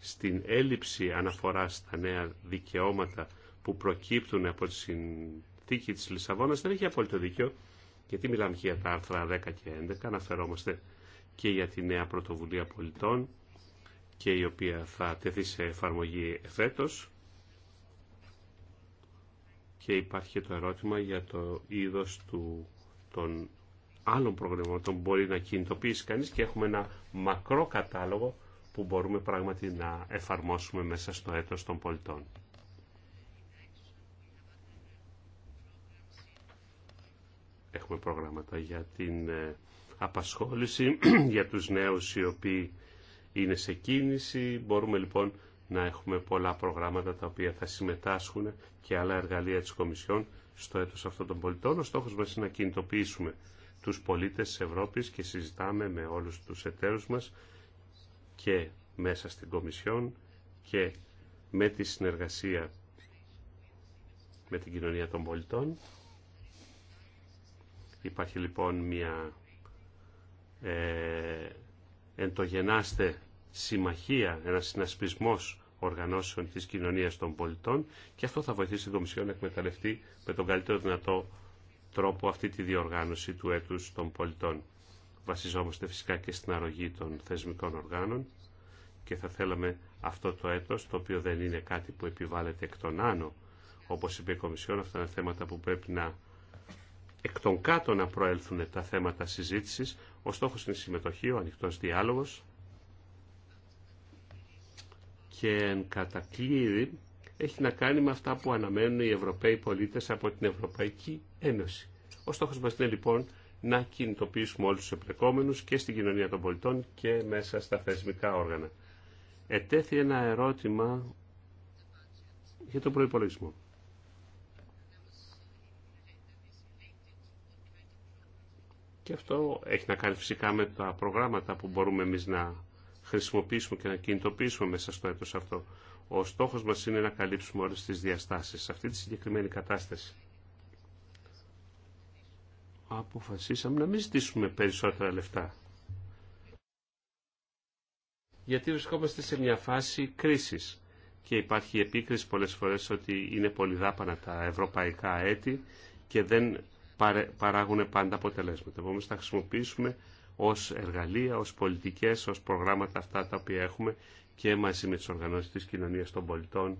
στην έλλειψη αναφοράς στα νέα δικαιώματα που προκύπτουν από τη συνθήκη της Λισαβόνας δεν έχει απόλυτο δίκιο, γιατί μιλάμε και για τα άρθρα 10 και 11, αναφερόμαστε και για τη νέα πρωτοβουλία πολιτών και η οποία θα τεθεί σε εφαρμογή εφέτος. Και υπάρχει και το ερώτημα για το είδος των άλλων προγραμματών που μπορεί να κινητοποιήσει κανείς και έχουμε ένα μακρό κατάλογο που μπορούμε πράγματι να εφαρμόσουμε μέσα στο έτος των πολιτών. Έχουμε προγράμματα για την ε, απασχόληση, [CLEARS THROAT] για τους νέους οι οποίοι είναι σε κίνηση. Μπορούμε λοιπόν να έχουμε πολλά προγράμματα τα οποία θα συμμετάσχουν και άλλα εργαλεία της Κομισιόν στο έτος αυτών των πολιτών. Ο στόχος μας είναι να κινητοποιήσουμε τους πολίτες της Ευρώπης και συζητάμε με όλους τους εταίρους μας και μέσα στην Κομισιόν και με τη συνεργασία με την κοινωνία των πολιτών Υπάρχει λοιπόν μια ε, εντογενάστε συμμαχία, ένας συνασπισμός οργανώσεων της κοινωνίας των πολιτών και αυτό θα βοηθήσει την Κομισιόν να εκμεταλλευτεί με τον καλύτερο δυνατό τρόπο αυτή τη διοργάνωση του έτους των πολιτών. Βασιζόμαστε φυσικά και στην αρρωγή των θεσμικών οργάνων και θα θέλαμε αυτό το έτος, το οποίο δεν είναι κάτι που επιβάλλεται εκ των άνω, όπως είπε η Κομισιόν, αυτά είναι θέματα που πρέπει να εκ των κάτω να προέλθουν τα θέματα συζήτησης. Ο στόχος είναι η συμμετοχή, ο ανοιχτός διάλογος και εν κατακλείδη έχει να κάνει με αυτά που αναμένουν οι Ευρωπαίοι πολίτες από την Ευρωπαϊκή Ένωση. Ο στόχος μας είναι λοιπόν να κινητοποιήσουμε όλους τους επλεκόμενους και στην κοινωνία των πολιτών και μέσα στα θεσμικά όργανα. Ετέθη ένα ερώτημα για τον προϋπολογισμό. Και αυτό έχει να κάνει φυσικά με τα προγράμματα που μπορούμε εμείς να χρησιμοποιήσουμε και να κινητοποιήσουμε μέσα στο έτος αυτό. Ο στόχος μας είναι να καλύψουμε όλες τις διαστάσεις. Σε αυτή τη συγκεκριμένη κατάσταση αποφασίσαμε να μην ζητήσουμε περισσότερα λεφτά. Γιατί βρισκόμαστε σε μια φάση κρίσης και υπάρχει επίκριση πολλές φορές ότι είναι πολύ δάπανα τα ευρωπαϊκά έτη και δεν παράγουν πάντα αποτελέσματα. Επομένως θα χρησιμοποιήσουμε ως εργαλεία, ως πολιτικές, ως προγράμματα αυτά τα οποία έχουμε και μαζί με τις οργανώσεις της κοινωνίας των πολιτών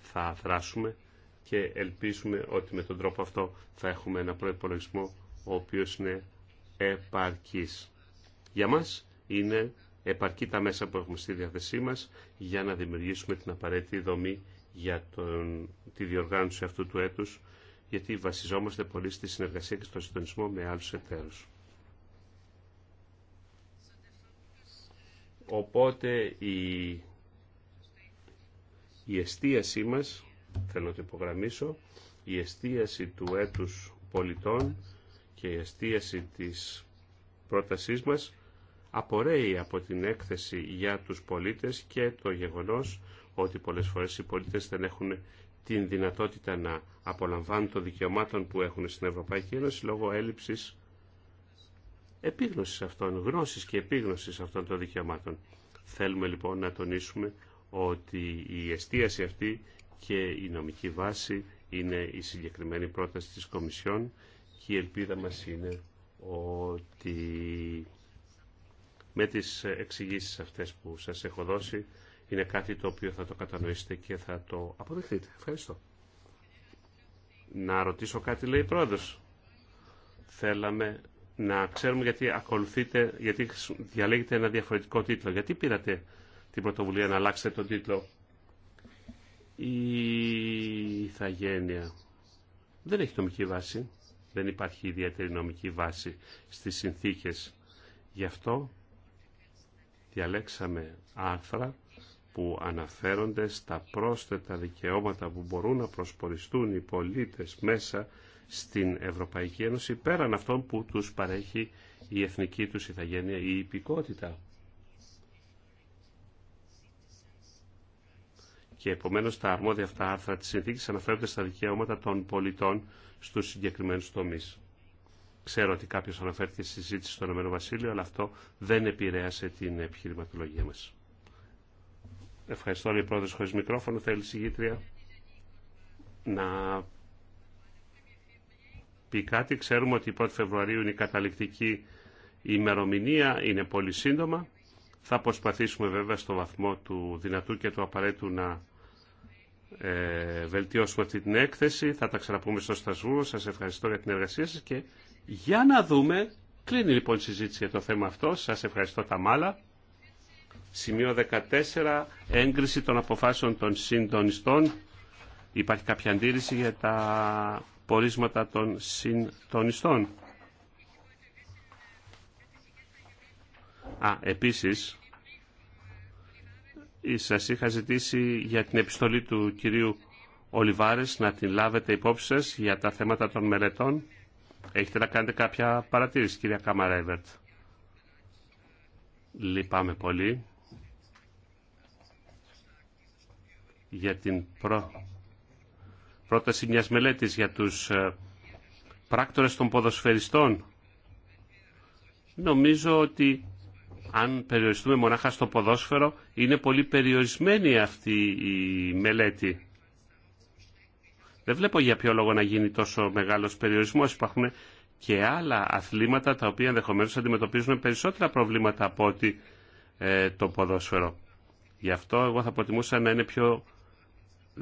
θα δράσουμε και ελπίσουμε ότι με τον τρόπο αυτό θα έχουμε ένα προϋπολογισμό ο οποίος είναι επαρκής. Για μας είναι επαρκή τα μέσα που έχουμε στη διάθεσή μας για να δημιουργήσουμε την απαραίτητη δομή για τη διοργάνωση αυτού του έτους γιατί βασιζόμαστε πολύ στη συνεργασία και στο συντονισμό με άλλους εταίρους. Οπότε η, η εστίασή μας, θέλω να το υπογραμμίσω, η εστίαση του έτους πολιτών και η εστίαση της πρότασής μας απορρέει από την έκθεση για τους πολίτες και το γεγονός ότι πολλές φορές οι πολίτες δεν έχουν την δυνατότητα να απολαμβάνουν των δικαιωμάτων που έχουν στην Ευρωπαϊκή Ένωση λόγω έλλειψης επίγνωσης αυτών, γνώσης και επίγνωσης αυτών των δικαιωμάτων. Θέλουμε λοιπόν να τονίσουμε ότι η εστίαση αυτή και η νομική βάση είναι η συγκεκριμένη πρόταση της Κομισιόν και η ελπίδα μας είναι ότι με τις εξηγήσεις αυτές που σας έχω δώσει είναι κάτι το οποίο θα το κατανοήσετε και θα το αποδεχτείτε. Ευχαριστώ. Να ρωτήσω κάτι, λέει η πρόεδρος. Θέλαμε να ξέρουμε γιατί ακολουθείτε, γιατί διαλέγετε ένα διαφορετικό τίτλο. Γιατί πήρατε την πρωτοβουλία να αλλάξετε τον τίτλο η Θαγένεια δεν έχει νομική βάση. Δεν υπάρχει ιδιαίτερη νομική βάση στις συνθήκες. Γι' αυτό διαλέξαμε άρθρα που αναφέρονται στα πρόσθετα δικαιώματα που μπορούν να προσποριστούν οι πολίτες μέσα στην Ευρωπαϊκή Ένωση πέραν αυτών που τους παρέχει η εθνική τους ηθαγένεια ή η υπηκότητα. Και επομένως τα αρμόδια αυτά άρθρα της συνθήκης αναφέρονται στα δικαιώματα των πολιτών στους συγκεκριμένους τομείς. Ξέρω ότι κάποιος αναφέρθηκε στη συζήτηση στον Ηνωμένο Βασίλειο, αλλά αυτό δεν επηρέασε την επιχειρηματολογία μας. Ευχαριστώ, όλοι οι πρόεδρες χωρίς μικρόφωνο. Θέλει συγγήτρια να πει κάτι. Ξέρουμε ότι η 1η Φεβρουαρίου είναι η καταληκτική ημερομηνία, είναι πολύ σύντομα. Θα προσπαθήσουμε βέβαια στο βαθμό του δυνατού και του απαραίτητου να ε, βελτιώσουμε αυτή την έκθεση. Θα τα ξαναπούμε στο Στασβούργο. Σας ευχαριστώ για την εργασία σας και για να δούμε. Κλείνει λοιπόν η συζήτηση για το θέμα αυτό. Σας ευχαριστώ τα μάλα. Σημείο 14. Έγκριση των αποφάσεων των συντονιστών. Υπάρχει κάποια αντίρρηση για τα πορίσματα των συντονιστών. Α, επίσης, σας είχα ζητήσει για την επιστολή του κυρίου Ολιβάρης να την λάβετε υπόψη σας για τα θέματα των μελετών. Έχετε να κάνετε κάποια παρατήρηση, κυρία Καμαρέβερτ. Λυπάμαι πολύ. για την προ... πρόταση μιας μελέτης για τους ε, πράκτορες των ποδοσφαιριστών. Νομίζω ότι αν περιοριστούμε μονάχα στο ποδόσφαιρο, είναι πολύ περιορισμένη αυτή η μελέτη. Δεν βλέπω για ποιο λόγο να γίνει τόσο μεγάλος περιορισμός. Υπάρχουν και άλλα αθλήματα τα οποία ενδεχομένω αντιμετωπίζουν περισσότερα προβλήματα από ότι ε, το ποδόσφαιρο. Γι' αυτό εγώ θα προτιμούσα να είναι πιο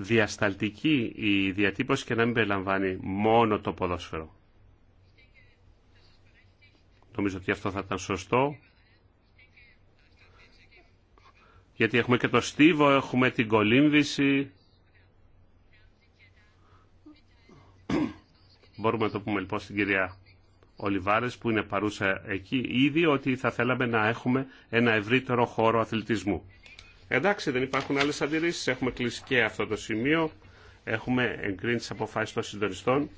διασταλτική η διατύπωση και να μην περιλαμβάνει μόνο το ποδόσφαιρο. Νομίζω ότι αυτό θα ήταν σωστό. Γιατί έχουμε και το στίβο, έχουμε την κολύμβηση. Μπορούμε να το πούμε λοιπόν στην κυρία Ολιβάρες που είναι παρούσα εκεί ήδη ότι θα θέλαμε να έχουμε ένα ευρύτερο χώρο αθλητισμού. Εντάξει, δεν υπάρχουν άλλε αντιρρήσει. Έχουμε κλείσει και αυτό το σημείο. Έχουμε εγκρίνει τις αποφάσεις των συντονιστών.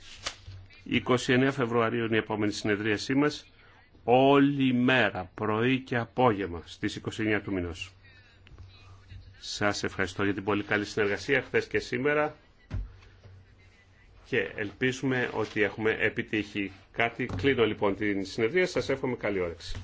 29 Φεβρουαρίου είναι η επόμενη συνεδρίασή μας. Όλη μέρα, πρωί και απόγευμα, στις 29 του μηνό. Σας ευχαριστώ για την πολύ καλή συνεργασία χθε και σήμερα και ελπίζουμε ότι έχουμε επιτύχει κάτι. Κλείνω λοιπόν την συνεδρία. Σας εύχομαι καλή όρεξη.